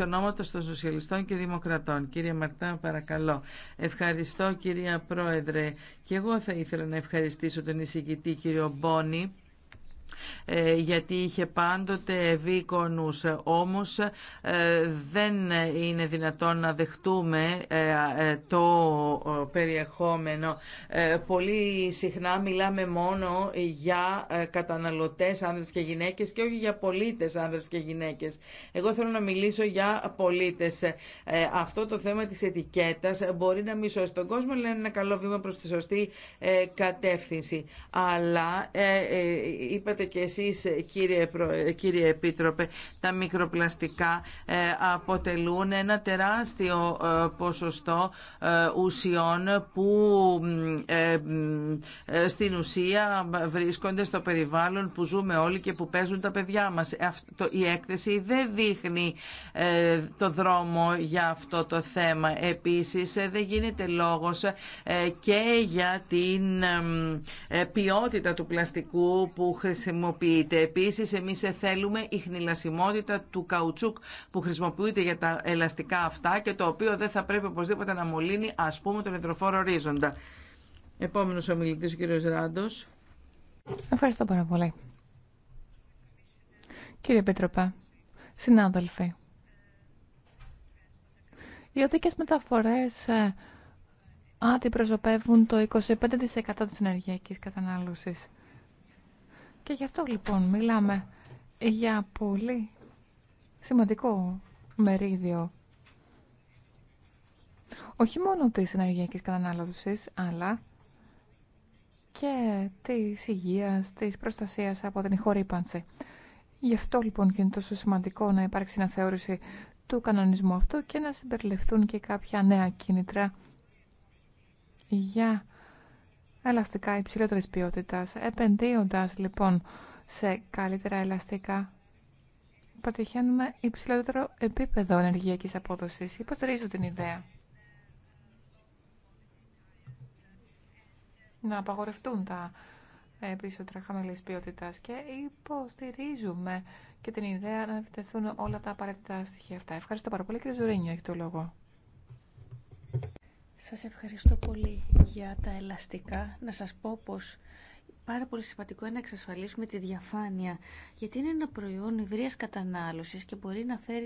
των Σοσιαλιστών και Δημοκρατών. Κύριε Μαρτάν παρακαλώ. Ευχαριστώ κυρία Πρόεδρε. Και εγώ θα ήθελα να ευχαριστήσω τον εισηγητή κύριο Μπόνι ε, γιατί είχε πάντοτε ευήκονους. Όμως ε, δεν είναι δυνατόν να δεχτούμε ε, το περιεχόμενο. Πολύ συχνά μιλάμε μόνο για καταναλωτές άνδρες και γυναίκες και όχι για πολίτες άνδρες και γυναίκες. Εγώ θέλω να μιλήσω για πολίτες. Αυτό το θέμα της ετικέτας μπορεί να μην σώσει τον κόσμο, αλλά είναι ένα καλό βήμα προς τη σωστή κατεύθυνση. Αλλά είπατε και εσείς κύριε, κύριε Επίτροπε, τα μικροπλαστικά ε, αποτελούν ένα τεράστιο ε, ποσοστό ε, ουσιών που στην ουσία βρίσκονται στο περιβάλλον που ζούμε όλοι και που παίζουν τα παιδιά μας. Η έκθεση δεν δείχνει το δρόμο για αυτό το θέμα. Επίσης δεν γίνεται λόγος και για την ποιότητα του πλαστικού που χρησιμοποιείται χρησιμοποιείται. Επίσης, εμείς θέλουμε η χνηλασιμότητα του καουτσούκ που χρησιμοποιείται για τα ελαστικά αυτά και το οποίο δεν θα πρέπει οπωσδήποτε να μολύνει, α πούμε, τον υδροφόρο ορίζοντα. Επόμενο ομιλητή ο κύριος Ράντο. Ευχαριστώ πάρα πολύ. Κύριε Πέτροπα, συνάδελφοι, οι οδικές μεταφορές αντιπροσωπεύουν ε, το 25% της ενεργειακής κατανάλωσης και γι' αυτό λοιπόν μιλάμε για πολύ σημαντικό μερίδιο όχι μόνο της ενεργειακής κατανάλωσης, αλλά και της υγείας, της προστασίας από την χορύπανση. Γι' αυτό λοιπόν και είναι τόσο σημαντικό να υπάρξει μια θεώρηση του κανονισμού αυτού και να συμπεριληφθούν και κάποια νέα κίνητρα για ελαστικά υψηλότερης ποιότητας. Επενδύοντας λοιπόν σε καλύτερα ελαστικά, πετυχαίνουμε υψηλότερο επίπεδο ενεργειακής απόδοσης. Υποστηρίζω την ιδέα. Να απαγορευτούν τα επίσωτρα χαμηλής ποιότητα και υποστηρίζουμε και την ιδέα να επιτεθούν όλα τα απαραίτητα στοιχεία αυτά. Ευχαριστώ πάρα πολύ. Κύριε Ζουρίνιο, έχει το λόγο. Σας ευχαριστώ πολύ για τα ελαστικά. Να σας πω πως πάρα πολύ σημαντικό είναι να εξασφαλίσουμε τη διαφάνεια, γιατί είναι ένα προϊόν ευρείας κατανάλωσης και μπορεί να φέρει